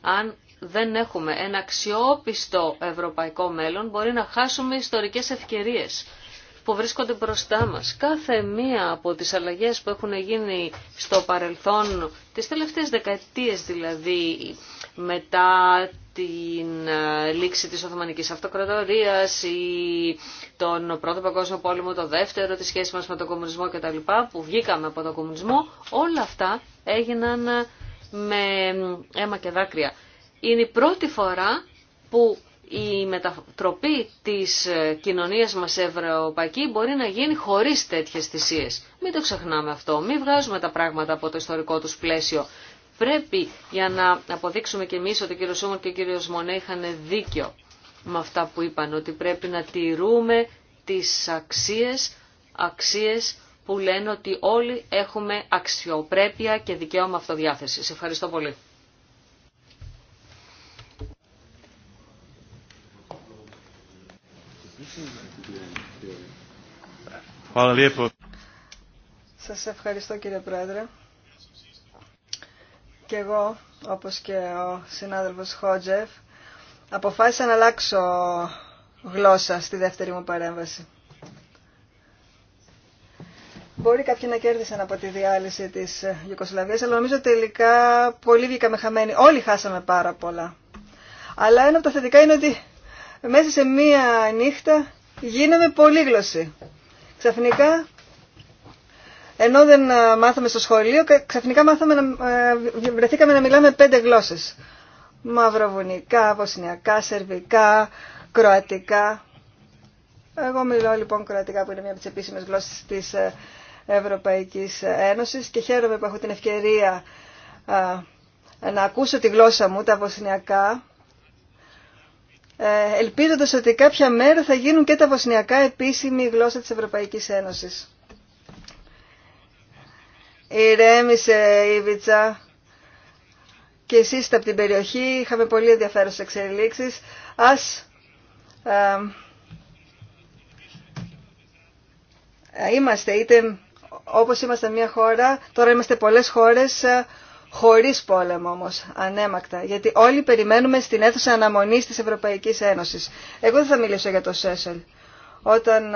αν δεν έχουμε ένα αξιόπιστο ευρωπαϊκό μέλλον, μπορεί να χάσουμε ιστορικές ευκαιρίες που βρίσκονται μπροστά μας. Κάθε μία από τις αλλαγές που έχουν γίνει στο παρελθόν, τις τελευταίες δεκαετίες δηλαδή, μετά την ε, λήξη της Οθωμανικής Αυτοκρατορίας ή τον Πρώτο Παγκόσμιο Πόλεμο, το Δεύτερο, τη σχέση μας με τον κομμουνισμό κτλ. που βγήκαμε από τον κομμουνισμό, όλα αυτά έγιναν με αίμα και δάκρυα. Είναι η πρώτη φορά που η μετατροπή της κοινωνίας μας ευρωπαϊκή μπορεί να γίνει χωρίς τέτοιες θυσίες. Μην το ξεχνάμε αυτό, μην βγάζουμε τα πράγματα από το ιστορικό τους πλαίσιο. Πρέπει για να αποδείξουμε και εμείς ότι ο κύριος Σούμερ και ο κύριος Μονέ είχαν δίκιο με αυτά που είπαν, ότι πρέπει να τηρούμε τις αξίες, αξίες που λένε ότι όλοι έχουμε αξιοπρέπεια και δικαίωμα αυτοδιάθεσης. Ευχαριστώ πολύ. Σας ευχαριστώ κύριε Πρόεδρε. Και εγώ, όπως και ο συνάδελφος Χότζεφ, αποφάσισα να αλλάξω γλώσσα στη δεύτερη μου παρέμβαση. Μπορεί κάποιοι να κέρδισαν από τη διάλυση της Ιουκοσλαβίας, αλλά νομίζω τελικά πολύ βγήκαμε χαμένοι. Όλοι χάσαμε πάρα πολλά. Αλλά ένα από τα θετικά είναι ότι μέσα σε μία νύχτα γίναμε πολύγλωση. Ξαφνικά, ενώ δεν ε, μάθαμε στο σχολείο, ξαφνικά μάθαμε να, ε, βρεθήκαμε να μιλάμε πέντε γλώσσες. Μαυροβουνικά, βοσνιακά, σερβικά, κροατικά. Εγώ μιλώ λοιπόν κροατικά που είναι μια από τις πολύγλωσσοι. γλώσσες της ε, Ευρωπαϊκής Ένωσης και χαίρομαι που έχω την ευκαιρία να ακούσω τη γλώσσα μου, τα βοσνιακά, ε, ελπίζοντας ότι κάποια μέρα θα γίνουν και τα βοσνιακά επίσημη γλώσσα της Ευρωπαϊκής Ένωσης. Ηρέμησε Ήβιτσα. και εσείς από την περιοχή είχαμε πολύ ενδιαφέρουσες εξελίξεις. Ας α, ε, ε, είμαστε είτε όπως είμαστε μια χώρα, τώρα είμαστε πολλές χώρες χωρίς πόλεμο όμως, ανέμακτα, γιατί όλοι περιμένουμε στην αίθουσα αναμονής της Ευρωπαϊκής Ένωσης. Εγώ δεν θα μιλήσω για το Σέσελ. Όταν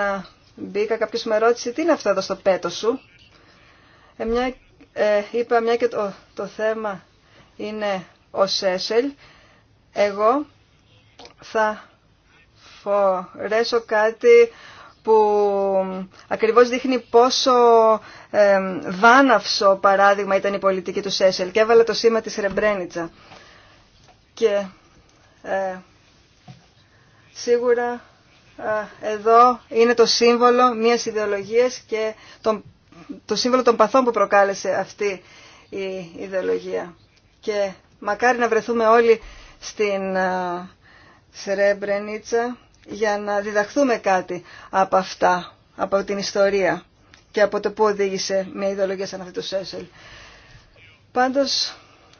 μπήκα κάποιος με ρώτησε τι είναι αυτό εδώ στο πέτο σου, ε, ε, είπα μια και το, το θέμα είναι ο Σέσελ, εγώ θα φορέσω κάτι που ακριβώς δείχνει πόσο ε, βάναυσο παράδειγμα ήταν η πολιτική του Σέσελ και έβαλα το σήμα της Ρεμπρένιτσα. Και ε, σίγουρα ε, εδώ είναι το σύμβολο μιας ιδεολογίας και το σύμβολο των παθών που προκάλεσε αυτή η ιδεολογία. Και μακάρι να βρεθούμε όλοι στην ε, Σρεμπρενίτσα για να διδαχθούμε κάτι από αυτά, από την ιστορία και από το που οδήγησε μια ιδεολογία σαν αυτή του Σέσελ. Πάντως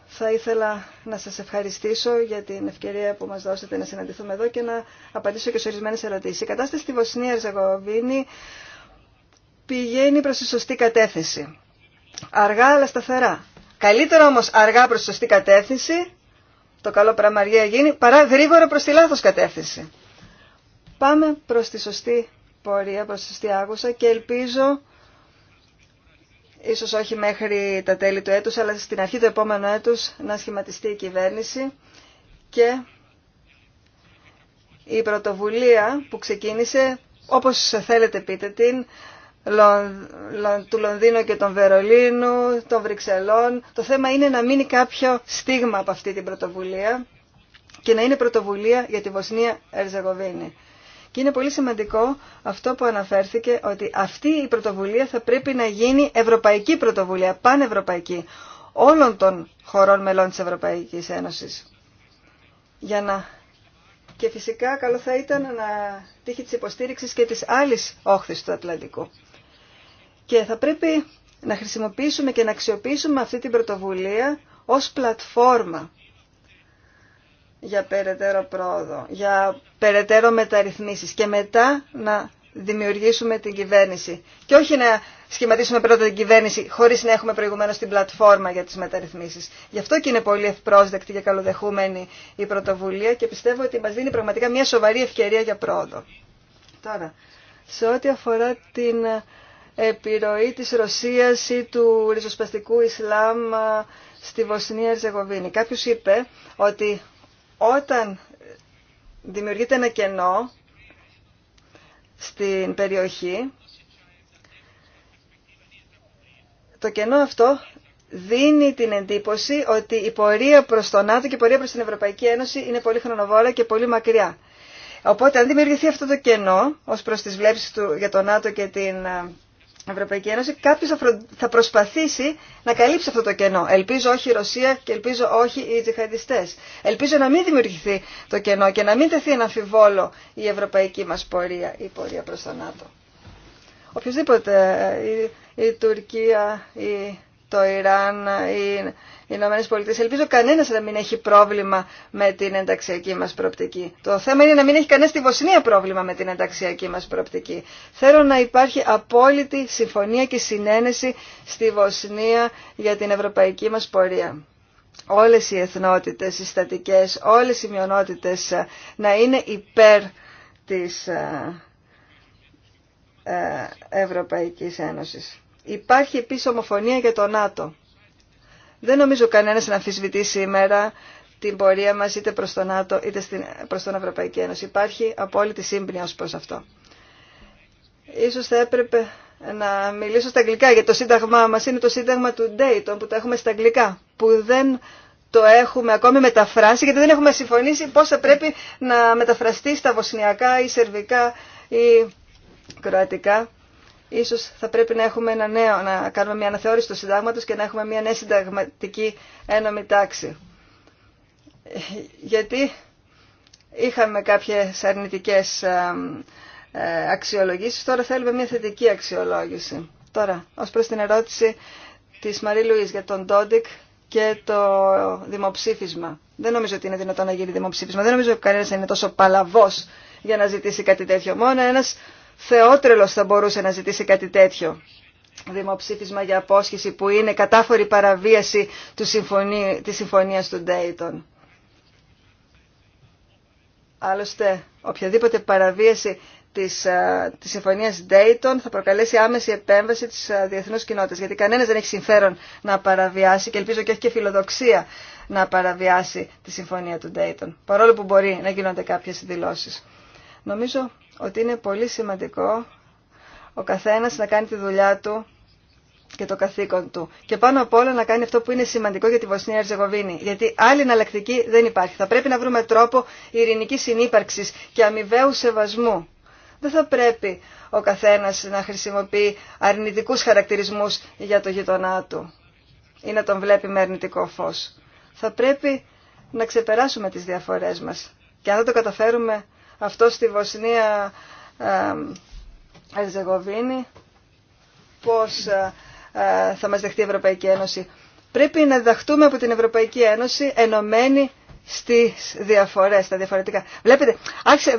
θα ήθελα να σας ευχαριστήσω για την ευκαιρία που μας δώσετε να συναντηθούμε εδώ και να απαντήσω και σε ορισμένε ερωτήσεις. Η κατάσταση στη Βοσνία Ριζαγοβίνη πηγαίνει προς τη σωστή κατεύθυνση. Αργά αλλά σταθερά. Καλύτερα όμως αργά προς τη σωστή κατεύθυνση, το καλό αργία γίνει, παρά γρήγορα προς τη λάθος κατεύθυνση. Πάμε προς τη σωστή πορεία, προς τη σωστή άγουσα και ελπίζω, ίσως όχι μέχρι τα τέλη του έτους, αλλά στην αρχή του επόμενου έτους να σχηματιστεί η κυβέρνηση και η πρωτοβουλία που ξεκίνησε, όπως θέλετε πείτε την, του Λονδίνου και των Βερολίνου, των Βρυξελών. Το θέμα είναι να μείνει κάποιο στίγμα από αυτή την πρωτοβουλία και να είναι πρωτοβουλία για τη Βοσνία Ερζεγοβίνη. Και είναι πολύ σημαντικό αυτό που αναφέρθηκε ότι αυτή η πρωτοβουλία θα πρέπει να γίνει ευρωπαϊκή πρωτοβουλία, πανευρωπαϊκή, όλων των χωρών μελών της Ευρωπαϊκής Ένωσης. Για να... Και φυσικά καλό θα ήταν να τύχει της υποστήριξης και της άλλης όχθης του Ατλαντικού. Και θα πρέπει να χρησιμοποιήσουμε και να αξιοποιήσουμε αυτή την πρωτοβουλία ως πλατφόρμα για περαιτέρω πρόοδο, για περαιτέρω μεταρρυθμίσεις και μετά να δημιουργήσουμε την κυβέρνηση. Και όχι να σχηματίσουμε πρώτα την κυβέρνηση χωρίς να έχουμε προηγουμένως την πλατφόρμα για τις μεταρρυθμίσεις. Γι' αυτό και είναι πολύ ευπρόσδεκτη και καλοδεχούμενη η πρωτοβουλία και πιστεύω ότι μας δίνει πραγματικά μια σοβαρή ευκαιρία για πρόοδο. Τώρα, σε ό,τι αφορά την ε, επιρροή της Ρωσίας ή του ριζοσπαστικού Ισλάμ ε, στη Βοσνία Ερζεγοβίνη. Κάποιος είπε ότι όταν δημιουργείται ένα κενό στην περιοχή, το κενό αυτό δίνει την εντύπωση ότι η πορεία προς τον ΝΑΤΟ και η πορεία προς την Ευρωπαϊκή Ένωση είναι πολύ χρονοβόρα και πολύ μακριά. Οπότε αν δημιουργηθεί αυτό το κενό ως προς τις βλέψεις του για τον ΝΑΤΟ και την ε, Ευρωπαϊκή Ένωση, κάποιο θα προσπαθήσει να καλύψει αυτό το κενό. Ελπίζω όχι η Ρωσία και ελπίζω όχι οι τζιχαντιστέ. Ελπίζω να μην δημιουργηθεί το κενό και να μην τεθεί ένα αμφιβόλο η ευρωπαϊκή μας πορεία, η πορεία προ τον ΝΑΤΟ. Οποιοδήποτε, ε, η, η Τουρκία, η, το Ιράν, η Ηνωμένες Πολιτείες. Ελπίζω κανένας να μην έχει πρόβλημα με την ενταξιακή μας προπτική. Το θέμα είναι να μην έχει κανένα στη Βοσνία πρόβλημα με την ενταξιακή μας προπτική. Θέλω να υπάρχει απόλυτη συμφωνία και συνένεση στη Βοσνία για την ευρωπαϊκή μας πορεία όλες οι εθνότητες, οι στατικές, όλες οι μειονότητες ε, να είναι υπέρ της ε, ε, Ευρωπαϊκής Ένωσης. Υπάρχει επίσης ομοφωνία για το ΝΑΤΟ. Δεν νομίζω κανένας να αμφισβητεί σήμερα την πορεία μας είτε προς τον ΝΑΤΟ είτε στην, προς τον Ευρωπαϊκή Ένωση. Υπάρχει απόλυτη σύμπνοια ως προς αυτό. Ίσως θα έπρεπε να μιλήσω στα αγγλικά, γιατί το σύνταγμά μας είναι το σύνταγμα του Dayton που το έχουμε στα αγγλικά, που δεν το έχουμε ακόμη μεταφράσει, γιατί δεν έχουμε συμφωνήσει πώς θα πρέπει να μεταφραστεί στα βοσνιακά ή σερβικά ή κροατικά ίσως θα πρέπει να έχουμε ένα νέο, να κάνουμε μια αναθεώρηση του συντάγματος και να έχουμε μια νέα συνταγματική ένωμη τάξη. Γιατί είχαμε κάποιες αρνητικές ε, αξιολογήσεις, τώρα θέλουμε μια θετική αξιολόγηση. Τώρα, ως προς την ερώτηση της Μαρή Λουίς για τον Ντόντικ και το δημοψήφισμα. Δεν νομίζω ότι είναι δυνατόν να γίνει δημοψήφισμα. Δεν νομίζω ότι κανένας είναι τόσο παλαβός για να ζητήσει κάτι τέτοιο. Μόνο ένας Θεότρελος θα μπορούσε να ζητήσει κάτι τέτοιο δημοψήφισμα για απόσχεση που είναι κατάφορη παραβίαση του συμφωνία της συμφωνίας του Ντέιτον. Άλλωστε, οποιαδήποτε παραβίαση της, της συμφωνίας Dayton θα προκαλέσει άμεση επέμβαση της διεθνούς κοινότητας, γιατί κανένας δεν έχει συμφέρον να παραβιάσει και ελπίζω και έχει και φιλοδοξία να παραβιάσει τη συμφωνία του Dayton, παρόλο που μπορεί να γίνονται κάποιες δηλώσεις. Νομίζω ότι είναι πολύ σημαντικό ο καθένας να κάνει τη δουλειά του και το καθήκον του. Και πάνω απ' όλα να κάνει αυτό που είναι σημαντικό για τη Βοσνία Ερζεγοβίνη. Γιατί άλλη εναλλακτική δεν υπάρχει. Θα πρέπει να βρούμε τρόπο ειρηνική συνύπαρξη και αμοιβαίου σεβασμού. Δεν θα πρέπει ο καθένα να χρησιμοποιεί αρνητικού χαρακτηρισμού για το γειτονά του ή να τον βλέπει με αρνητικό φω. Θα πρέπει να ξεπεράσουμε τι διαφορέ μα. Και αν δεν το καταφέρουμε αυτό στη Βοσνία Ερζεγοβίνη πώς ε, ε, θα μας δεχτεί η Ευρωπαϊκή Ένωση. Πρέπει να δεχτούμε από την Ευρωπαϊκή Ένωση ενωμένη στις διαφορές, στα διαφορετικά. Βλέπετε, Άξε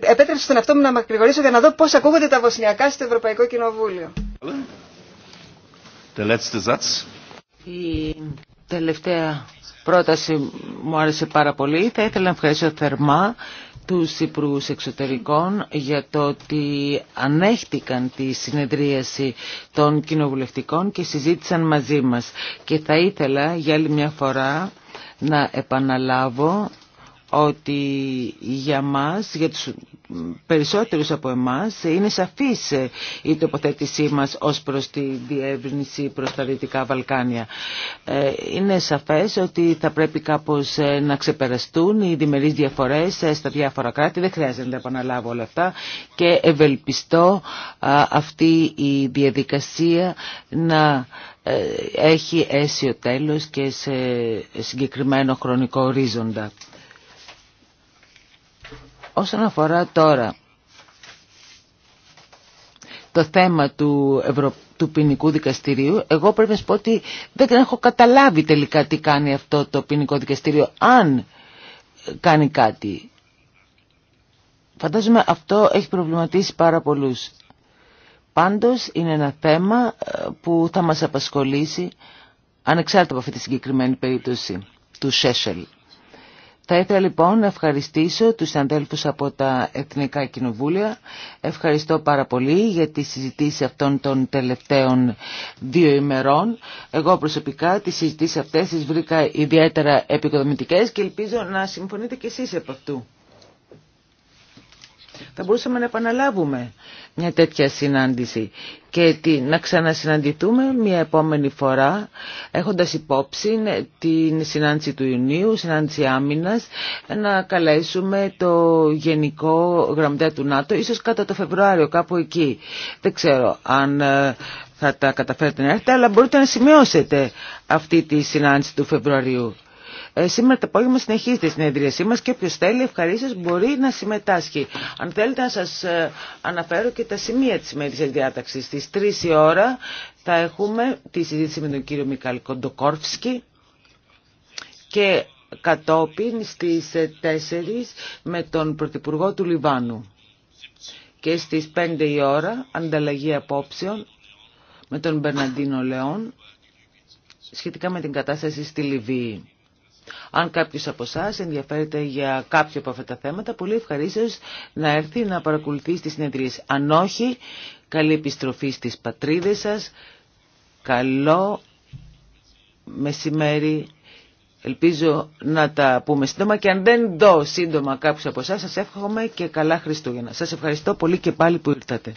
επέτρεψε στον εαυτό μου να μακρηγορήσω για να δω πώς ακούγονται τα βοσνιακά στο Ευρωπαϊκό Κοινοβούλιο. Η τελευταία πρόταση μου άρεσε πάρα πολύ. Θα ήθελα να ευχαριστήσω θερμά τους υπουργού Εξωτερικών για το ότι ανέχτηκαν τη συνεδρίαση των κοινοβουλευτικών και συζήτησαν μαζί μας. Και θα ήθελα για άλλη μια φορά να επαναλάβω ότι για μας, για τους περισσότερους από εμάς, είναι σαφής η τοποθέτησή μας ως προς τη διεύρυνση προς τα Δυτικά Βαλκάνια. Ε, είναι σαφές ότι θα πρέπει κάπως ε, να ξεπεραστούν οι διμερείς διαφορές ε, στα διάφορα κράτη. Δεν χρειάζεται να τα επαναλάβω όλα αυτά και ευελπιστώ αυτή η διαδικασία να έχει αίσιο τέλος και σε συγκεκριμένο χρονικό ορίζοντα. Όσον αφορά τώρα το θέμα του, του ποινικού δικαστηρίου, εγώ πρέπει να σου πω ότι δεν έχω καταλάβει τελικά τι κάνει αυτό το ποινικό δικαστήριο, αν κάνει κάτι. Φαντάζομαι αυτό έχει προβληματίσει πάρα πολλούς. Πάντως είναι ένα θέμα ε, που θα μας απασχολήσει ανεξάρτητα από αυτή τη συγκεκριμένη περίπτωση του Σέσελ. Θα ήθελα λοιπόν να ευχαριστήσω τους αντέλφους από τα Εθνικά Κοινοβούλια. Ευχαριστώ πάρα πολύ για τη συζητήση αυτών των τελευταίων δύο ημερών. Εγώ προσωπικά τις συζητήσεις αυτές τις βρήκα ιδιαίτερα επικοδομητικές και ελπίζω να συμφωνείτε κι εσείς από αυτού. Θα μπορούσαμε να επαναλάβουμε μια τέτοια συνάντηση και να ξανασυναντηθούμε μια επόμενη φορά έχοντας υπόψη την συνάντηση του Ιουνίου, συνάντηση άμυνας, να καλέσουμε το Γενικό Γραμματέα του ΝΑΤΟ, ίσως κατά το Φεβρουάριο, κάπου εκεί. Δεν ξέρω αν ε, θα τα καταφέρετε να έρθετε, αλλά μπορείτε να σημειώσετε αυτή τη συνάντηση του Φεβρουαρίου. Σήμερα το απόγευμα συνεχίζεται η συνεδρίασή μας και όποιος θέλει ευχαρίστως μπορεί να συμμετάσχει. Αν θέλετε να σας ε, αναφέρω και τα σημεία της σημερινής διάταξης. Στις 3 η ώρα θα έχουμε τη συζήτηση με τον κύριο Μικάλ Κοντοκόρφσκι και κατόπιν στις 4 ε, με τον Πρωθυπουργό του Λιβάνου και στις 5 η ώρα ανταλλαγή απόψεων με τον Μπερναντίνο Λεόν σχετικά με την κατάσταση στη Λιβύη. Αν κάποιο από εσά ενδιαφέρεται για κάποιο από αυτά τα θέματα, πολύ ευχαρίστω να έρθει να παρακολουθεί τις συνεδρίες. Αν όχι, καλή επιστροφή στις πατρίδες σας, καλό μεσημέρι. Ελπίζω να τα πούμε σύντομα και αν δεν δω σύντομα κάποιους από εσάς, σας εύχομαι και καλά Χριστούγεννα. Σας ευχαριστώ πολύ και πάλι που ήρθατε.